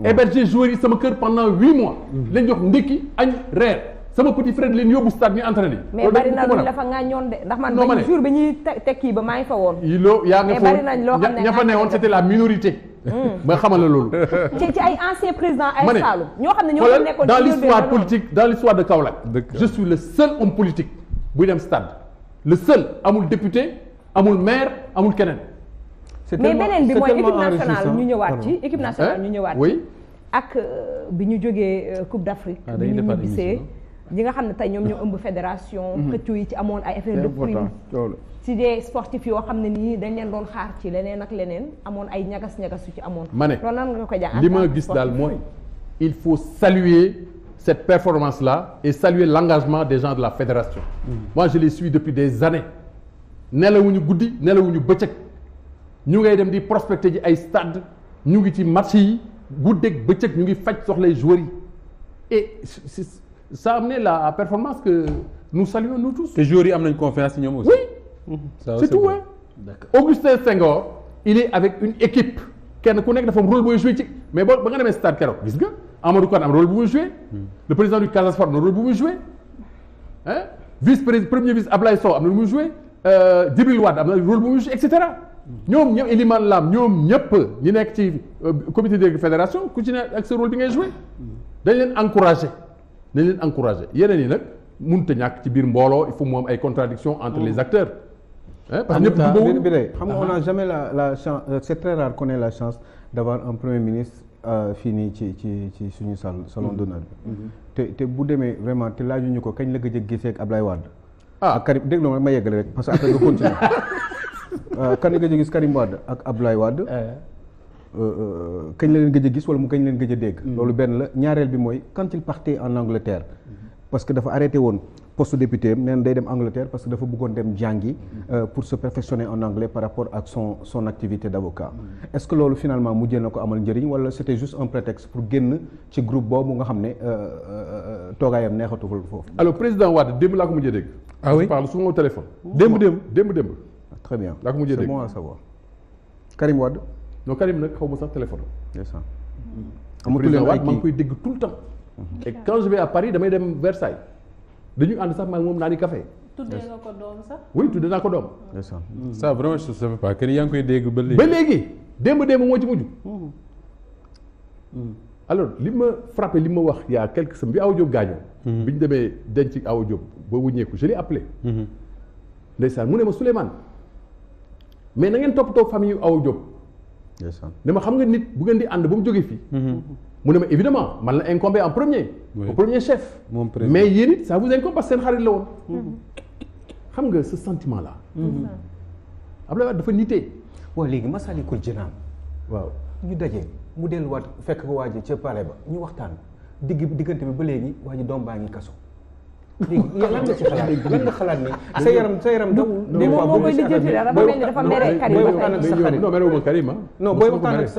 héberger joueurs yi sama kër pendant huit mois. Mm-hmm. lañ jox ndékki añ reer. sama petit frère leen yóbbu stade ñu entraîné. mais bari na lu la fa ŋàññoon de ndax man. non ma ne jour bi ñuy tekki ba maa ngi fa woon. loo yaa nga fa woon ña fa ne woon c'était la minorité. ma hmm. xamal la loolu. ci ci ay anciens présidents ay Saloum. ñoo xam ne ñoo fa nekkoon dans l'histoire politique dans l'histoire de Kaolack. je suis le seul homme politique buy dem stade. le seul amul député amul maire amul keneen. c'est tellement mais beneen bi mooy équipe nationale ñu ñëwaat ci équipe nationale ñu ñëwaat ci. ak euh, bi ñu jógee euh, Coupe d'Afrique. ah dañuy ñi nga xam ne tey ñoom ñoo ëmb fédération. Mhm. xëccoo yi ci amoon ay affaire de prime ci des sportifs yoo xam ne nii dañ leen doon xaar ci leneen ak leneen amoon ay ñagas ñagas yu ci amoon. ma ne loolu nan nga ko jàngat li ma gis daal mooy il faut saluer cette performance là et saluer l'engagement des gens de la fédération. Mmh. moi je les suis depuis des années nelawuñu guddi nelawuñu bëccëg ñu ngay dem di prospecter ji ay stade ñu ngi ci match yi guddeeg bëccëg ñu ngi faj soxlay joueurs ça a la performance que nous saluons nous tous. te joueurs am nañ confiance ci ñoom oo oui mhm. ça c'est tout hein. Augustin Senghor il est avec une équipe kenn ku nekk dafa am rôle booy joué ci mais ba nga demee stade keroog gis nga Amadou Kane am rôle bu muy joué. Hmm. le président du Casa Sport am rôle bu muy joué. ah vice président premier vice Ablaye Sow am na lu muy joué euh, Djibril am na rôle bu muy cetera. ñoom ñoom Elimane Lam ñoom ñëpp ñi nekk ci euh, comité de fédération ku ci ne ak sa rôle bi ngay joué hmm. dañ leen encouragé. nañ leen encouragé yeneen yi nag mënut a ñàkk ci biir mbooloo il faut mu am ay contradiction entre les mm. acteurs. parce que ñëpp du bi xam nga on n'a ah jamais la la chance euh, c'est très rare la chance d'avoir un premier ministre euh, fii nii ci ci ci suñu salon salon mm. d'honneur bi. Mm-hmm. te te bu demee vraiment te laajuñu ko kañ la gëj a gisee ak Ablaye Wade. ah Karim dégg nga ma yeggale rek parce que après euh, nga continuer kañ la gis Karim Wade ak Ablaye Wade. Eh. Euh, euh, kañ la leen gëj a gis wala mu kañ leen gëj a dégg. Mm. loolu benn la ñaareel bi mooy quand il en Angleterre. Mm-hmm. parce que dafa arrêté woon poste député am neen day dem Angleterre parce que dafa bëggoon dem jàngi. Mm-hmm. Euh, pour se perfectionner en anglais par rapport ak son son activité d' avocat. Mm-hmm. est ce que loolu finalement mu jël na ko amal njëriñ wala c' était juste un prétexte pour génn ci groupe boobu nga xam ne toogaayam neexatul foofu. alors président Wade démb laa ko mujjee dégg. ah oui je parle souvent au téléphone. démb démb démb démb. Ah, très bien laa ko mujjee dégg c' non Karim nag xaw ma sax téléphone. ndeysaan mm-hmm. amatul leen waat maa ngi koy dégg tout le temps. Mm-hmm. et quand je à Paris damay dem Versailles dañuy ànd sax maag moom naa ni kafe tuddee nga ko doom sax. oui tuddee naa ko doom. ndeysaan mm-hmm. ça vraiment je ne savais pas que yaa ngi koy dégg ba léegi. ba léegi démb démb moo ci mujj. alors li ma frappé li ma wax yaa a quelques semaines bi Awa Diop gaañoo. bi ñu demee denc Awa Diop ba wuññeeku je l'ai appelé. ndeysaan mu ne ma Souleymane mais na ngeen toppatoo famille Awa Diop. ne ma xam nga nit bu ngeen di ànd ba mu jógee fii. Mhm. mu ne ma évidemment man la incombé en premier. au premier chef. mais yéen it ça vous incombe parce que seen xarit la woon. Mhm. xam nga ce sentiment là. Mhm. Abdoulaye Wade dafa nitee. waaw léegi Massalikul Jinaan. waaw ñu daje mu delluwaat fekk ko waa ji ca pare ba ñu waxtaan digg diggante bi ba léegi waa ji doom baa ngi kaso. dégg nga lan nga ci xalaat lan nga xalaat ni sa yaram boo gisee affaire bi dafa mel ni dafa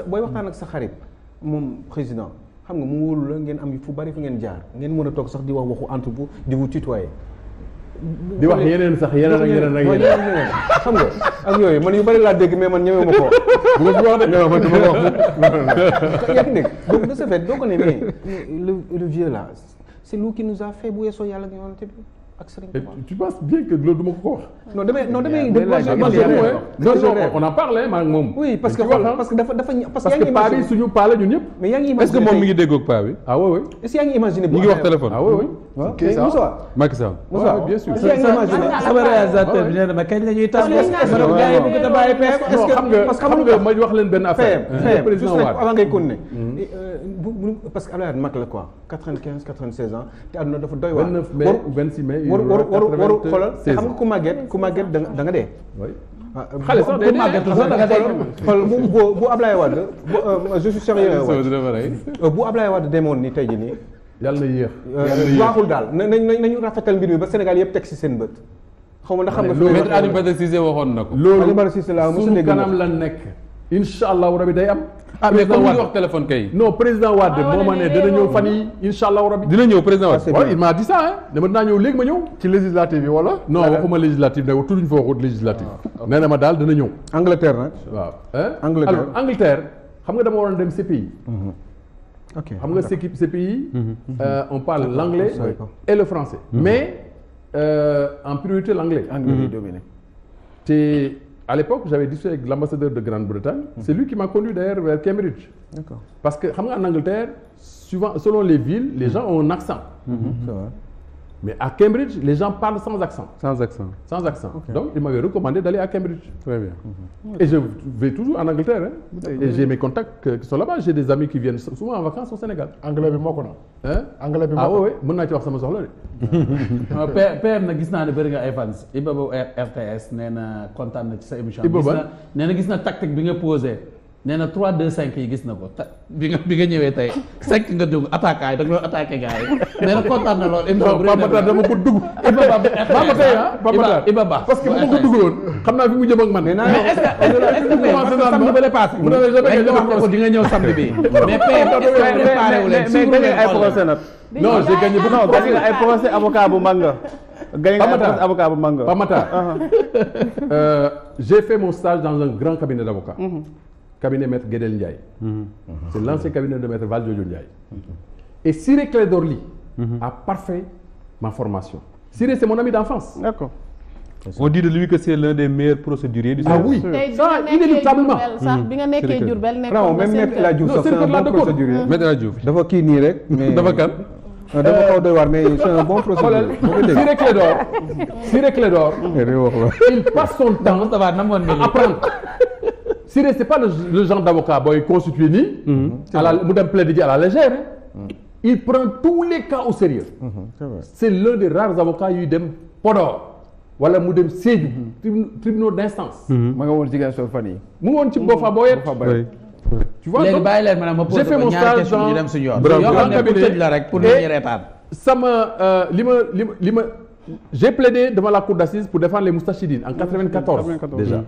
booy waxtaan ak sa xarit non merewuma Karim ah. non booy moom président xam nga mu wóolu la ngeen am fu bari fu ngeen jaar ngeen mën a toog sax di wax waxu entre vous di vous tutoyer. di wax yeneen sax yeneen ak yeneen ak yeneen xam nga ak yooyu man yu bari laa dégg mais man ñëwee ma ko bu ma wax de man du ma ko wax yaa ngi dégg doo ko ne mais le le c'est lui qui nous a fait bu weesoo yàlla ak yonent bi ak Serigne Touba tu penses bien que loolu du ma ko ko wax. non damay non damay. on en parle maa ngi moom. oui parce que parce que dafa dafa parce que yaa ngi imaginer parce que paa bi suñu paa la ñun ñëpp. mais yaa ngi imaginer est-ce que moom mi ngi déggoog paa bi. ah oui oui est-ce que yaa ngi imaginer. ñu ngi wax téléphone ah oui oui. waaw ah. kii ça Moussa Macky Sall. Moussa ah, bien sûr est-ce que yaa ngi imaginer. sama réalisateur ah, bi nee na ma kañ la ñuy tas. est-ce que xam nga xam nga ma wax leen benn affaire. président Wade avant ngay continuer. Mm. Euh, bu parce que Abdoulaye Wade mag la quoi 95 96 ans te àdduna dafa doy waar. 29 mai 26 mai waru waru waru xoolal te xam nga ku màgget ku màgget da da nga dee. Ah, xale sax day màgget sax da nga dee xool bu bu bu Ablaye Wade bu euh, je suis sérieux euh, demoon ni tey jii nii. yàlla na yéex waaxul euh, daal nañu nañu rafetal mbir mi ba Sénégal yëpp teg ci seen bët. xaw ma ndax xam na loolu Aliou Badara Cissé waxoon na ko. loolu Aliou Badara Cissé laa a la nekk. incha allahu rabi day am. ah mais comme ñu wax téléphone kay. non président Wade ah, moo ma ne dana ñëw fan yi incha allahu rabi. dina ñëw président ah, Wade waaw il m'a dit ça hein. dama ñëw léegi ma ñëw. ci législative yi wala. non waxuma législative nag tudduñ fa waxut législative. Ah, nee na ma daal dana ñëw. Angleterre nag. waaw Angleterre alors Angleterre xam nga dama waroon dem CPI. Mm-hmm. ok xam nga CPI. Mm-hmm. Euh, on parle l'anglais et le français. Mm-hmm. mais euh, en priorité l'anglais. anglais lay te. à l'époque j'avais discuté avec l'ambassadeur de Grande-Bretagne hmm. c'est lui qui m'a conduit d'ailleurs vers Cambridge parce que xam nga en Angleterre souvent selon les villes les hmm. gens ont un accent hmm, c'est vrai mais à Cambridge les gens parlent sans accent sans accent sans accent okay. donc il m'avait recommandé d'aller à Cambridge très et je vais toujours en Angleterre et j'ai mes contacts qui sont là-bas j'ai des amis qui viennent souvent en vacances au Sénégal anglais bi ah mën naa ci wax sama soxla PM PM na gis naa ne bëri nga ay fans Ibaba RTS nee na kontaan na ci sa émission. Ibaba nee na gis na tactique bi nga posé. nee na 3 2 5 yi gis na ko bi nga bi nga ñëwee tey 5 nga dugg attaqué ay da nga doon attaqué gars yi nee na kontaan na lool. non Pape Matar dama ko dugg. Iba Ba Pape Matar Iba Ba parce que bu ma ko duggaloon xam naa fi mu jëm ak man. mais est-ce que est-ce que commencé naa samedi ba lay paase. mu ne la je bëgg a ko di nga ñëw samedi bi. mais paie préparé wu leen mais mais ay procès nag. non j'ai gagné bu non gagné ay procès avocat bu mag nga. gagné ay procès avocat bu mag nga. Pape Matar uh-huh. euh, j'ai fait mon stage dans un grand cabinet d'avocats. Mm-hmm. cabinet maître Guédel Ndiaye. Mhm. c' est l' ancien cabinet de maître Valdiodio Ndiaye. et Siré Clédor Ly. Mhm. a parfait ma formation. Siré c' est mon ami d' enfance. d' accord. on dit de lui que c' est l'un des meilleurs procéduriers du ah Sénégal. ah oui inéluctablement sax bi nga nekkee Diourbel mhm. nekkoon même Maître El Hadj un bon procédurier Maître El Hadj dafa kii nii rek mais dafa kan euh, dafa kaw doy mais c' un bon procédurier Siré Clédor Siré Clédor il passe son temps à apprendre Siré c'est pas le, le genre d'avocat booy constitué nii. Mhm. à la mu dem plaider ji à la légère. Mhm. il prend tous les cas au sérieux mhm, c'est l'un des rares avocats yuy dem Podor. wala mu dem tribunaux d'instance. ma nga woon ci gàncax fan yi. mu ngi woon ci Bofa Boyet. tu vois ma posé ko ñaari questions la rek pour ñu répandre. sama euh, li ma li ma j'ai plaidé devant la cour d'assises pour défendre les Moustachidines en déjà.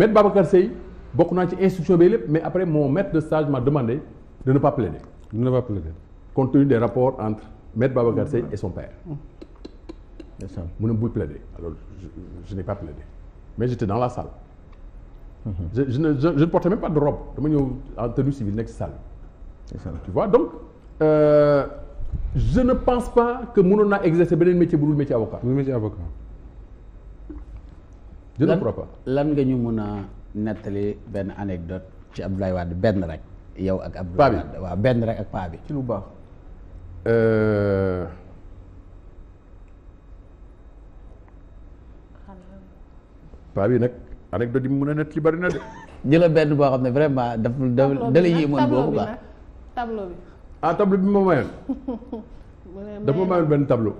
maître baba Seye bokk naa ci instruction bi lépp mais après mon maître de stage m'a demandé de ne pas plaider. de ne pas plaider. compte tenu des rapports entre maître Babacar Seye et son père. mu ne bul plaider alors je, n'ai pas plaidé mais j'étais dans la salle. Mmh. je je ne je, portais même pas de robe dama ñëw en tenue civile nekk salle. tu vois donc euh, je ne pense pas que mënoon naa exercer beneen métier bu dul métier avocat. bu dul avocat. je lan nga ñu mun a nettali benn anecdote ci Abdoulaye benn rek yow ak Abdoulaye Wade benn rek ak paa bi ci lu baax euh, bi nag anecdote yi mun a nettali bari na de benn boo xam ne vraiment daf da la yéemoon boobu quoi tableau bi ah ma mayoon dafa ma mayoon benn tableau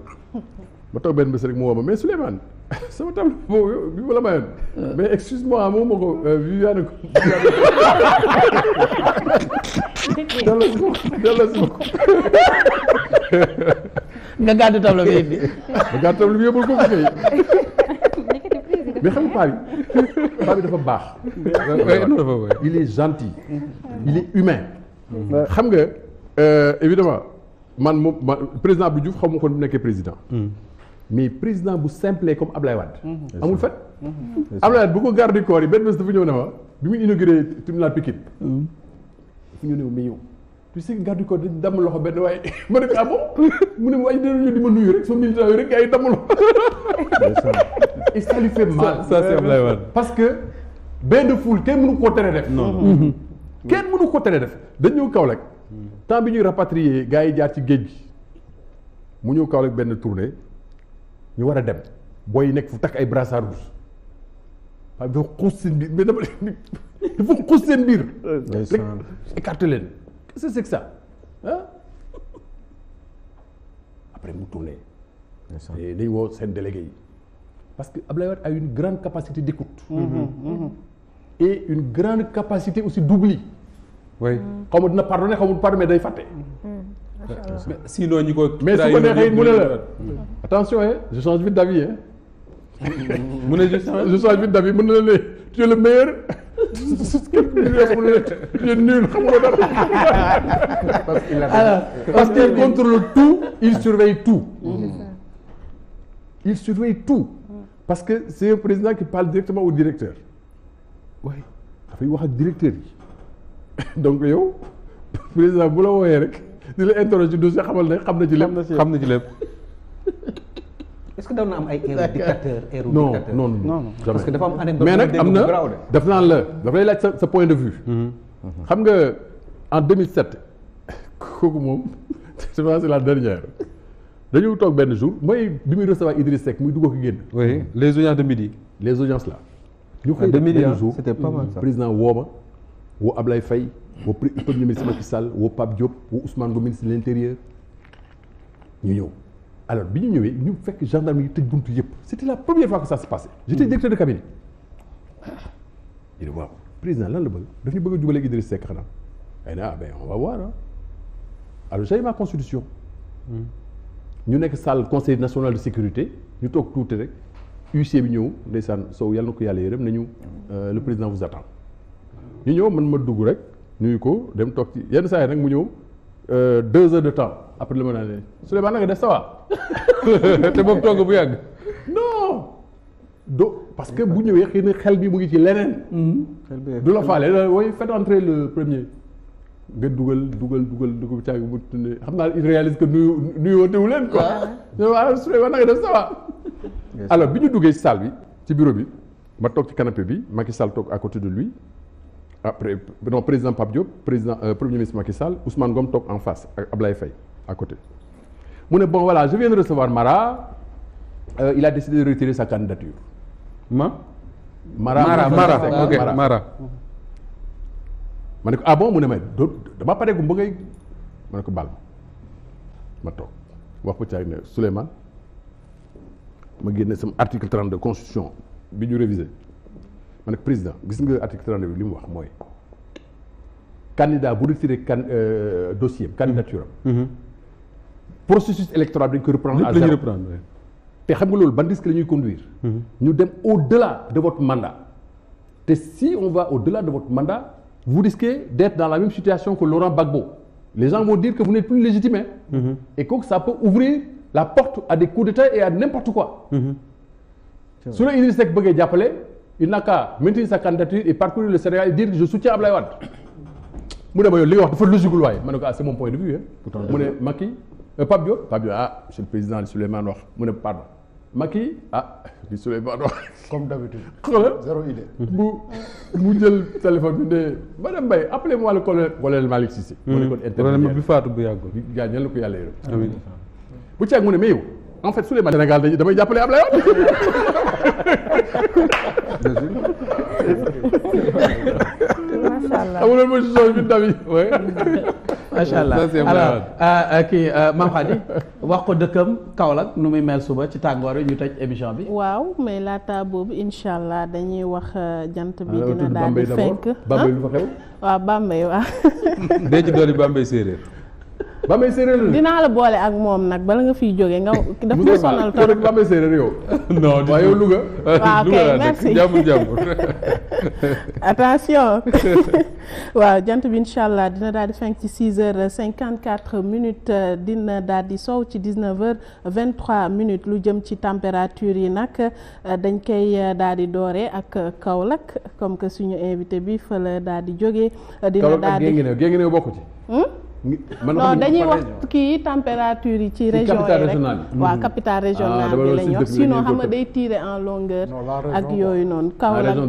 ma toog benn bés mu woo ma mais Souleymane sama tableau boobu bi ma la mayoon. Ah. mais excuse moi moom moo ko euh, Viviane. delloosi ko delloosi ko. nga gàddu tableau bi nga gàddu tableau bi yóbbul ko fi kay. mais xam nga paa bi paa bi dafa baax. il est mm-hmm. mm-hmm. xam nga euh, évidemment man moom président bu Diouf xaw ma ko nekkee président. Mm. mais président bu simple comme Ablaye Wade. Mhm. amul fet mhm. mhm. Ablaye Wade bu ko garde corps yi benn bés dafa ñëw ne ma bi muy inauguré tribunal Pikine. dafa ñëw ne ma mais yow. tu loxo benn waaye ma ah mu ne ma waaye dinañu di ma parce que. bain de foule kenn mënu ko tere def. non kenn mënu ko tere def dañ ñëw Kaolack. temps bi ñuy rapatrier gars yi jaar ci géej gi mu ñëw Kaolack benn tournée. ñu war a dem booy nekk fu takk ay brassard rouge waaw dafa xuus seen biir mais dama dafa xuus seen biir. rek après mu tourné. et dañu woo seen délégué yi parce que Ablaye Wade a une grande capacité d'écoute. Mmh, et une grande capacité aussi d'oubli. oui xaw ma dina pardonné xaw ma du pardonné day fàtte. Mm-hmm. mais sinon ñi ko. mais su ko neexee mu la attention eh je change vite d'avis eh. mu ne je change je change vite d'avis mu ne la léegi tu es le meilleur. tu es nul xam nga dara. parce qu'il a parce qu'il contrôle tout il surveille tout. il surveille tout. parce que c'est un président qui parle directement au directeur. waaye dafay wax ak directeur yi. donc yow président bu la wooyee rek. di la interroger ci dossier xamal ne xam na ci lépp xam na ci lépp. est-ce que doon na am ay erreur dictateur erreur dictateur non non non parce que dafa am année mais nag am na daf naan la daf lay laaj sa point de vue. Mm-hmm. Mm-hmm. xam nga en 2007 kooku moom je pense c'est la dernière dañu toog benn jour mooy bi muy recevoir Idriss Seck muy dugg ko génn. oui les audiences de midi. les audiences là. ñu xëy ah, benn jour c'était pas mal ça président wooma woo Ablaye Faye. woo premier ministre Macky Sall woo Pape Diop woo Ousmane Ngom ministre de l'intérieur ñu ñëw alors bi ñu ñëwee ñu fekk gendarme yi tëj buntu yëpp c'était la première fois que ça se passait j'étais hmm. directeur de waaw ah. président lan la bëgg daf ñu bëgg a jubaleeg Idriss Seck xanaa ay na ah ben on va ma constitution hmm. ñu nekk salle conseil national de sécurité ñu toog tuuti rek huissier bi ñëw ndeysaan Sow yàlla na ko yàlla yërëm nañu euh, le président vous attend ñu ñëw man ma dugg rek nuyu ko dem toog ci yenn saa yi nag mu ñëw euh, deux heures de temps après li ma naan leen Souleymane naka def ça va te boobu togg bu yàgg non do parce que bu ñëwee xëy na xel bi mu ngi ci leneen. du la faale da way fait le premier. nga dugal dugal dugal dugub caag bu tunde xam naa il réalise que nuyu nuyoo teewu leen quoi. waaw waaw Souleymane naka def ça va. alors bi ñu duggee ci salle bi ci bureau bi ma toog ci canapé bi Macky Sall toog côté de après non président Pape Diop président euh, premier ministre Macky Sall Ousmane Ngom toog en face ak Ablaye Faye à côté mu ne bon voilà je viens de recevoir Mara euh, il a décidé de retirer sa candidature. ma. Mara Mara ma ne ko ah bon mu ne ma dama pare gu mbëggay ma ne ko baal ma ma toog wax ko caag ne Souleymane ma génne sama article 32 constitution bi ñu révisé. ma ne président gis nga article 39 bi li mu wax mooy candidat bu retiré can euh, dossier am candidature am mm-hmm. processus électoral dañ ko reprendre à te xam nga loolu ban risque la ñuy conduire mm-hmm. ñu dem au delà de votre mandat te si on va au delà de votre mandat vous risquez d'être dans la même situation ko Laurent Gbagbo les gens vont dire que vous n'êtes plus légitime mmh. et que ça peut ouvrir la porte à des coups d'État et à n'importe quoi mm-hmm. su la Idriss Seck bëggee jàppale il n'a qu'à maintenir sa candidature et parcourir le Sénégal et dire que je soutiens Ablaye mu ne ma li nga wax dafa logiqueul waaye ma ne ko ah c'est mon point de vue ah. mu ne Macky euh, Pape Diop Pape Diop ah monsieur président li Souleymane wax mu ne pardon Macky ah li Souleymane wax. comme d'habitude. zéro mu mu jël téléphone bi ne madame Mbaye appelez-moi le colonel colonel Malick Cissé. mu ne hmm. kon intermédiaire bi faatu bu yàggul. gaa ñan la ko yàlla yërëm. bu ceeb mu ne mais yow. en fait Souleymane Sénégal dañuy damay jàppale Ablaye Wade. macha allah amul woon position bi tamit. macha allah euh, euh, kii euh, Mame Khady wax ko dëkkam Kaolack nu muy mel suba ci tàngoor yi ñu tëj émission bi. waaw mais laata boobu incha allah dañuy wax jant bi dina daal di fenk. Bambey lu fa xew. waaw Bambey waaw. dee ci doon Bambey séeréer. ba may séeréer dinaa la boole ak moom nag bala nga fiy jóge nga daf ma sonal trop ba may séeréer yow. non waaye yow waaw merci jàmm jàmm attention waaw jant bi incha allah dina daal di fenk ci 6 cinquante 54 minutes euh, dina daal di sow ci 19 vingt 23 minutes lu jëm ci température yi nag euh, dañ koy euh, daal di dooree ak Kaolack comme que suñu invité bi fa la daal di jógee. dina daal di Kaolack ak Guinguinéo bokku ci. Hmm? non dañuy wax kii température yi ci région yi rek waaw capitale régionale bi mm. ah, lañuy wax sinon xam day tiire en longueur ak yooyu noonu ah,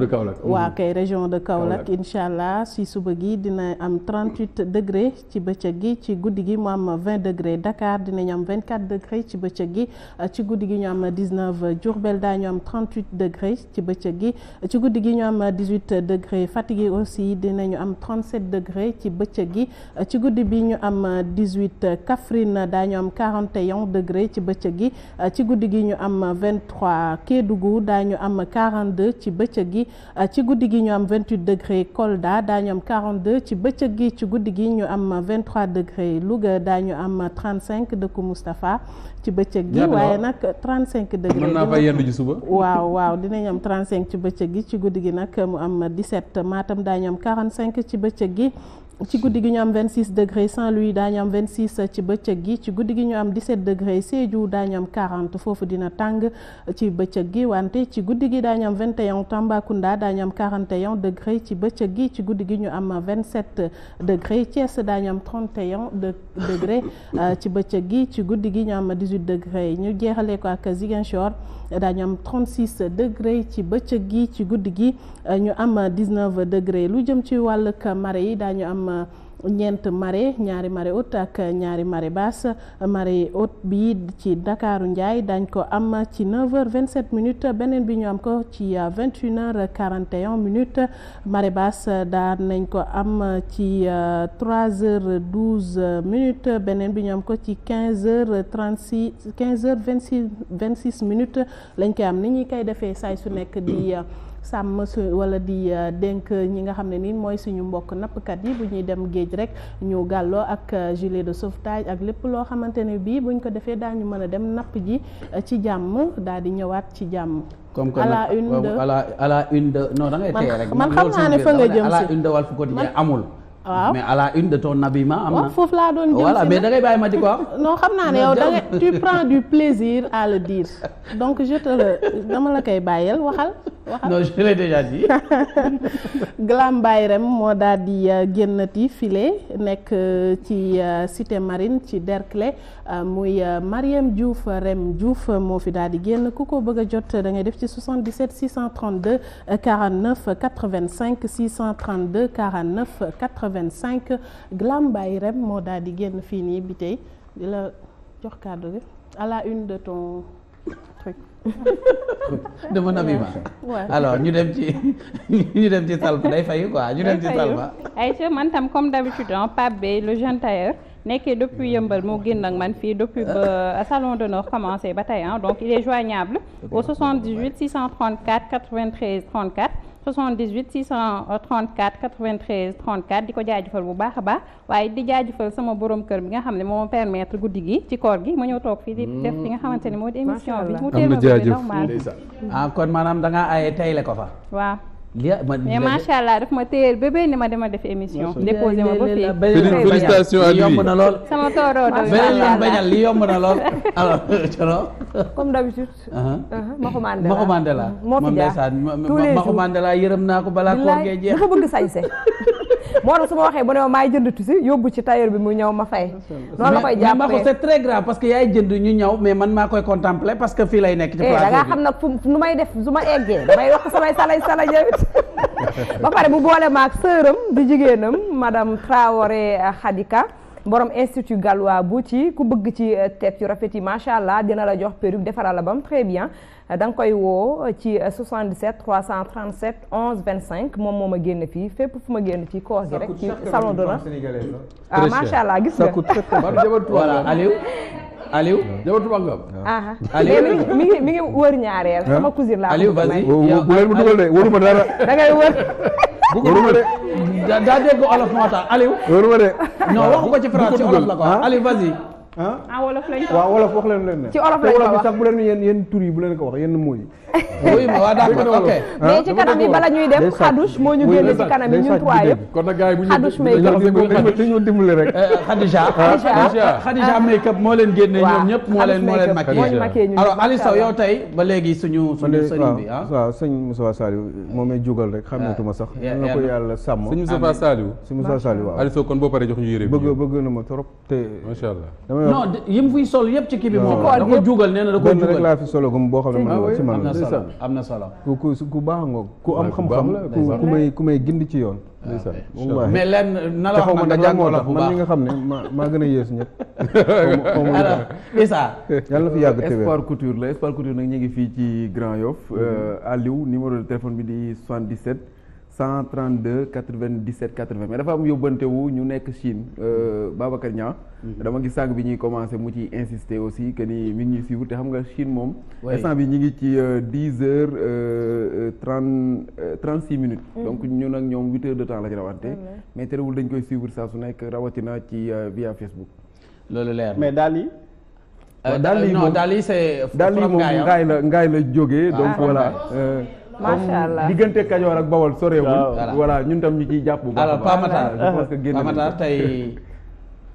Kaolack mm. waa kay région de Kaolack incha allah si suba gi dina am 38 degré ci bëccëg gi ci guddi gi mu am 20 degré Dakar dinañ am 24 degré ci bëccëg gi ci guddi gi ñu am 19 Diourbel daañu am 38 degré ci bëccëg gi ci guddi gi ñu am 18 degré Fatick aussi dinañu am 37 degré ci bëccëg gi ci guddi bi yi ñu am 18 euh, euh, Kaffrine euh, daañu am 41 degré ci bëccëg gi ci guddi gi ñu am 23 Kédougou daañu am 42 ci bëccëg gi ci guddi gi ñu am 28 degré Kolda daañu am 42 ci bëccëg ci guddi gi ñu am 23 degré Louga daañu am 35 dëkku Moustapha ci bëccëg gi waaye nag 35 degré mën naa waaw waaw dinañ am 35 ci bëccëg gi ci guddi gi nag mu am 17 Matam daañu am 45 ci bëccëg gi ci guddi gi ñu am 26 degré Saint-Louis daañu am 26 ci bëccëg gi ci guddi gi ñu am 17 degré Sédhiou daañu am quarante foofu dina tàng ci bëccëg gi wante ci guddi gi daañu am 21 Tambacounda daañu am 41 degré ci bëccëg gi ci guddi gi ñu am 27 degré Thiès daañu am 31 degré euh, ci bëccëg gi ci guddi gi ñu am 18 degré ñu jeexale ko ak Ziguinchor. daañu am 36 degré ci bëccëg gi ci guddi gi ñu am 19 degré lu jëm ci wàllug marée yi daañu am. ñeent marée ñaari marée haute ak ñaari marée basse marée haute bi ci Ndakaaru Ndiaye dañ ko am ci 9h27 minutes beneen bi ñu am ko ci 21h41 minutes marée basse daan nañ ko am ci 3h12 euh, minutes beneen bi ñu am ko ci 15h36 vingt h vingt 26 minutes lañ koy am ni ñuy koy defee saay su nekk di. Euh, sàmm su wala di euh, dénk ñi nga xam ne ni mooy suñu mbokk nappkat yi bu ñuy dem géej rek ñu gàlloo ak euh, gilet de sauvetage ak lépp loo xamante ne bii buñ ko defee daañu mën a dem napp ji euh, ci jàmm daal di ñëwaat ci jàmm. comme que à la une de à la man xam naa ne fa nga jëm si amul. waaw mais à la une de ton habillement am na foofu laa doon jëm si voilà mais ma di ko non xam naa ne yow da tu prends du plaisir à le dire donc je te le dama la koy bàyyeel waxal. non je l'ai déjà moo daal di euh, génnati file nekk euh, ci euh, cité marine ci Derklé muy Mariam Diouf Rem Diouf moo fi daal di génn ku ko bëgg a jot da ngay def ci 77 632 49 85 632 49 85 Glam Bayrem moo daal di génn fii nii bi tey di la jox kàddu gi à la une de ton de mon habillement alors ñu dem ci ñu dem ci Salma day fayu quoi ñu dem ci Salma. ayca man tam comme d'habitude ah pa Bey le jeune tailleur nekkee depuis yëmbal moo génn ak man fii depuis ba salon d'honneur commencé ba tey ah donc il o joignable au 78 634 93 34. 78 634 93 34 di ko jaajëfal bu baax a baax waaye di jaajëfal sama borom kër bi nga xam ne moo permettre guddi gi ci koor gi ma ñëw toog fii di def li nga xamante ne moo di émission bi mm. mu teel ma bi normal ah kon maanaam da ngaa aye tey la ko fa waaw mais macha allah daf ma téyeel bébé ni ma dama def émission. déposé ma ba fii félicitations à lui yomb na lool. sama tooroo doy na bañal li yomb na lool alors comme d'habitude. Uh-huh. Uh-huh. Maxu Mandela Maxu Mandela. moo fi jaar tous les jours moom ndeysaan Maxu Mandela yërëm naa ko balaa koor gee jeex. dafa bëgg moo tax su ma waxee bu ne maay jënd tusi yóbbu ci tailleur bi mu ñëw ma fay noonu la koy jàppee ma c'est parce que yaay jënd ñu ñëw mais man maa koy contempler parce que fii lay nekk ci eh, place da ngaa xam nag fu nu may def su ma eggee damay wax samay salay salay yawit ba pare bu boole maag sëram di jigéenam madame Traoré xadika borom institut gallois bu ci ku bëgg ci eh, tête yu rafet yi macha allah dina la jox perruque defaral la bam très bien da nga koy woo ci 77 337 11 25 moom moo ma génn fii fépp fu ma génn ci koor gi rek. ci salon d'honneur ah macha allah gis nga. voilà Aliou. Aliou. jabar tubaab mi ngi mi ngi sama cousine laa Aliou vas-y bu leen mu dugal de wëruma dara. da ngay wër. wëruma de. olof moo tax Aliou. wëruma de. non waxu ko ci français olof la quoi Aliou vas-y. ah wolof waaw wolof wax leen leen ne. ci olof lañ ko wax sax bu leen yéen bu leen ko wax yéen mooy. oui waaw d'accord ok. mais ci kanam yi bala ñuy dem xadus moo ñu génne ci kanam yi ñun trois yëpp. kon nag gars yi bu ñu xadus make-up ñu dimbali rek. Khadija Khadija make-up moo leen génne ñoom ñëpp moo leen moo leen maquillé. alors tey ba léegi suñu suñu sëriñ bi ah. waaw sëñ Moussa Saliou moom may jugal rek xamatuma sax. Eh, eh, na ko eh. yàlla sàmm. sëñ Moussa Saliou. sëñ Moussa Saliou waaw. Aliou Sow kon boo paree jox ñu yére bi. bëgg bëgg na ma trop te. macha allah non yi mu fiy sol yëpp ci kii bi moom da ko jugal nee na da ko jugal rek laa fi solo gum boo xam ne ku ku ku ci yoon ah, mais lenn na la wax man nga jàng wolof bu mi nga xam ne ma maa gën a yeesu ñëpp Issa na fi yàgg tewee Espoir Couture la Espoir Couture nag ñu ngi fii ci Grand Yoff euh, Aliou numéro de téléphone bi di 77 cent 132 97 80 mais dafa am yóbbante wu ñu nekk Chine euh, Babacar Niang mhm. dama gis saak bi ñuy commencé mu ci insister aussi que nii mi ngi ñuy suivre te xam nga Chine moom. instant bi ñu ngi ci 10 euh, heures 30 euh, 36 minutes. Mm. donc ñun ak ñoom 8 heures de temps la ñu rawante. Mm. mais terewul dañ koy suivre saa su nekk rawatina ci via Facebook. mais daal yi. daal yi moom daal yi c'est. daal moom ngaay la ngaay la jógee ah. donc ah, voilà. macha allah diggante Kajoor ak Bawol sorewul. waaw ñun tam ñu ciy jàpp. bu baax alors Pa Matar je pense que génn Pa Matar tey.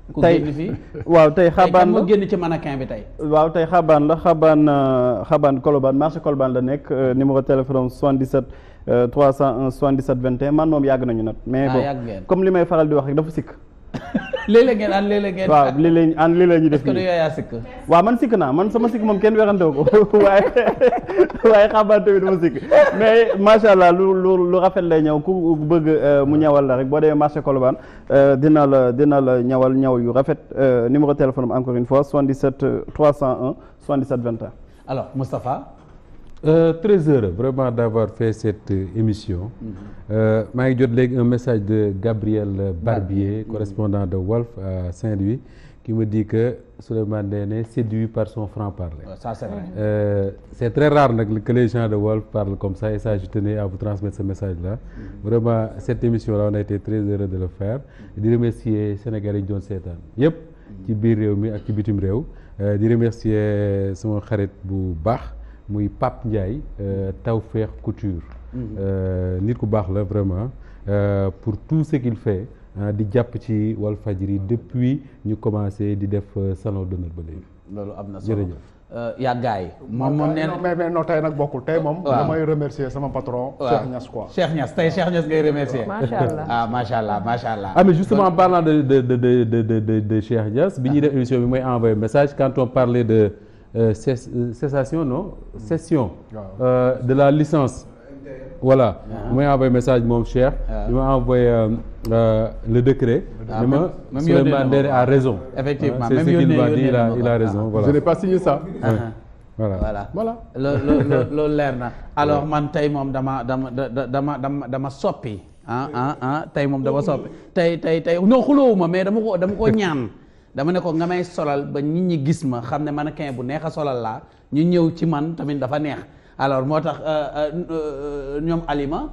ku génn waaw tey xabaan la génn ci mannequin bi tey. waaw tey xabaan la xabaan euh, xabaan Colobane marché Colobane la nekk euh, numéro téléphone 77 301 77 21 man moom yàgg nañu nag. mais ah, bon comme li may faral di wax rek dafa sikk. léeg-léeg ngeen ànd léeg-léeg ngeen. waaw léeg-léeg ànd léeg-léeg ñu def nii est-ce que sikk. waaw man sikk naa man sama sikk moom kenn weexantewu ko waaye waaye xabaar tamit ma sikk mais macha allah lu lu lu rafet lay ñëw ku bëgg euh, mu ñawal la rek boo demee marché kolobaan euh, dina la dina la ñawal ñëw yu rafet euh, numéro téléphone am encore une fois 77 301 77 21. alors Moustapha. Euh, très heureux vraiment d'avoir fait cette euh, émission mm-hmm. euh, maa ngi jot léegi un message de Gabriel Barbier mmh. correspondant de Walf à Saint-Louis qui me dit que Souleymane Ndéné par son franc-parler. ça c'est vrai. Euh, c'est très rare nag que les de Walf parlent comme ça et ça je tenais à vous transmettre ce message-là. Mm-hmm. vraiment cette émission-là on a été très heureux de le faire mm-hmm. di remercier Sénégalais yi doon seetaan yëpp. ci biir réew mi ak ci bitim réew euh, di remercier sama xarit bu baax. muy Pape Ndiaye euh, Tawfekh Couture. Mhm. Euh, nit ku baax la vraiment euh, pour tout ce qu'il fait di jàpp ci Walfadjri depuis ñu commencé di def euh, salon d'honneur ba léegi. loolu am na solo jërëjëf. yaa gars yi moom moom nee na mais mais non tey nag bokkul tey moom. waaw damay remercier sama patron. waaw Cheikh Niass quoi. Cheikh Niass tey Cheikh ngay remercier. macha allah ah macha allah macha allah. ah justement en de de de de de de Cheikh bi ñuy def émission bi mooy envoyé message quand on parlait de. Euh, euh, cessation non cession euh, de la licence voilà mu ah. may message moom Cheikh ah. li ma envoyé le décret li ma Souleymane Ndéné a raison effectivement c'est ce qu'il m'a a raison ah. voilà je n'ai pas leer na alors man tey moom dama dama dama dama dama soppi ah tey moom dama soppi tey tey tey non xulóowuma mais dama ko dama ko ñaan dama ne ko nga may solal ba nit ñi gis ma xam ne mannequin bu neex a solal laa ñu ñëw ci man tamit dafa neex alors moo tax euh, euh, ñoom alima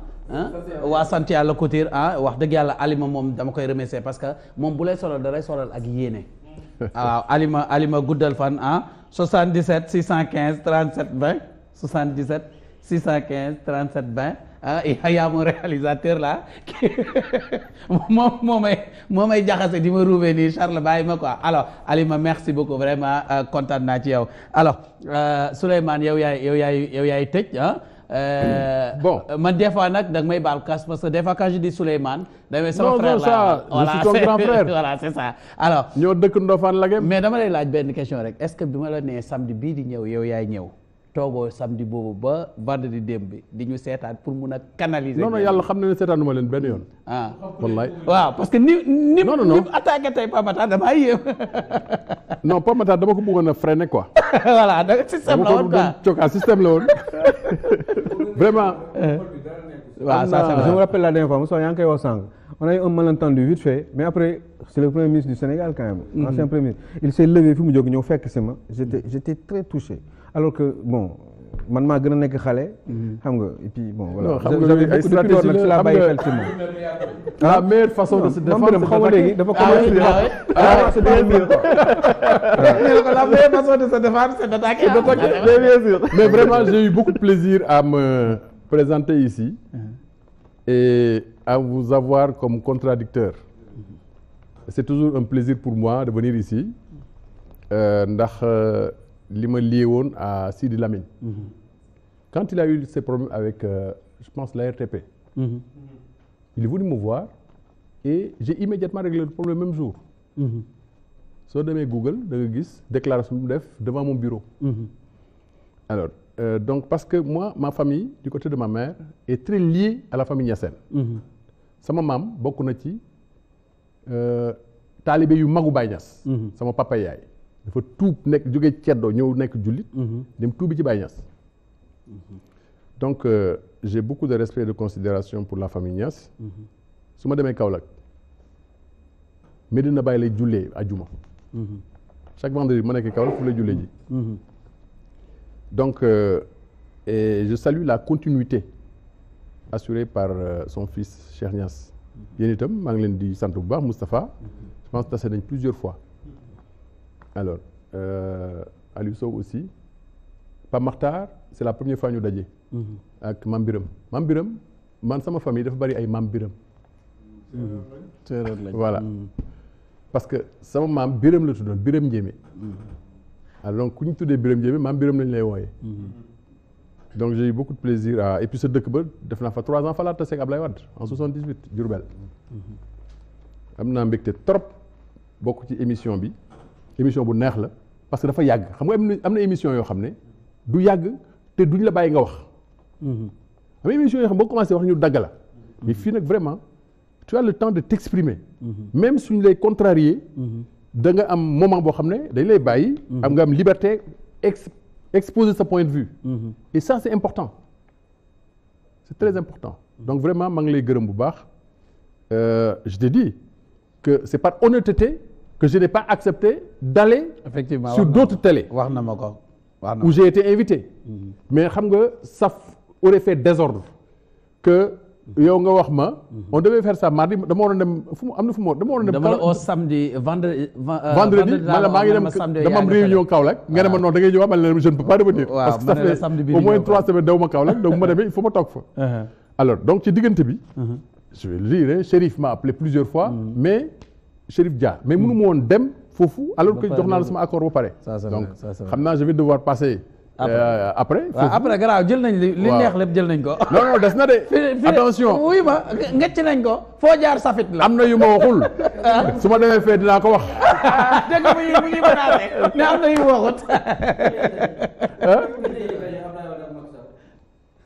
waa sant yàlla Couture ah wax dëgg yàlla alima moom dama koy remercier parce que moom bu lay solal da lay solal ak yéene waaw alima alima guddal fan ah 77 615 37 20 77 615 37 20 ah eh, y a mon réalisateur là moo may moo may jaxase di ma ruubee nii Charles bàyyi ma quoi alo Alima merci beaucoup vraiment euh, kontaan naa ci yow alors euh, Souleymane yow yaay yow yaay yow yaay tëj ah. Euh, bon man des nag da nga may baal kas parce que des fois quand je dis Souleymane. damay sama frère la voilà je suis ton grand frère voilà c'est ça alors. ñoo dëkk Ndofane la mais dama lay laaj benn question rek est-ce que bi ma la nee samedi bii di ñëw yow yaay ñëw. toogoo samedi boobu ba vendredi démb bi di ñu seetaan pour mun a canaliser. non yàlla xam na ne seetaanuma leen benn yoon. ah wallaay. waaw parce que ni ni. non non ni attaqué tey damaa yéem. non Pamata dama ko bëggoon a freiner quoi. voilà da système la woon la woon vraiment. Euh. waaw ça ça je me rappelle la dernière fois Moussa on a eu un malentendu vite fait mais après c'est le premier ministre du Sénégal quand même. Mm ministre il s'est levé fi mu jóg ñëw fekk si ma j'étais mhm. j'étais très touché alors que bon man a nekk xale. Mhm. xam nga et puis bon voilà. xam nga ay stratégie la xam nga la meilleure façon de a défendre c'est de sa ma de se défendre c'est d'attaquer. Ah, mais bien eu beaucoup de plaisir à me présenter ici mhm. à vous avoir comme contradicteur c'est toujours un plaisir pour moi de venir ici euh, ndax euh, li ma lié woon à Sidi Lamine quand il a eu ses problèmes avec euh, je pense la RTP mm -hmm. il venu me voir et j'ai immédiatement réglé le problème le même jour soo demee Google da nga gis déclaration bu def devant mon bureau alors donc parce que moi ma famille du côté de ma mère est très liée à la famille Niassène mm sama maam bokk na ci euh, taalibe yu magu Baay Ñas mhm. sama papa yaay dafa tuub nekk jóge ceddo ñëw nekk jullit mhm. dem tuubi ci Baay Ñas mhm. donc euh, j'ai beaucoup de respect de considération pour la famille Niass su ma demee Kaolack Medina Baye lay jullee àjjuma chaque vendredi ma nekk Kaolack fu lay jullee ji donc euh, salue la continuité assuré par euh, son fils Cheikh Niass. yéen itam maa ngi leen di sant bu baax Moustapha. je pense tase nañ plusieurs fois. alors euh, Aliou Sow aussi Pa Makhtar c' est la première fois ñu daje. Mm-hmm. ak Mam Biram maam Biram man sama famille dafa bari ay Mam Biram. Mm-hmm. Mm-hmm. voilà parce que sama maam Biram la tuddoon Biram Njémé. alors donc ku ñu tuddee Biram Njémé maam Biram lañ lay wooyee. donc j'ai eu beaucoup de plaisir à et puis sa dëkk ba def naa fa trois ans fa laa taseeg Ablaye Wade en 78 Diourbel am naa mbégte trop bokk ci émission bi émission bu neex la parce que dafa yàgg xam nga am na émission yoo xam ne du yàgg te duñ la bàyyi nga wax am émission yoo xam boo commencé wax ñu dagg la mais fii nag vraiment tu as le temps de t'exprimer même suñ lay contrarier da nga am moment boo xam ne dañ lay bàyyi am nga am liberté exposer sa point de vue. Mm-hmm. et ça c'est important c'est très important donc vraiment maa lay gërëm bu baax euh, je te dis que c'est par honnêteté que je n'ai pas accepté d'aller effectivement sur d'autres télés wax na ko wax j'ai été invité. Mm-hmm. mais xam nga saf aurait fait désordre yow nga wax ma. on devait faire ça mardi dama waroon dem fu mu am na fu mu war dama waroon dem. Euh, ngi dem dama am réunion Kaolack. waaw nga ne ma ah. non da ngay ma ne la je ne peux pas revenir. parce que ça fait au moins trois semaines daw ma Kaolack donc ma demee il ma toog fa. Uh-huh. alors donc ci diggante bi. Uh-huh. je vais lire Chérif m'a appelé plusieurs fois. Mm. mais Chérif Dia mais mënu ma woon dem foofu alors que jox naa la sama accord ba pare. donc xam naa je vais devoir passer. après après garaaw jël nañ li neex lépp jël nañ ko non non des na de attention oui ma ngecc nañ ko foo jaar safit la am na yu ma waxul su ma demee fee dinaa ko wax dëgg mu ngi menacé ne am na yu waxut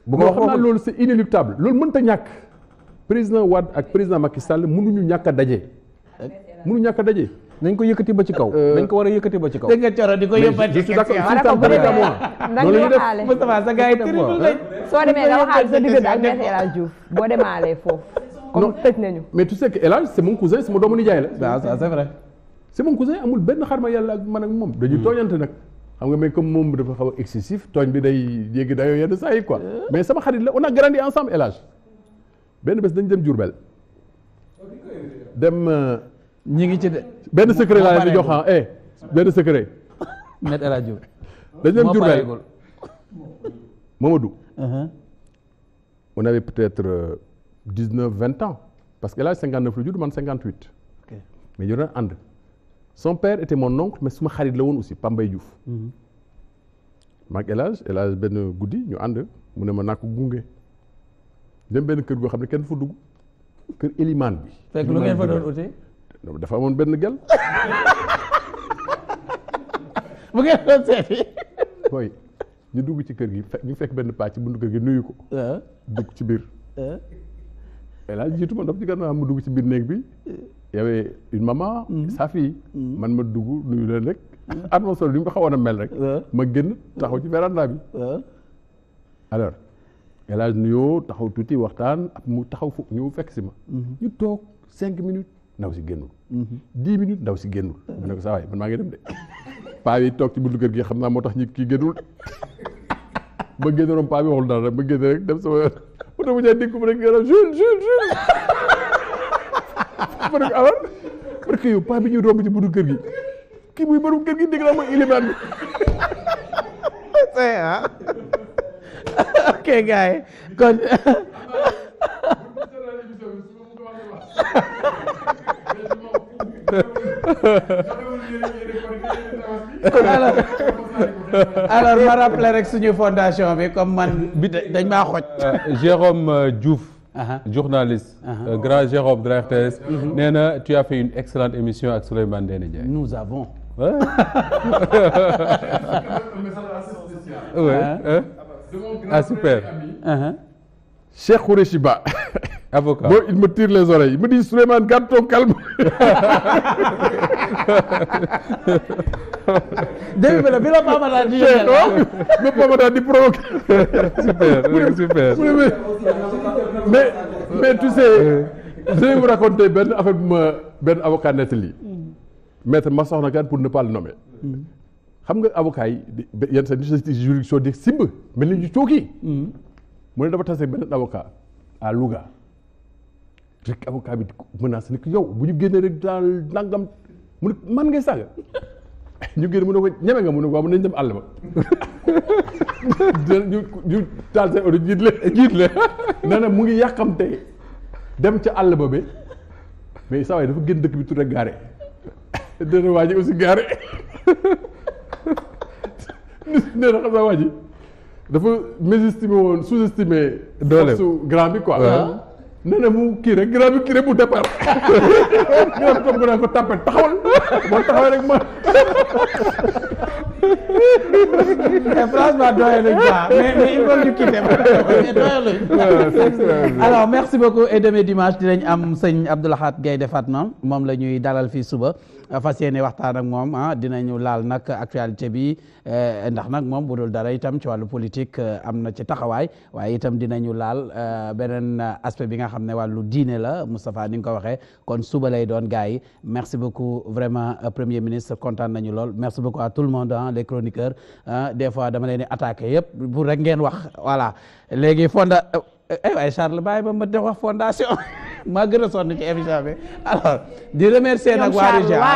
bu ma wax loolu c'est inéluctable loolu mënta ñàkk président Wade ak président Macky Sall ñàkk daje mënuñu ñàkk a daje nañ ko yëkkati ba ci kaw. Euh, nañ ko war a yëkkati ba ci kaw. dégg nga coro di ko yóbbaati. ci soo demee nga waxaale sa diggante ak Maître El Hadj Diouf boo demaalee foofu. comme tëj nañu. mais tu sais que El Hadj c'est mon doomu nijaay la. waaw c'est vrai. c'est mon cousin amul benn xar ma yàlla ak man ak moom. dañuy hmm. tooñante nag. xam nga mais comme moom dafa xaw a excessif tooñ bi day yéggi dayoo yenn saa yi quoi euh. mais sama xarit la on a grandi ensemble El benn bés dañ dem Diourbel dem euh, ñi ngi ci de benn secret laa leen di jox ah eh benn secret. Me El Hadj Diouf. dañu dem Diourbel Mamadou. Uh-huh. peut-être euh, dix neuf vingt ans parce que El Hadj cinquante neuf la judd man cinquante huit. mais ñu doon ànd. son père était mon oncle mais suma xarit la woon aussi Pambay Diouf. Uh-huh. maag El Hadj benn guddi ñu ànd mu ne ma naa ko gunge. dem benn kër goo xam ne kenn fu dugg kër Eliman bi. fekk lu ngeen fa doon utee. dafa amoon benn gel bu ngeen doon seeti booy ñu dugg ci kër gi ñu fekk benn paa ci buntu kër gi nuyu ko ah. dugg ci biir ah. et eh, là jiitu ma dox ci gannaaw mu dugg ci biir néeg bi ah. y avait une maman mm. mm. man ma dugg nuyu leen rek mm. atmosphère li mu ko xawoon a mel rek ma génn taxaw ci véranda bi alors El Hadj nuyoo taxaw tuuti waxtaan ak mu taxaw fu ñëw fekk si ma mm-hmm. ñu toog cinq minutes ndaw si génnul. Mhm. dix minutes ndaw si ma ne ko saa waay man maa ngi dem de paa toog ci buntu kër gi xam naa moo tax ñi kii génnul ba génnoon paa bi waxul dara rek ba génn rek dem sama mu ne ah ci buntu kër gi kii muy borom kër gi dégg naa mooy ilimaan bi. Ah. ok gars kon. kon alors alors ma rappelé rek suñu fondation bi comme man bi dañ maa xoj. Euh, Jérôme euh, Diouf. journaliste. Euh, grand Jérôme de la mhm. mhm. tu as fait une excellente émission ak Souleymane Ndéné Ndiaye. nous avons. ah, ah super. Cheikh Khoureyssi Ba. avocat bon il me tire les oreilles il bi la Pama daal di. mais Pama daal di provoqué. super super mais mais tu sais. je vais vous raconter benn affaire bu ma benn avocat nettali. maître ma soxna gan pour ne pas le nommer. xam nga avocat yi yenn sa société juridiction di simb mel ni ñu mm. mu ne dafa tase benn avocat à Louga. rek avocat bu ñu génnee rek mu man ngay saaga ñu mu ne ko ñeme nga mu ne ko dem àll mu ngi yàqamte dem ca àll ba bi mais saa waay dafa génn dëkk bi tudd ak gaare dana waa ji dafa mésestimé woon sous-estimé. dooleem bi quoi. nee mu kii rek grand bu départ ñu naan comme que ko tàmpet taxawal boo taxawee rek ma. mais il faut ñu quitter alors merci beaucoup et demain dimanche dinañ am sëñ gay defaat na moom la ñuy dalal fii suba. fas yéene waxtaan ak moom ah dinañu laal nag actualité bi eh, ndax nag moom bu dul dara itam ci wàllu politique eh, am na ci taxawaay waaye itam dinañu laal eh, beneen aspect bi nga xam ne wàllu diine la Moustapha ni nga ko waxee kon suba lay doon gars yi merci beaucoup vraiment premier ministre kontaan nañu lool merci beaucoup à tout le monde ah les chroniqueurs des fois dama leen di attaqué yëpp pour rek ngeen wax voilà léegi fonda eh Charles bàyyi ba ma wax fondation maa gën a sonn ci émission bi alors di remercier nag waa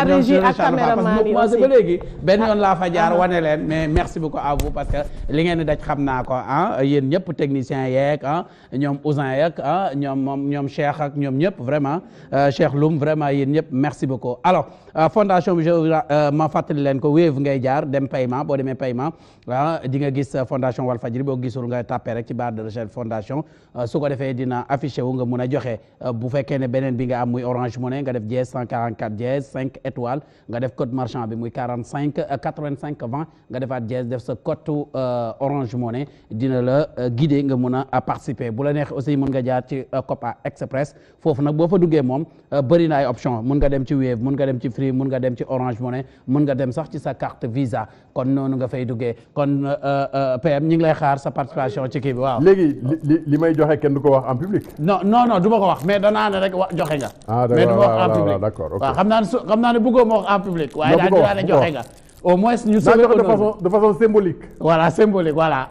Régie ñoom Charles caméraman yi ba léegi ben yoon laa fa jaar ah. wane leen mais merci beaucoup à vous parce que li ngeen di daj xam naa ko ah yéen ñëpp technicien yeeg ah ñoom Ousin yeeg ah ñoom moom ñoom Cheikh ak ñoom ñëpp vraiment euh, Cheikh Loum vraiment yéen ñëpp merci beaucoup alors Euh, fondation bi euh, ma fàttali leen ko Wave ngay jaar dem paiement boo demee paiement ah, di nga gis euh, fondation Walfadjri boo gisul nga tapé ci barre de fondation su ko defee dina affiché wu nga mun a joxe bu fekkee ne beneen bi nga am muy Orange Money nga def dièse 144 dièse 5 étoiles nga def code marchand bi muy 45 85 20 nga defaat dièse def sa code Orange Money dina la guider nga mun a participer bu la neex aussi mun nga jaar ci Copa Express foofu nag boo fa duggee moom bëri na ay option mun nga Free mun nga dem ci Orange Money mun nga dem sax ci sa carte Visa kon noonu nga fay duggee kon euh, euh, PM ñu xaar sa participation ci kii léegi li may joxe kenn du wax en public. non non non ma ko wax mais danaa ne rek wax joxe nga. ah mais du ma wax en public waaw xam naa ne su xam naa ne bëggoo ma wax waaye daal joxe nga. au moins ñu sauver de de façon symbolique. voilà symbolique voilà.